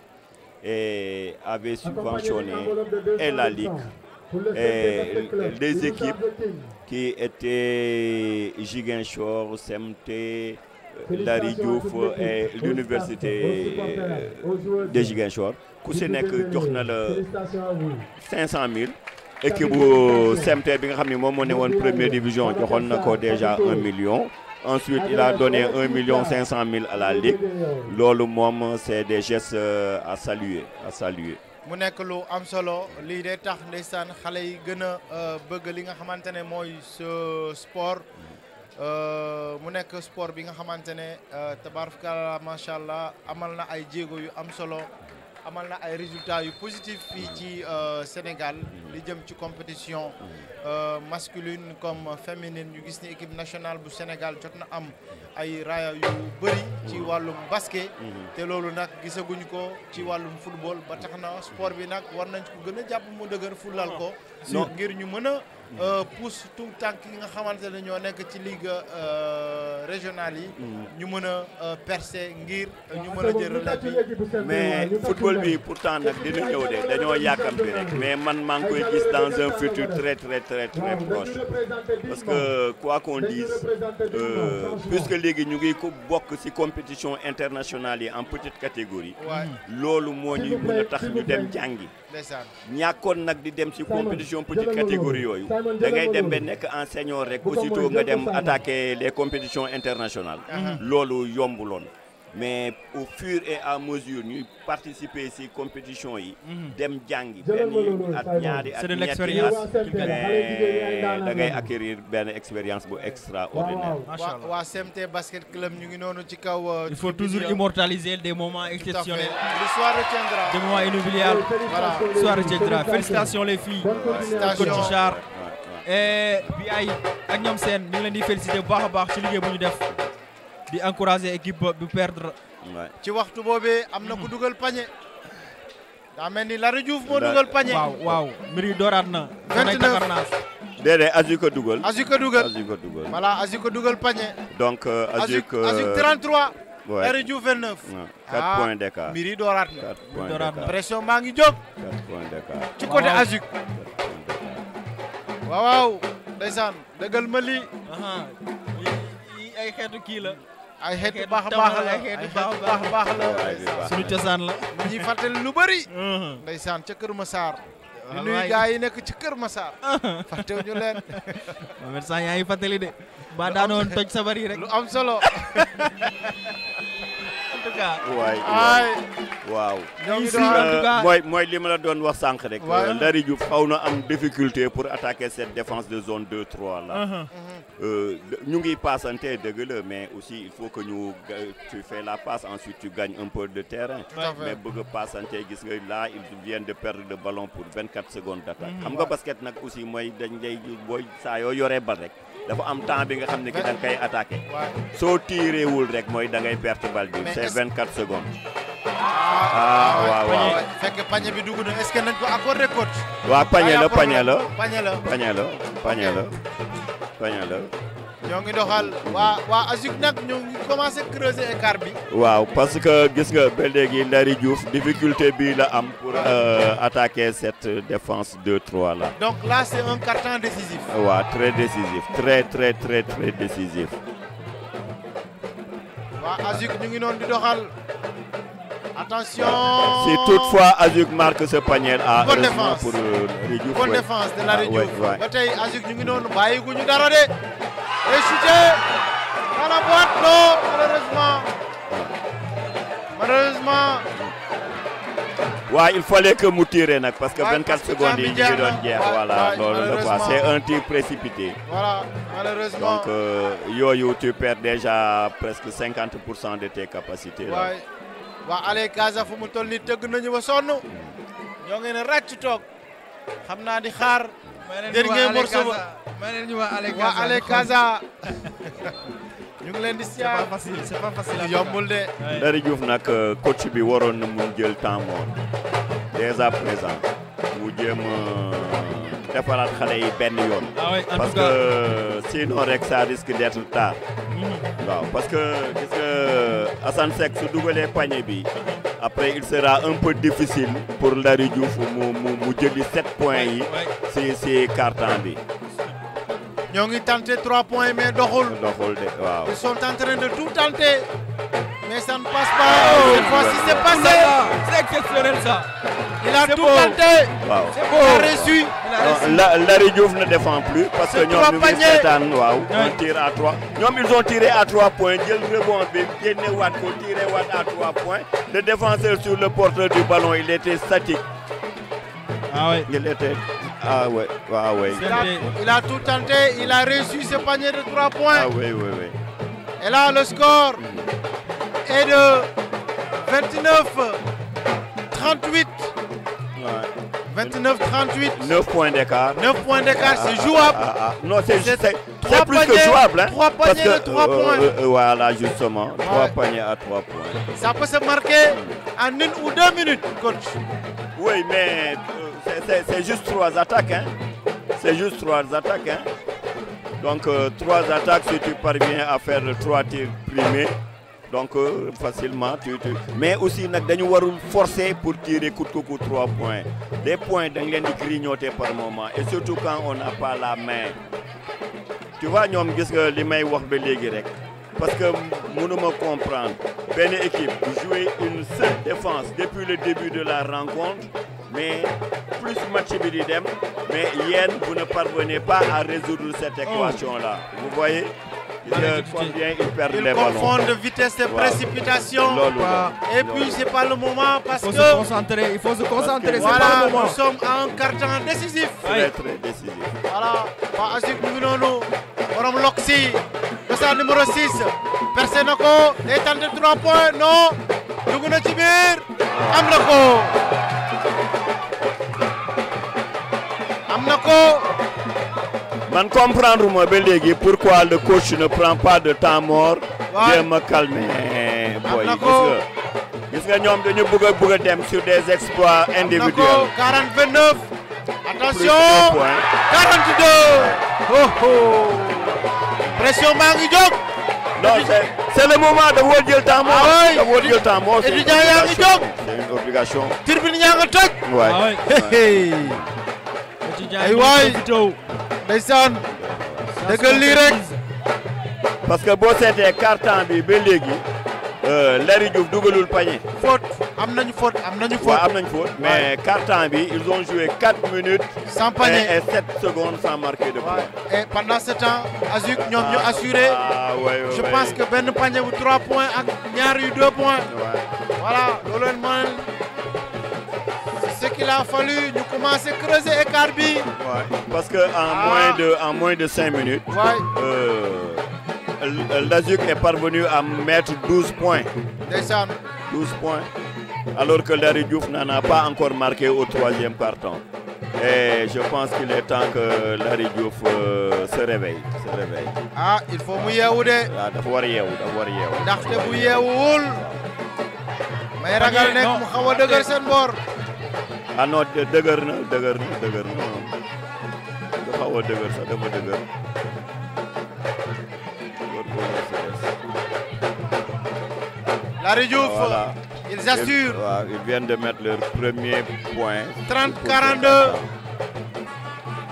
et avait subventionné et la Ligue et les équipes qui étaient Giguinchor, CMT, Larry et l'université euh, de Giguinchor ku si nekk jox na la 500000. équipe CMT bi nga xamni ne moom moo première division joxon nako déjà 1 million. Ensuite, il a donné 1 million 500 000 à la Ligue. Lolo mom, c'est des gestes euh, à saluer, à saluer. mu nek lu am solo li dé tax ndeysaan xalé yi gëna a euh, bëgg li nga xamante moy mooy ce sport euh, mu nek sport bi nga xamante ne tabaraka macha amal na ay djégo yu am solo amal na ay résultats yu positif fi ci euh, Sénégal li jëm ci compétition euh, masculine comme féminine ñu gis ni équipe nationale bu Sénégal jot na am ay raaya yu bëri ci wàllum basket te loolu nag gisaguñ ko ci wàllum football ba tax na sport bi nag war nañ ko gën a jàpp mu dëgër fulal ko ngir ñu mën a euh, pousse tout temps yi nga xamantene ne ñoo nekk ci ligue euh, régionale yi. Mm. ñu mën a euh, percer ngir ñu Mais jël mais football bi pourtant nak dina ñëw de dañoo rek mais man pense koy gis dans un futur très très très très proche parce que quoi qu'on dise puisque la ñu ngi ko bok ci compétition internationale yi en petite catégorie. lolu mo ñuy nous tax ñu dem jàngi. ñàkkoon nak di dem ci compétition petite catégorie da dem ben nek enseignant rek aussitôt nga dem attaquer les compétitions internationales mhm. mhm. lolu yombulone mais au fur et à mesure ñuy participer ci compétition yi mhm. dem jangi ben at ñaari at ñetti at da ngay acquérir ben expérience bu extraordinaire wa CMT basket club ñu ngi nonu ci kaw euh, il faut toujours immortaliser des moments exceptionnels l'histoire retiendra des moments inoubliables l'histoire retiendra félicitations les filles coach Eh, bi ay ak ñoom seen ñu ngi leen di féliciter bu baax a baax ci liggéey bu ñu def di encourager équipe bu perdre. ci waxtu boobe am na ku dugal pañe. daa mel ni Larry Diouf moo dugal pañe. waaw waaw mbir dooraat na. 29 déedéet Azuc a dugal. Azuc a dugal Azuc a dugal. voilà Azuc a dugal pañe. donc Azuc Azuc 33. oui Larry Diouf 29. 4 ah, points dooraat na. pression maa ngi jóg. 4 points d'écart ci waawaaw waaw ndeysaan dëggal ma lii ay xeetu kii la ay xeetu baax baax la ay xeetu baax la suñu cosaan la ñuy fàttali lu bëri ndeysaan ca Kër Massar di nuyu gars yi nekk ci Kër Massar fàttewu ñu leen Mohamed Sane yaa ngi fàttali de ba daanoon toj sabar yi rek lu am solo Ah, euh, tout cas. Waouh. waaw. mooy mooy li ma la rek. Euh, Ndari Diouf xaw am difficulté pour attaquer cette défense de zone 2-3 là. Uh-huh. Euh, ñu ngi en tête, la mais aussi il faut que ñu tu fais la passe ensuite tu gagnes un peu de terrain. mais bëgg a passante gis nga là ils viennent de perdre le ballon pour 24 secondes d'attaque. attaque. Mm-hmm. xam nga basket nag aussi moi, dañ lay booy saa yoo yoree bal rek. dafa am temps bi nga xam ne ki da nga koy attaqué soo tiireewul rek mooy da ngay perte bal bi c'est 24 secondes. ah, ah waaw waaw bi dugg na waaw pañe ah, la pañe la pañe la pañe la pañe la. ñoo ngi doxal wa wa ASUP nak ñoo ngi commencé creuser écart bi. waaw parce que gis nga ba léegi Ndari Diouf difficulté bi la am pour euh, attaquer cette défense 2-3 là. donc là c'est un carton décisif. wa très décisif très très très très décisif. wa ASUP ñu ngi noonu di doxal. Attention C'est toutefois Azuk marque ce panier à Bonne défense pour euh, Bonne défense de la ah, Région. Bataille Azuk ñu ngi noonu bàyyi Et dans la boîte non malheureusement. Malheureusement. Ouais, il fallait que tirions. parce que 24 secondes il une guerre voilà c'est un tir précipité. Voilà, malheureusement. Donc euh, Yoyo tu perds déjà presque 50% de tes capacités là. waa ale Gaza fu mu toll nii tëgg nañu wa sonn ñoo ngi ne ràcc toog xam naa di xaar. dernier morceau ba may leen ñu waa ale Gaza waa ngi leen di siyaar c'est pas facile c'est pas facile yombul de. Ndari Diouf nag euh, coach bi waroon na mun jël temps mort dès à mu jéem euh, defaraat xale yi benn yoon. Ah parce que euh, sinon rek ça risque d'être être tard. Mm-hmm. waaw parce que gis nga Hassan euh, Seck su dugalee panier bi. après il sera un peu difficile pour Larry Diouf mu mu mu jëli 7 points yi. si si carton bi. ñoo tenté 3 points mais doxul. doxul de waaw. ils sont en train de tout tenter. Mais ça ne passe pas. Oh, fois si c'est passé. C'est exceptionnel ça. Il a tout tenté. Wow. Il a reçu. Larry Diouf ne défend plus parce que nous avons on tire à 3. ils ont tiré à 3 points. Dieu le rebond, Gagné pour tiré à 3 points. Le défenseur sur le porteur du ballon, il était statique. Ah ouais. Il était. Ah ouais, ah ouais. Il a, tout tenté, il a reçu ce panier de 3 points. Ah oui, oui, oui. Et là, le score. Mm. Et de 29, 38. 29, 38. 9 points d'écart. 9 points d'écart, ah, c'est ah, jouable. Ah, non, c'est plus que jouable. Hein, 3 euh, points. que, 3 points. voilà, justement. 3 ouais. à 3 points. Ça peut se marquer en une ou deux minutes, coach. Oui, mais euh, c'est juste 3 attaques. Hein. C'est juste 3 attaques. Hein. Donc, 3 euh, attaques, si tu parviens à faire 3 tirs primés donc euh, facilement tu mais aussi nous dañu forcer pour tirer coup trois points des points da grignoter par moment et surtout quand on n'a pas la main tu vois ñom gis que li may wax ba légui rek parce que mënuma comprendre une équipe jouer une seule défense depuis le début de la rencontre mais plus match bi mais vous ne parvenez pas à résoudre cette oh. équation là vous voyez il confond de vitesse et précipitation. Et puis ce n'est pas le moment parce que. Il faut se concentrer. Il faut se concentrer. Voilà, nous sommes à un carton décisif. Très très décisif. Voilà, waa Asik mu Nous sommes borom Le numéro 6 percé na ko de de 3 points non Nous na ci Tibir. Amnako man comprendre moi légui pourquoi le coach ne prend pas de temps mort. waaw me calme. calmer ah, boy gis nga. dañu bëgg bëgg dem sur des exploits individuels. 49. attention 42. oh oh. pression Mangi ngi C'est non le moment de war le ah temps mort. C'est temps mort. une obligation C'est une obligation. turbine nga ay rek parce que c'était un carton bi ba léegi euh, Larry Diouf panier faute am nañu faute am nañu faute am nañu faute mais carton ils ont joué 4 minutes sans panier et 7 secondes sans marquer de point et pendant ce temps Azuk, nous ñu ah, assuré ah, je pense que Ben panier eu 3 points ak a eu 2 points voilà le leen ce qu'il a fallu nous commencer creuser et Ouais, parce que en ah. moins de en moins de cinq minutes. Ouais. Euh, est parvenu à mettre 12 points. Descendre. 12 points. Alors que Larry Diouf n'en a pas encore marqué au troisième partant. Et je pense qu'il est temps que Larry Diouf euh, se réveille. Se réveille. Ah, il faut mouiller ou de. waaw ah, dafa war a yeewu war a yeewu. ndaxte bu yeewuwul. may ragal ah non dëgër na dëgër na dëgër ils assurent ils, ils viennent de mettre leur premier point 30 42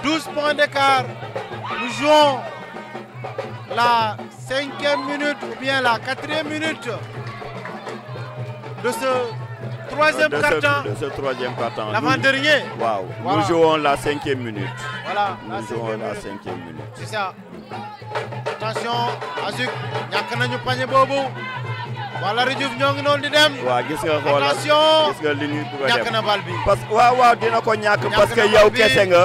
12 points d'écart nous jouons la cinquième minute ou bien la quatrième minute de ce troisième carton. De ce troisième carton. L'avant-dernier. Wow. Voilà. Nous jouons la cinquième minute. Voilà. Nous la jouons cinquième la cinquième minute. C'est ça. Attention, Azuk ñàkk nañu pañe boobu. wala Diouf ñoo ngi noonu di dem. waaw gis nga xoolal attention gis nga li ñuy bëgg a dem ñàkk na bal bi. parce que waaw waaw dina ko ñàkk. parce que yow kese nga.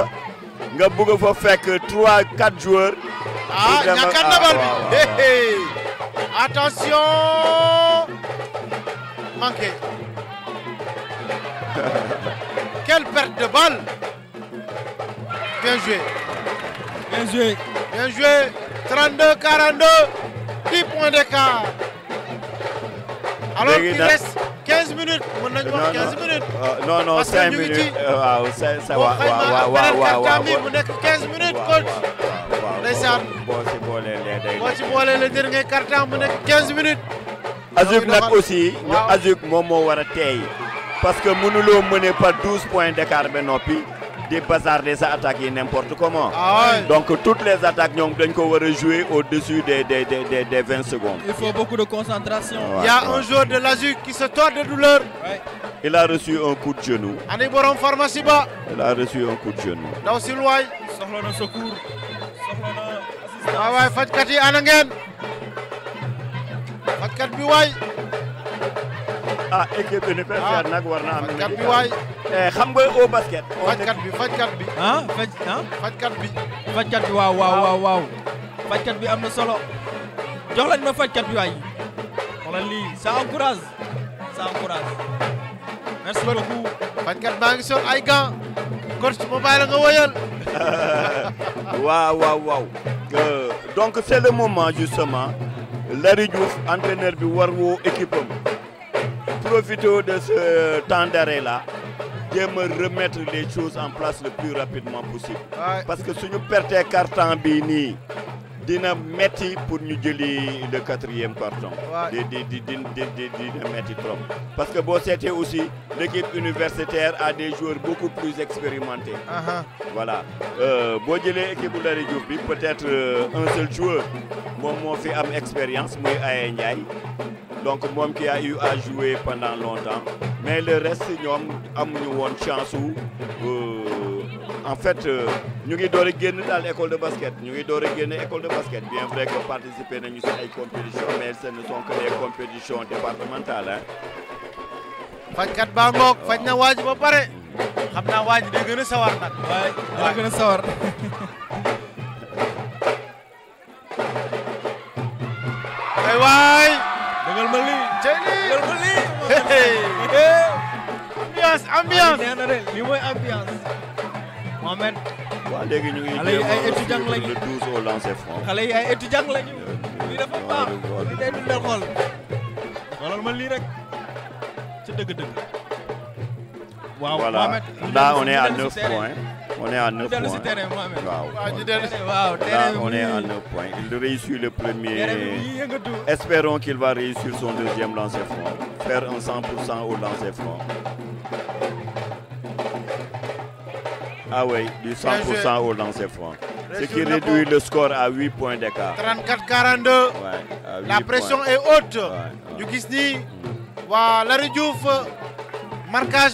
nga bëgg fa fekk 3 4 joueurs. ah ñàkkaat na ah, bal bi attention manqué. Quelle perte de balle Bien joué. Bien joué. Bien joué. 32-42. 10 points d'écart. Alors qu'il reste 15 minutes. non, 15 minutes. Ah, non, non, 5 minutes. Ah, waouh, ça va. Waouh, waouh, waouh. 15 minutes, coach. 15 minutes. Azuk Nakosi, aussi Momo momo parce que ne mené pas 12 points d'écart ba noppi des bazar des attaques n'importe comment. Ah donc toutes les attaques nous dañ ko jouer au-dessus des des des des 20 secondes. il faut beaucoup de concentration. il y a un joueur de zuc qui se tord de douleur. il a reçu un coup de genou. pharmacie il a reçu un coup de genou. Dans si luwaay. un na secours soxla na assistance. Ah yi ah équipe de pas na am. Eh, xam nga au basket. bi bi. 4, ah, ah? bi. bi waaw waaw waaw waaw. bi solo. jox lañ ça encourage. ça encourage. merci beaucoup. sol ay coach Mobile. Euh, donc c'est le moment justement Larry Diouf entraîneur bi war woo profiter de ce temps d'arrêt-là, de me remettre les choses en place le plus rapidement possible. Parce que si nous perdons carton béni, dina metti pour nous jëli le quatrième carton parce que c'était c'était aussi l'équipe universitaire a des joueurs beaucoup plus expérimentés uh-huh. voilà euh, Bon j'ai équipe de la peut-être euh, un seul joueur moi j'ai fait am expérience muy Aye Ndiaye donc moi qui a eu à jouer pendant longtemps mais le reste ñoom amuñu won chance euh, en fait euh, ñu ngi door a génn école de basket ñu ngi door génn école de basket bien vrai que participer nañu ci ay compétition. mais ce ne sont que des compétitions départementales hein. fajkat ba ngoog faj na waji ba pare xam naa waaj day gëna sawar nak waay day gëna sawar. way ambiance lii mooy ambiance Mohamed. waa léegi ñu ngi jéem a suivre le douze au lancer franc. yi ay étudiant lañu. lii dafa baax lii day dundal xol. xoolal ma lii ci dëgg-dëgg. waaw Mohamed voilà là on est On est à 9 points. on est à points. Il réussit le premier. Espérons qu'il va réussir son deuxième lancer front. Faire un 100% au lancer franc. Ah oui, du 100% au lancer front. Ce qui réduit le score à 8 points d'écart. 34-42. La pression est haute. Ouais, ouais. Du Kisni. Voilà, marquage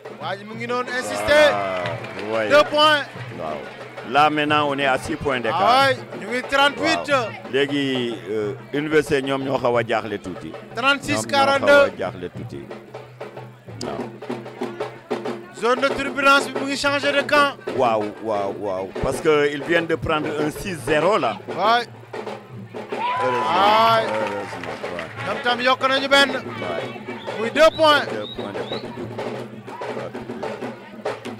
waa ji mu ngi noonu insister. waaw deux points. là maintenant on est à 6 points d'écart. waaw ah ñu ngi 38. léegi euh, université ñom ñoo xaw jaxlé touti. 36 42 ñoom ñoo xaw a jaaxle zone de turbulence bi mu ngi changer de camp. waaw waaw waaw parce que viennent de prendre un 6-0 là. waay. heureusement heureusement waaw. tam yokk nañu Ben. waay muy deux points. deux points de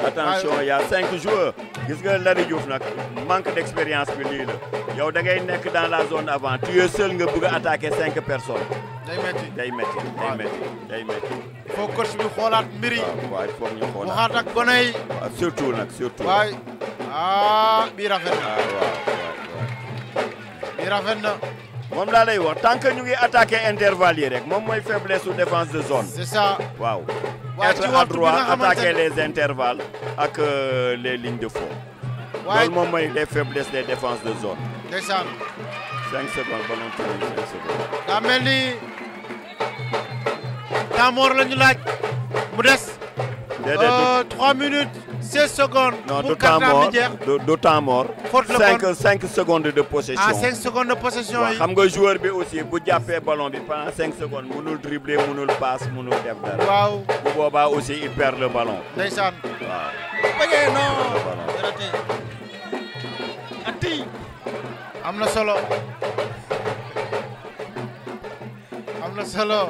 attention y' a cinq joueurs gis nga Lari Diouf nag manque d'expérience expérience bi lii la yow da ngay nekk dans la zone avant tu es seul nga bëgg attaquer attaqué cinq personnes. day metti day metti day metti day metti il faut coach bi xoolaat mbir yi. il faut ñu xoolaat waxaat ak gonay surtout nak surtout. waay ah bi rafet na. Ah, waaw waaw bii rafet na. moom laa lay wax tant que ñu ngi attaquer intervalle rek mom moy faiblesse su défense de zone. c'est ça waaw être à droite attaquer les intervalles avec euh, les lignes de fond. Dans le moment, mooy les faiblesses des défenses de zone. Descends. 5 secondes ballon 5 secondes. Amélie. Tamor le 3 euh, minutes 6 secondes. non temps mort temps mort. 5 secondes de possession. ah 5 secondes de possession yi. xam un joueur bi aussi bu le ballon bi pendant 5 secondes mënul dribbler mënul passe mënul def dara. waaw bu aussi il perd le ballon. ndeysaan waaw. non. ati. Amna solo. Amna solo.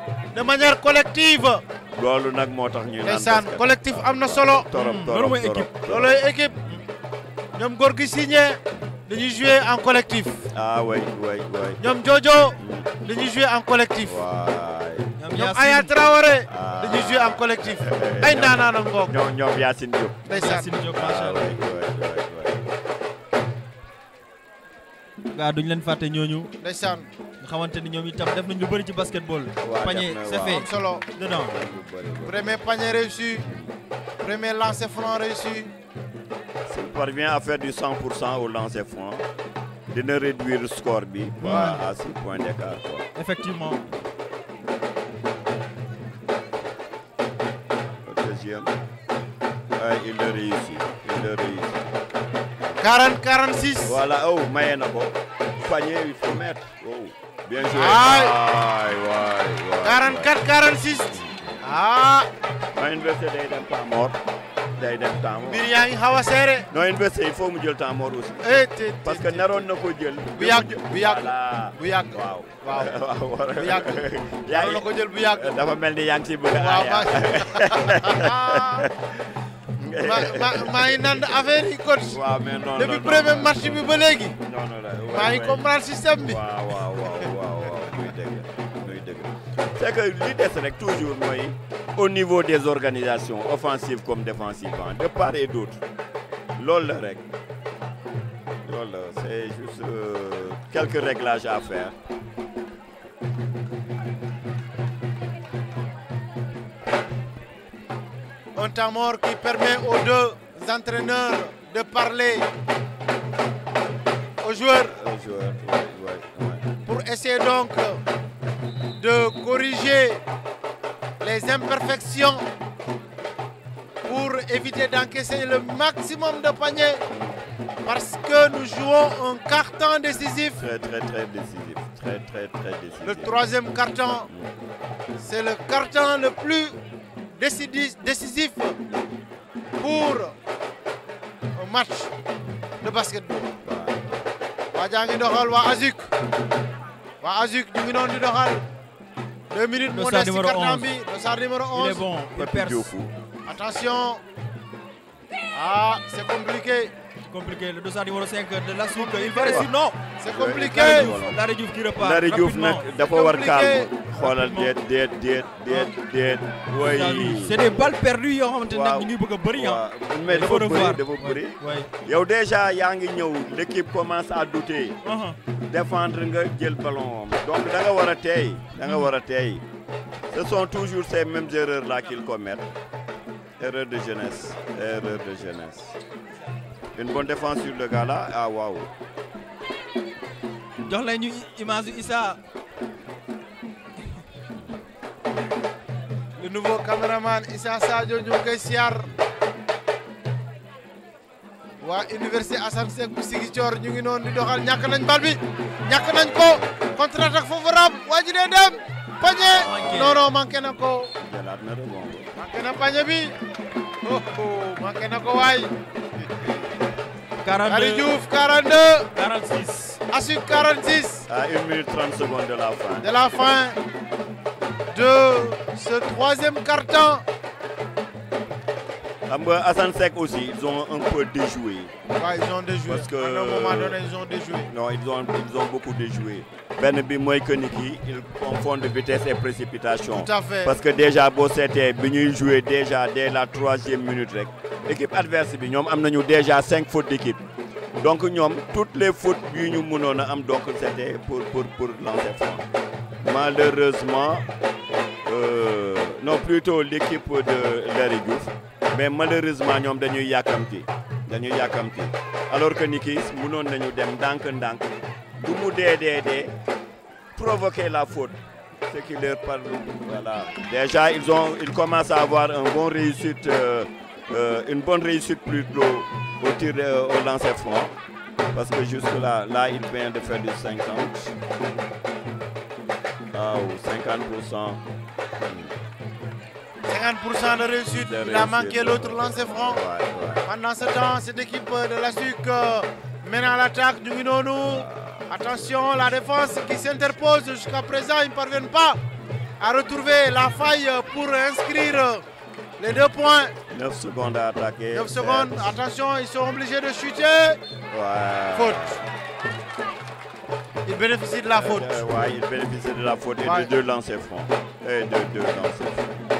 de manière collective. loolu nag moo tax ñuy naan ndeysaan collectif am na solo. torop torop hmm. loolu mooy équipe. looloy équipe ñoom góor gi signé dañuy jouer en collectif. ah way way way ñoom Jojo dañuy jouer en collectif. waay ñoom Aya ah. eh, eh, eh, ay ndaanaanam ngoog. ñoom ñoom Yacine Diop. ndeysaan duñ leen faté ñooñu. ndeysaan. nga ni ñoom itam def nañ lu bari ci basketball. panier c'est fait premier panier réussi. premier lancer franc réussi. s'il parvient à faire du 100 au au lancer franc. ne réduire score bi. à 6 points d'écart effectivement. deuxième. il le réussit il le réussit. 40 46. voilà oh maye na ko. i il faut mettre. oh bien joué. waay waay waay 44 46. ah. ma investé day dem temps mort. day dem temps mort. seere. non investé il faut mu jël temps mort aussi. Eh, parce que naroon na ko jël. bu yàgg bu yàgg bu yàgg na ko jël bu yàgg. dafa mel ni yaa ngi ciy bëgg a. mais suis affaire coach. Depuis Le premier match je suis léegi. Mais système c'est que l'idée c'est toujours au niveau des organisations offensives comme défensives hein, de part et d'autre la c'est juste euh, quelques réglages à faire. Un temps mort qui permet aux deux entraîneurs de parler aux joueurs. Pour essayer donc de corriger les imperfections pour éviter d'encaisser le maximum de paniers parce que nous jouons un carton décisif. Très, très, très décisif. Très, très, très décisif. Le troisième carton, c'est le carton le plus décisif pour un match de basketball ball jaa ngi Wa Azuk waa Azuk ñu di deux minutes moo des ci numéro 11 il est bon il perce attention ah c'est compliqué compliqué. Le dossier numéro 5 de la suite, Il va réussir. Non C'est compliqué. La Diouf qui repart. Ndari Diouf il dafa war calme. xoolal dead, dead, dead, dead. oui C'est des balles perdues on xamante ne ngi a bëri ah. mais dafa bëri dafa bëri. yow déjà yaa ngi commence à douter. Uh-huh. défendre nga le ballon donc da nga war a ce sont toujours ces mêmes erreurs là qu'ils commettent. erreur de jeunesse erreur de jeunesse une bonne défense sur le gars là ah waouh Dans leen ñu image Issa. le nouveau caméraman Issa Sadio ñu ngi koy siyaar. Université Assane Seck bu Ziguinchor ñu ngi non di doxal ñak nañ bal bi ñàkk nañ ko contre-attaque fofu rap waji dee dem pañe non non manqué na ko manqué na pañe bi oh oh manqué na ko 42. 42. 46. 46. À 1 minute 30 secondes de la fin. De la fin de ce troisième carton. Hassan sec aussi, ils ont un peu déjoué. Ouais, ils ont déjoué. Parce que, à un moment donné, ils ont déjoué. Non, ils ont, ils ont beaucoup déjoué. Ben Niki ils confondent vitesse et précipitation. Tout à fait. Parce que déjà, c'était venu jouer déjà dès la troisième minute. L'équipe adverse, ils ont déjà 5 fautes d'équipe. Donc, ont toutes les fautes que nous avons, donc c'était pour, pour, pour lancer Malheureusement, euh, non plutôt l'équipe de Larry mais malheureusement ñoom dañuy yàkkamti dañuy yàkkamti alors que Nikis nous nañu dem ndànk-ndànk du mu dee provoquer la faute ce qui leur parle voilà déjà ils ont ils commencent à avoir un bon réussite euh, euh, une bonne réussite plutôt au tir euh, au lancer franc parce que jusque là là ils viennent de faire du 50 ah, 50 50% de réussite, il a manqué l'autre lance franc. Pendant ce temps, cette équipe de la SUC euh, mène à l'attaque du Minonou. Attention, la défense qui s'interpose jusqu'à présent, ils ne parviennent pas à retrouver la faille pour inscrire les deux points. 9 secondes à attaquer. 9 secondes, attention, ils sont obligés de chuter. Faute. Il bénéficie de la faute. ouais, il bénéficie de la faute et de deux lancers francs. Et de deux lancers francs.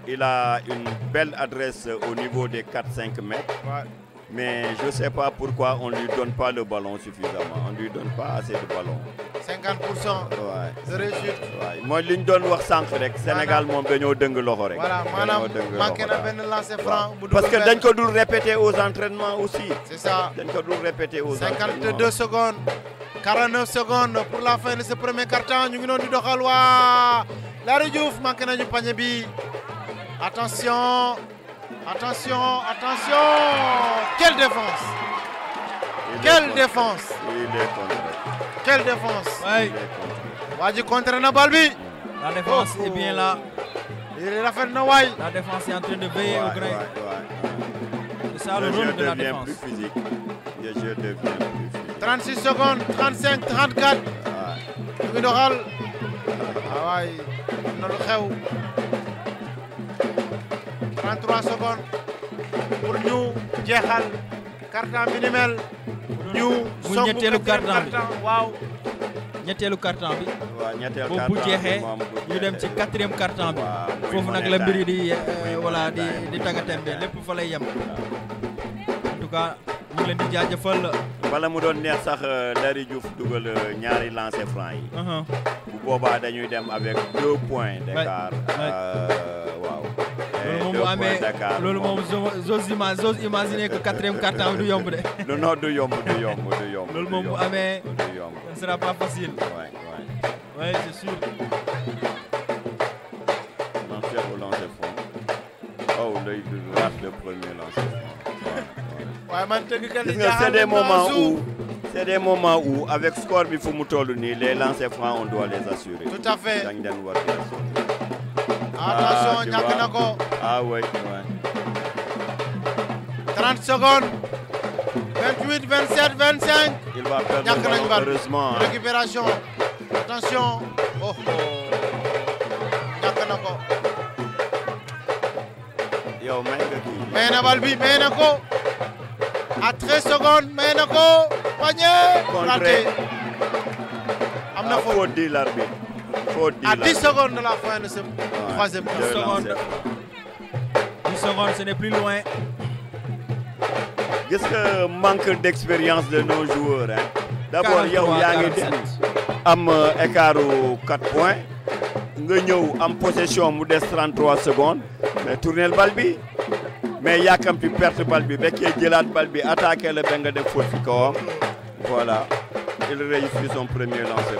il a une belle adresse au niveau des 4-5 mètres. Mais je ne sais pas pourquoi on ne lui donne pas le ballon suffisamment. On ne lui donne pas assez de ballon. 50% de réussite. Moi, je donne 100%. Sénégal mom dañu deung loxo Voilà, Madame. franc Parce que dañ ko répéter aux entraînements aussi. C'est ça. Vous répétez répéter 52 secondes. 49 secondes pour la fin de ce premier carton. Nous venons du La La Diouf manqué nañu panier bi. Attention, attention, attention. Quelle défense Quelle défense Quelle défense Oui. Wadi contre Nabalbi. La défense est bien là. Il est La défense est en train de veiller au gré. C'est ça le, de la défense. physique. 36 secondes, 35, 34. Ouais. Ah ouais. 33 secondes pour ñu jeexal carton bi ni mel. ñu soog mu ñetteelu carton bi waaw. ñetteelu carton bi. waaw jeexee ñu dem ci quatrième carton bi. foofu nag la mbiri di euh, voilà di lépp fa lay yem. en tout leen di jaajëfal. wala mu doon neex sax euh, Dari Diouf dugal euh, ñaari lancer franc yi. Uh-huh. bu boobaa dañuy dem avec deux points d'écart waaw. waaw mais loolu moom j'ose j'ose imaginer que quatrième carton du yomb de. non du yomb du yomb du yomb. loolu bu du yomb ce sera pas facile. Ouais, ouais. Ouais, c'est sûr. faire au lancer fond oh lay rate le premier lancer man waaw man les gars c'est des moments où. c'est des moments où avec score il faut mu toll les lancers francs on doit les assurer. tout à fait attention ñàkk ah, na ah ouais, ouais. 30 secondes 28 27 25 il va perdre heureusement hein. récupération attention oh oh. na ko yow may nga na à 13 secondes menako. na panier raté Amna na faute l'arbitre à 10 secondes de la fin de ce troisième quart. 10 secondes. ce n'est plus loin. Qu'est-ce que manque d'expérience de nos joueurs hein? D'abord, il y a un écart de 4 points. nga a am possession de 33 secondes mais tourner le bi mais yàkkamti perte bal bi mais il bal bi de la balbi, nga def faute de voilà il réussit son premier lancer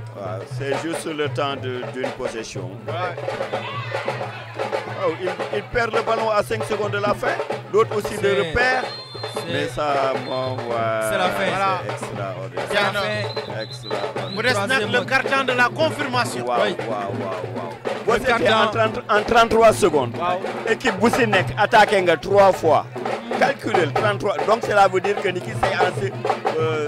c'est juste le temps d'une possession. Ouais. Oh, il, il, perd le ballon à 5 secondes de la fin. L'autre aussi le repère. Mais ça, bon, ouais. C'est la fin. Voilà. Extraordinaire. Extraordinaire. Vous restez le gardien de la confirmation. Waouh, waouh, waouh. Vous êtes en, 33 secondes. Wow. Équipe Boussinek attaque 3 fois. Mm. Calculez le 33. Donc cela veut dire que Niki c'est en, euh,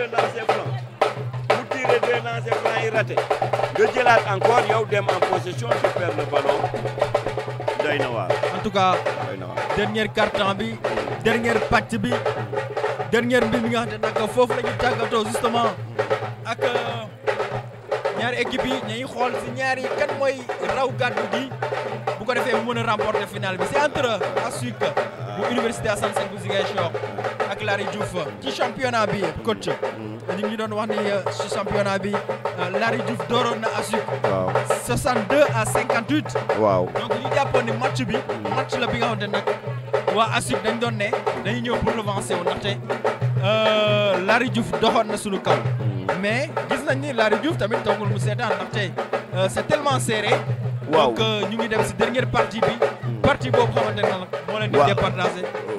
lancé franc yi raté nga jëlaat encore yow dem en possession tu perds le ballon doy bi dernière pàcc bi dernière mbir mi nga xam ne foofu la ñu tàggatoo justement ak euh, ñaari équipe yi ñuy xool si ñaari kan mooy raw gàddu gi bu ko defee mu mën a remporter finale bi c'est entre Asuka université à Seck bu Ziguinchor ak Diouf championnat bi coach mhm. ngi doon wax euh, championnat bi euh, Larry 62 à 58. waaw donc ñu match bi. Mhm. match la bi nga euh, Diouf mhm. mais gis nañ c'est tellement serré donc euh, ñu ngi dem ci dernière partie bi. Hmm. partie boobu xamante ne moo leen di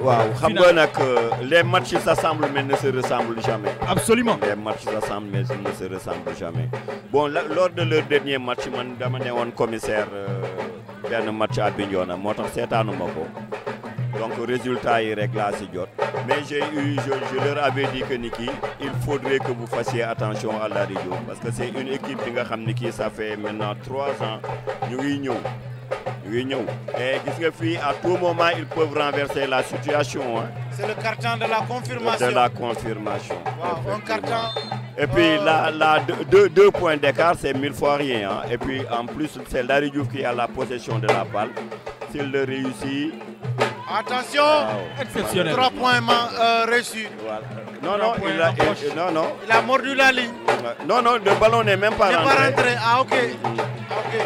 waaw xam nga nag euh, les matchs s'assemblent mais ne se ressemblent jamais. absolument les matchs s'assemblent mais ne se ressemblent jamais. bon la lors de leur dernier match man dama ne commissaire euh, benn match à Bignona moo tax seetaanu ko donc le résultat est réglé à ce mais j'ai eu je, leur avais dit que Niki, il faudrait que vous fassiez attention à la radio parce que c'est une équipe qui ça fait maintenant trois ans nous ngi Nous et que à tout moment ils peuvent renverser la situation hein. c'est le carton de la confirmation de la confirmation Et puis deux, points d'écart, c'est mille fois rien. Hein. Et puis en plus, c'est la qui a la possession de la balle. S'il le réussit, Attention, exceptionnel. Trois points euh, reçus. Voilà. Non, non, il a, il, euh, non, non. Il a mordu la ligne. Non, non, le ballon n'est même pas rentré. Il n'est pas rentré. Ah, ok. Ok.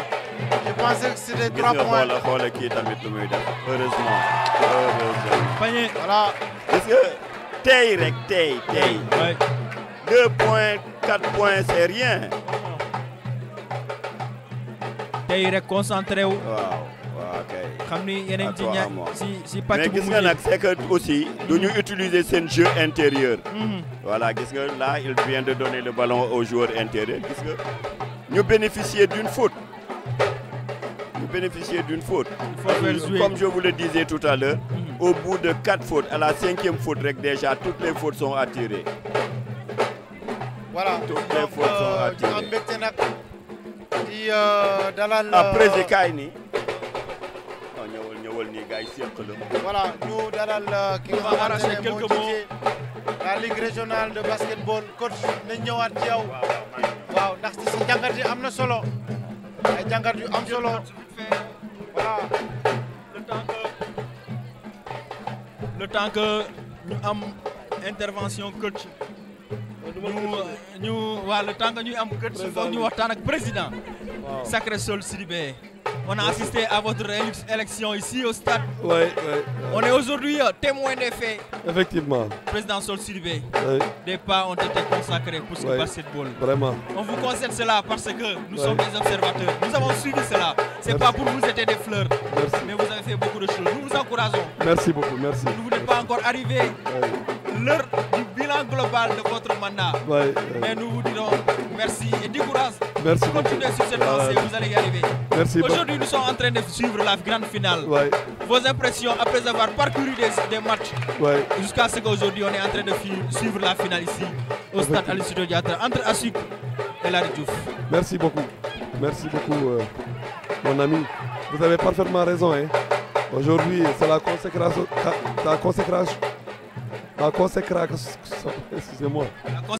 Je pensais que c'était trois points. Voilà, qui est avec le milieu. Heureusement. Heureusement. Panier. Voilà. Parce que Tay, Rek, Tay, Tay. Ouais. Deux points, quatre points, c'est rien. Tay, Rek, concentré. Wow. Qu'est-ce yéen a mais ce c'est que aussi utilisons ce utiliser jeu intérieur. Mhm. voilà là il vient de donner le ballon au joueur intérieur Nous bénéficions d'une faute. Nous bénéficions d'une faute. comme je vous le disais tout à l'heure mhm. au bout de quatre fautes à la cinquième faute déjà toutes les fautes sont attirées. voilà toutes les fautes sont euh, attirées. Euh, après euh, kaay nous allons euh, arracher quelques voilà la ligue régionale de basketball coach ñëwaat solo voilà. le temps que nous avons intervention coach. Nous le temps que nous am coach. président. Sacré Sol on a assisté à votre élection ici au stade. On est aujourd'hui euh, témoin des faits. Effectivement. Président Sol Sylvé, des pas ont été consacrés pour ce basketball. Vraiment. On vous conseille cela parce que nous sommes des observateurs. Nous avons suivi cela. Ce n'est pas pour vous jeter des fleurs. Merci. Mais vous avez fait beaucoup de choses. Nous vous encourageons. Merci beaucoup, merci. Vous n'êtes pas encore arrivé. L'heure du global de votre mandat. Mais nous vous dirons merci et du courage. Merci. Continuez sur cette lancée, vous allez y arriver. Aujourd'hui, nous sommes en train de suivre la grande finale. Vos impressions après avoir parcouru des, matchs jusqu'à ce qu'aujourd'hui, on est en train de suivre la finale ici au stade de Diatra entre Asik et Larry Merci beaucoup. Merci beaucoup, euh, mon ami. Vous avez parfaitement raison. Hein. Aujourd'hui, c'est la consécration, la consécration, A consecrar com esses demônios.